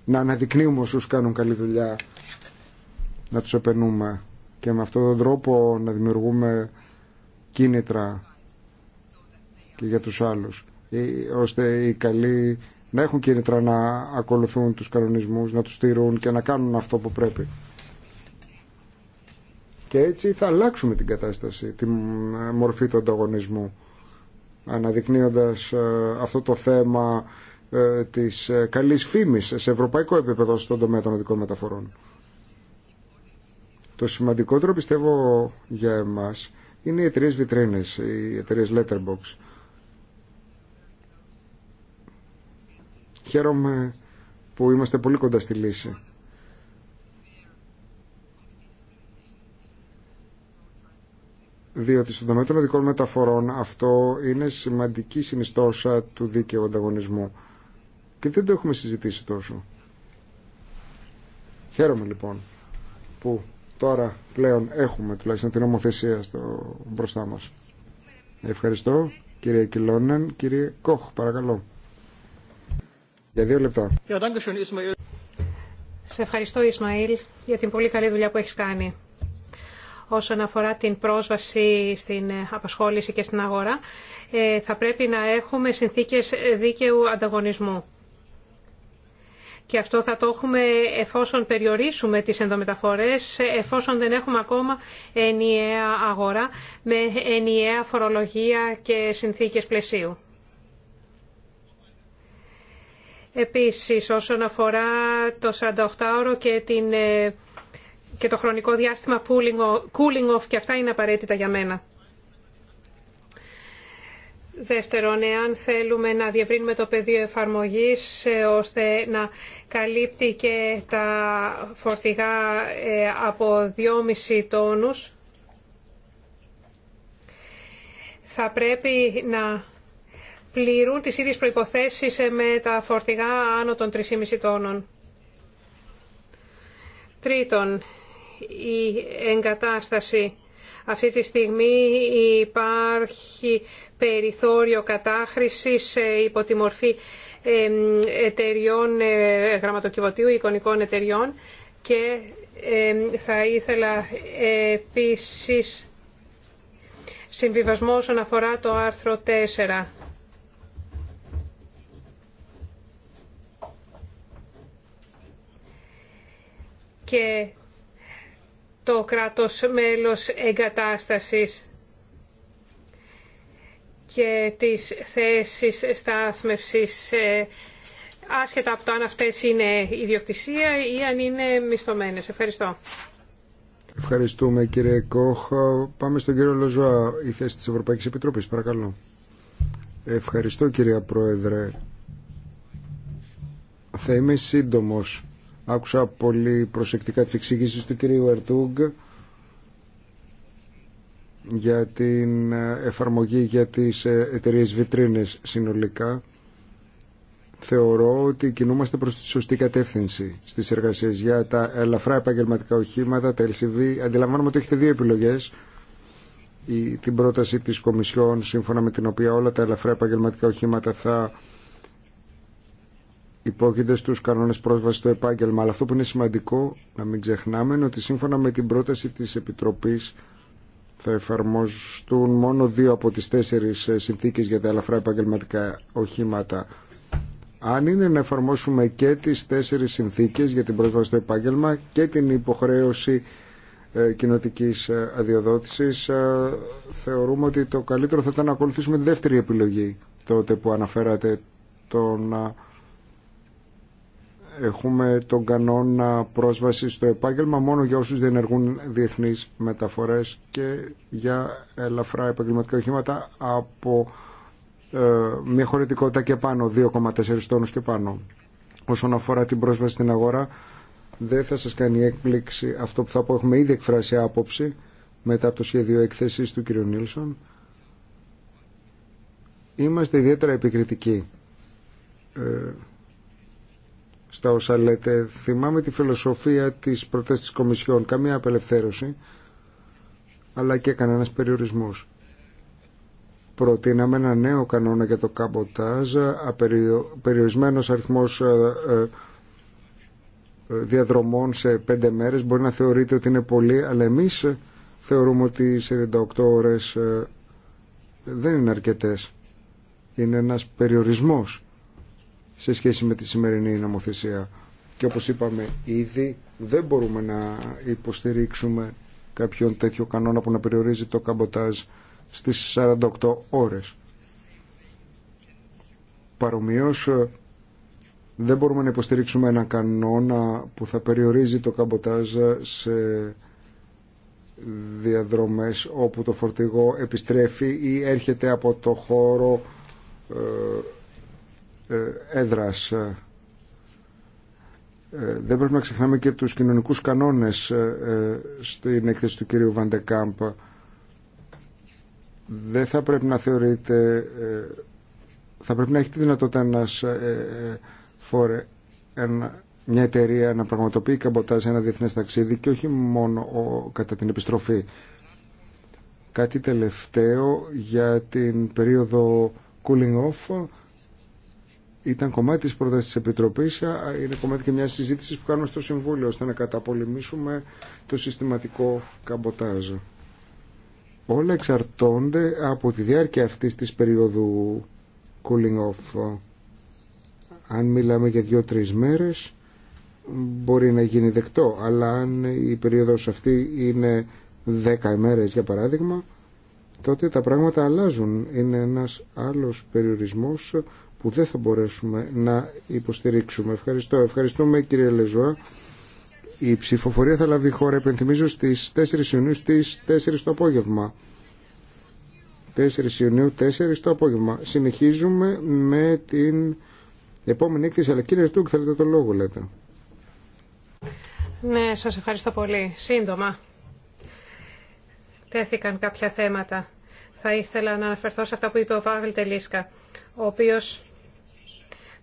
Να αναδεικνύουμε όσους κάνουν καλή δουλειά, να τους επενούμε και με αυτόν τον τρόπο να δημιουργούμε κίνητρα και για τους άλλους ώστε οι καλοί να έχουν κίνητρα να ακολουθούν τους κανονισμούς, να τους στηρούν και να κάνουν αυτό που πρέπει. Και έτσι θα αλλάξουμε την κατάσταση, τη ε, μορφή του ανταγωνισμού, αναδεικνύοντας ε, αυτό το θέμα ε, της καλής φήμης σε ευρωπαϊκό επίπεδο στον τομέα των οδικών μεταφορών. Το σημαντικότερο πιστεύω για εμάς είναι οι εταιρείε βιτρίνες, οι εταιρείε letterbox. Χαίρομαι που είμαστε πολύ κοντά στη λύση. διότι στον τομέα των οδικών μεταφορών αυτό είναι σημαντική συνιστόσα του δίκαιου ανταγωνισμού και δεν το έχουμε συζητήσει τόσο. Χαίρομαι λοιπόν που τώρα πλέον έχουμε τουλάχιστον την νομοθεσία στο μπροστά μας. Ευχαριστώ κύριε Κιλόνεν, κύριε Κόχ παρακαλώ. Για δύο λεπτά. Σε ευχαριστώ Ισμαήλ για την πολύ καλή δουλειά που έχεις κάνει όσον αφορά την πρόσβαση στην ε, απασχόληση και στην αγορά, ε, θα πρέπει να έχουμε συνθήκες δίκαιου ανταγωνισμού. Και αυτό θα το έχουμε εφόσον περιορίσουμε τις ενδομεταφορές, εφόσον δεν έχουμε ακόμα ενιαία αγορά με ενιαία φορολογία και συνθήκες πλαισίου. Επίσης, όσον αφορά το 48ωρο και την ε, και το χρονικό διάστημα cooling off και αυτά είναι απαραίτητα για μένα. Δεύτερον, εάν θέλουμε να διευρύνουμε το πεδίο εφαρμογής ε, ώστε να καλύπτει και τα φορτηγά ε, από 2,5 τόνους, θα πρέπει να πληρούν τις ίδιες προϋποθέσεις ε, με τα φορτηγά άνω των 3,5 τόνων. Τρίτον, η εγκατάσταση. Αυτή τη στιγμή υπάρχει περιθώριο κατάχρησης ε, υπό τη μορφή εταιριών ε, γραμματοκιβωτίου, εικονικών εταιριών και θα ήθελα επίσης συμβιβασμό όσον αφορά το άρθρο 4. Και το κράτος μέλος εγκατάστασης και τις θέσεις στάθμευσης ε, άσχετα από το αν αυτές είναι ιδιοκτησία ή αν είναι μισθωμένες. Ευχαριστώ. Ευχαριστούμε κύριε Κόχ. Πάμε στον κύριο Λοζουά, η θέση της Ευρωπαϊκής Επιτροπής. Παρακαλώ. Ευχαριστώ κύριε Πρόεδρε. Θα είμαι σύντομος. Άκουσα πολύ προσεκτικά τις εξηγήσεις του κυρίου Ερτούγκ για την εφαρμογή για τις ε, εταιρείες βιτρίνες συνολικά. Θεωρώ ότι κινούμαστε προς τη σωστή κατεύθυνση στις εργασίες για τα ελαφρά επαγγελματικά οχήματα, τα LCV. Αντιλαμβάνομαι ότι έχετε δύο επιλογές. Η, την πρόταση της Κομισιόν, σύμφωνα με την οποία όλα τα ελαφρά επαγγελματικά οχήματα θα υπόκειται στους κανόνες πρόσβασης στο επάγγελμα. Αλλά αυτό που είναι σημαντικό να μην ξεχνάμε είναι ότι σύμφωνα με την πρόταση της Επιτροπής θα εφαρμοστούν μόνο δύο από τις τέσσερις ε, συνθήκες για τα ελαφρά επαγγελματικά οχήματα. Αν είναι να εφαρμόσουμε και τις τέσσερις συνθήκες για την πρόσβαση στο επάγγελμα και την υποχρέωση ε, κοινοτικής ε, αδειοδότησης θεωρούμε ότι το καλύτερο θα ήταν να ακολουθήσουμε τη δεύτερη επιλογή τότε που αναφέρατε τον Έχουμε τον κανόνα πρόσβαση στο επάγγελμα μόνο για όσους διενεργούν διεθνείς μεταφορές και για ελαφρά επαγγελματικά οχήματα από ε, μια χωρητικότητα και πάνω, 2,4 τόνους και πάνω. Όσον αφορά την πρόσβαση στην αγορά, δεν θα σας κάνει έκπληξη αυτό που θα πω. Έχουμε ήδη εκφράσει άποψη μετά από το σχέδιο εκθέσης του κ. Νίλσον. Είμαστε ιδιαίτερα επικριτικοί. Ε, στα όσα λέτε. Θυμάμαι τη φιλοσοφία της προτέσης της Κομισιόν. Καμία απελευθέρωση, αλλά και κανένας περιορισμός. Προτείναμε ένα νέο κανόνα για το καμποτάζ, περιορισμένος αριθμός ε, ε, ε, διαδρομών σε πέντε μέρες. Μπορεί να θεωρείτε ότι είναι πολύ, αλλά εμείς θεωρούμε ότι 48 ώρες δεν είναι αρκετές. Είναι ένας περιορισμός σε σχέση με τη σημερινή νομοθεσία. Και όπως είπαμε ήδη, δεν μπορούμε να υποστηρίξουμε κάποιον τέτοιο κανόνα που να περιορίζει το καμποτάζ στις 48 ώρες. Παρομοίως, δεν μπορούμε να υποστηρίξουμε ένα κανόνα που θα περιορίζει το καμποτάζ σε διαδρομές όπου το φορτηγό επιστρέφει ή έρχεται από το χώρο ε, ε, έδρας. Ε, ε, δεν πρέπει να ξεχνάμε και τους κοινωνικούς κανόνες στην έκθεση του κύριου Βαντεκάμπ. Δεν θα πρέπει να θεωρείτε... Θα πρέπει να έχει τη δυνατότητα ένας φορε, μια εταιρεία να πραγματοποιεί καμποτάζ ένα διεθνές ταξίδι και όχι μόνο ο, κατά την επιστροφή. Κάτι τελευταίο για την περίοδο cooling off ήταν κομμάτι της πρότασης της Επιτροπής, είναι κομμάτι και μια συζήτηση που κάνουμε στο Συμβούλιο, ώστε να καταπολεμήσουμε το συστηματικό καμποτάζ. Όλα εξαρτώνται από τη διάρκεια αυτής της περίοδου cooling off. Αν μιλάμε για δύο-τρεις μέρες, μπορεί να γίνει δεκτό, αλλά αν η περίοδος αυτή είναι δέκα ημέρες για παράδειγμα, τότε τα πράγματα αλλάζουν. Είναι ένας άλλος περιορισμός που δεν θα μπορέσουμε να υποστηρίξουμε. Ευχαριστώ. Ευχαριστούμε κύριε Λεζοά. Η ψηφοφορία θα λάβει χώρα, επενθυμίζω, στις 4 Ιουνίου στις 4 το απόγευμα. 4 Ιουνίου, 4 το απόγευμα. Συνεχίζουμε με την επόμενη έκθεση. Αλλά κύριε Στούκ, θέλετε το λόγο, λέτε. Ναι, σας ευχαριστώ πολύ. Σύντομα. Τέθηκαν κάποια θέματα. Θα ήθελα να αναφερθώ σε αυτά που είπε ο Βάβελ Τελίσκα, ο οποίος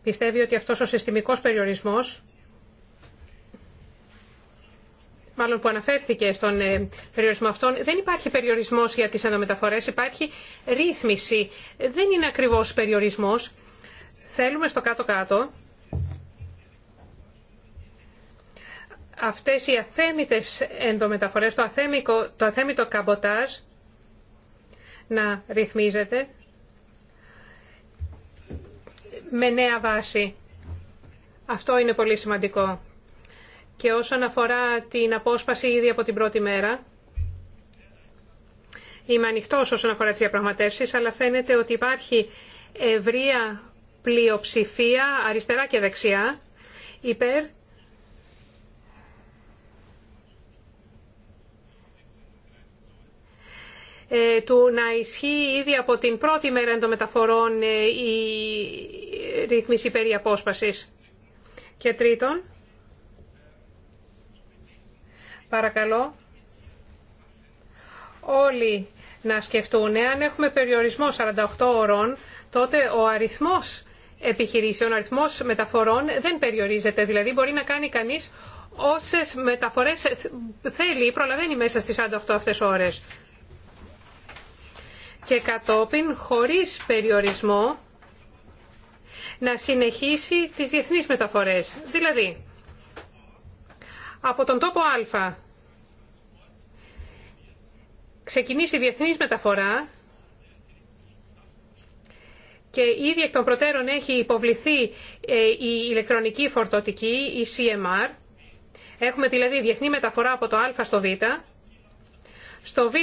πιστεύει ότι αυτός ο συστημικός περιορισμός μάλλον που αναφέρθηκε στον ε, περιορισμό αυτόν, δεν υπάρχει περιορισμός για τις αναμεταφορές, υπάρχει ρύθμιση. Δεν είναι ακριβώς περιορισμός. Θέλουμε στο κάτω-κάτω αυτές οι αθέμητες ενδομεταφορές, το, αθέμικο, το αθέμητο καμποτάζ να ρυθμίζεται με νέα βάση. Αυτό είναι πολύ σημαντικό. Και όσον αφορά την απόσπαση ήδη από την πρώτη μέρα, είμαι ανοιχτό όσον αφορά τι διαπραγματεύσει, αλλά φαίνεται ότι υπάρχει ευρεία πλειοψηφία αριστερά και δεξιά υπέρ Ε, του να ισχύει ήδη από την πρώτη μέρα εντομεταφορών ε, η ρύθμιση περί απόσπασης. Και τρίτον, παρακαλώ, όλοι να σκεφτούν, αν έχουμε περιορισμό 48 ώρων, τότε ο αριθμός επιχειρήσεων, ο αριθμός μεταφορών δεν περιορίζεται. Δηλαδή μπορεί να κάνει κανείς όσες μεταφορές θέλει ή προλαβαίνει μέσα στις 48 αυτές ώρες και κατόπιν χωρίς περιορισμό να συνεχίσει τις διεθνείς μεταφορές. Δηλαδή, από τον τόπο Α ξεκινήσει η διεθνής μεταφορά και ήδη εκ των προτέρων έχει υποβληθεί ε, η ηλεκτρονική φορτωτική, η CMR. Έχουμε δηλαδή διεθνή μεταφορά από το Α στο Β. Στο Β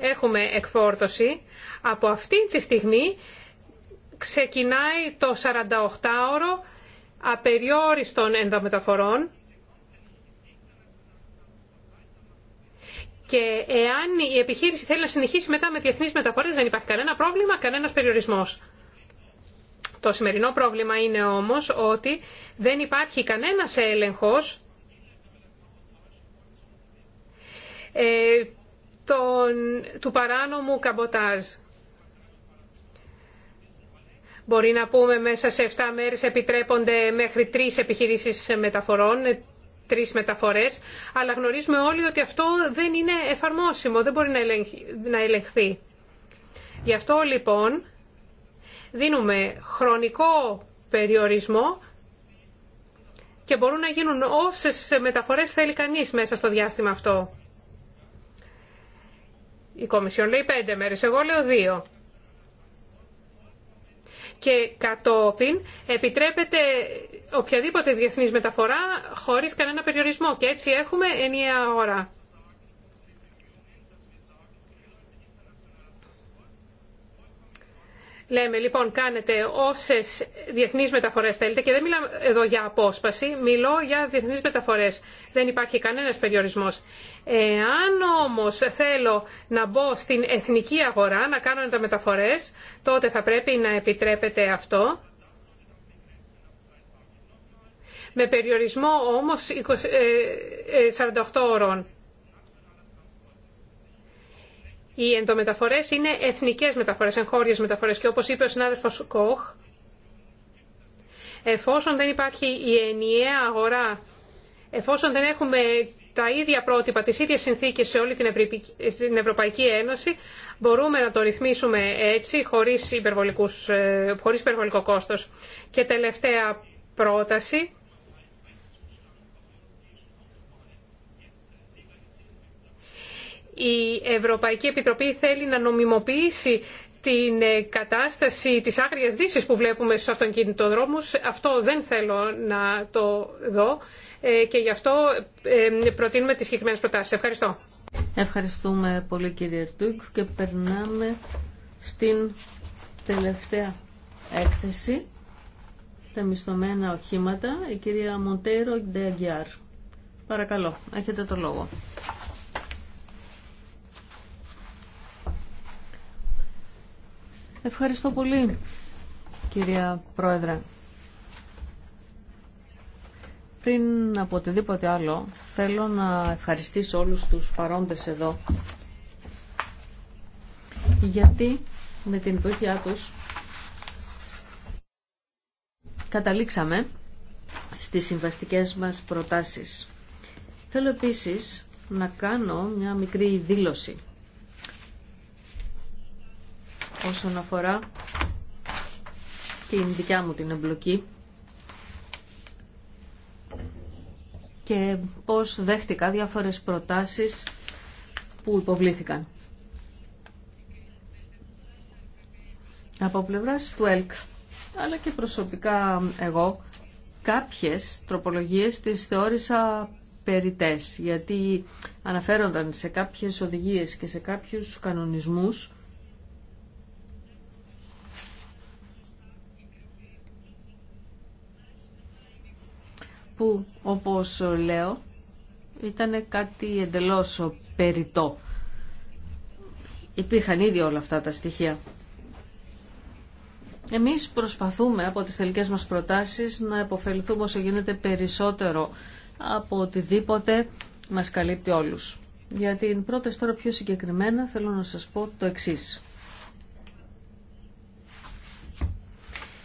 έχουμε εκφόρτωση από αυτή τη στιγμή ξεκινάει το 48ωρο απεριόριστων ενδομεταφορών και εάν η επιχείρηση θέλει να συνεχίσει μετά με διεθνείς μεταφορές δεν υπάρχει κανένα πρόβλημα, κανένας περιορισμός. Το σημερινό πρόβλημα είναι όμως ότι δεν υπάρχει κανένας έλεγχος ε, τον, του παράνομου καμποτάζ. Μπορεί να πούμε μέσα σε 7 μέρες επιτρέπονται μέχρι 3 επιχειρήσεις μεταφορών, τρεις μεταφορές, αλλά γνωρίζουμε όλοι ότι αυτό δεν είναι εφαρμόσιμο, δεν μπορεί να ελεγχθεί. Γι' αυτό λοιπόν δίνουμε χρονικό περιορισμό και μπορούν να γίνουν όσες μεταφορές θέλει κανείς μέσα στο διάστημα αυτό. Η Κομισιόν λέει πέντε μέρες, εγώ λέω δύο και κατόπιν επιτρέπεται οποιαδήποτε διεθνής μεταφορά χωρίς κανένα περιορισμό και έτσι έχουμε ενιαία ώρα. Λέμε λοιπόν κάνετε όσε διεθνεί μεταφορέ θέλετε και δεν μιλάμε εδώ για απόσπαση, μιλώ για διεθνεί μεταφορέ. Δεν υπάρχει κανένα περιορισμό. Εάν όμω θέλω να μπω στην εθνική αγορά να κάνω τα μεταφορέ, τότε θα πρέπει να επιτρέπεται αυτό. Με περιορισμό όμως 48 ε, ε, ώρων. Οι εντομεταφορές είναι εθνικές μεταφορές, εγχώριε μεταφορές και όπως είπε ο συνάδελφο Κοχ, εφόσον δεν υπάρχει η ενιαία αγορά, εφόσον δεν έχουμε τα ίδια πρότυπα, τις ίδιες συνθήκες σε όλη την Ευρωπαϊκή Ένωση, μπορούμε να το ρυθμίσουμε έτσι, χωρίς, ε, χωρίς υπερβολικό κόστος. Και τελευταία πρόταση, η Ευρωπαϊκή Επιτροπή θέλει να νομιμοποιήσει την ε, κατάσταση της άγριας δύσης που βλέπουμε στους αυτοκινητοδρόμους. Αυτό δεν θέλω να το δω ε, και γι' αυτό ε, προτείνουμε τις συγκεκριμένε προτάσεις. Ευχαριστώ. Ευχαριστούμε πολύ κύριε Ερτούκ και περνάμε στην τελευταία έκθεση τα μισθωμένα οχήματα η κυρία Μοντέρο Ντεαγκιάρ. Παρακαλώ, έχετε το λόγο. Ευχαριστώ πολύ, κυρία Πρόεδρε. Πριν από οτιδήποτε άλλο, θέλω να ευχαριστήσω όλους τους παρόντες εδώ, γιατί με την βοήθειά τους καταλήξαμε στις συμβαστικές μας προτάσεις. Θέλω επίσης να κάνω μια μικρή δήλωση όσον αφορά την δικιά μου την εμπλοκή και πώς δέχτηκα διάφορες προτάσεις που υποβλήθηκαν. Από πλευράς του ΕΛΚ, αλλά και προσωπικά εγώ, κάποιες τροπολογίες τις θεώρησα περιτές, γιατί αναφέρονταν σε κάποιες οδηγίες και σε κάποιους κανονισμούς που όπως λέω ήταν κάτι εντελώς περιτό. Υπήρχαν ήδη όλα αυτά τα στοιχεία. Εμείς προσπαθούμε από τις τελικές μας προτάσεις να επωφεληθούμε όσο γίνεται περισσότερο από οτιδήποτε μας καλύπτει όλους. Για την πρόταση τώρα πιο συγκεκριμένα θέλω να σας πω το εξής.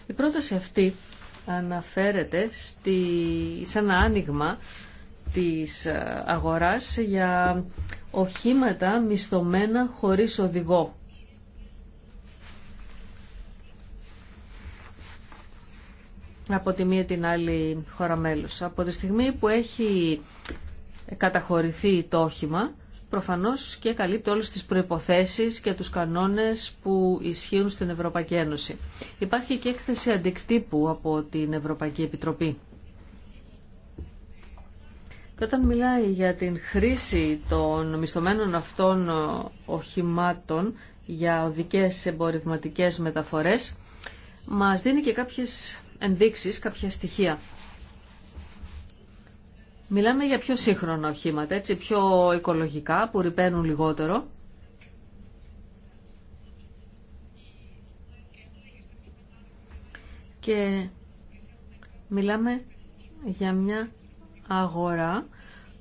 Η πρόταση αυτή αναφέρεται στη, σε ένα άνοιγμα της ε, αγοράς για οχήματα μισθωμένα χωρίς οδηγό. από τη μία την άλλη χώρα μέλος. Από τη στιγμή που έχει καταχωρηθεί το όχημα, προφανώς και καλύπτει όλες τις προϋποθέσεις και τους κανόνες που ισχύουν στην Ευρωπαϊκή Ένωση. Υπάρχει και έκθεση αντικτύπου από την Ευρωπαϊκή Επιτροπή. Και όταν μιλάει για την χρήση των μισθωμένων αυτών ε, οχημάτων για οδικές εμπορευματικέ μεταφορές, μας δίνει και κάποιες ενδείξεις, κάποια στοιχεία. Μιλάμε για πιο σύγχρονα οχήματα, έτσι, πιο οικολογικά, που ρηπαίνουν λιγότερο. Και μιλάμε για μια αγορά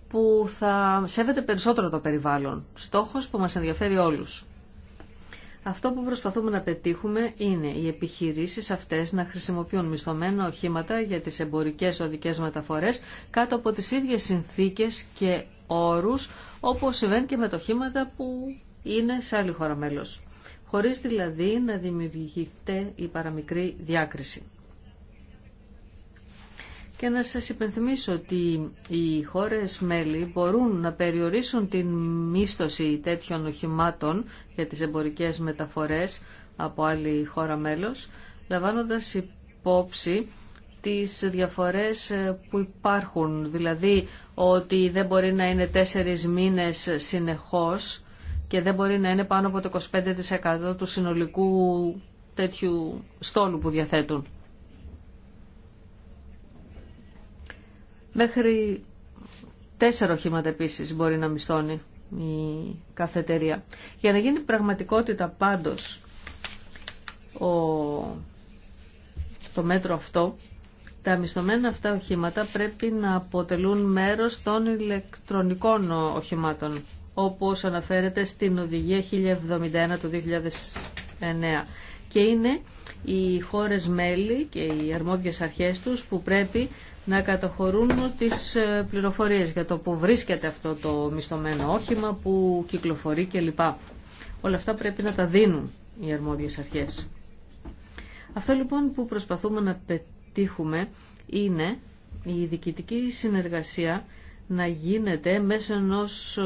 που θα σέβεται περισσότερο το περιβάλλον. Στόχος που μας ενδιαφέρει όλους. Αυτό που προσπαθούμε να πετύχουμε είναι οι επιχειρήσεις αυτές να χρησιμοποιούν μισθωμένα οχήματα για τις εμπορικές οδικές μεταφορές κάτω από τις ίδιες συνθήκες και όρους όπως συμβαίνει και με τα οχήματα που είναι σε άλλη χώρα μέλος. Χωρίς δηλαδή να δημιουργηθεί η παραμικρή διάκριση. Και να σας υπενθυμίσω ότι οι χώρες μέλη μπορούν να περιορίσουν την μίσθωση τέτοιων οχημάτων για τις εμπορικές μεταφορές από άλλη χώρα μέλος, λαμβάνοντας υπόψη τις διαφορές που υπάρχουν, δηλαδή ότι δεν μπορεί να είναι τέσσερις μήνες συνεχώς και δεν μπορεί να είναι πάνω από το 25% του συνολικού τέτοιου στόλου που διαθέτουν. Μέχρι τέσσερα οχήματα επίσης μπορεί να μισθώνει η καθετερία. Για να γίνει πραγματικότητα πάντως ο... το μέτρο αυτό, τα μισθωμένα αυτά οχήματα πρέπει να αποτελούν μέρος των ηλεκτρονικών οχημάτων, όπως αναφέρεται στην Οδηγία 1071 του 2009. Και είναι οι χώρες μέλη και οι αρμόδιες αρχές τους που πρέπει να καταχωρούν τις ε, πληροφορίες για το που βρίσκεται αυτό το μισθωμένο όχημα, που κυκλοφορεί κλπ. Όλα αυτά πρέπει να τα δίνουν οι αρμόδιες αρχές. Αυτό λοιπόν που προσπαθούμε να πετύχουμε είναι η διοικητική συνεργασία να γίνεται μέσω ενός ε,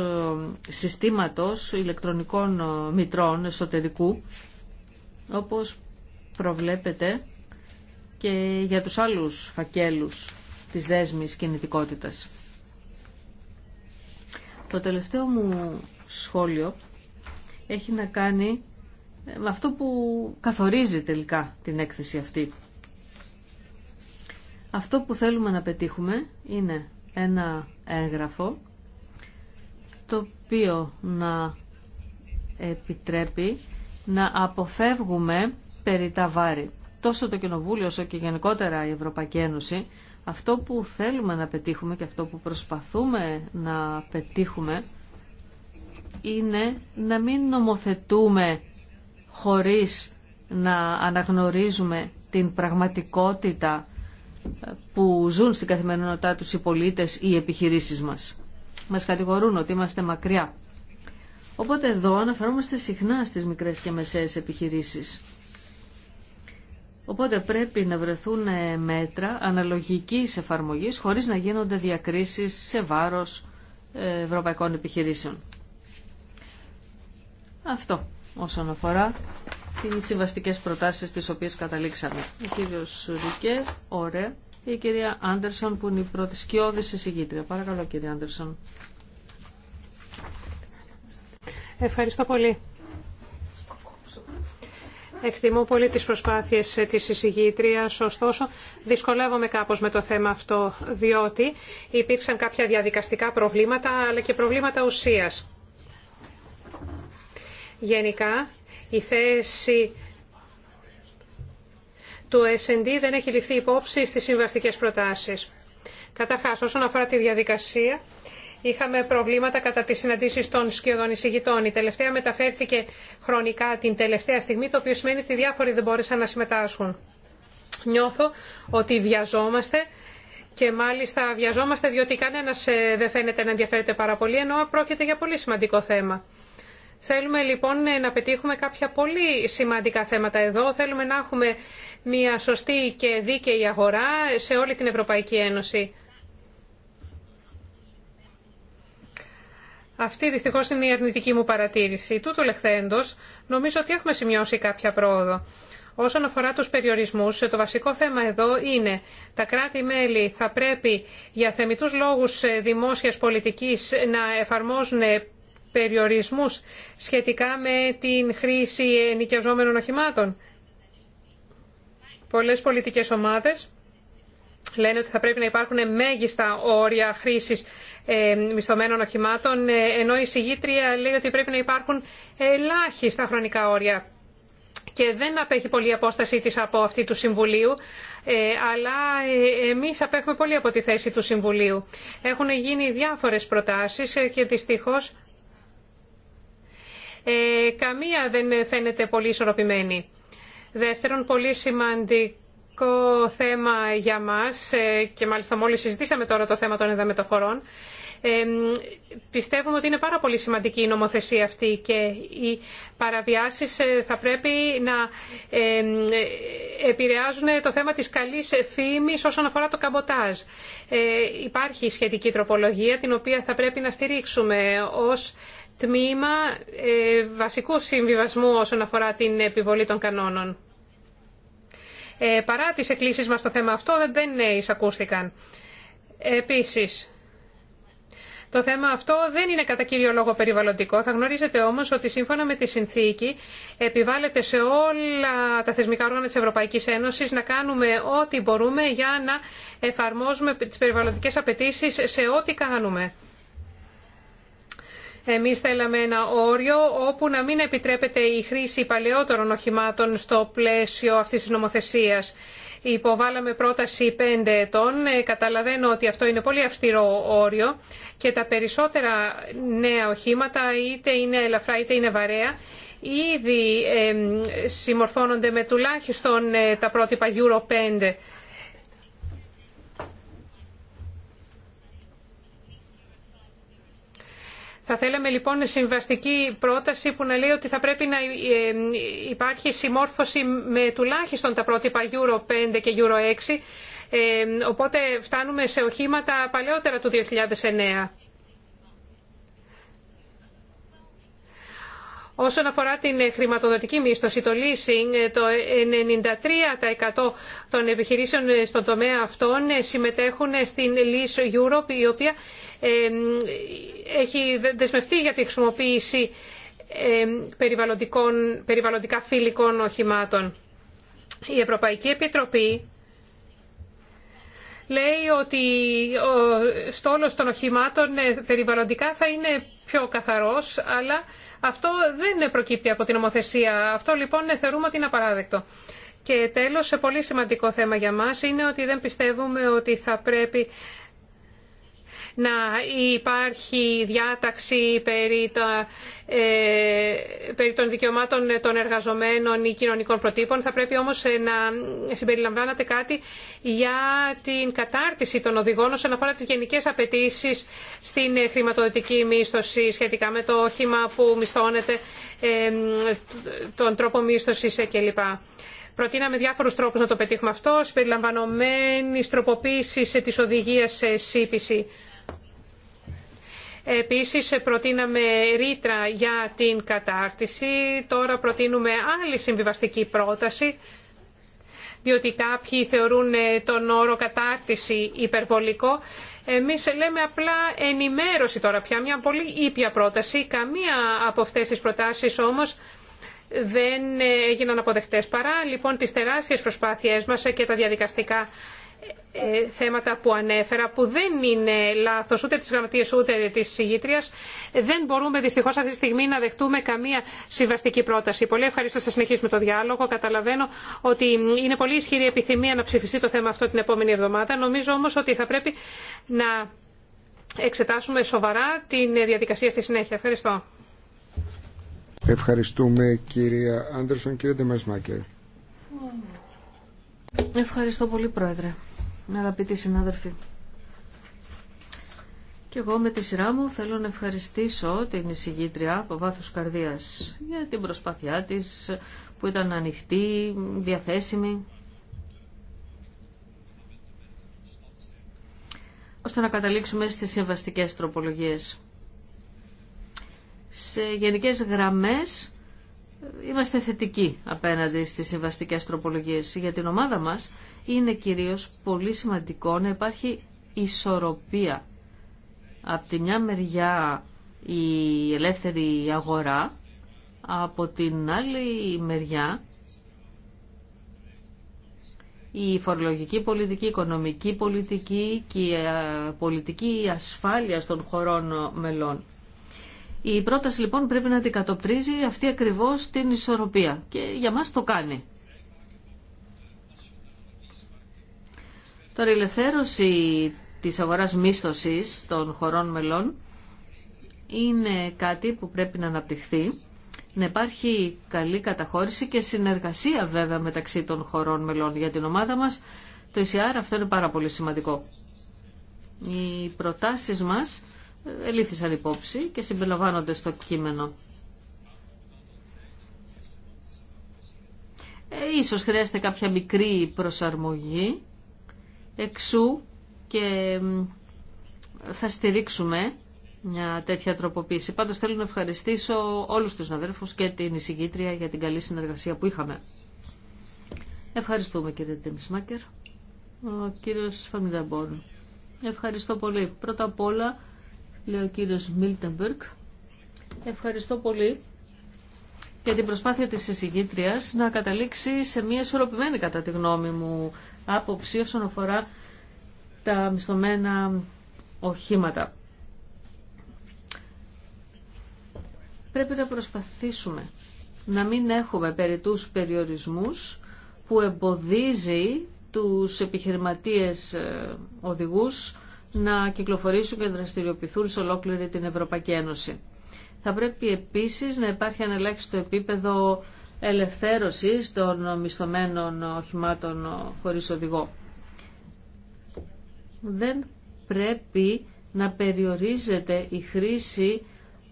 συστήματος ηλεκτρονικών ε, μητρών εσωτερικού, όπως προβλέπεται και για τους άλλους φακέλους της δέσμης κινητικότητας. Το τελευταίο μου σχόλιο έχει να κάνει με αυτό που καθορίζει τελικά την έκθεση αυτή. Αυτό που θέλουμε να πετύχουμε είναι ένα έγγραφο το οποίο να επιτρέπει να αποφεύγουμε περί τα βάρη. Τόσο το Κοινοβούλιο όσο και γενικότερα η Ευρωπαϊκή Ένωση αυτό που θέλουμε να πετύχουμε και αυτό που προσπαθούμε να πετύχουμε είναι να μην νομοθετούμε χωρίς να αναγνωρίζουμε την πραγματικότητα ε, που ζουν στην καθημερινότητά τους οι πολίτες ή οι επιχειρήσεις μας. Μας κατηγορούν ότι είμαστε μακριά. Οπότε εδώ αναφερόμαστε συχνά στις μικρές και μεσαίες επιχειρήσεις. Οπότε πρέπει να βρεθούν ε, μέτρα αναλογικής εφαρμογής χωρίς να γίνονται διακρίσεις σε βάρος ε, ευρωπαϊκών επιχειρήσεων. Αυτό όσον αφορά τις συμβαστικές προτάσεις τις οποίες καταλήξαμε. Ο κύριος Ρικέ, ωραία. Η κυρία Άντερσον που είναι η πρώτη σκιώδη εισηγήτρια. Παρακαλώ κύριε Άντερσον. Ευχαριστώ πολύ. Εκτιμώ πολύ τις προσπάθειες ε, της εισηγήτριας, ωστόσο δυσκολεύομαι κάπως με το θέμα αυτό, διότι υπήρξαν κάποια διαδικαστικά προβλήματα, αλλά και προβλήματα ουσίας. Γενικά, η θέση του S&D δεν έχει ληφθεί υπόψη στις συμβαστικές προτάσεις. Καταρχάς, όσον αφορά τη διαδικασία, είχαμε προβλήματα κατά τις συναντήσεις των σκιωδών εισηγητών. Η τελευταία μεταφέρθηκε χρονικά την τελευταία στιγμή, το οποίο σημαίνει ότι διάφοροι δεν μπόρεσαν να συμμετάσχουν. Νιώθω ότι βιαζόμαστε και μάλιστα βιαζόμαστε διότι κανένας ε, δεν φαίνεται να ενδιαφέρεται πάρα πολύ, ενώ πρόκειται για πολύ σημαντικό θέμα. Θέλουμε λοιπόν ε, να πετύχουμε κάποια πολύ σημαντικά θέματα εδώ. Θέλουμε να έχουμε μια σωστή και δίκαιη αγορά σε όλη την Ευρωπαϊκή Ένωση. Αυτή δυστυχώ είναι η αρνητική μου παρατήρηση. Τούτου λεχθέντος νομίζω ότι έχουμε σημειώσει κάποια πρόοδο. Όσον αφορά τους περιορισμούς, το βασικό θέμα εδώ είναι τα κράτη-μέλη θα πρέπει για θεμητούς λόγους ε, δημόσιας πολιτικής να εφαρμόζουν ε, περιορισμούς σχετικά με την χρήση ε, ενοικιαζόμενων οχημάτων. Πολλές πολιτικές ομάδες λένε ότι θα πρέπει να υπάρχουν μέγιστα όρια χρήσης ε, μισθωμένων οχημάτων, ε, ενώ η συγγήτρια λέει ότι πρέπει να υπάρχουν ελάχιστα χρονικά όρια. Και δεν απέχει πολύ απόστασή της από αυτή του Συμβουλίου, ε, αλλά εμείς απέχουμε πολύ από τη θέση του Συμβουλίου. Έχουν γίνει διάφορες προτάσεις και δυστυχώς καμία δεν φαίνεται πολύ ισορροπημένη. Δεύτερον, πολύ σημαντικό θέμα για μας και μάλιστα μόλις συζητήσαμε τώρα το θέμα των πιστεύουμε ότι είναι πάρα πολύ σημαντική η νομοθεσία αυτή και οι παραβιάσεις ε, θα πρέπει να ε, επηρεάζουν το θέμα της καλής φήμης όσον αφορά το καμποτάζ. Ε, υπάρχει σχετική τροπολογία την οποία θα πρέπει να στηρίξουμε ως τμήμα βασικού συμβιβασμού όσον αφορά την επιβολή των κανόνων. Παρά τις εκκλήσεις μας στο θέμα αυτό δεν εισακούστηκαν. Επίσης, το θέμα αυτό δεν είναι κατά κύριο λόγο περιβαλλοντικό. Θα γνωρίζετε όμως ότι σύμφωνα με τη συνθήκη επιβάλλεται σε όλα τα θεσμικά όργανα της Ευρωπαϊκής Ένωσης να κάνουμε ό,τι μπορούμε για να εφαρμόζουμε τις περιβαλλοντικές απαιτήσει σε ό,τι κάνουμε. Εμεί θέλαμε ένα όριο όπου να μην επιτρέπεται η χρήση παλαιότερων οχημάτων στο πλαίσιο αυτή τη νομοθεσία υποβάλαμε πρόταση 5 ετών. Ε, καταλαβαίνω ότι αυτό είναι πολύ αυστηρό όριο και τα περισσότερα νέα οχήματα είτε είναι ελαφρά είτε είναι βαρέα ήδη συμμορφώνονται με τουλάχιστον ε, τα πρότυπα Euro 5 Θα θέλαμε λοιπόν συμβαστική πρόταση που να λέει ότι θα πρέπει να ε, ε, υπάρχει συμμόρφωση με τουλάχιστον τα πρότυπα Euro 5 και Euro 6, ε, οπότε φτάνουμε σε οχήματα παλαιότερα του 2009. Όσον αφορά την χρηματοδοτική μίσθωση, το leasing, το 93% των επιχειρήσεων στον τομέα αυτών συμμετέχουν στην Lease Europe, η οποία έχει δεσμευτεί για τη χρησιμοποίηση περιβαλλοντικών, περιβαλλοντικά φιλικών οχημάτων. Η Ευρωπαϊκή Επιτροπή λέει ότι ο στόλος των οχημάτων ε, περιβαλλοντικά θα είναι πιο καθαρός, αλλά αυτό δεν προκύπτει από την νομοθεσία. Αυτό λοιπόν ε, θεωρούμε ότι είναι απαράδεκτο. Και τέλος, σε πολύ σημαντικό θέμα για μας είναι ότι δεν πιστεύουμε ότι θα πρέπει να υπάρχει διάταξη ε, περί, των δικαιωμάτων των εργαζομένων ή κοινωνικών προτύπων. Θα πρέπει όμως ε, να συμπεριλαμβάνατε κάτι για την κατάρτιση των οδηγών όσον αφορά τις γενικές απαιτήσει στην ε, χρηματοδοτική μίσθωση σχετικά με το όχημα που μισθώνεται, τον τρόπο μίσθωσης κλπ. Προτείναμε διάφορους τρόπους να το πετύχουμε αυτό, συμπεριλαμβανομένης τροποποίησης της οδηγίας σε σύπηση Επίσης προτείναμε ρήτρα για την κατάρτιση. Τώρα προτείνουμε άλλη συμβιβαστική πρόταση διότι κάποιοι θεωρούν ε, τον όρο κατάρτιση υπερβολικό. Εμείς λέμε απλά ενημέρωση τώρα πια, μια πολύ ήπια πρόταση. Καμία από αυτές τις προτάσεις όμως δεν ε, έγιναν αποδεκτές παρά λοιπόν τις τεράστιες προσπάθειές μας ε, και τα διαδικαστικά ε, θέματα που ανέφερα, που δεν είναι λάθο ούτε της γραμματείας ούτε τη συγγήτρια, δεν μπορούμε δυστυχώ αυτή τη στιγμή να δεχτούμε καμία συμβαστική πρόταση. Πολύ ευχαριστώ θα συνεχίσουμε το διάλογο. Καταλαβαίνω ότι είναι πολύ ισχυρή επιθυμία να ψηφιστεί το θέμα αυτό την επόμενη εβδομάδα. Νομίζω όμω ότι θα πρέπει να εξετάσουμε σοβαρά την διαδικασία στη συνέχεια. Ευχαριστώ. Ευχαριστούμε κυρία Άντερσον, κύριε Ντεμασμάκερ. Ευχαριστώ πολύ πρόεδρε. Ναι, αγαπητοί συνάδελφοι. Και εγώ με τη σειρά μου θέλω να ευχαριστήσω την εισηγήτρια από βάθος καρδίας για την προσπάθειά της που ήταν ανοιχτή, διαθέσιμη. ώστε να καταλήξουμε στις συμβαστικές τροπολογίες. Σε γενικές γραμμές είμαστε θετικοί απέναντι στις συμβαστικές τροπολογίες. Για την ομάδα μας είναι κυρίως πολύ σημαντικό να υπάρχει ισορροπία. Από τη μια μεριά η ελεύθερη αγορά, από την άλλη μεριά η φορολογική πολιτική, η οικονομική πολιτική και η ε, πολιτική ασφάλεια των χωρών μελών. Η πρόταση λοιπόν πρέπει να αντικατοπτρίζει αυτή ακριβώς την ισορροπία και για μας το κάνει. Τώρα η ελευθέρωση της αγοράς μίσθωσης των χωρών μελών είναι κάτι που πρέπει να αναπτυχθεί, να υπάρχει καλή καταχώρηση και συνεργασία βέβαια μεταξύ των χωρών μελών για την ομάδα μας. Το ECR αυτό είναι πάρα πολύ σημαντικό. Οι προτάσεις μας ελήφθησαν υπόψη και συμπεριλαμβάνονται στο κείμενο. Ε, ίσως χρειάζεται κάποια μικρή προσαρμογή, εξού και θα στηρίξουμε μια τέτοια τροποποίηση. Πάντως θέλω να ευχαριστήσω όλους τους αδέρφους και την εισηγήτρια για την καλή συνεργασία που είχαμε. Ευχαριστούμε κύριε Τεμισμάκερ. Ο κύριος Φαμιδαμπόρου. Ευχαριστώ πολύ. Πρώτα απ' όλα λέει ο κύριος Μίλτεμπερκ. Ευχαριστώ πολύ για την προσπάθεια της εισηγήτριας να καταλήξει σε μια ισορροπημένη κατά τη γνώμη μου άποψη όσον αφορά τα μισθωμένα οχήματα. Πρέπει να προσπαθήσουμε να μην έχουμε περιτούς περιορισμούς που εμποδίζει τους επιχειρηματίες ε, οδηγούς να κυκλοφορήσουν και να δραστηριοποιηθούν σε ολόκληρη την Ευρωπαϊκή Ένωση. Θα πρέπει επίσης να υπάρχει ένα επίπεδο ελευθέρωσης των μισθωμένων οχημάτων χωρίς οδηγό. Δεν πρέπει να περιορίζεται η χρήση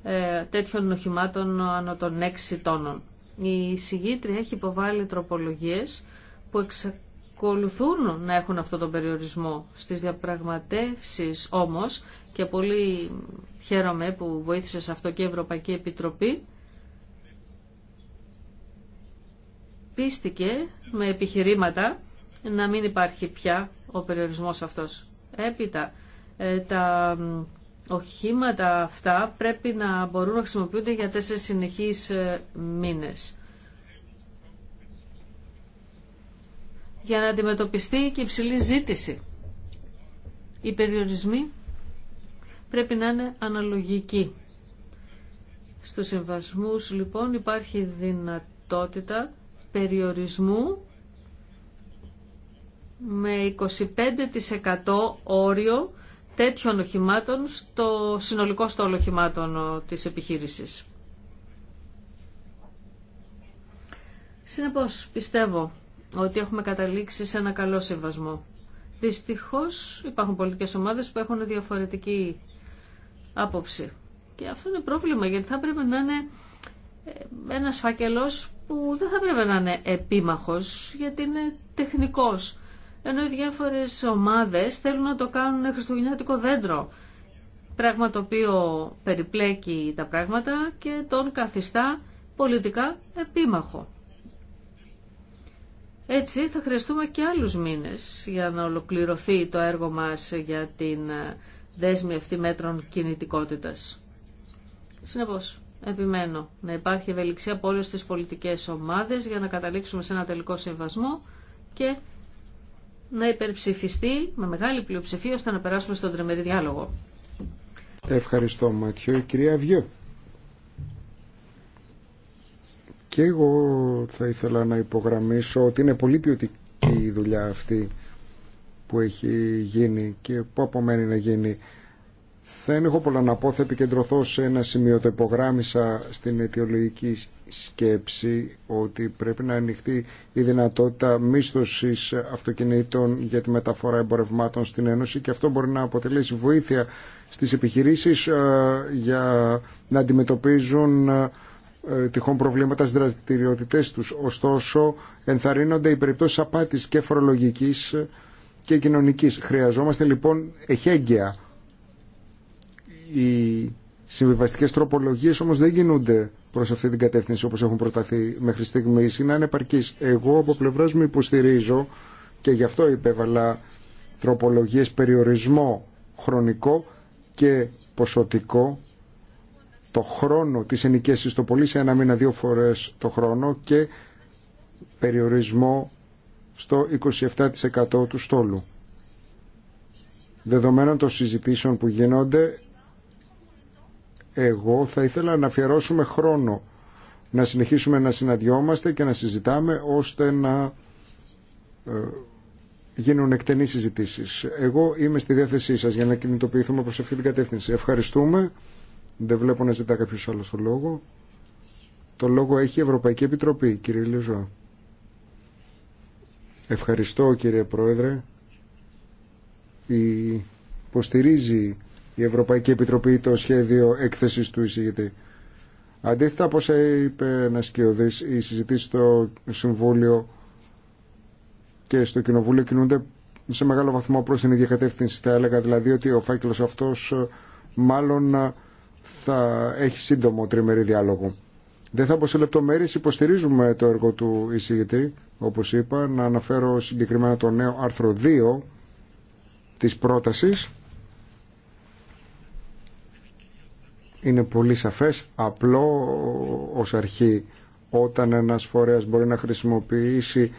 ε, τέτοιων οχημάτων ανα των 6 τόνων. Η συγγήτρια έχει υποβάλει τροπολογίες που εξακολουθούν εξακολουθούν να έχουν αυτόν τον περιορισμό. Στις διαπραγματεύσεις όμως, και πολύ χαίρομαι που βοήθησε σε αυτό και η Ευρωπαϊκή Επιτροπή, πίστηκε με επιχειρήματα να μην υπάρχει πια ο περιορισμός αυτός. Έπειτα, ε, τα οχήματα αυτά πρέπει να μπορούν να χρησιμοποιούνται για τέσσερις συνεχείς ε, μήνες. για να αντιμετωπιστεί και υψηλή ζήτηση. Οι περιορισμοί πρέπει να είναι αναλογικοί. Στους συμβασμούς λοιπόν υπάρχει δυνατότητα περιορισμού με 25% όριο τέτοιων οχημάτων στο συνολικό στόλο οχημάτων της επιχείρησης. Συνεπώς πιστεύω ότι έχουμε καταλήξει σε ένα καλό συμβασμό. Δυστυχώς υπάρχουν πολιτικές ομάδες που έχουν διαφορετική άποψη. Και αυτό είναι πρόβλημα γιατί θα πρέπει να είναι ε, ένας φακελός που δεν θα πρέπει να είναι επίμαχος γιατί είναι τεχνικός. Ενώ οι διάφορες ομάδες θέλουν να το κάνουν χριστουγεννιάτικο δέντρο. Πράγμα το οποίο περιπλέκει τα πράγματα και τον καθιστά πολιτικά επίμαχο. Έτσι θα χρειαστούμε και άλλους μήνες για να ολοκληρωθεί το έργο μας για την ε, δέσμη αυτή μέτρων κινητικότητας. Συνεπώς, επιμένω να υπάρχει ευελιξία από όλες τις πολιτικές ομάδες για να καταλήξουμε σε ένα τελικό συμβασμό και να υπερψηφιστεί με μεγάλη πλειοψηφία ώστε να περάσουμε στον τριμερή διάλογο. Ευχαριστώ Ματιό. Κυρία Βιού. Και εγώ θα ήθελα να υπογραμμίσω ότι είναι πολύ ποιοτική η δουλειά αυτή που έχει γίνει και που απομένει να γίνει. Δεν έχω πολλά να πω, θα επικεντρωθώ σε ένα σημείο. Το υπογράμμισα στην αιτιολογική σκέψη ότι πρέπει να ανοιχτεί η δυνατότητα μίσθωσης αυτοκινήτων για τη μεταφορά εμπορευμάτων στην Ένωση και αυτό μπορεί να αποτελέσει βοήθεια στις επιχειρήσεις ε, για να αντιμετωπίζουν ε, ε, τυχόν προβλήματα στι δραστηριότητέ του, Ωστόσο, ενθαρρύνονται οι περιπτώσει απάτη και φορολογική και κοινωνική. Χρειαζόμαστε λοιπόν εχέγγυα. Οι συμβιβαστικές τροπολογίε όμως δεν γίνονται προς αυτή την κατεύθυνση όπως έχουν προταθεί μέχρι στιγμή, Είναι ανεπαρκή. Εγώ από πλευρά μου υποστηρίζω και γι' αυτό υπέβαλα τροπολογίε, περιορισμό χρονικό και ποσοτικό το χρόνο της ενοικίασης το πολύ σε ένα μήνα δύο φορές το χρόνο και περιορισμό στο 27% του στόλου. Δεδομένων των συζητήσεων που γίνονται, εγώ θα ήθελα να αφιερώσουμε χρόνο να συνεχίσουμε να συναντιόμαστε και να συζητάμε ώστε να ε, γίνουν εκτενείς συζητήσεις. Εγώ είμαι στη διάθεσή σας για να κινητοποιηθούμε προς αυτή την κατεύθυνση. Ευχαριστούμε. Δεν βλέπω να ζητά κάποιο άλλο το λόγο. Το λόγο έχει η Ευρωπαϊκή Επιτροπή, κύριε Λιζό. Ευχαριστώ, κύριε Πρόεδρε. Η... Υποστηρίζει η Ευρωπαϊκή Επιτροπή το σχέδιο έκθεσης του εισηγητή. Αντίθετα όπω είπε ένα σκιωδή, οι συζητήσει στο Συμβούλιο και στο Κοινοβούλιο κινούνται σε μεγάλο βαθμό προ την ίδια κατεύθυνση. Θα έλεγα δηλαδή ότι ο φάκελο αυτό μάλλον θα έχει σύντομο τριμερή διάλογο. Δεν θα πω σε λεπτομέρειες, υποστηρίζουμε το έργο του εισηγητή, όπως είπα, να αναφέρω συγκεκριμένα το νέο άρθρο 2 της πρότασης. Είναι πολύ σαφές, απλό ως αρχή, όταν ένας φορέας μπορεί να χρησιμοποιήσει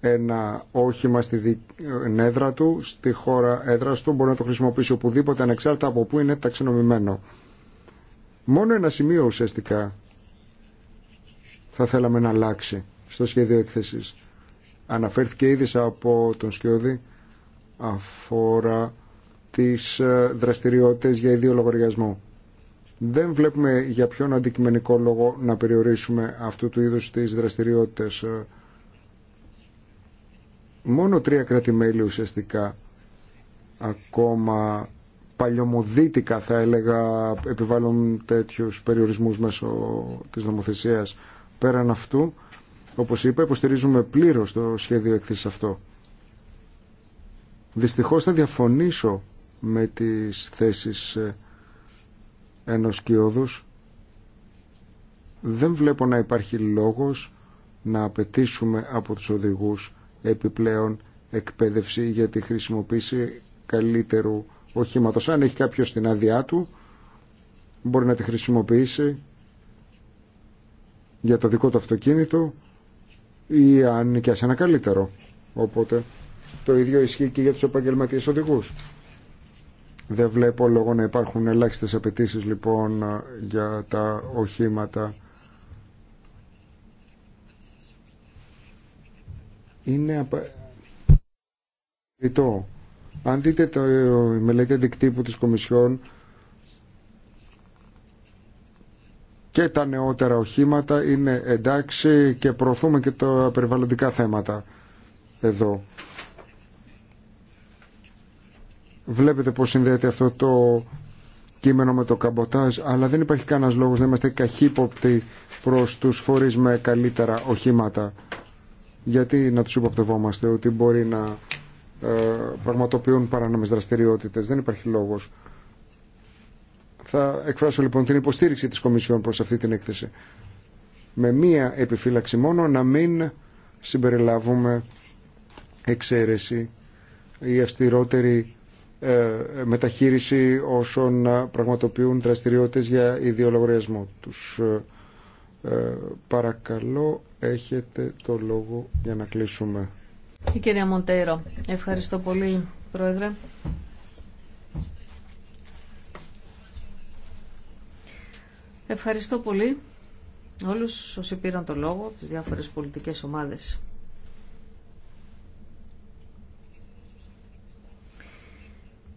ένα όχημα στη έδρα του, στη χώρα έδρας του, μπορεί να το χρησιμοποιήσει οπουδήποτε ανεξάρτητα από πού είναι ταξινομημένο. Μόνο ένα σημείο ουσιαστικά θα θέλαμε να αλλάξει στο σχέδιο έκθεσης. Αναφέρθηκε ήδη από τον Σκιώδη αφορά τις ε, δραστηριότητες για ιδίο λογαριασμό. Δεν βλέπουμε για ποιον αντικειμενικό λόγο να περιορίσουμε αυτού του είδους τις δραστηριότητες. Ε, μόνο τρία κράτη-μέλη ουσιαστικά ακόμα παλιωμοδίτικα θα έλεγα επιβάλλουν τέτοιους περιορισμούς μέσω της νομοθεσίας πέραν αυτού. Όπως είπα, υποστηρίζουμε πλήρως το σχέδιο εκθέσης αυτό. Δυστυχώς θα διαφωνήσω με τις θέσεις ε, ενός κοιόδους. Δεν βλέπω να υπάρχει λόγος να απαιτήσουμε από τους οδηγούς επιπλέον εκπαίδευση για τη χρησιμοποίηση καλύτερου οχήματος. Αν έχει κάποιο την άδειά του, μπορεί να τη χρησιμοποιήσει για το δικό του αυτοκίνητο ή αν νοικιάσει ένα καλύτερο. Οπότε το ίδιο ισχύει και για τους επαγγελματίες οδηγούς. Δεν βλέπω λόγο να υπάρχουν ελάχιστες απαιτήσει λοιπόν για τα οχήματα. Είναι απαραίτητο αν δείτε το η μελέτη αντικτύπου της Κομισιόν και τα νεότερα οχήματα είναι εντάξει και προωθούμε και τα περιβαλλοντικά θέματα εδώ. Βλέπετε πώς συνδέεται αυτό το κείμενο με το καμποτάζ, αλλά δεν υπάρχει κανένας λόγος να είμαστε καχύποπτοι προς τους φορείς με καλύτερα οχήματα. Γιατί να τους υποπτευόμαστε ότι μπορεί να ε, πραγματοποιούν παράνομε δραστηριότητες. Δεν υπάρχει λόγος. Θα εκφράσω λοιπόν την υποστήριξη της Κομισιόν προς αυτή την έκθεση. Με μία επιφύλαξη μόνο να μην συμπεριλάβουμε εξαίρεση ή αυστηρότερη ε, μεταχείριση όσων πραγματοποιούν δραστηριότητες για ιδιολογριασμό τους. Ε, παρακαλώ, έχετε το λόγο για να κλείσουμε. Η κυρία Μοντέρο, ευχαριστώ πολύ, Πρόεδρε. Ευχαριστώ πολύ όλους όσοι πήραν το λόγο από τις διάφορες πολιτικές ομάδες.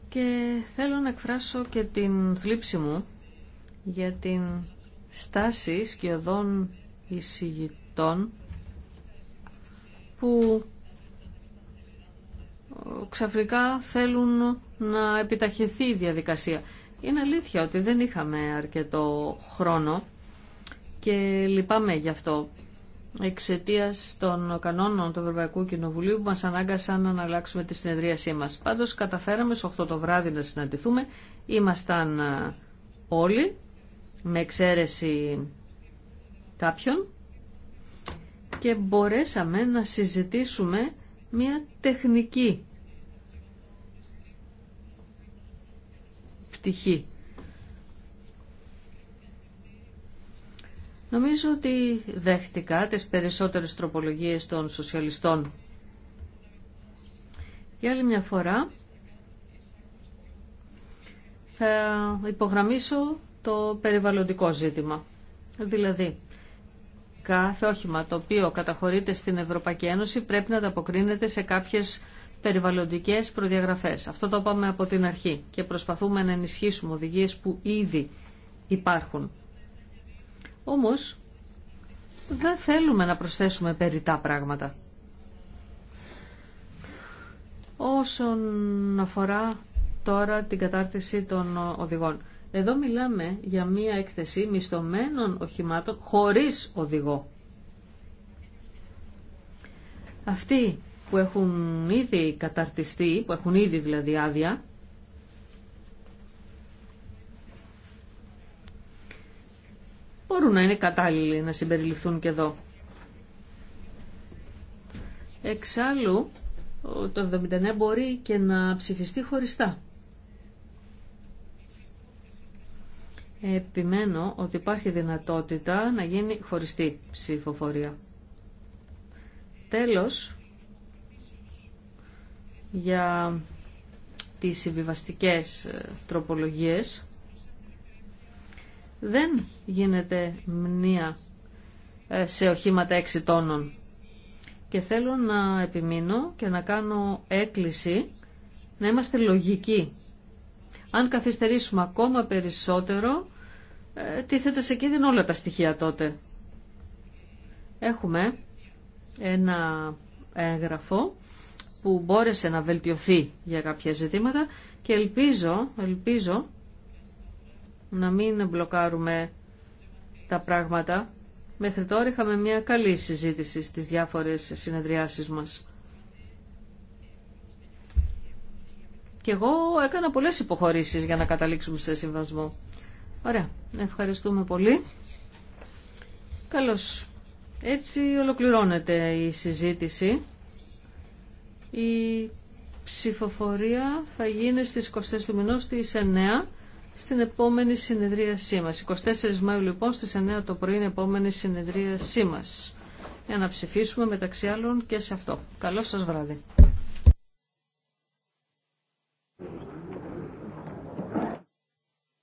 Και θέλω να εκφράσω και την θλίψη μου για την στάση σκιωδών εισηγητών που ξαφνικά θέλουν να επιταχυνθεί η διαδικασία. Είναι αλήθεια ότι δεν είχαμε αρκετό χρόνο και λυπάμαι γι' αυτό. Εξαιτία των κανόνων του Ευρωπαϊκού Κοινοβουλίου που μα ανάγκασαν να αλλάξουμε τη συνεδρίασή μα. Πάντω, καταφέραμε στι 8 το βράδυ να συναντηθούμε. Ήμασταν ε, όλοι, με εξαίρεση κάποιον, και μπορέσαμε να συζητήσουμε μια τεχνική Νομίζω ότι δέχτηκα τις περισσότερες τροπολογίες των σοσιαλιστών. Για άλλη μια φορά θα υπογραμμίσω το περιβαλλοντικό ζήτημα. Δηλαδή, κάθε όχημα το οποίο καταχωρείται στην Ευρωπαϊκή Ένωση πρέπει να ανταποκρίνεται σε κάποιες περιβαλλοντικές προδιαγραφές. Αυτό το είπαμε από την αρχή και προσπαθούμε να ενισχύσουμε οδηγίες που ήδη υπάρχουν. Όμως δεν θέλουμε να προσθέσουμε περιτά πράγματα. Όσον αφορά τώρα την κατάρτιση των οδηγών. Εδώ μιλάμε για μία έκθεση μισθωμένων οχημάτων χωρίς οδηγό. Αυτή που έχουν ήδη καταρτιστεί, που έχουν ήδη δηλαδή άδεια, μπορούν να είναι κατάλληλοι να συμπεριληφθούν και εδώ. Εξάλλου, το 79 μπορεί και να ψηφιστεί χωριστά. Επιμένω ότι υπάρχει δυνατότητα να γίνει χωριστή ψηφοφορία. Τέλος, για τις συμβιβαστικέ ε, τροπολογίες δεν γίνεται μνήα ε, σε οχήματα 6 τόνων. Και θέλω να επιμείνω και να κάνω έκκληση να είμαστε λογικοί. Αν καθυστερήσουμε ακόμα περισσότερο, ε, τίθεται σε κίνδυνο όλα τα στοιχεία τότε. Έχουμε ένα έγγραφο που μπόρεσε να βελτιωθεί για κάποια ζητήματα και ελπίζω, ελπίζω να μην μπλοκάρουμε τα πράγματα. Μέχρι τώρα είχαμε μια καλή συζήτηση στις διάφορες συνεδριάσεις μας. Και εγώ έκανα πολλές υποχωρήσεις για να καταλήξουμε σε συμβασμό. Ωραία. Ευχαριστούμε πολύ. Καλώς. Έτσι ολοκληρώνεται η συζήτηση. Η ψηφοφορία θα γίνει στις 24 του μηνός στις 9 στην επόμενη συνεδρίασή μας. 24 Μαΐου λοιπόν στις 9 το πρωί είναι η επόμενη συνεδρίασή μας. Για να ψηφίσουμε μεταξύ άλλων και σε αυτό. Καλό σας βράδυ.